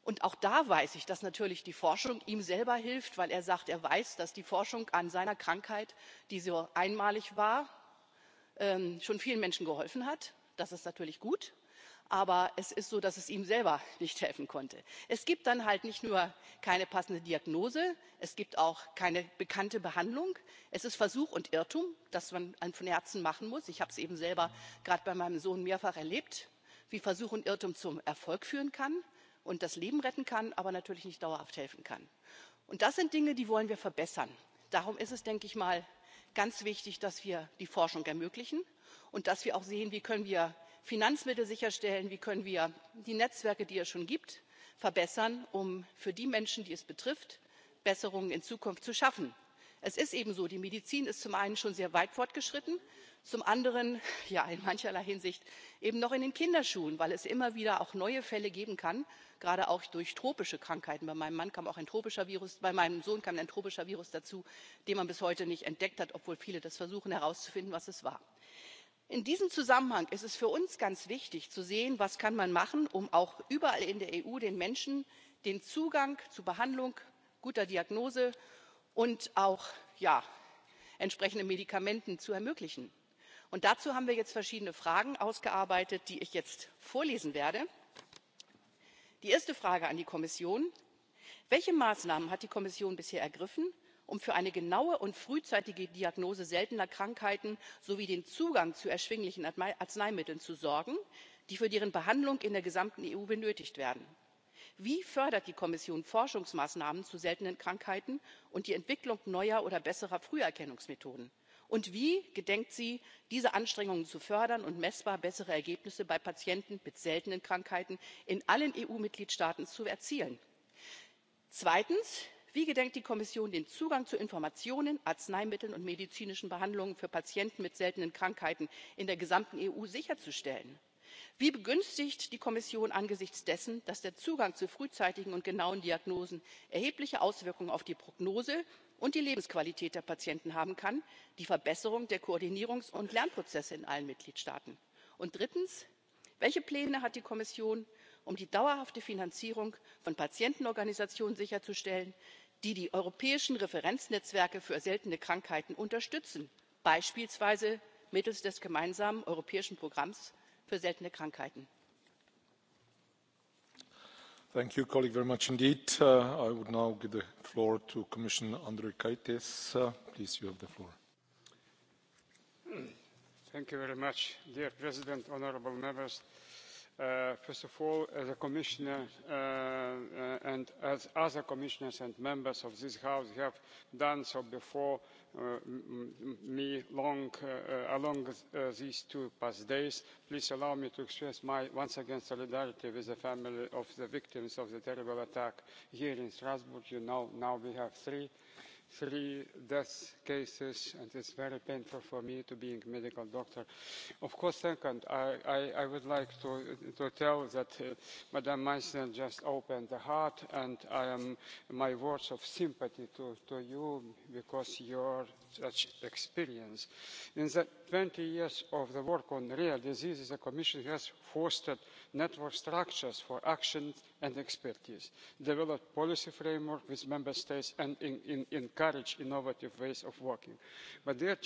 und auch da weiß ich dass natürlich die forschung ihm selber hilft weil er sagt er weiß dass die forschung an seiner krankheit die so einmalig war ähm, schon vielen menschen geholfen hat das ist natürlich gut aber es ist so dass es ihm selber nicht helfen konnte. es gibt dann halt nicht nur keine passende diagnose es gibt auch keine bekannte behandlung es ist versuch und irrtum das man von Herzen machen muss ich habe es eben selber gerade bei meinem sohn mehrfach erlebt wie versuch und irrtum zum erfolg führen kann und das leben retten kann aber natürlich nicht dauerhaft helfen kann. das sind dinge die wollen wir verbessern. darum ist es ganz wichtig dass wir die forschung ermöglichen und dass wir auch sehen wie können wir finanzmittel sicherstellen wie können wir die netzwerke die es schon gibt verbessern um für die menschen die es betrifft besserungen in zukunft zu schaffen es ist eben so die medizin ist zum einen schon sehr weit fortgeschritten zum anderen *laughs* ja in mancherlei hinsicht eben noch in den kinderschuhen weil es immer wieder auch neue fälle geben kann gerade auch durch tropische krankheiten bei meinem Mann kam auch ein tropischer Virus, bei meinem sohn kam ein tropischer virus dazu den man bis heute nicht entdeckt hat obwohl viele versuchen herauszufinden was es war. in diesem zusammenhang ist es für uns ganz wichtig zu sehen was kann man machen um auch überall in der eu den menschen den zugang zu behandlung guter diagnose und auch entsprechende medikamente zu ermöglichen. Und dazu haben wir jetzt verschiedene fragen ausgearbeitet die ich jetzt vorlesen werde. die erste frage an die kommission welche maßnahmen hat die kommission bisher ergriffen um für eine genaue und frühzeitige diagnose seltener krankheiten sowie den zugang zu erschwinglichen arzneimitteln zu sorgen die für deren behandlung in der gesamten eu benötigt werden? wie fördert die kommission forschungsmaßnahmen zu seltenen krankheiten und die entwicklung neuer oder besserer früherkennungsmethoden und wie gedenkt sie diese anstrengungen zu fördern und messbar bessere ergebnisse bei patienten mit seltenen krankheiten in allen eu mitgliedstaaten zu erzielen? zweitens wie gedenkt die kommission den zugang zu informationen arzneimitteln und medizinischen behandlungen für patienten mit seltenen krankheiten in der gesamten eu sicherzustellen? wie begünstigt die kommission angesichts dessen dass der zugang zu frühzeitigen und genauen diagnosen erhebliche auswirkungen auf die prognose und die lebensqualität der patienten haben kann die verbesserung der koordinierungs und lernprozesse in allen mitgliedstaaten? und drittens welche pläne hat die kommission um die dauerhafte finanzierung von patientenorganisationen sicherzustellen die die europäischen referenznetzwerke für seltene krankheiten unterstützen beispielsweise mittels des gemeinsamen europäischen programms für seltene krankheiten. Thank you, colleague, very much indeed. Uh, I would now give the floor to Commissioner Andrikaitis. Uh, please, you have the floor. Hmm. Thank you very much, dear President, honourable members Uh, first of all as a commissioner uh, uh, and as other commissioners and members of this house have done so before me long, along these two past days please allow me to express my once again solidarity with the family of the victims of the terrible attack here in strasbourg. you know now we have three three death cases and it's very painful for me to being a medical doctor. Of course, second, I, I, I would like to, to tell that uh, Madam Meissner just opened the heart and I am my words of sympathy to, to you because your such experience. In the twenty years of the work on rare diseases the commission has fostered network structures for action and expertise developed policy frameworks with member states and encouraged innovative ways of working. but dear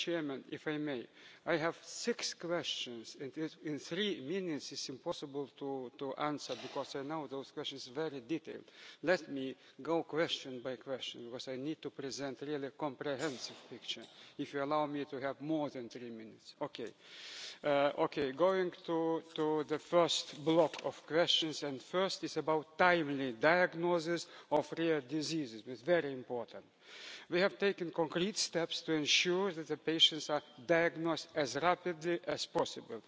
if i may i have six questions and in three minutes is impossible to, to answer because i know those questions very detailed. let me go question by question because i need to present a really comprehensive picture if you allow me to have more than three minutes. Okay. Uh, okay going to, to the first block of questions and first is about timely diagnosis of rare diseases which is very important we have taken concrete steps to ensure that the patients are diagnosed as rapidly as possible.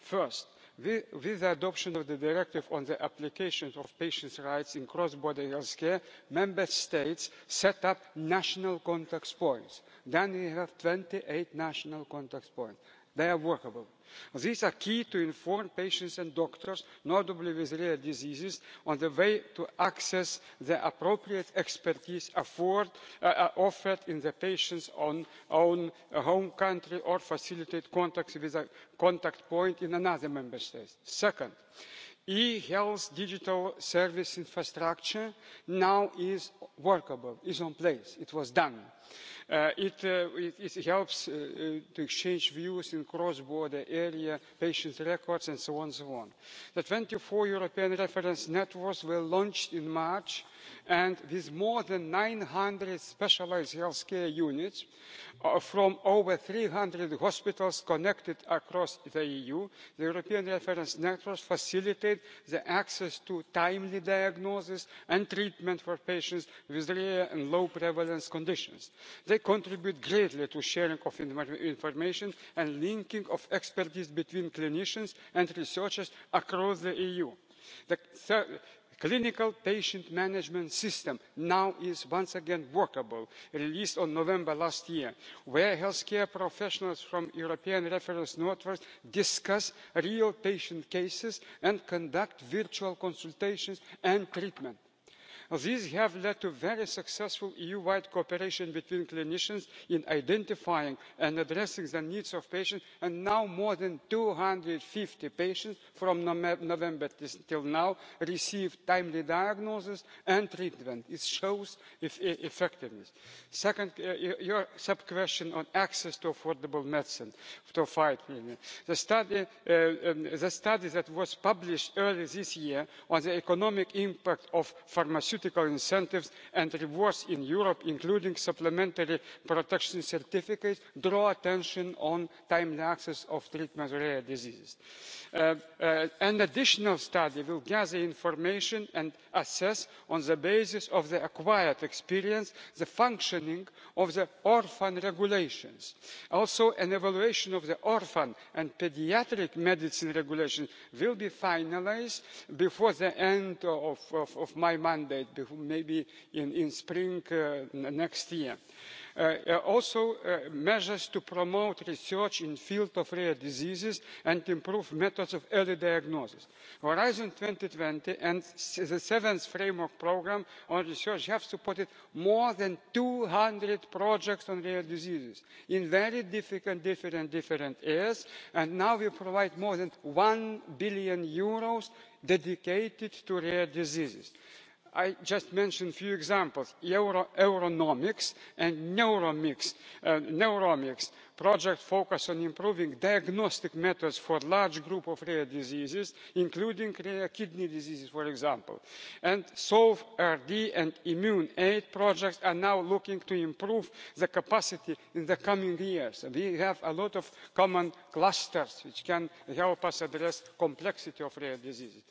first with the adoption of the directive on the application of patients' rights in cross border healthcare member states set up national contact points. then we have twenty eight national contact points. they are workable these are key to inform patients and doctors notably with rare diseases on the way to access the appropriate expertise uh, uh, offered in the patient's own home country or facilitate contacts with a contact point in another member state. second e health digital service infrastructure now is workable is in place it was done. Uh, uh, it helps uh, to exchange views in cross border area patient records and so on. the twenty four european reference networks were launched in march and with more than nine hundred specialised healthcare units uh, from over three hundred hospitals connected across the eu the european reference networks facilitate access to timely diagnosis and treatment for patients with rare and low prevalence conditions. they contribute greatly to sharing of information and linking of expertise between clinicians and researchers across the eu clinical patient management system now is once again workable released in november last year where healthcare professionals from european reference networks discuss real patient cases and conduct virtual consultations and treatment these have led to very successful eu wide cooperation between clinicians in identifying and addressing the needs of patients and now more than two hundred and fifty patients from november until now receive timely diagnosis and treatment. it shows its e-, effectiveness. second uh, your sub question on access to affordable medicine to fight uh, um, the study that was published earlier this year on the economic impact of pharmaceutical incentives and rewards in europe including supplementary protection certificates draw attention to timely access to treatment of rare diseases. Uh, uh, an additional study will gather information and assess on the basis of the acquired experience the functioning of the orphan regulations. also an evaluation of the orphan and pediatric medicine regulations will be finalised before the end of my mandate maybe in, in spring uh, next year. Uh, uh, also measures to promote research in the field of rare diseases and improve methods of early diagnosis. horizon two thousand and twenty and the seventh framework programme on research have supported more than two hundred projects on rare diseases in very different different different areas and now we provide more than eur one billion dedicated to rare diseases i just mentioned a few examples euronomics and neuromics uh, projects focus on improving diagnostic methods for a large group of rare diseases including rare kidney diseases for example and solve rd and immune aid projects are now looking to improve the capacity in the coming years. we have a lot of common clusters which can help us address the complexity of rare diseases.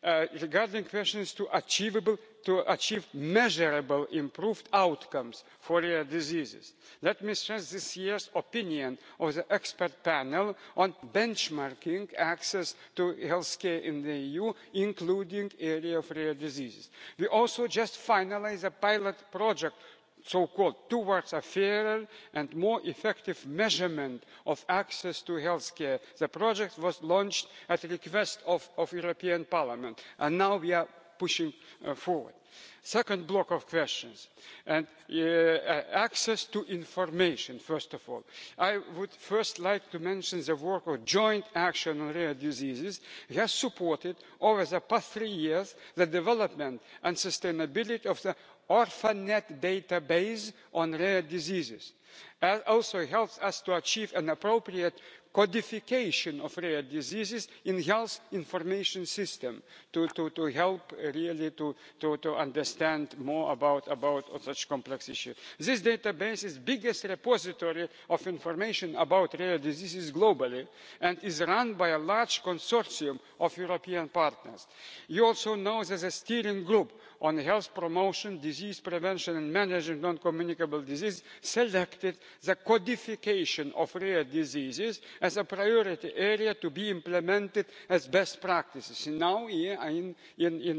Uh, regarding questions to achievable to achieve measurable improved outcomes for rare diseases let me stress this year's opinion of the expert panel on benchmarking access to healthcare in the eu including the area of rare diseases. we also just finalised a pilot project so called towards a fairer and more effective measurement of access to healthcare. the project was launched at the request of the european parliament and now we are pushing uh, forward. second block of questions uh, uh, access to information first of all. i would first like to mention the work of joint action on rare diseases has supported over the past three years the development and sustainability of orphanet database on rare diseases also helps us to achieve an appropriate codification of rare diseases in health information system to help really to understand more about such complex issues. this database is the biggest repository of information about rare diseases globally and is run by a large consortium of european partners. you also know that the steering group on health promotion disease prevention and of non communicable diseases selected the codification of rare diseases as a priority area to be implemented as best practices now in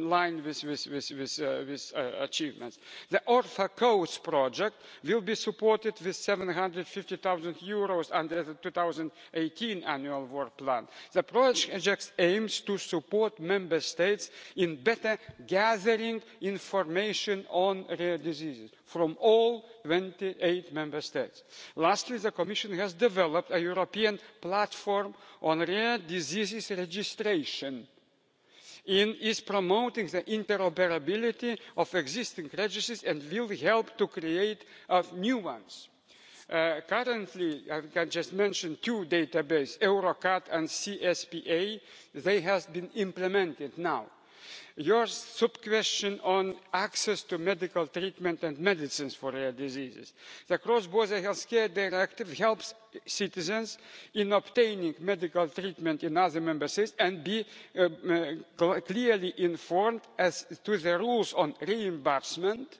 line with uh, uh, achievements. the orfa codes project will be supported with eur seven under the two eighteen annual work plan. the project aims to support member states in better gathering information on rare diseases from all twenty eight member states. lastly the commission has developed a european platform on rare diseases registration and is promoting the interoperability of existing registries and will help to create uh, new ones. Uh, currently i can just mention two databases eurocat and cspa. they have been implemented your sub question on access to medical treatment and medicines for rare diseases the cross border healthcare directive helps citizens in obtaining medical treatment in other member states and be uh, uh, clearly informed as to the rules on reimbursement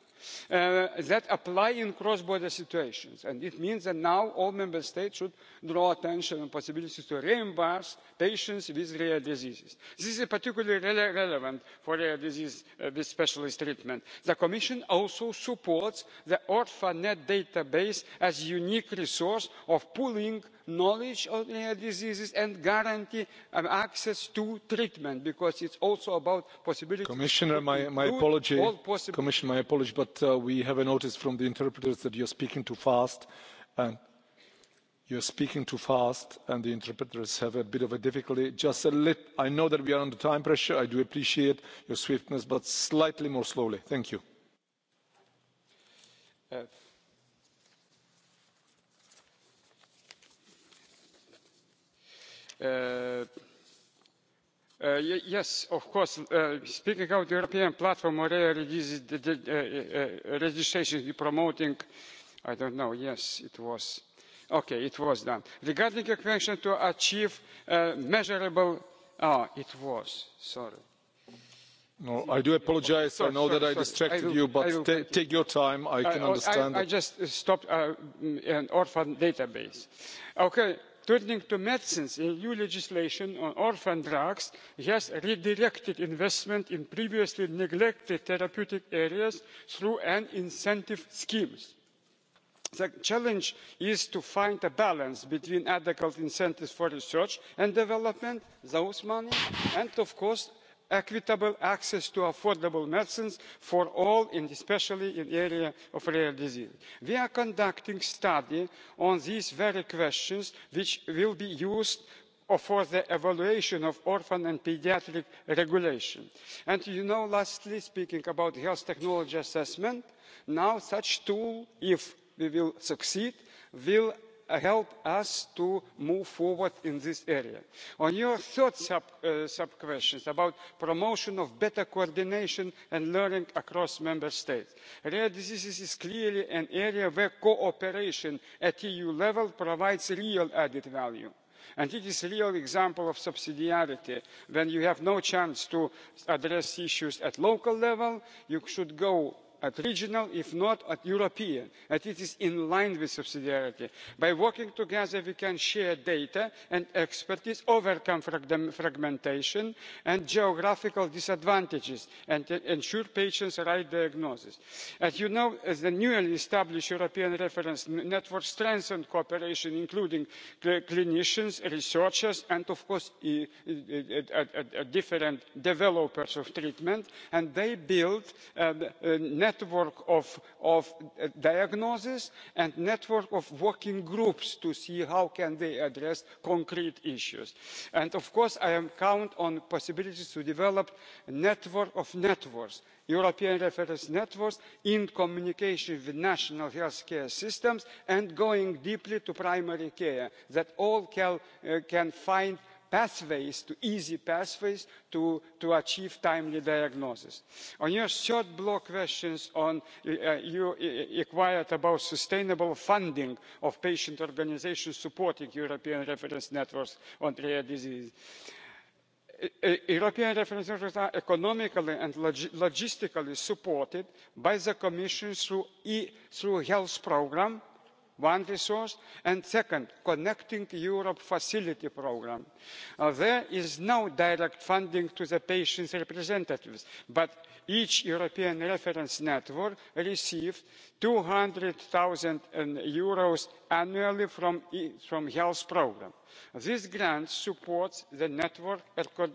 Uh, that apply in cross border situations and it means that now all member states should draw attention on possibilities to reimburse patients with rare diseases. this is particularly relevant for rare diseases uh, with specialist treatment. the commission also supports the orphanet database as a unique resource of pooling knowledge of rare diseases and guarantee um, access to treatment because it's also about possibility Commissioner, my, my apology. Commissioner, my apologies but uh, we have a notice from the interpreters that you're speaking too fast and you're speaking too fast and the interpreters have a bit of a difficulty. Just a little. I know that we are under time pressure. I do appreciate your swiftness, but slightly more slowly. Thank you. Uh, Uh, uh, yes of course uh, speaking about the european platform on rare registration promoting i don't know yes it was okay it was done regarding your question to achieve measurable ah it was sorry no i do apologise i know that i distracted you but take your time i can oh, understand i just stopped an orphan database okay turning to medicines eu legislation on orphan drugs has redirected investment in previously neglected therapeutic areas through an incentive scheme. the challenge is to find a balance between adequate incentives for research and development those monies and of course equitable access to affordable medicines for all and especially in the area of rare disease. we are conducting a study on these very questions which will be used for the evaluation of orphan and paediatric regulation. and you know lastly speaking about health technology assessment now such a tool if we succeed help us to move forward in this area. on your third sub, uh, sub question about promotion of better coordination and learning across member states rare diseases is clearly an area where cooperation at eu level provides real added value and it is a real example of subsidiarity when you have no chance to address issues at local level you should go at regional if not at european and it is in line with subsidiarity. by working together we can share data and expertise overcome fragmentation and geographical disadvantages and ensure patients' right diagnosis. as you know the newly established european reference network strengthens cooperation including clinicians researchers and of course e, e, e, different developers of treatment and they build um, uh, network of uh, diagnosis and a network of working groups to see how they can address concrete issues. and of course i count on the possibility to develop a network of networks european reference networks in communication with national healthcare systems and going deeply to primary care so that all uh, can find pathways to easy pathways to, to achieve timely diagnosis. on your third block questions on uh, you uh, inquired about sustainable funding of patient organisations supporting european reference networks on rare diseases e, e, european reference networks are economically and logistically supported by the commission through e, the health programme one resource and second the connecting europe facility programme. Uh, there is no direct funding to the patients' representatives but each european reference network receives eur two hundred zero um, annually from e, health programme this grant supports the network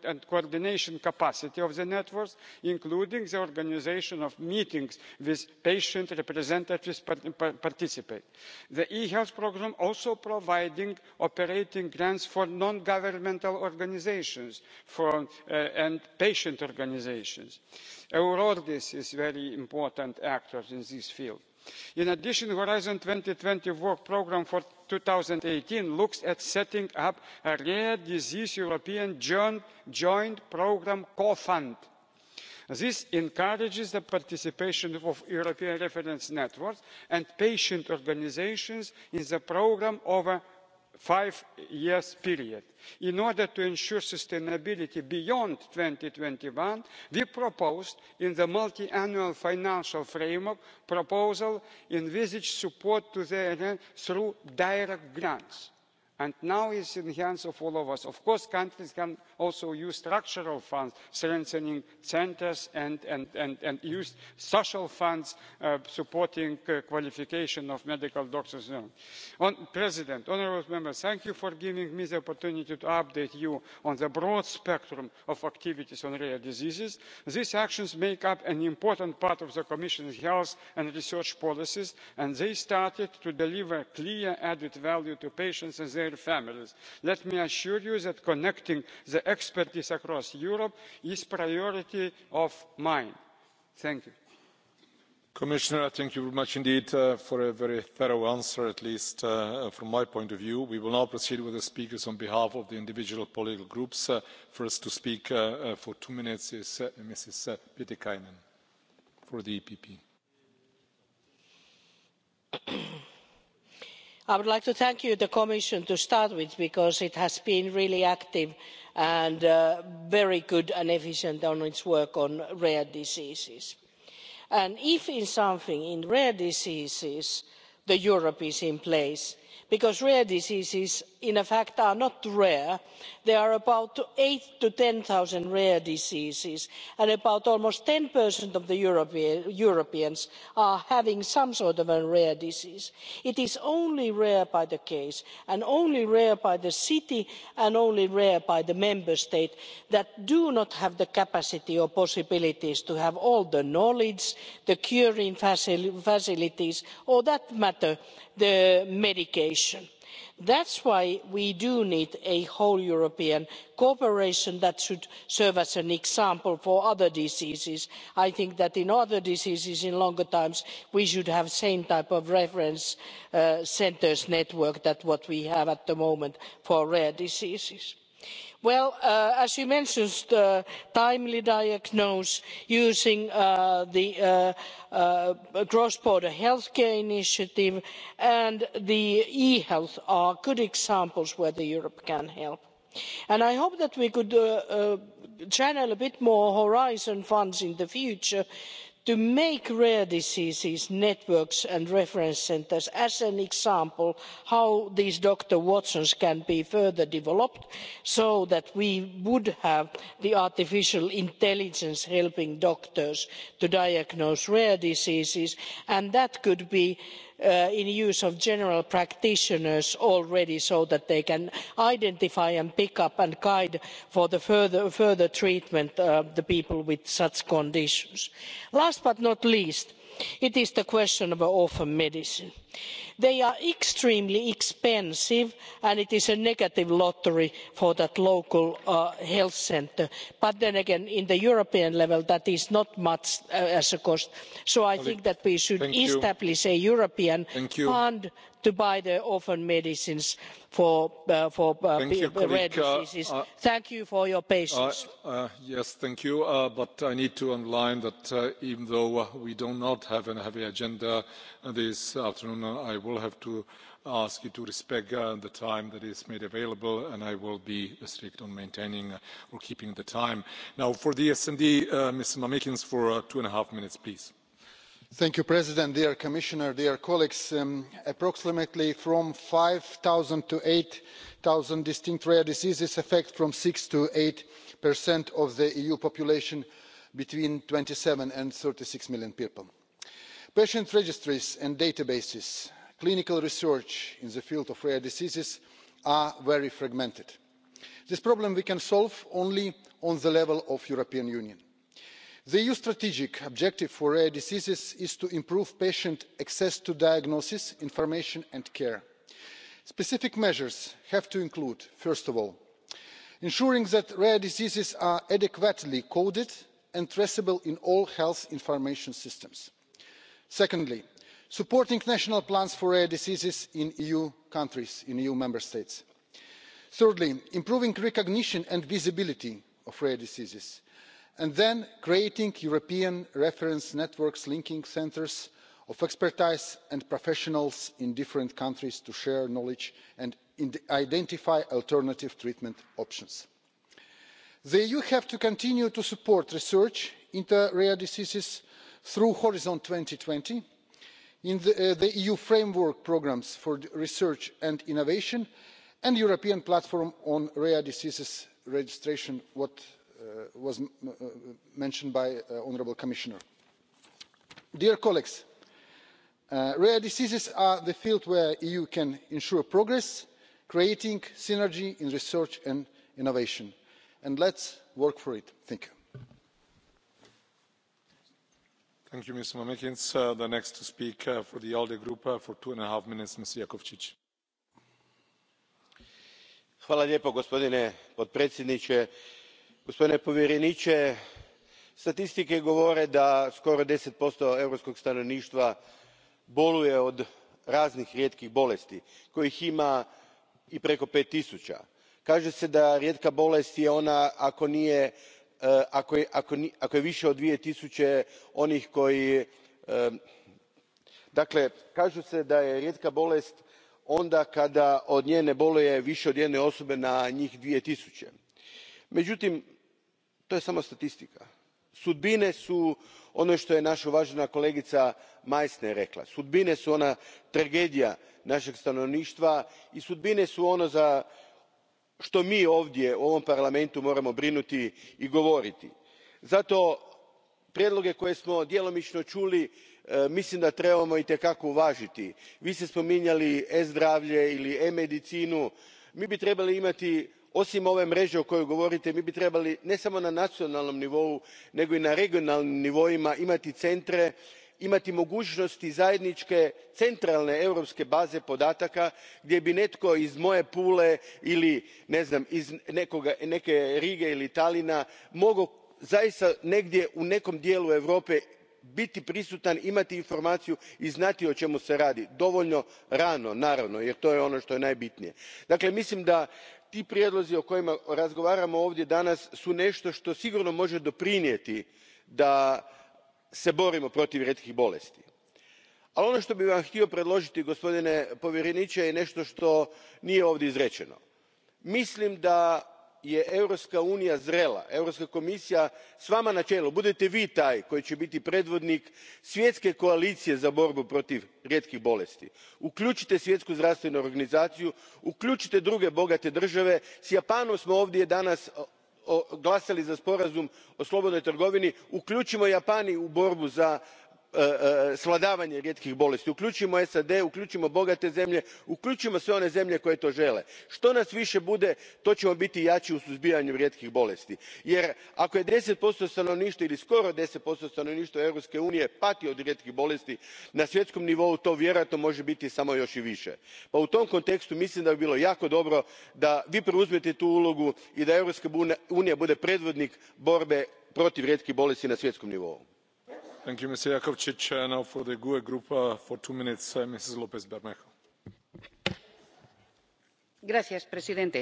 and coordination capacity of the networks including the organisation of meetings with patient representatives participate. the ehealth programme also provides operating grants for non governmental organisations uh, and patient organisations. eurordis is a very important actor in this field in addition horizon two thousand and twenty work programme for two thousand and eighteen looks at setting up a rare disease european joint programme co fund. this encourages the participation of european reference networks and patient organisations in the programme five year period. in order to ensure sustainability beyond two thousand and twenty one we proposed in the multiannual financial framework proposal envisaged support to the enf through direct grants and now it is in the hands of all of us. of course countries can also use structural funds strengthening centres and use social funds uh, supporting uh, qualification of medical doctors. mr president honourable members thank you for giving me the opportunity to update you on the broad spectrum of activities on rare diseases. these actions make up an important part of the commission's health and research policies and they started to deliver clear added value to patients their families. let me assure you that connecting the expertise across europe is a priority of mine. thank you. commissioner thank you very much indeed uh, for a very thorough answer at least uh, uh, from my point of view. we will now proceed with the speakers on behalf of the individual political groups. first to speak for two minutes is ms pietikinen for the epp i would like to thank the commission to start with because it has been really active and uh, very good and efficient in its work on rare diseases and if in something in rare diseases europe is in place because rare diseases in fact are not rare there are about eight to ten thousand rare diseases and about almost ten of europeans are having some sort of a rare disease. it is only rare by the case and only rare by the city and only rare by the member state that do not have the capacity or possibilities to have all the knowledge the curing facilities or that matter the medication. that is why we do need a whole european cooperation that should serve as an example for other diseases. i think that in other diseases in longer times we should have the same type of reference uh, centres network that what we have at the moment for rare diseases well uh, as you mentioned uh, timely diagnosis using uh, the cross border healthcare initiative and the e health are good examples where europe can help and i hope that we could channel a bit more horizon funds in the future to make rare diseases networks and reference centres as an example of how these dr watsons can be further developed so that we would have the artificial intelligence helping doctors to diagnose rare diseases and that could be Uh, in use of general practitioners already so that they can identify and pick up and guide for the further treatment of the people with such conditions. last but not least it is the question of orphan medicine. they are extremely expensive and it is a negative lottery for that local uh, health centre but then again at the european level that is not much uh, as a cost so i think that we should establish a european fund to buy the orphan medicines for uh, uh, rare uh, diseases. thank you for your patience. yes thank you but i need to underline that even though we do not have a heavy agenda this afternoon i will have to ask you to respect the time that is made available and i will be strict on maintaining or keeping the time. now for the sd ms mamikins for two and a half minutes please mr president dear commissioner dear colleagues um, approximately from five zero to eight zero distinct rare diseases affect from six to eight of the eu population between twenty seven and thirty six million people. patient registries and databases clinical research in the field of rare diseases are very fragmented. this problem we can solve only on the level of the european union the eu strategic objective for rare diseases is to improve patient access to diagnosis information and care. specific measures have to include first of all ensuring that rare diseases are adequately coded and traceable in all health information systems. secondly supporting national plans for rare diseases in eu countries in eu member states. thirdly improving recognition and visibility of rare diseases and then creating european reference networks linking centres of expertise and professionals in different countries to share knowledge and identify alternative treatment options. the eu has to continue to support research into rare diseases through horizon two thousand and twenty in the uh, eu e framework programmes for research and innovation and the european platform on rare diseases registration what Uh, was uh, mentioned by the uh, honourable commissioner. dear colleagues, rare diseases are the field where the eu can ensure progress creating synergy in research and innovation and let's work for it. thank you. Thank you, Mr. Mamikins. the next to for the ALDE Group for two and a half minutes, ms gospodine gospodine povjereniče statistike govore da skoro ten europskog stanovništva boluje od raznih rijetkih bolesti kojih ima i preko. five tisuća kaže se da rijetka bolest ona ako nije e, ako je više od two onih koji e, dakle kaže se da je rijetka bolest onda kada od nje ne boluje više od jedne osobe na njih. two tisuće međutim to je samo statistika. sudbine su ono što je naša uvaena kolegica meissner rekla sudbine su ona tragedija našeg stanovništva i sudbine su ono za što mi ovdje u ovom parlamentu moramo brinuti i govoriti. zato prijedloge koje smo djelomino uli e, mislim da trebamo itekako uvaiti. vi ste spominjali e zdravlje ili e medicinu. mi bi trebali imati osim ove mreže o kojoj govorite mi bi trebali ne samo na nacionalnom nivou nego i na regionalnim nivoima imati centre imati mogućnosti zajedničke centralne europske baze podataka gdje bi netko iz moje pule ili ne znam iz neke rige ili talina mogao zaista negdje u nekom dijelu europe biti prisutan imati informaciju i znati o čemu se radi dovoljno rano naravno jer to je ono što je najbitnije. dakle mislim da ti prijedlozi o kojima razgovaramo ovdje danas su nešto što sigurno može doprinijeti da se borimo protiv rijetkih bolesti ali ono što bih vam htio predložiti gospodine povjereniče je nešto što nije ovdje izrečeno. mislim da je europska unija zrela europska komisija s vama na čelu Budete vi taj koji će biti predvodnik svjetske koalicije za borbu protiv rijetkih bolesti uključite svjetsku zdravstvenu organizaciju uključite druge bogate države s japanom smo ovdje danas glasali za sporazum o slobodnoj trgovini uključimo japan u borbu za E, e, svladavanje rijetkih bolesti Uključimo sad uključimo bogate zemlje uključimo sve one zemlje koje to žele. Što nas više bude to ćemo biti jači u suzbijanju rijetkih bolesti jer ako je ten stanovništva ili skoro ten stanovnitva europske unije pati od rijetkih bolesti na svjetskom nivou to vjerojatno može biti samo još i više. pa u tom kontekstu mislim da bi bilo jako dobro da vi preuzmete tu ulogu i da europska unija bude predvodnik borbe protiv rijetkih bolesti na svjetskom nivou señor uh, e uh, uh, presidente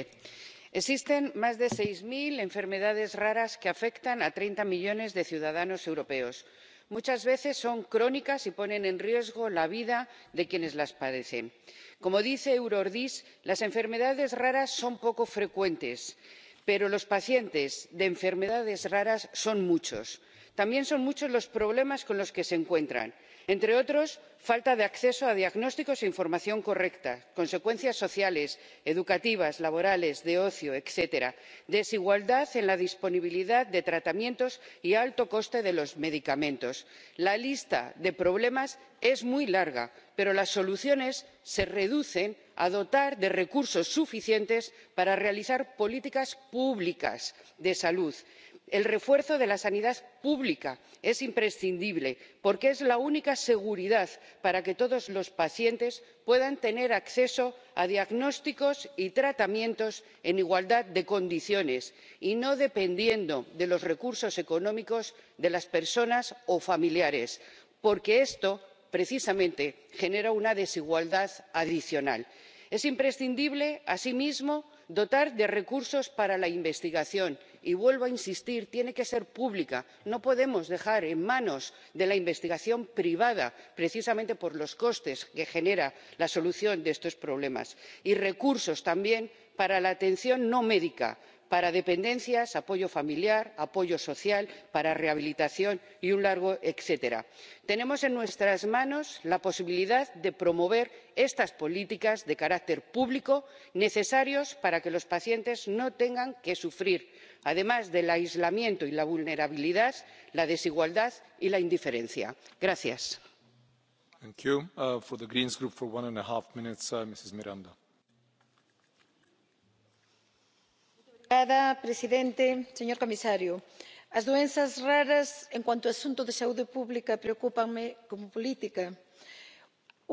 existen más de seis mil enfermedades raras que afectan a treinta millones de ciudadanos europeos. muchas veces son crónicas y ponen en riesgo la vida de quienes las padecen. como dice eurordis las enfermedades raras son poco frecuentes pero los pacientes de enfermedades raras son muchos también son muchos los problemas con los que se encuentran entre otros falta de acceso a diagnósticos e información correcta consecuencias sociales educativas laborales de ocio etcétera desigualdad en la disponibilidad de tratamientos y alto coste de los medicamentos. la lista de problemas es muy larga pero las soluciones se reducen a dotar de recursos suficientes para realizar políticas públicas de salud el refuerzo de la sanidad pública es imprescindible porque es la única seguridad para que todos los pacientes puedan tener acceso a diagnósticos y tratamientos en igualdad de condiciones y no dependiendo de los recursos económicos de las personas o familiares porque esto precisamente genera una desigualdad adicional. es imprescindible asimismo dotar de recursos para la investigación y vuelvo a insistir tiene que ser pública no podemos dejar en manos de la investigación privada precisamente por los costes que genera la solución de estos problemas y recursos también para la atención no médica para dependencias apoyo familiar apoyo social para rehabilitación y un largo etcétera. tenemos en nuestras manos la posibilidad de promover estas políticas de carácter público necesarias para que los pacientes no tengan que sufrir además del aislamiento y la vulnerabilidad la desigualdad y la indiferencia. gracias. señora presidente señor comisario as doenças raras en enquanto asunto de saúde pública preocúpanme como política.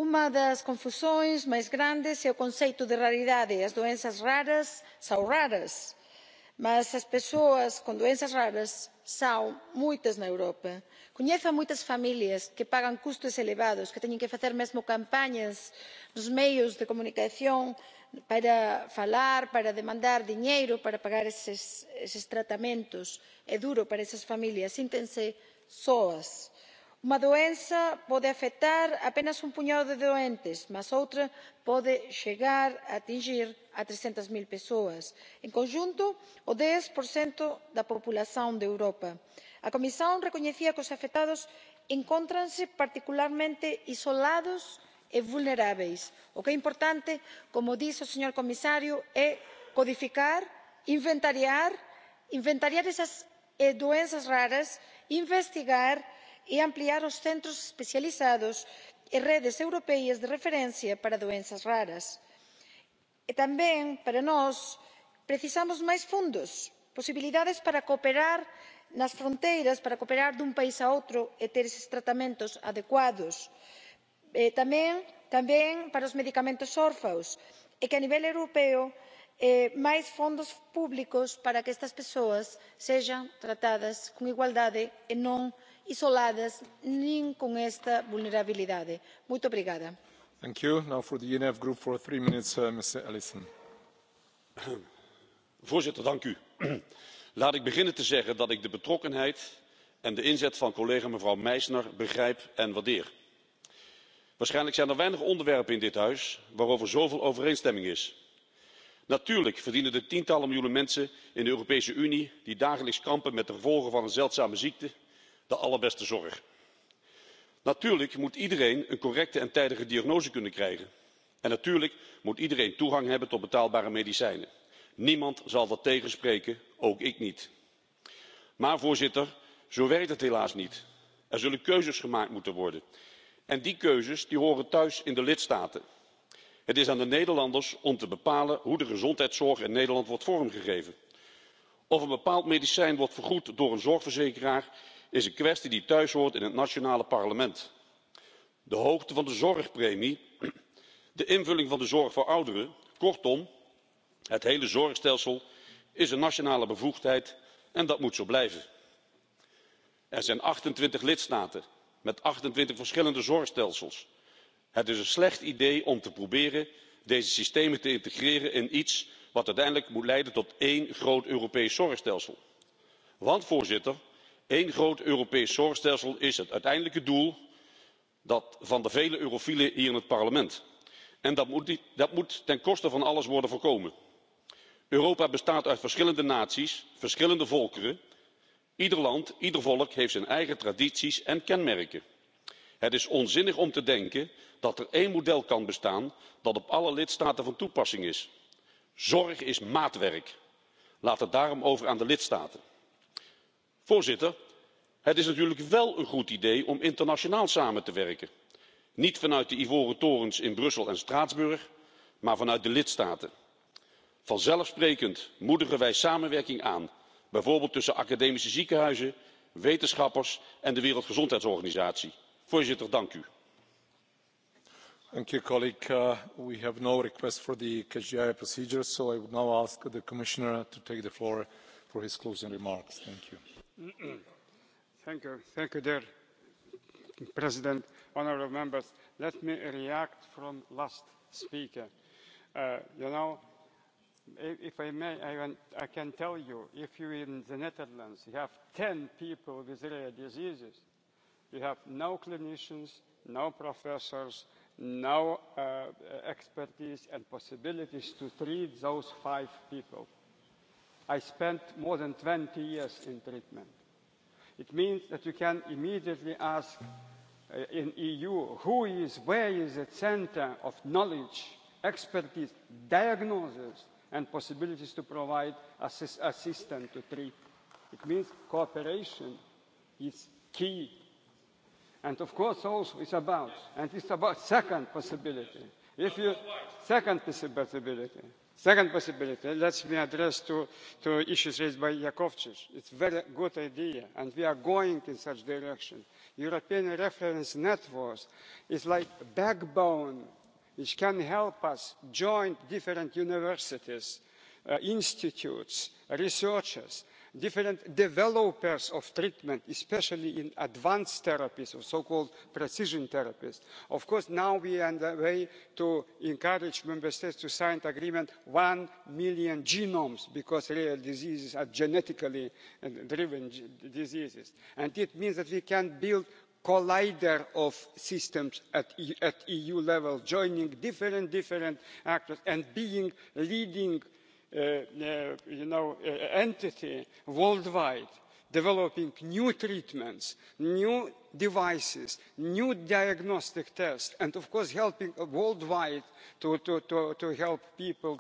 Uma das confusões máis grandes é o conceito de raridade as doenças raras são raras mas as persoas con doenças raras são moitas na europa. coñezo a moitas familias que pagan custos elevados que teñen que facer mesmo campañas nos meios de comunicación para falar, para demandar dinheiro, para pagar esses, tratamentos. É duro para esas familias, síntense soas. Uma doença pode afetar apenas un puñado de doentes, mas outra pode chegar a atingir a trescentas mil pessoas. En conjunto, o 10% da população de Europa. A Comisión reconhecía que os afectados encontranse particularmente isolados e vulnerábeis. o que é importante como dixo o señor comisario é codificar inventariar inventariar esas eh, doenças raras investigar e ampliar os centros especializados e redes europeas de referencia para doenças raras. e tamén para nós precisamos máis fondos, posibilidades para cooperar nas fronteiras para cooperar dun país a outro e ter esos tratamentos adecuados. Eh, también para os medicamentos órfãos e que a nivel europeo eh, más fondos públicos para que estas persoas sejam tratadas con igualdade e non isoladas nin con esta vulnerabilidade. moito obrigada. voorzitter *clears throat* laat ik beginnen te zeggen dat ik de betrokkenheid en de inzet van collega mevrouw meisner begrijp en waardeer waarschijnlijk zijn er weinig onderwerpen in dit huis waarover zoveel overeenstemming is. natuurlijk verdienen de er tientallen miljoenen mensen in de europese unie die dagelijks kampen met de gevolgen van een zeldzame ziekte de allerbeste zorg. natuurlijk moet iedereen een correcte en tijdige diagnose kunnen krijgen en natuurlijk moet iedereen toegang hebben tot betaalbare medicijnen. niemand zal dat tegenspreken ook ik niet. maar voorzitter zo werkt het helaas niet. er zullen keuzes gemaakt moeten worden en die keuzes horen thuis in de lidstaten. het is aan de nederlanders om te bepalen hoe de gezondheidszorg in nederland wordt vormgegeven. of een bepaald medicijn wordt vergoed door een zorgverzekeraar is een kwestie die thuis hoort in het nationale parlement. de hoogte van de zorgpremie *clears throat* de invulling van de zorg voor ouderen kortom het hele zorgstelsel is een nationale bevoegdheid en dat moet zo blijven. er zijn achtentwintig lidstaten met achtentwintig verschillende zorgstelsels. het is een slecht idee om te proberen deze systemen te integreren in iets wat uiteindelijk moet leiden tot één groot europees zorgstelsel. want voorzitter één groot europees zorgstelsel is het uiteindelijke doel van de vele eurofielen hier in het parlement en dat moet ten koste van alles worden voorkomen. europa bestaat uit verschillende naties verschillende volkeren ieder land ieder volk heeft zijn eigen tradities en kenmerken. het is onzinnig om te denken dat er één model kan bestaan dat op alle lidstaten van toepassing is. zorg is maatwerk. laat het daarom over aan de lidstaten. voorzitter het is natuurlijk wel een goed idee om internationaal samen te werken niet vanuit de ivoren torens in brussel en straatsburg maar vanuit de lidstaten. vanzelfsprekend moedigen wij samenwerking aan bijvoorbeeld tussen academische ziekenhuizen wetenschappers en de wereldgezondheidsorganisatie. voorzitter dank u. colleague. Uh, we have no request for the KGI procedure so i would now ask the commissioner to take the floor for his closing remarks. thank you. *clears throat* thank you dear president honorable members let me react from last speaker. Uh, you know if I may, I, want, I can tell you, if you in the Netherlands you have 10 people with rare diseases, you have no clinicians, no professors, no uh, expertise and possibilities to treat those five people. I spent more than 20 years in treatment. It means that you can immediately ask uh, in EU who is, where is the center of knowledge, expertise, diagnosis and possibilities to provide assistance to treat. It means cooperation is key. And of course also it's about, and it's about second possibility. If you, second possibility, second possibility, let me address to, to issues raised by Yakovčić. It's a very good idea, and we are going in such direction. European reference networks is like backbone which can help us join different universities uh, institutes researchers different developers of treatment especially in advanced therapies or so called precision therapies. of course now we are on the way to encourage member states to sign an agreement one million genomes because rare diseases are genetically uh, driven diseases and it means that we can build collider of systems at, eu e level joining different different actors and being a leading uh, uh, you know, uh, entity worldwide developing new treatments new devices new diagnostic tests and of course helping uh, worldwide to help people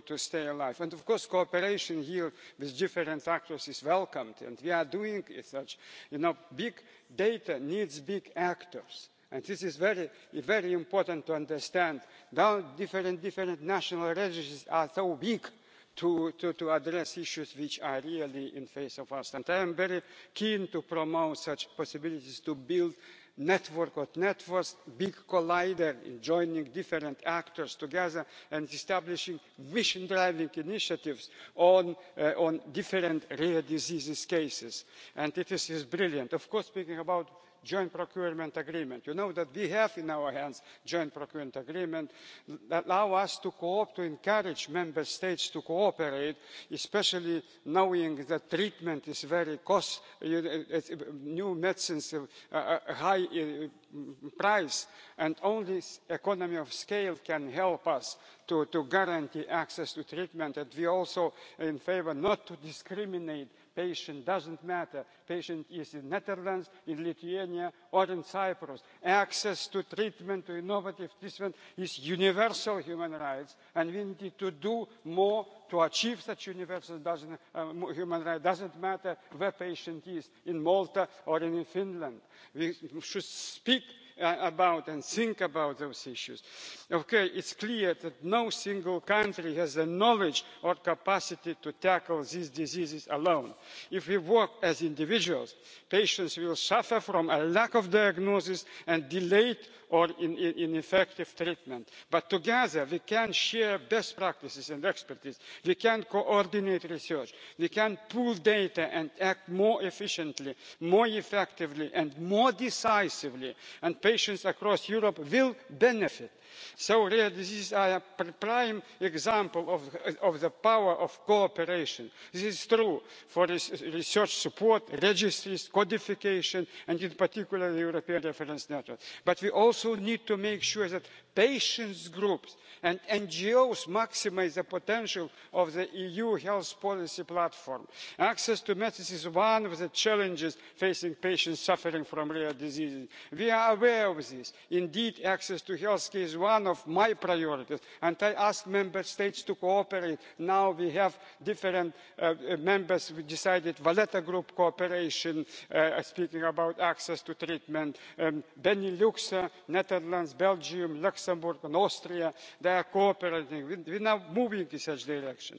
to stay alive. and of course cooperation here with different actors is welcomed and we are doing such. big data needs big actors and this is very important to understand. now different national registries are so to, to, address issues which are really in face of us. And I am very keen to promote such possibilities to build network of networks, big collider in joining different actors together and establishing mission driving initiatives on, uh, different rare diseases cases. And it is, is brilliant. Of course, speaking about joint procurement agreement. you know that we have in our hands a joint procurement agreement that allows us to cooperate to encourage member states to cooperate especially knowing that treatment is very cost new medicines uh, uh, high uh, price and only economy of scale can help us to guarantee access to treatment and we are also in favour not to discriminate patient doesn't matter. patient is in the netherlands in lithuania or in cyprus. access to treatment to innovative treatment is universal human rights and we need to do more to achieve such universal uh, human rights. it doesn't matter where patient is in malta or in finland. we should speak Uh, about and think about those issues. Okay, it's clear that no single country has the knowledge or capacity to tackle these diseases alone. if we work as individuals patients will suffer from a lack of diagnosis and delayed or ineffective treatment but together we can share best practices and expertise we can coordinate research we can pool data and act more efficiently more effectively and more decisively and patients across europe will benefit so rare diseases are a prime example of the power of cooperation. this is true for research support registries codification and in particular the european reference network but we also need to make sure that patients' groups and ngos maximise the potential of the eu health policy platform. access to medicines is one of the challenges facing patients suffering from rare diseases. we are aware of this. indeed access to health one of my priorities and i ask member states to cooperate. now we have different uh, uh, members who decided valletta group cooperation uh, speaking about access to treatment um, benelux netherlands belgium luxembourg and austria they are cooperating. we are now moving in such a direction.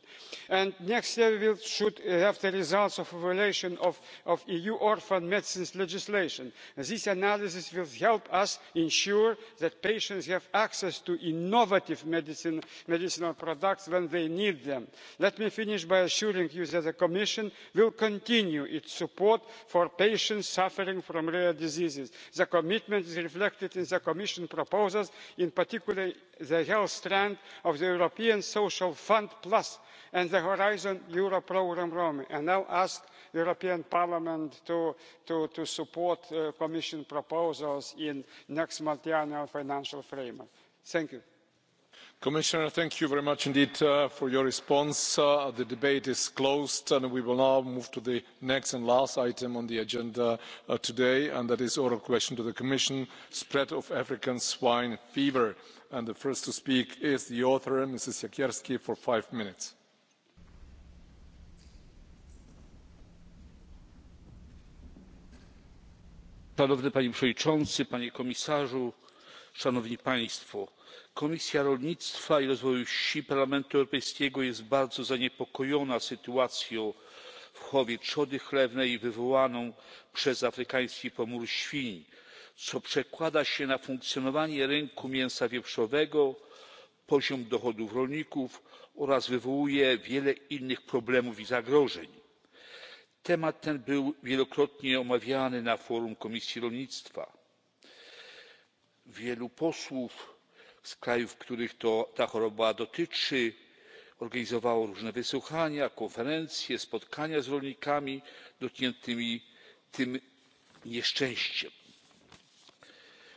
next year we should have the results of evaluation of eu orphan medicines legislation. this analysis will help us ensure that patients access to innovative medicine, medicinal products when they need them. let me finish by assuring you that the commission will continue its support for patients suffering from rare diseases. the commitment is reflected in the commission proposals in particular the health strand of the european social fund plus and the horizon europe programme rome and now ask the european parliament to, support uh, commission proposals in the next multiannual financial framework thank you. commissioner thank you very much indeed uh, for your response. Uh, the debate is closed and we will now move to the next and last item on the agenda uh, today and that is oral question to the commission spread of african swine fever and the first to speak is the author mrs siekierski for five minutes. szanowny panie przewodniczący panie komisarzu! komisja rolnictwa i rozwoju wsi parlamentu europejskiego jest bardzo zaniepokojona sytuacją w chowie trzody chlewnej wywołaną przez afrykański pomór świń co przekłada się na funkcjonowanie rynku mięsa wieprzowego poziom dochodów rolników oraz wywołuje wiele innych problemów i zagrożeń. temat ten był wielokrotnie omawiany na forum komisji rolnictwa wielu posłów z krajów których ta choroba dotyczy organizowało różne wysłuchania konferencje spotkania z rolnikami dotkniętymi tym nieszczęściem.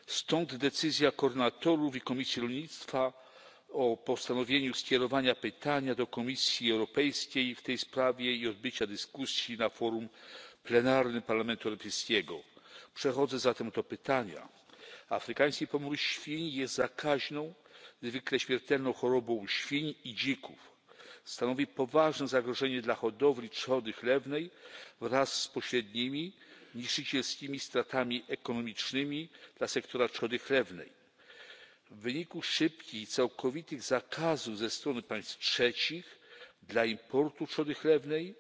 stąd decyzja koordynatorów i komisji rolnictwa o postanowieniu skierowania pytania do komisji europejskiej w tej sprawie i odbycia dyskusji na forum plenarnym parlamentu europejskiego. przechodzę zatem do pytania afrykański pomór świń jest zakaźną niezwykle śmiertelną chorobą świń i dzików. stanowi poważne zagrożenie dla hodowli trzody chlewnej wraz z pośrednimi niszczycielskimi stratami ekonomicznymi dla sektora trzody chlewnej. w wyniku szybkich i całkowitych zakazów ze strony państw trzecich dla importu trzody chlewnej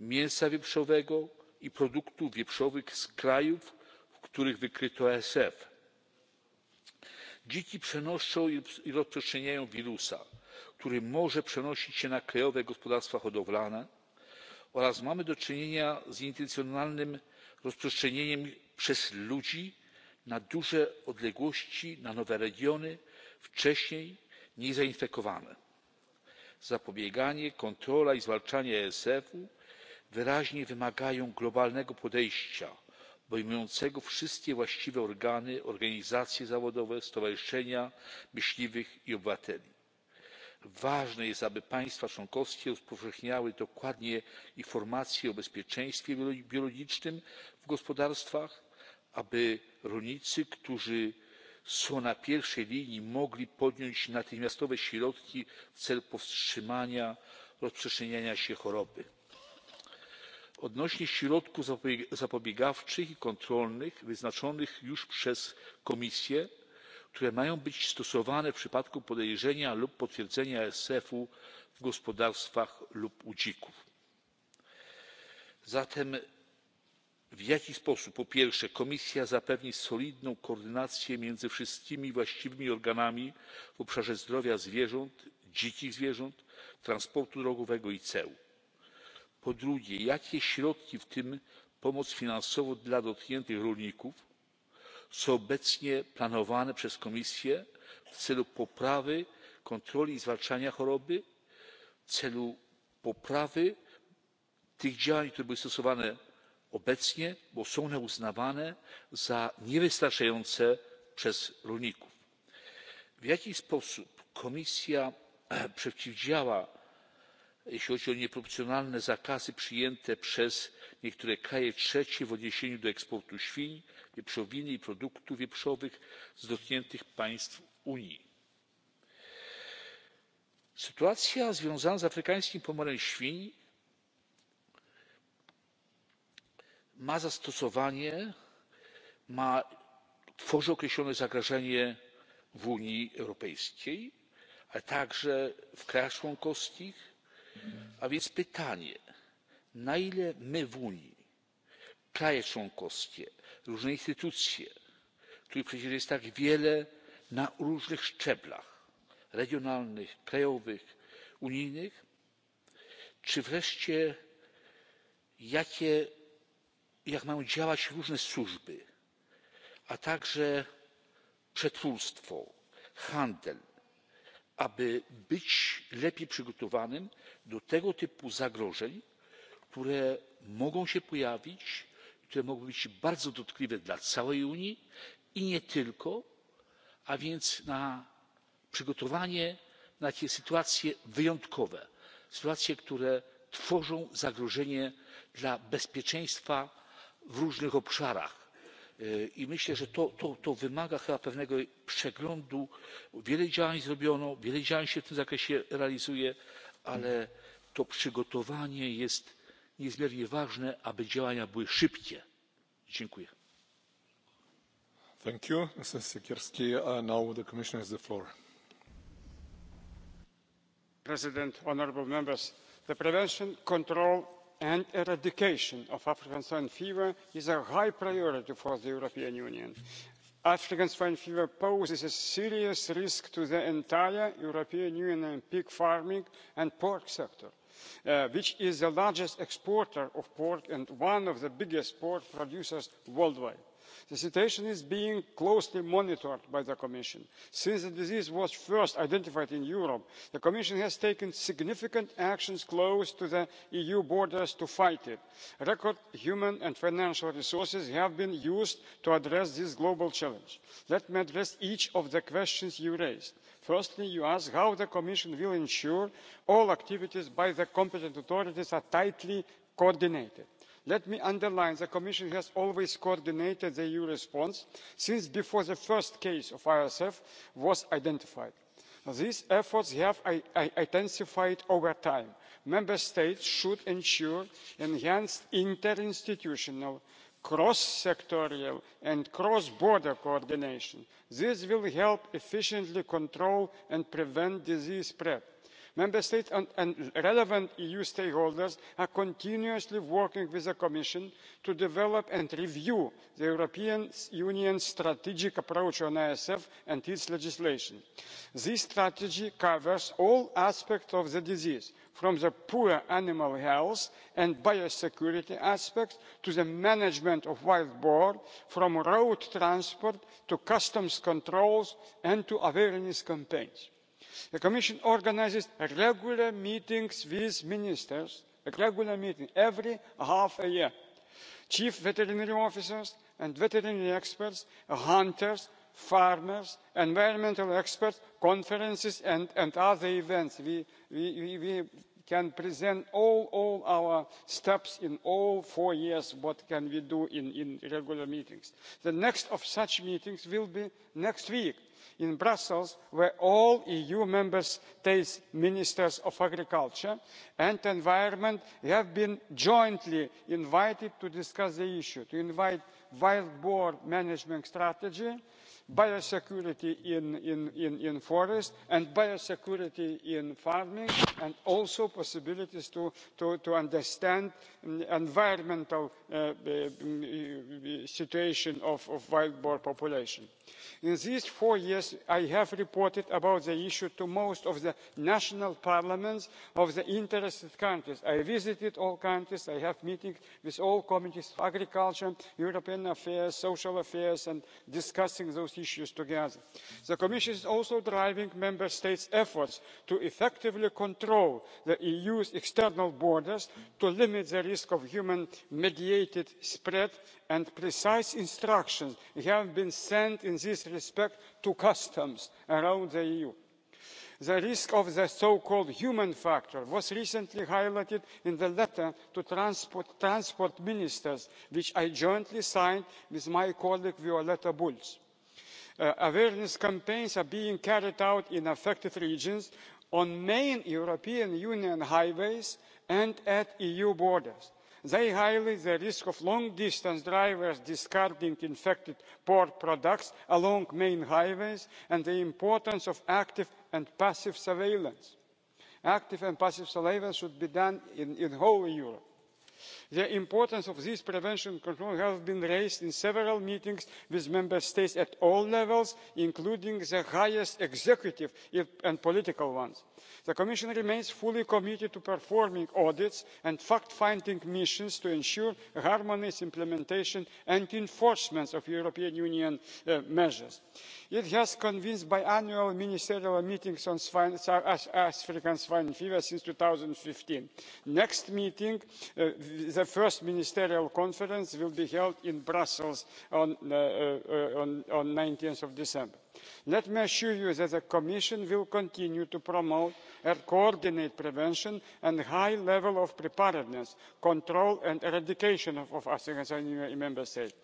mięsa wieprzowego i produktów wieprzowych z krajów w których wykryto ASF. Dzieci przenoszą i rozprzestrzeniają wirusa który może przenosić się na krajowe gospodarstwa hodowlane oraz mamy do czynienia z intencjonalnym rozprzestrzenieniem przez ludzi na duże odległości na nowe regiony wcześniej niezainfekowane. zapobieganie kontrola i zwalczanie asf u wyraźnie wymagają globalnego podejścia obejmującego wszystkie właściwe organy organizacje zawodowe stowarzyszenia myśliwych i obywateli. ważne jest aby państwa członkowskie rozpowszechniały dokładnie informacje o bezpieczeństwie biologicznym w gospodarstwach aby rolnicy którzy są na pierwszej linii mogli podjąć natychmiastowe środki w celu powstrzymania rozprzestrzeniania się choroby odnośnie środków zapobiegawczych i kontrolnych wyznaczonych już przez komisję które mają być stosowane w przypadku podejrzenia lub potwierdzenia asf u w gospodarstwach lub u dzików. zatem w jaki sposób po pierwsze komisja zapewni solidną koordynację między wszystkimi właściwymi organami w obszarze zdrowia zwierząt dzikich zwierząt transportu drogowego i ceł? po drugie jakie środki w tym pomoc finansową dla dotkniętych rolników są obecnie planowane przez komisję w celu poprawy kontroli i zwalczania choroby w celu poprawy tych działań które były stosowane obecnie bo są one uznawane za niewystarczające przez rolników? w jaki sposób komisja *clears throat* przeciwdziała jeśli chodzi o nieproporcjonalne zakazy przyjęte przez niektóre kraje trzecie w odniesieniu do eksportu świń wieprzowiny i produktów wieprzowych z dotkniętych państw unii. sytuacja związana z afrykańskim pomorem świń ma zastosowanie tworzy określone zagrożenie w unii europejskiej ale także w krajach członkowskich a więc pytanie na ile my w unii kraje członkowskie różne instytucje których przecież jest tak wiele na różnych szczeblach regionalnych krajowych unijnych czy wreszcie jak mają działać różne służby a także przetwórstwo handel aby być lepiej przygotowanym do tego typu zagrożeń które mogą się pojawić i które mogą być bardzo dotkliwe dla całej unii i nie tylko a więc na przygotowanie na takie sytuacje wyjątkowe sytuacje które tworzą zagrożenie dla bezpieczeństwa w różnych obszarach. i myślę że to wymaga chyba pewnego przeglądu. wiele działań zrobiono wiele działań się w tym zakresie realizuje ale to przygotowanie jest niezmiernie ważne aby działania były szybkie. dziękuję. Thank you, uh, Now the commissioner the floor. president honourable members the prevention control and eradication of african swine fever is a high priority for the european union african swine fever poses a serious risk to the entire european union pig farming and pork sector uh, which is the largest exporter of pork and one of the biggest pork producers worldwide the situation is being closely monitored by the commission. since the disease was first identified in europe the commission has taken significant actions close to the eu borders to fight it. record human and financial resources have been used to address this global challenge. let me address each of the questions you raised. firstly you ask how the commission will ensure all activities by the competent authorities are tightly coordinated let me underline the commission has always coordinated the eu response since before the first case of isf was identified. these efforts have intensified over time. member states should ensure enhanced interinstitutional cross sectoral and cross border coordination. this will help efficiently control and prevent disease spread member states and relevant eu stakeholders are continuously working with the commission to develop and review the european union's strategic approach on isf and its legislation. this strategy covers all aspects of the disease from the poor animal health and biosecurity aspects to the management of wild boar from road transport to customs controls and to awareness campaigns the commission organises regular meetings with ministers a regular meeting every half a year chief veterinary officers and veterinary experts hunters farmers environmental experts conferences and other events. we can present all our steps in all four years what can we do in regular meetings. the next of such meetings will be next week in brussels where all eu member states' ministers of agriculture and environment have been jointly invited to discuss the issue to invite wild boar management strategy biosecurity in, in, in, forests and biosecurity in farming and also possibilities to, to, to understand the environmental uh, uh, situation of, wild boar population. In these four years I have reported about the issue to most of the national parliaments of the interested countries. I visited all countries, I have meetings with all committees agriculture, European affairs, social affairs and discussing those issues together. the commission is also driving member states' efforts to effectively control the eu's external borders to limit the risk of human mediated spread and precise instructions have been sent in this respect to customs around the eu. the risk of the so called human factor' was recently highlighted in the letter to transport ministers which i jointly signed with my colleague violeta bulc. Uh, awareness campaigns are being carried out in affected regions on main european union highways and at eu borders. they highlight the risk of long distance drivers discarding infected pork products along main highways and the importance of active and passive surveillance. active and passive surveillance should be done in the whole of the importance of this prevention control has been raised in several meetings with member states at all levels including the highest executive and political ones. the commission remains fully committed to performing audits and fact finding missions to ensure harmonised implementation and enforcement of european union uh, measures. it has convened biannual ministerial meetings on african swine fever since. two thousand and fifteen the next meeting uh, the first ministerial conference will be held in brussels on uh, uh, uh, nineteen december let me assure you that the commission will continue to promote and coordinate prevention and a high level of preparedness control and eradication of asthma in member states.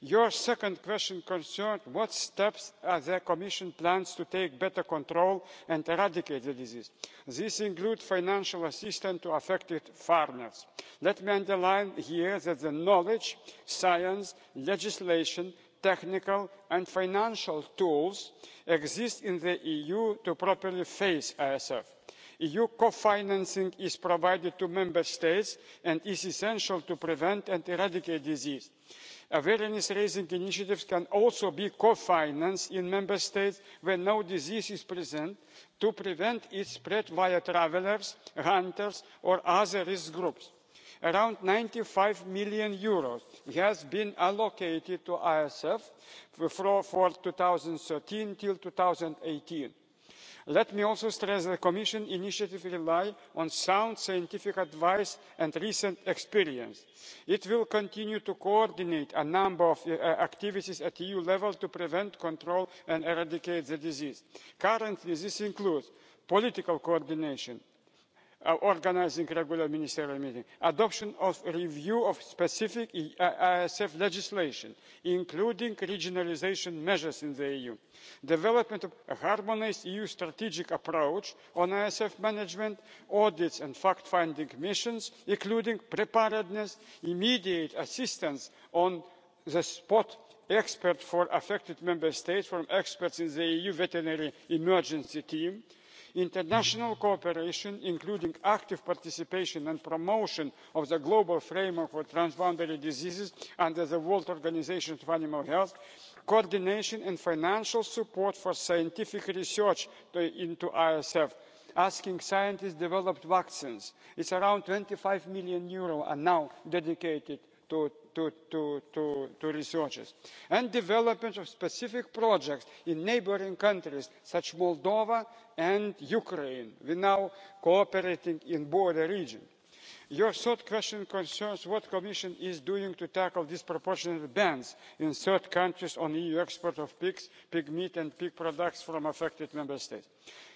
your second question concerned what steps the commission plans to take to better control and eradicate the disease. This includes financial assistance to affected farmers. let me underline here that the knowledge science legislation technical and financial tools exist in the eu to properly face isf. eu co financing is provided to member states and is essential to prevent and eradicate disease. awareness raising initiatives can also be co financed in member states where no disease is present to prevent its spread via travellers hunters or other risk groups around eur ninety five million has been allocated to ISF esf for two thousand and thirteen two thousand and eighteen let me also stress that the commission initiative relies on sound scientific advice and recent experience. it will continue to coordinate a number of uh, activities at eu level to prevent control and eradicate the disease. currently this includes political coordination organising regular ministerial meetings; adoption of a review of specific isf e legislation including regionalisation measures in the eu; development of a harmonised eu strategic approach on isf management; audits and fact finding missions including preparedness; immediate assistance on the spot experts for affected member states from experts in the eu veterinary emergency team; international cooperation including active participation and promotion of the global framework for transboundary diseases under the world organisation for animal health coordination and financial support for scientific research into isf asking scientists to develop vaccines it's around eur twenty five million are now dedicated to, to, researchers and development of specific projects in neighbouring countries such as moldova and ukraine. we are now cooperating in the border region. your third question concerns what the commission is doing to tackle disproportionate bans in third countries on eu export of pigs pig meat and pig products from affected member states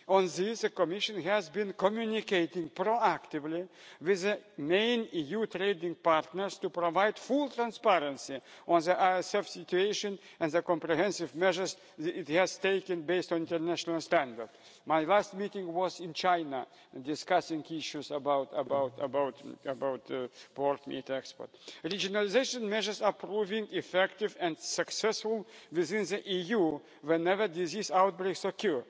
on this the commission has been communicating proactively with the main eu trading partners to provide full transparency on the isf situation and the comprehensive measures it has taken based on international standards. my last meeting was in china discussing issues about uh, pork meat export. regionalisation measures are proving effective and successful within the eu whenever disease outbreaks occur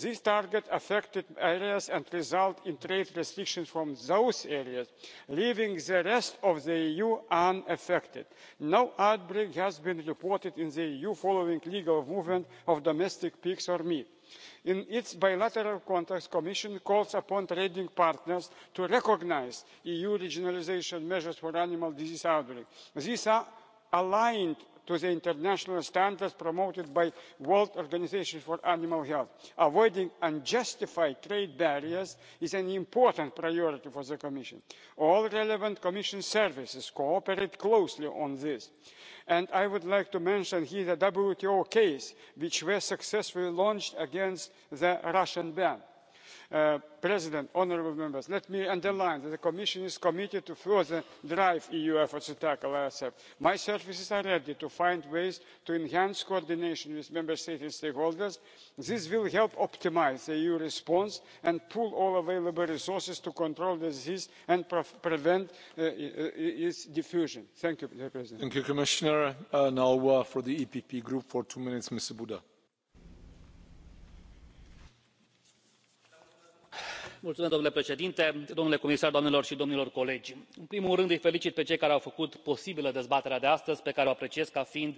these target affected areas and result in trade restrictions from those areas leaving the rest of the eu unaffected. no outbreak has been reported in the eu following legal movement of domestic pigs or meat. in its bilateral contacts the commission calls upon trading partners to recognise eu regionalisation measures for animal disease outbreaks. these are aligned to the international standards promoted by the world organisation for animal health. avoiding unjustified trade barriers is an important priority for the commission. all relevant commission services cooperate closely on this and i would like to mention here the wto case which was successfully launched against the russian ban mr uh, president honourable members let me underline that the commission is committed to further drive eu efforts to tackle isf. my services are ready to find ways to enhance coordination with member states and stakeholders. this will help optimise the eu response and pool all available resources to control the disease and prevent uh, its diffusion. thank you mr president. domnule președinte domnule comisar doamnelor și domnilor colegi în primul rând îi felicit pe cei care au făcut posibilă dezbaterea de astăzi pe care o apreciez ca fiind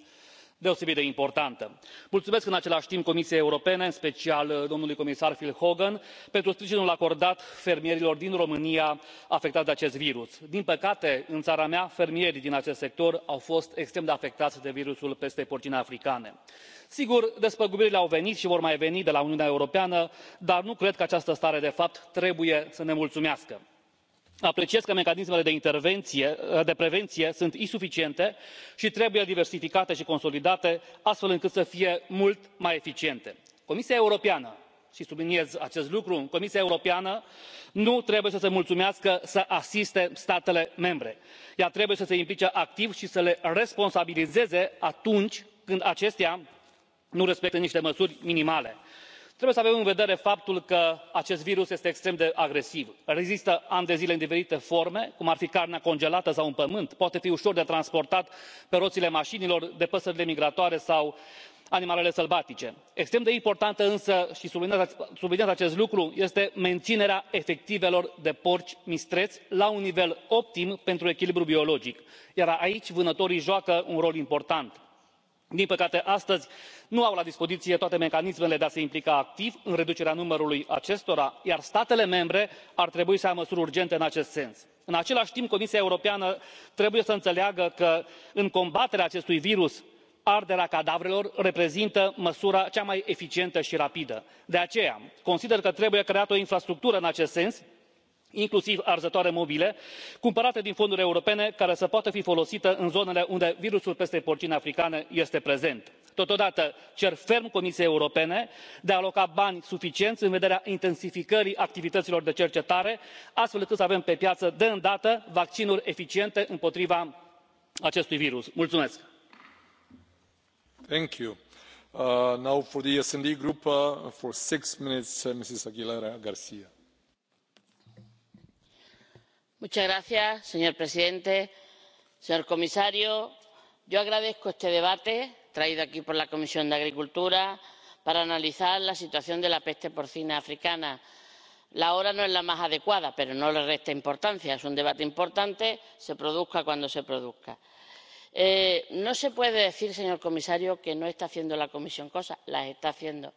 deosebit de importantă. mulțumesc în același timp comisiei europene în special uh, domnului comisar phil hogan pentru sprijinul acordat fermierilor din românia afectați de acest virus. din păcate în țara mea fermierii din acest sector au fost extrem de afectați de virusul peste porcine africane sigur despăgubirile au venit și vor mai veni de la uniunea europeană dar nu cred că această stare de fapt trebuie să ne mulțumească. apreciez că mecanismele de prevenție sunt insuficiente și trebuie diversificate și consolidate astfel încât să fie mult mai eficiente. comisia europeană și subliniez acest lucru comisia europeană nu trebuie să se mulțumească să asiste statele membre ea trebuie să se implice activ și să le responsabilizeze atunci când acestea nu respectă niște măsuri minimale. trebuie să avem în vedere faptul că acest virus este extrem de agresiv rezistă ani de zile în diferite forme cum ar fi carnea congelată sau în pământ poate fi ușor de transportat pe roțile mașinilor de păsările migratoare sau animalele sălbatice. extrem de importantă însă și subliniez acest lucru este menținerea efectivelor de porci mistreți la un nivel optim pentru echilibrul biologic iar aici vânătorii joacă un rol important din păcate astăzi nu au la dispoziție toate mecanismele de a se implica activ în reducerea numărului acestora iar statele membre ar trebui să ia măsuri urgente în acest sens. în același timp comisia europeană trebuie să înțeleagă că în combaterea acestui virus arderea cadavrelor reprezintă măsura cea mai eficientă și rapidă. de aceea consider că trebuie creată o infrastructură în acest sens inclusiv arzătoare mobile cumpărate din fonduri europene care să poată fi folosite în zonele unde virusul peste porcine africane este prezent. totodată cer ferm comisiei europene de a aloca bani suficienți în vederea intensificării activităților de cercetare astfel încât să avem pe piață de îndată vaccinuri eficiente împotriva acestui virus. mulțumesc. Uh, señor presidente señor comisario yo agradezco este debate traído aquí por la comisión de agricultura para analizar la situación de la peste porcina africana. la hora no es la más adecuada pero no le resta importancia es un debate importante se produzca cuando se produzca. Eh, no se puede decir señor comisario que no está haciendo la comisión cosas las está haciendo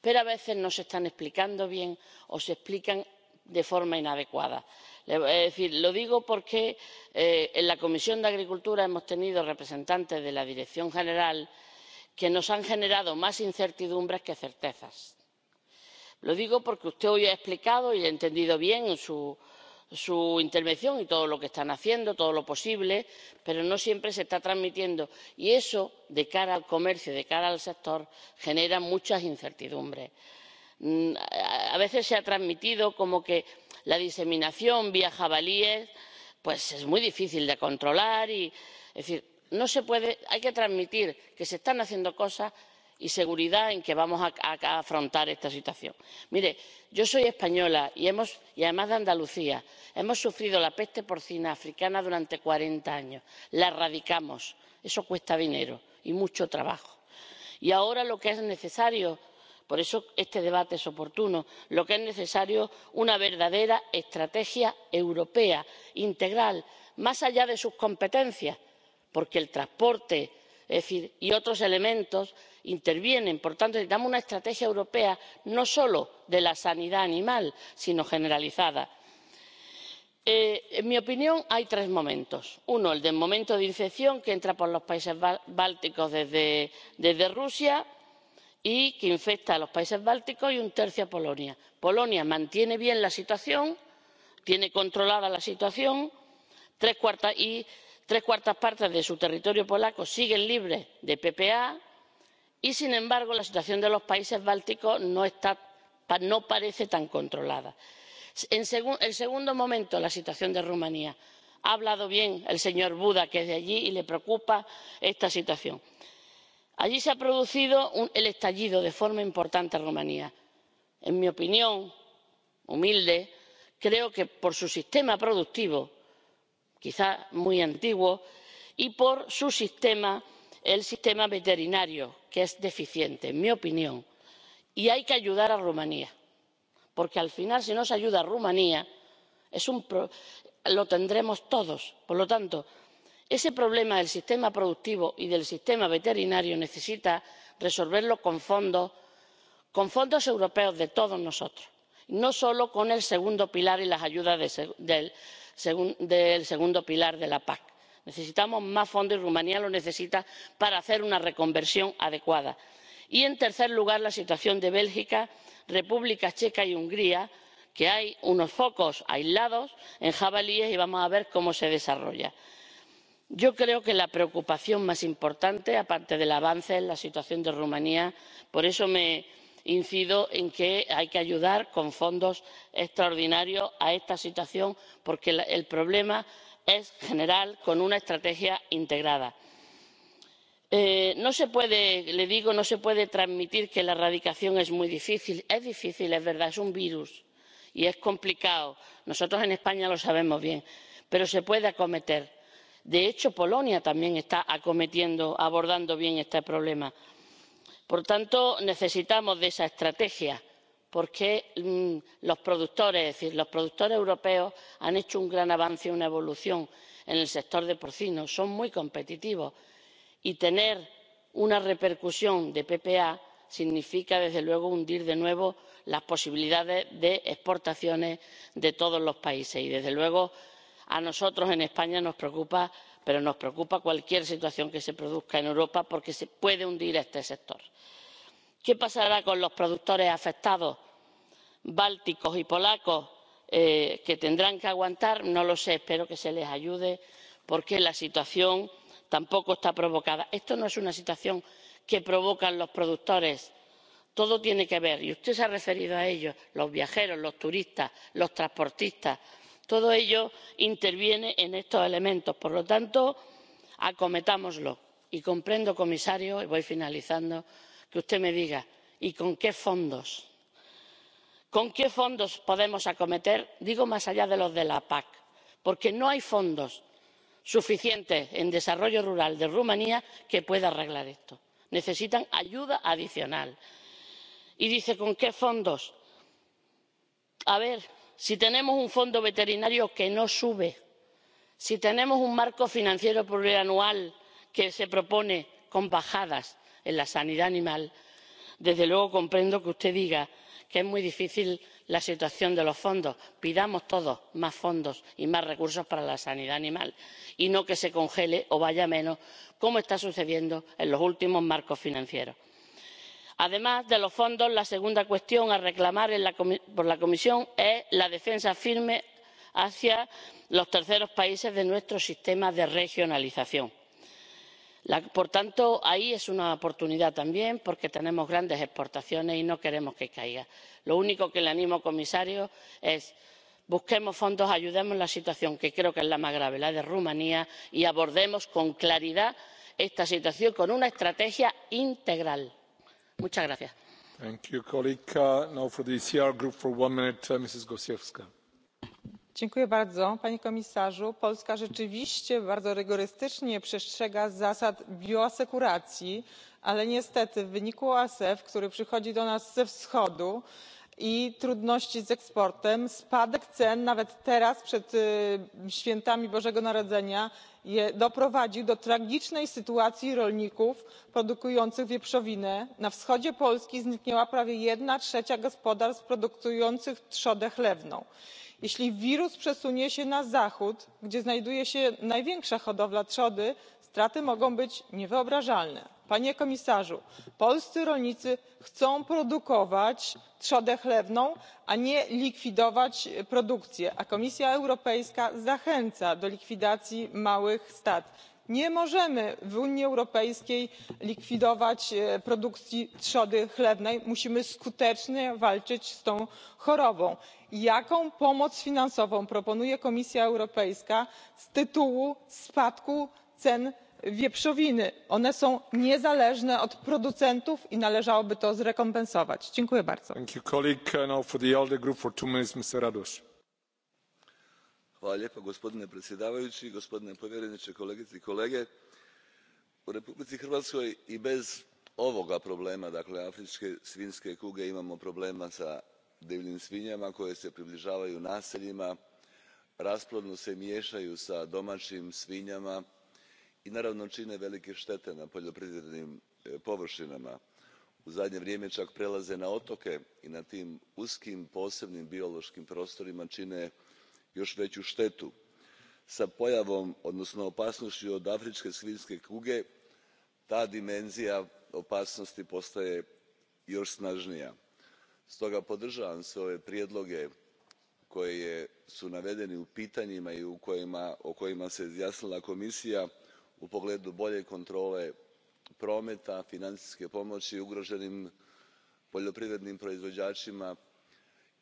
pero a veces no se están explicando bien o se explican de forma inadecuada. Eh, lo digo porque eh, en la comisión de agricultura hemos tenido representantes de la dirección general que nos han generado más incertidumbres que certezas. lo digo porque usted hoy ha explicado y he entendido bien su intervención y todo lo que están haciendo todo lo posible pero no siempre se está transmitiendo y eso de cara al comercio de cara al sector genera muchas incertidumbres. Mm, a veces se ha transmitido como que la diseminación vía jabalíes es muy difícil de controlar y es decir hay que transmitir que se están haciendo cosas y seguridad en que vamos a afrontar esta situación. mire yo soy española y además de andalucía hemos sufrido la peste porcina africana durante cuarenta años la erradicamos eso cuesta dinero y mucho trabajo y ahora lo que es necesario por eso este debate es oportuno. lo que es necesario una verdadera estrategia europea integral más allá de sus competencias porque el transporte y otros elementos intervienen. por tanto necesitamos una estrategia europea no solo de la sanidad animal sino generalizada. Eh, en mi opinión hay tres momentos uno el momento de infección que entra por los países bálticos desde rusia; y que infecta a los países bálticos y un tercio a polonia. polonia mantiene bien la situación tiene controlada la situación y tres cuartas partes de su territorio polaco siguen libres de ppa y sin embargo la situación de los países bálticos no pa, parece tan controlada. en segundo momento, la situación de rumanía. ha hablado bien el señor buda que es de allí y le preocupa esta situación allí se ha producido el estallido de forma importante en rumanía. en mi opinión humilde creo que por su sistema productivo quizá muy antiguo y por su sistema el sistema veterinario que es deficiente en mi opinión y hay que ayudar a rumanía porque al final si no se ayuda a rumanía lo tendremos todos. por lo tanto ese problema del sistema productivo y del sistema veterinario necesita resolverlo con fondos con fondos europeos de todos nosotros no solo con el segundo pilar y las ayudas del segundo pilar de la pac. necesitamos más fondos y rumanía los necesita para hacer una reconversión adecuada. y en tercer lugar la situación de bélgica república checa y hungría que hay unos focos aislados en jabalíes y vamos a ver cómo se desarrolla yo creo que la preocupación más importante aparte del avance en la situación de rumanía por eso incido en que hay que ayudar con fondos extraordinarios a esta situación porque el problema es general con una estrategia integrada. Eh, no se puede le digo no se puede transmitir que la erradicación es muy difícil. es difícil es verdad es un virus y es complicado nosotros en españa lo sabemos bien pero se puede acometer de hecho polonia también está acometiendo, abordando bien este problema. por tanto necesitamos de esa estrategia porque mm, los productores europeos han hecho un gran avance una evolución en el sector del porcino son muy competitivos y tener una repercusión de ppa significa desde luego hundir de nuevo las posibilidades de exportaciones de todos los países y desde luego a nosotros en españa nos preocupa pero nos preocupa cualquier situación que se produzca en europa porque se puede hundir a este sector. qué pasará con los productores afectados bálticos y polacos eh, que tendrán que aguantar? no lo sé espero que se les ayude porque la situación tampoco está provocada. esto no es una situación que provocan los productores todo tiene que ver y usted se ha referido a ello los viajeros los turistas los transportistas todo ello interviene en estos elementos. por lo tanto acometámoslo. y comprendo comisario y voy finalizando que usted me diga y con qué fondos? con qué fondos podemos acometer? digo más allá de los de la pac porque no hay fondos suficientes en desarrollo rural de rumanía que puedan arreglar esto. necesitan ayuda adicional. y dice con qué fondos? a ver si tenemos un fondo veterinario que no sube si tenemos un marco financiero plurianual que se propone con bajadas en la sanidad animal desde luego comprendo que usted diga que es muy difícil la situación de los fondos. pidamos todos más fondos y más recursos para la sanidad animal y no que se congele o vaya a menos como está sucediendo en los últimos marcos financieros además de los fondos la segunda cuestión a reclamar por la comisión es la defensa firme hacia los terceros países de nuestro sistema de regionalización. por tanto ahí es una oportunidad también porque tenemos grandes exportaciones y no queremos que caigan. lo único que le animo comisario es busquemos fondos ayudemos en la situación que creo que es la más grave la de rumanía y abordemos con claridad esta situación con una estrategia integral muchas panie komisarzu! polska rzeczywiście bardzo rygorystycznie przestrzega zasad bioasekuracji ale niestety w wyniku asf e, który przychodzi do nas ze wschodu i trudności z eksportem spadek cen nawet teraz przed świętami bożego narodzenia doprowadził do tragicznej sytuacji rolników produkujących wieprzowinę na wschodzie polski zniknęła prawie jedna trzecia gospodarstw produkujących trzodę chlewną. jeśli wirus przesunie się na zachód gdzie znajduje się największa hodowla trzody straty mogą być niewyobrażalne. panie komisarzu! polscy rolnicy chcą produkować trzodę chlewną a nie likwidować produkcję, a komisja europejska zachęca do likwidacji małych stad. nie możemy w unii europejskiej likwidować e, produkcji trzody chlewnej musimy skutecznie walczyć z tą chorobą. jaką pomoc finansową proponuje komisja europejska z tytułu spadku cen wieprzowiny one są niezależne od producentów i należałoby to zrekompensować. dziękuję bardzo. gospodine predsjedavajući gospodine povjereniče kolegice i kolege u republici hrvatskoj i bez ovoga problema dakle afričke svinjske kuge imamo problema s divljim svinjama koje se približavaju naseljima rasplodno se miješaju s domaćim svinjama i naravno čine velike štete na poljoprivrednim e, površinama. u zadnje vrijeme čak prelaze na otoke i na tim uskim posebnim biološkim prostorima čine još veću štetu. s pojavom odnosno opasnošću od afričke svinjske kuge ta dimenzija opasnosti postaje još snažnija. stoga podržavam sve ove prijedloge koji su navedeni u pitanjima i o kojima se izjasnila komisija u pogledu bolje kontrole prometa financijske pomoći ugroženim poljoprivrednim proizvođačima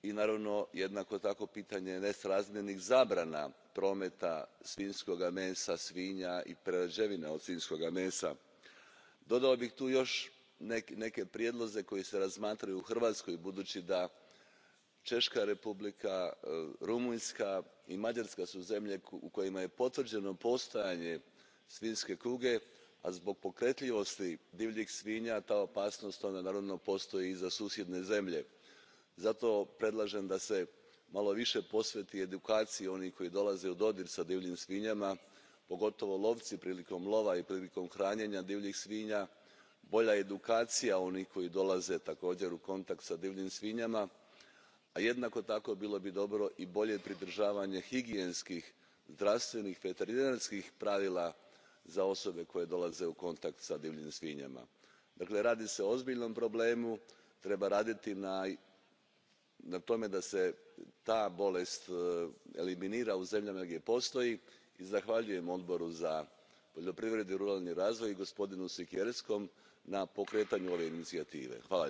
i naravno jednako tako pitanje nesrazmjernih zabrana prometa svinjskoga mesa svinja i prerađevina od svinjskoga mesa. dodao bih tu još neke prijedloge koji se razmatraju u hrvatskoj budući da Češka republika e, rumunjska i Mađarska su zemlje u kojima je potvrđeno postojanje svinjske kuge a zbog pokretljivosti divljih svinja ta opasnost ona naravno postoji i za susjedne zemlje. zato predlažem da se malo više posveti edukaciji onih koji dolaze u dodir sa divljim svinjama pogotovo lovci prilikom lova i prilikom hranjenja divljih svinja bolja edukacija onih koji dolaze također u kontakt s divljim svinjama a jednako tako bilo bi dobro i bolje pridržavanje higijenskih zdravstvenih veterinarskih pravila za osobe koje dolaze u kontakt s divljim svinjama. dakle radi se o ozbiljnom problemu treba raditi na tome da se ta bolest e, eliminira u zemljama gdje postoji i zahvaljujem odboru za poljoprivredu i ruralni razvoj i gospodinu siekierskom na pokretanju ove inicijative. hvala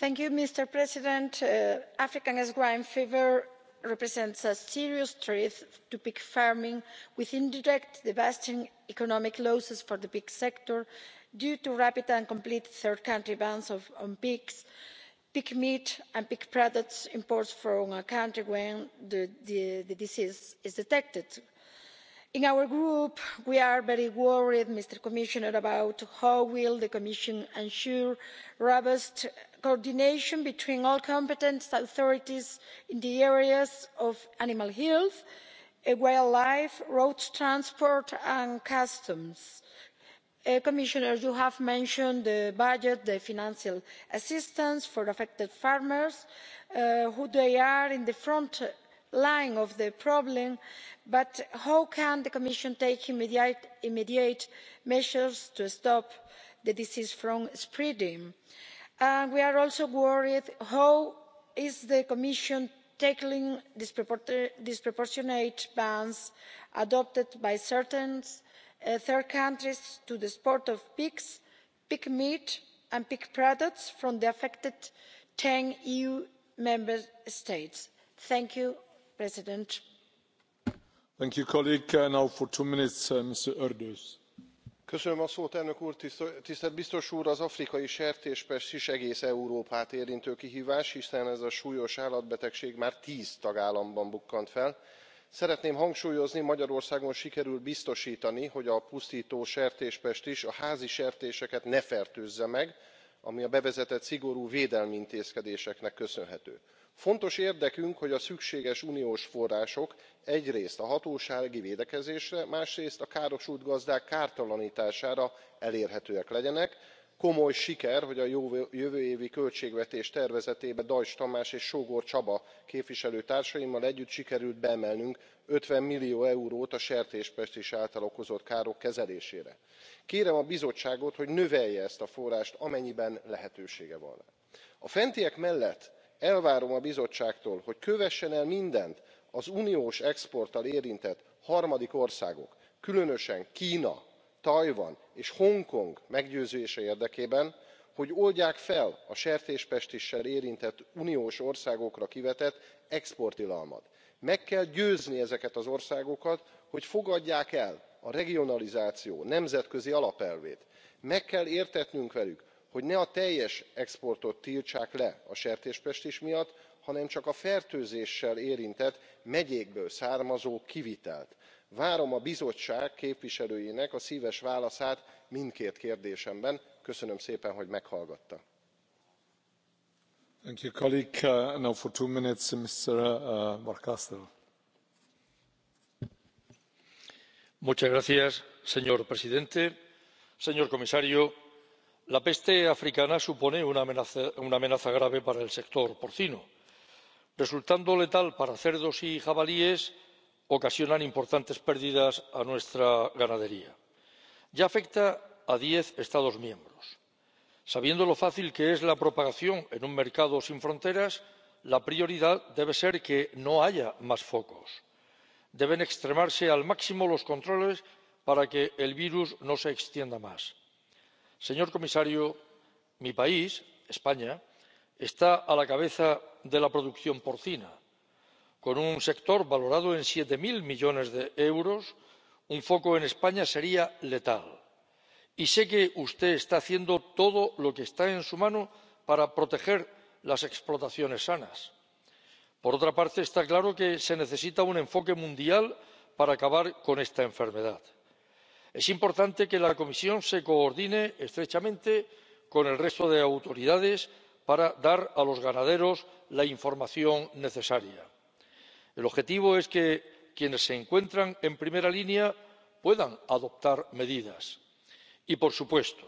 You, mr president uh, african swine fever represents a serious threat to pig farming with indirect devastating economic losses for the pig sector due to rapid and complete third country bans on pigs pig meat and pig products imports from a country when the disease is detected in our group we are very worried mr commissioner about how will the commission ensure robust coordination between all competent authorities in the areas of animal health eh, wildlife road transport and customs. Eh, commissioner you have mentioned the budget the financial assistance for affected farmers eh, who they are in the front lying of the problem but how can the commission take immediate measures to stop the disease from spreading? we are also worried how is the commission tackling disproportionate bans adopted by certain uh, third countries to the export of pigs pig meat and pig products from the affected ten eu member states? thank you úr tisztelt biztos úr! az afrikai sertéspest is egész európát érintő kihvás hiszen ez a súlyos állatbetegség már tz tagállamban bukkant fel. szeretném hangsúlyozni magyarországon sikerül biztostani hogy a puszttó sertéspest is a házi sertéseket ne fertőzze meg ami a bevezetett szigorú védelmi intézkedéseknek köszönhető fontos érdekünk hogy a szükséges uniós források egyrészt a hatósági védekezésre másrészt a károsult gazdák kártalantására elérhetőek legyenek komoly siker hogy a jövő évi költségvetés tervezetébe deutsch tamás és sógor csaba társaimmal együtt sikerült beemelnünk 50 millió eurót a sertéspestis által okozott károk kezelésére. kérem a bizottságot hogy növelje ezt a forrást amennyiben lehetősége van rá. a fentiek mellett elvárom a bizottságtól hogy kövessen el mindent az uniós exporttal érintett harmadik országok különösen kna tajvan és hongkong meggyőzése érdekében hogy oldják fel a sertéspestissel érintett uniós országokra kivetett exporttilalmat. meg kell győzni ezeket az országokat hogy fogadják el a regionalizáció nemzetközi alapelvét. meg kell értetnünk velük hogy ne a teljes exportot tiltsák le a sertéspestis miatt hanem csak a fertőzéssel érintett megyékből származó kivitelt. várom a bizottság képviselőinek a szves válaszát mindkét kérdésemben. köszönöm szépen hogy meghallgattak. Uh, uh, uh, señor presidente señor comisario la peste africana supone una amenaza grave para el sector porcino resultando letal para cerdos y jabalíes ocasiona importantes pérdidas a nuestra ganadería. ya afecta a diez estados miembros. sabiendo lo fácil que es la propagación en un mercado sin fronteras la prioridad debe ser que no haya más focos. deben extremarse al máximo los controles para que el virus no se extienda más señor comisario mi país españa está a la cabeza de la producción porcina con un sector valorado en siete cero millones de euros un foco en españa sería letal y sé que usted está haciendo todo lo que está en su mano para proteger las explotaciones sanas. por otra parte está claro que se necesita un enfoque mundial para acabar con esta enfermedad es importante que la comisión se coordine estrechamente con el resto de autoridades para dar a los ganaderos la información necesaria. el objetivo es que quienes se encuentran en primera línea puedan adoptar medidas. y por supuesto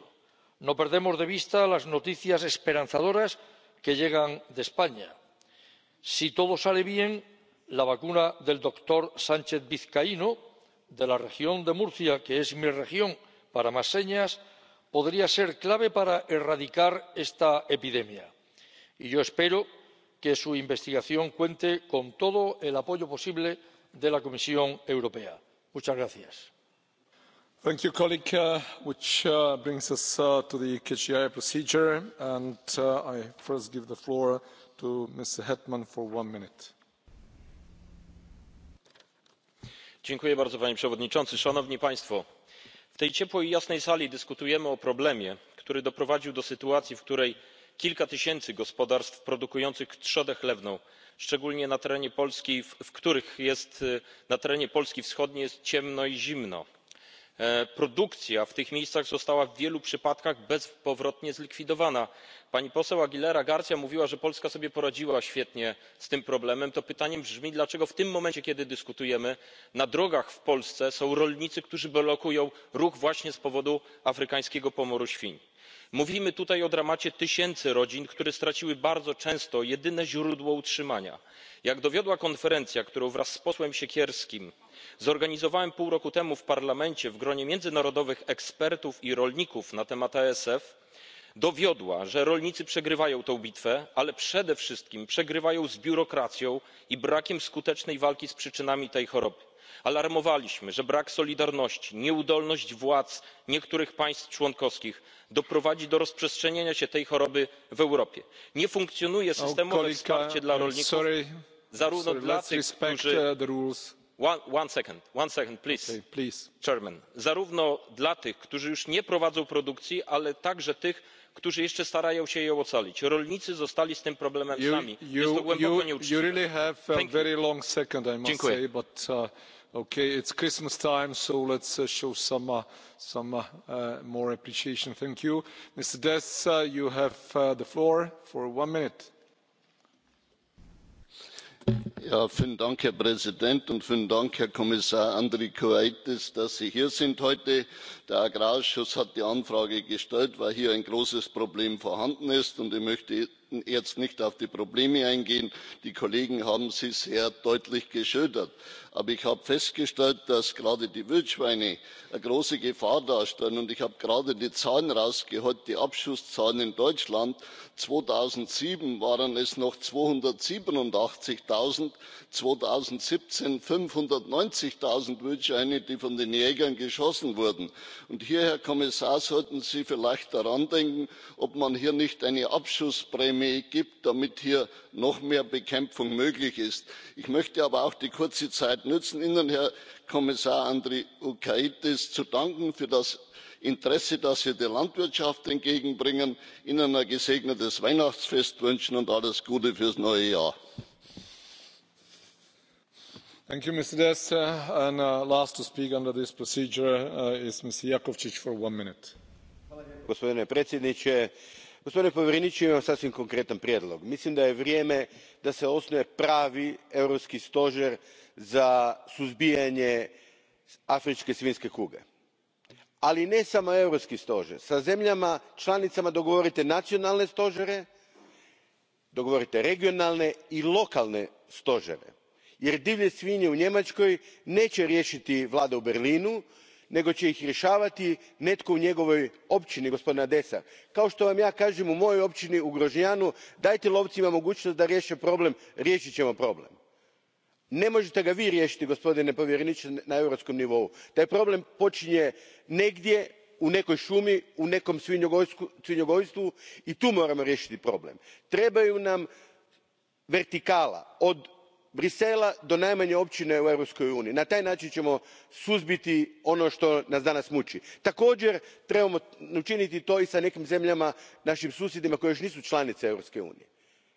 no perdemos de vista las noticias esperanzadoras que llegan de españa. si todo sale bien la vacuna del doctor sánchez vizcaíno de la región de murcia que es mi región para más señas podría ser clave para erradicar esta epidemia y yo espero que su investigación cuente con todo el apoyo posible de la comisión europea. muchas gracias. panie przewodniczący! w tej ciepłej i jasnej sali dyskutujemy o problemie który doprowadził do sytuacji w której kilka tysięcy gospodarstw produkujących trzodę chlewną szczególnie na terenie polski w których jest na terenie polski wschodniej jest ciemno i zimno. E, produkcja w tych miejscach została w wielu przypadkach bezpowrotnie zlikwidowana. pani poseł aguilera garca mówiła że polska sobie poradziła świetnie z tym problemem to pytanie brzmi dlaczego w tym momencie kiedy dyskutujemy na drogach w polsce są rolnicy którzy blokują ruch właśnie z powodu afrykańskiego pomoru świń? mówimy tutaj o dramacie tysięcy rodzin które straciły bardzo często jedyne źródło utrzymania. jak dowiodła konferencja którą wraz z posłem siekierskim zorganizowałem pół roku temu w parlamencie w gronie międzynarodowych ekspertów i rolników na temat esf że rolnicy przegrywają tę bitwę ale przede wszystkim przegrywają z biurokracją i brakiem skutecznej walki z przyczynami tej choroby alarmowaliśmy że brak solidarności nieudolność władz niektórych państw członkowskich doprowadzi do rozprzestrzenienia się tej choroby w europie. nie funkcjonuje oh, systemowe wsparcie dla rolników zarówno dla tych którzy już nie prowadzą produkcji ale także tych którzy jeszcze starają się ją ocalić. rolnicy zostali z tym problemem sami. jest to głęboko nieuczciwe. Okay, it's Christmas time, so let's uh, show some, uh, some uh, more appreciation. Thank you. Mr. Dess, you have the floor for one minute. Ja, vielen herr präsident und vielen dank herr kommissar andriukaitis dass sie hier sind heute. der agrarausschuss hat die anfrage gestellt weil hier ein großes problem vorhanden ist und ich möchte jetzt nicht auf die probleme eingehen die kollegen haben sie sehr deutlich geschildert aber ich habe festgestellt dass gerade die wildschweine eine große gefahr darstellen und ich habe gerade die zahlen herausgeholt die abschusszahlen in deutschland zweitausendsieben waren es noch zweihundertsiebenundachtzig null zweitausendsiebzehn fünfhundertneunzig null wildschweine die von den jägern geschossen wurden. und hier herr kommissar sollten sie vielleicht daran denken ob man hier nicht eine abschussprämie gibt damit hier noch mehr bekämpfung möglich ist. ich möchte aber auch die kurze nützen ihnen herr kommissar andriukaitis zu danken für das interesse das sie der landwirtschaft entgegenbringen ihnen ein gesegnetes weihnachtsfest wünschen und alles gute fürs neue jahr. gospodine predsjedniče gospodine povjereniče imam sasvim konkretan prijedlog. mislim da je vrijeme da se osnuje pravi europski stožer za suzbijanje afričke svinjske kuge ali ne samo europski stožer sa zemljama članicama dogovorite nacionalne stožere dogovorite regionalne i lokalne stožere jer divlje svinje u njemačkoj neće riješiti vlada u berlinu nego će ih rješavati netko u njegovoj općini gospodina dessa kao što vam ja kažem u mojoj općini u grožnjanu dajte lovcima mogućnost da riješe problem riješit ćemo problem ne možete ga vi riješiti gospodine povjereniče na europskom nivou taj problem počinje negdje u nekoj šumi u nekom svinjogojstvu i tu moramo riješiti problem. Trebaju nam vertikala od bruxellesa do najmanje općine u europskoj uniji. na taj način ćemo suzbiti ono što nas danas muči. također trebamo učiniti to i s nekim zemljama našim susjedima koje još nisu članice europske unije.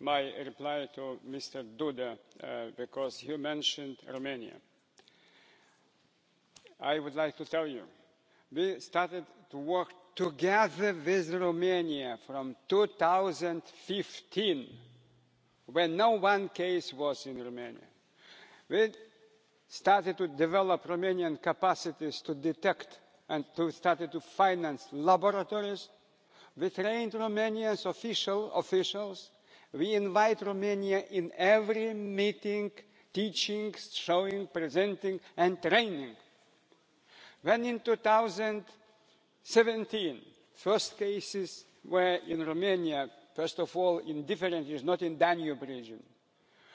my reply to Mr. Duda uh, because you mentioned Romania. I would like to tell you, we started to work together with Romania from 2015 when no one case was in Romania. We started to develop Romanian capacities to detect and to started to finance laboratories. We trained Romanian official, officials we invite romania in every meeting teaching showing presenting and training. when in two thousand and seventeen the first cases were in romania first of all in different regions not in the danube region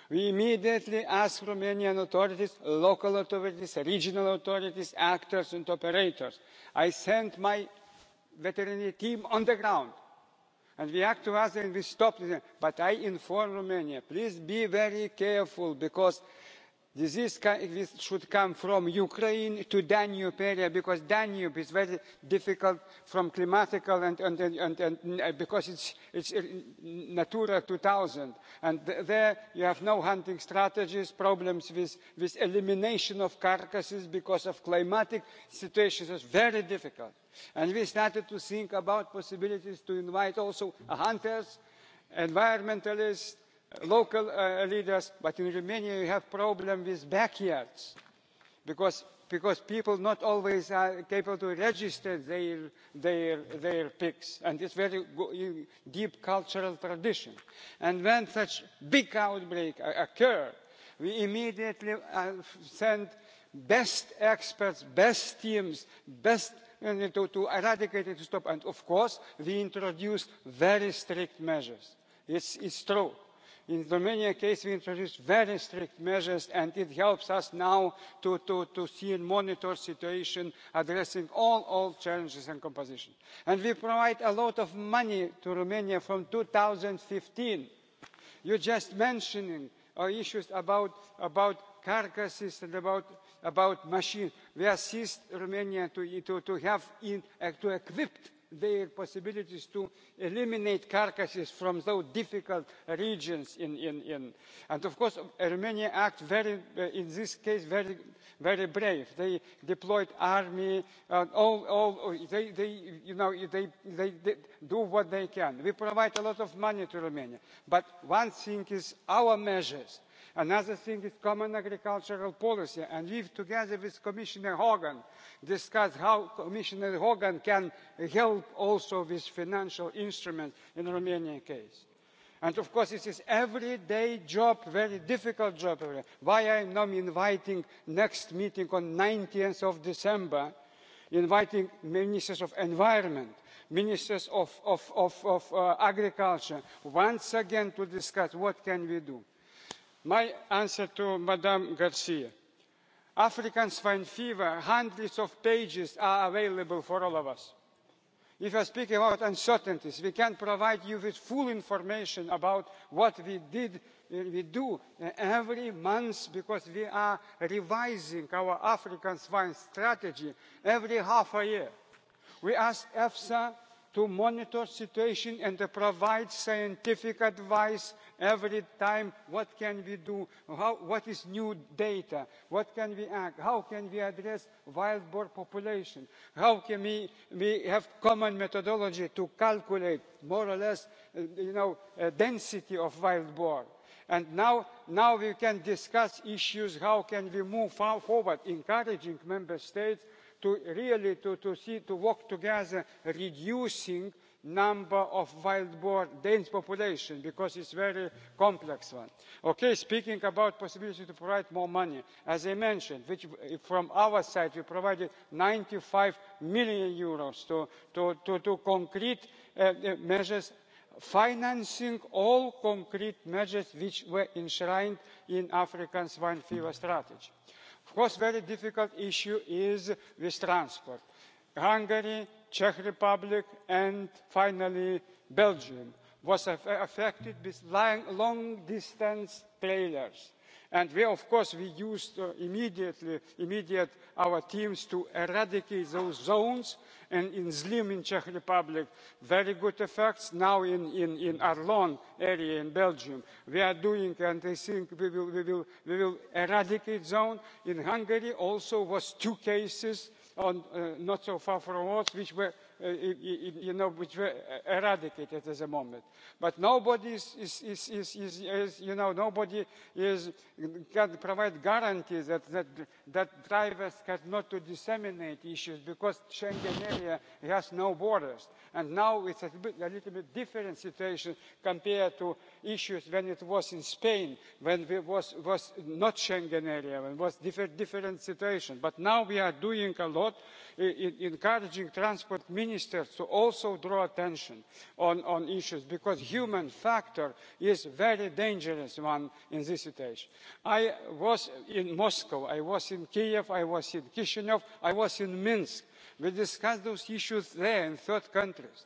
we immediately asked romanian authorities local authorities regional authorities actors and operators. i sent my veterinary team on the ground and we act together and we stop them. but i inform romania please be very careful because disease should come from ukraine to the danube area because danube is very difficult from climatical and, and, and, and uh, because it's, it's uh, natura two thousand and there you have no hunting strategies problems with, with elimination of carcasses because of climatic situations is very difficult and we started to think about possibilities to invite also hunters environmentalists local uh, leaders but in romania we have problems problem with backyards because, because people not always are capable to register their, their, their pigs and it's very deep cultural tradition. and when such big outbreak occurs we immediately uh, send best experts best teams best uh, to, eradicate it to stop and of course we introduce very strict measures. It's is true in the romania case we introduced very strict measures and it helps us now to, to, see and monitor the situation addressing all, all challenges and composition. and we provide a lot of money to romania from. two thousand and fifteen you just mentioning issues about, about carcasses and about, about machines. we assist romania to, have in, to equip their possibilities to eliminate carcasses from those difficult regions in, in, in. and of course Romania act very uh, in this case very very brave. They deployed army uh, all, all they, they you know they they do what they can. We provide a lot of money to Romania. But one thing is our measures another thing is common agricultural policy and we together with commissioner hogan discussed how commissioner hogan can help also with financial instruments in the romanian case. and of course this is an everyday job a very difficult job why i am now inviting the next meeting on nineteen december inviting ministers of environment ministers of uh, agriculture once again to discuss what can we do my answer to ms garca african swine fever hundreds of pages are available for all of us. if you speak speaking about uncertainties we can provide you with full information about what we did we do uh, every month because we are revising our african swine strategy every half a year. we ask to monitor situation and to provide scientific advice every time what can we do how, what is new data what can we act how can we address wild boar population how can we, we have common methodology to calculate more or less you know density of wild boar and now, now we can discuss issues how can we move forward encouraging member states to really to, to see to work together reducing number of wild boar dense population because it's very complex one. Okay, speaking about possibility to provide more money, as I mentioned, which from our side we provided 95 million euros to, to, to, to concrete uh, uh, measures financing all concrete measures which were enshrined in African swine fever strategy course a very difficult issue is with transport hungary czech republic and finally belgium was affected with long distance trailers and we of course we used uh, immediately immediate our teams to eradicate those zones and in zlim in czech republic very good effects now in in in arlon area in belgium we are doing and i think we will we will we will eradicate zone in hungary also was two cases on uh, not so far from us which were Uh, you know which were uh, eradicated at the moment but nobody is, is, is, is, is, is you know nobody is can provide guarantees that that that drivers not to disseminate issues because Schengen area has no borders and now it's a, bit, a little bit different situation compared to issues when it was in Spain when it was was not Schengen area when it was different different situation but now we are doing a lot encouraging transport ministers to also draw attention on, on issues because the human factor is a very dangerous one in this situation. i was in moscow i was in kiev i was in chiinu i was in minsk. we discussed those issues there in third countries.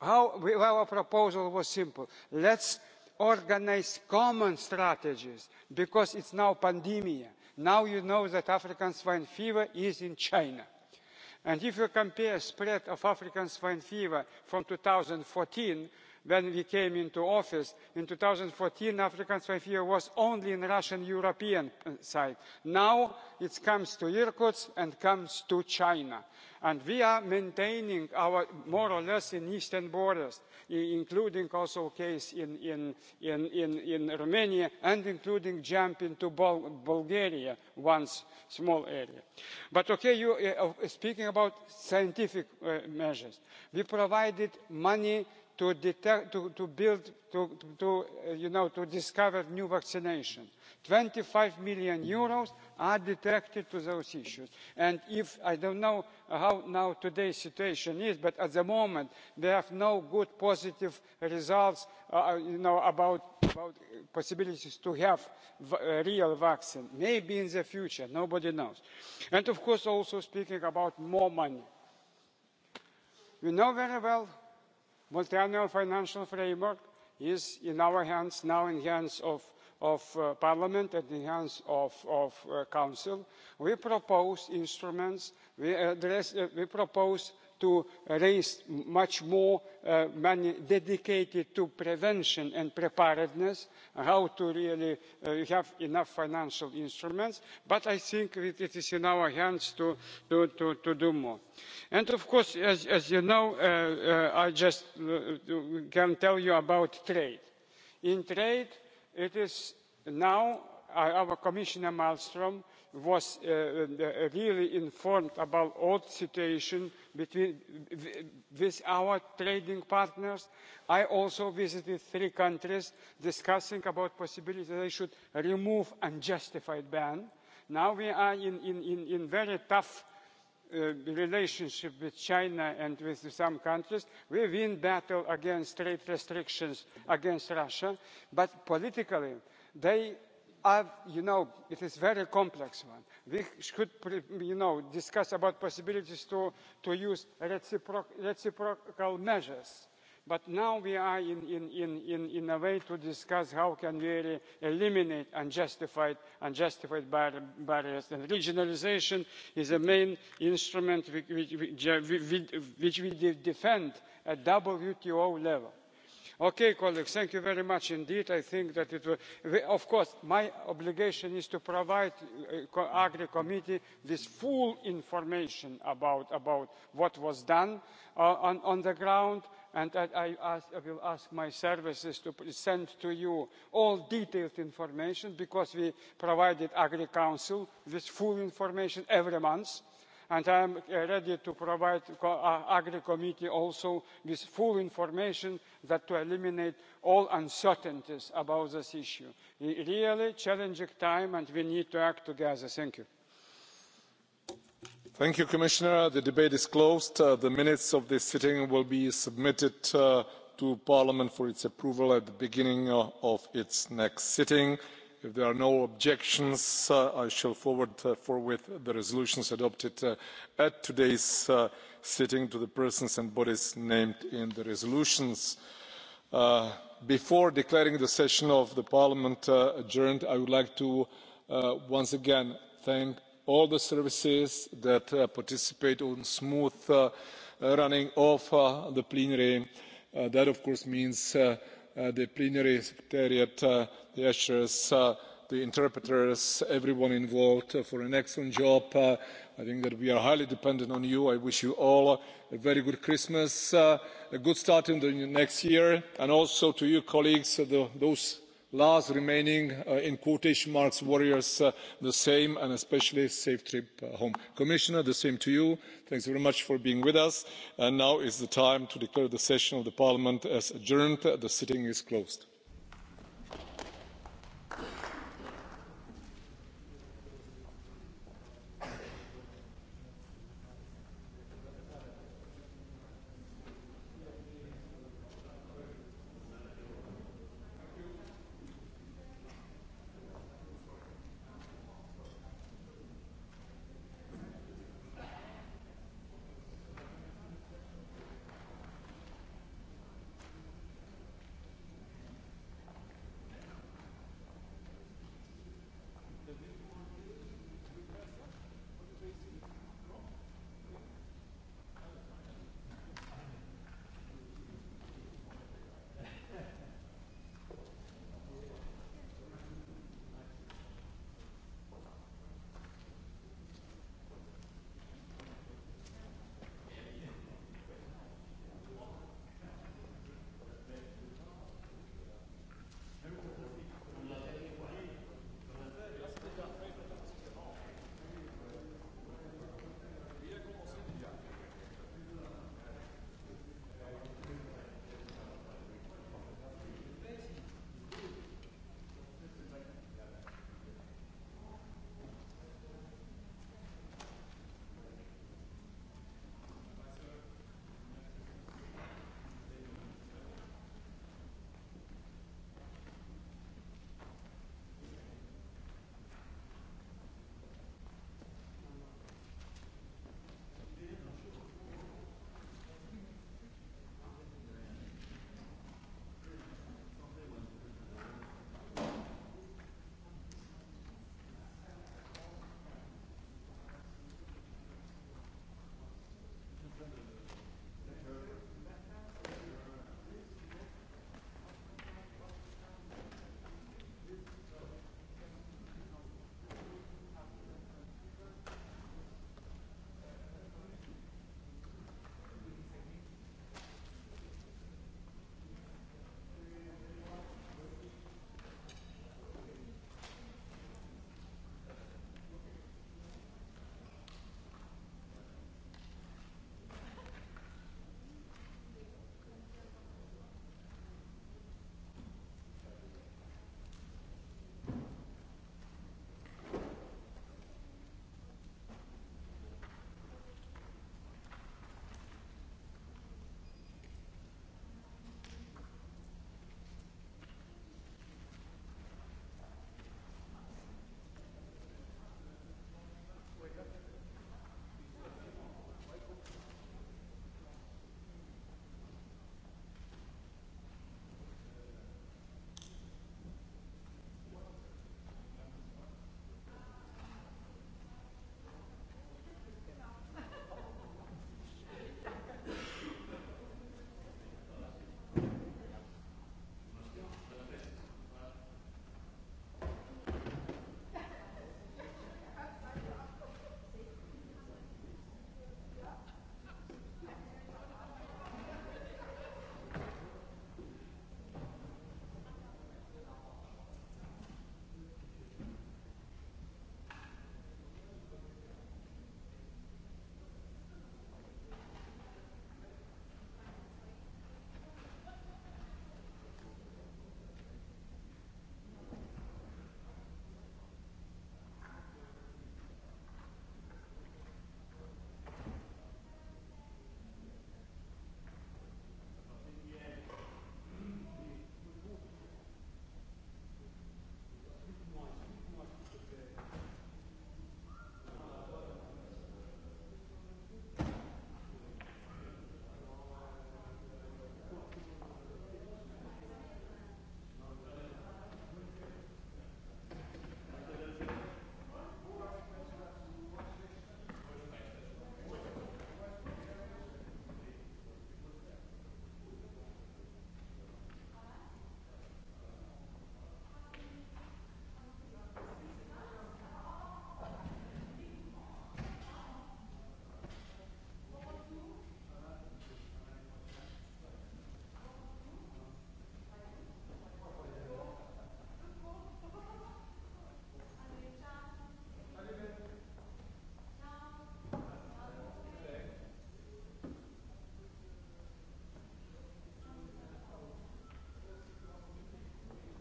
How, our proposal was simple let's organise common strategies because it's now pandemic. now you know that african swine fever is in china and if you compare the spread of african swine fever from two thousand and fourteen when we came into office in two thousand and fourteen african swine fever was only in the russian european uh, side. now it comes to irkutsk and comes to china and we are maintaining our more or less in eastern borders including also case in, in, romania and including jump into bulgaria once small area. but okay you uh, uh, speaking about scientific uh, measures we provided money to detect to, to build to, to uh, you know to discover new vaccination. twenty five million euros are detected to those issues and if i don't know how now today's situation is but at the moment they have no good positive results uh, uh you know about about possibilities to have a uh, real vaccine maybe in the future nobody knows and of course also speaking about more money you know very well multiannual financial framework is in our hands now in the hands of, uh, parliament and in the hands of, of uh, council. we propose instruments we, address, uh, we propose to raise much more uh, money dedicated to prevention and preparedness how to really uh, have enough financial instruments but i think that it is in our hands to, to, do more. and of course as, as you know uh, i just can tell you about trade. in trade it is now our commissioner malmstrm was uh, uh, really informed about all the situation between with our trading partners. I also visited three countries discussing about possibility that they should remove unjustified ban. Now we are in in in very tough uh, relationship with China and with some countries. We win battle against trade restrictions against Russia, but politically they I've, you know, it is a very complex one. We should, you know, discuss about possibilities to, to use reciprocal measures. But now we are in, in, in, in, in a way to discuss how can we eliminate unjustified, unjustified barriers. And regionalisation is a main instrument which we defend at WTO level okay colleagues thank you very much indeed. i think that it will of course my obligation is to provide the uh, agri committee with full information about what was done uh, on the ground and i ask i will ask my services to send to you all detailed information because we provided the agri council with full information every month and i am ready to provide the uh, agri committee also with full information that to eliminate all uncertainties about this issue. a really challenging time and we need to act together. thank you. thank you commissioner. the debate is closed. Uh, the minutes of this sitting will be submitted uh, to parliament for its approval at the beginning of its next sitting if there are no objections uh, i shall forward uh, forthwith the resolutions adopted uh, at today's sitting to the persons and bodies named in the resolutions. before declaring the session of the parliament adjourned i would like to once again thank all the services that participate in smooth running of the plenary. that of course means the plenary secretariat the uh, the interpreters everyone involved uh, for an excellent job. Uh, i think that we are highly dependent on you. i wish you all a very good christmas a good start in the next year and also to you colleagues those last remaining in quotation marks warriors the same and especially safe trip home. commissioner the same to you. thanks very much for being with us and now is the time to declare the session of the parliament as adjourned. the sitting is closed.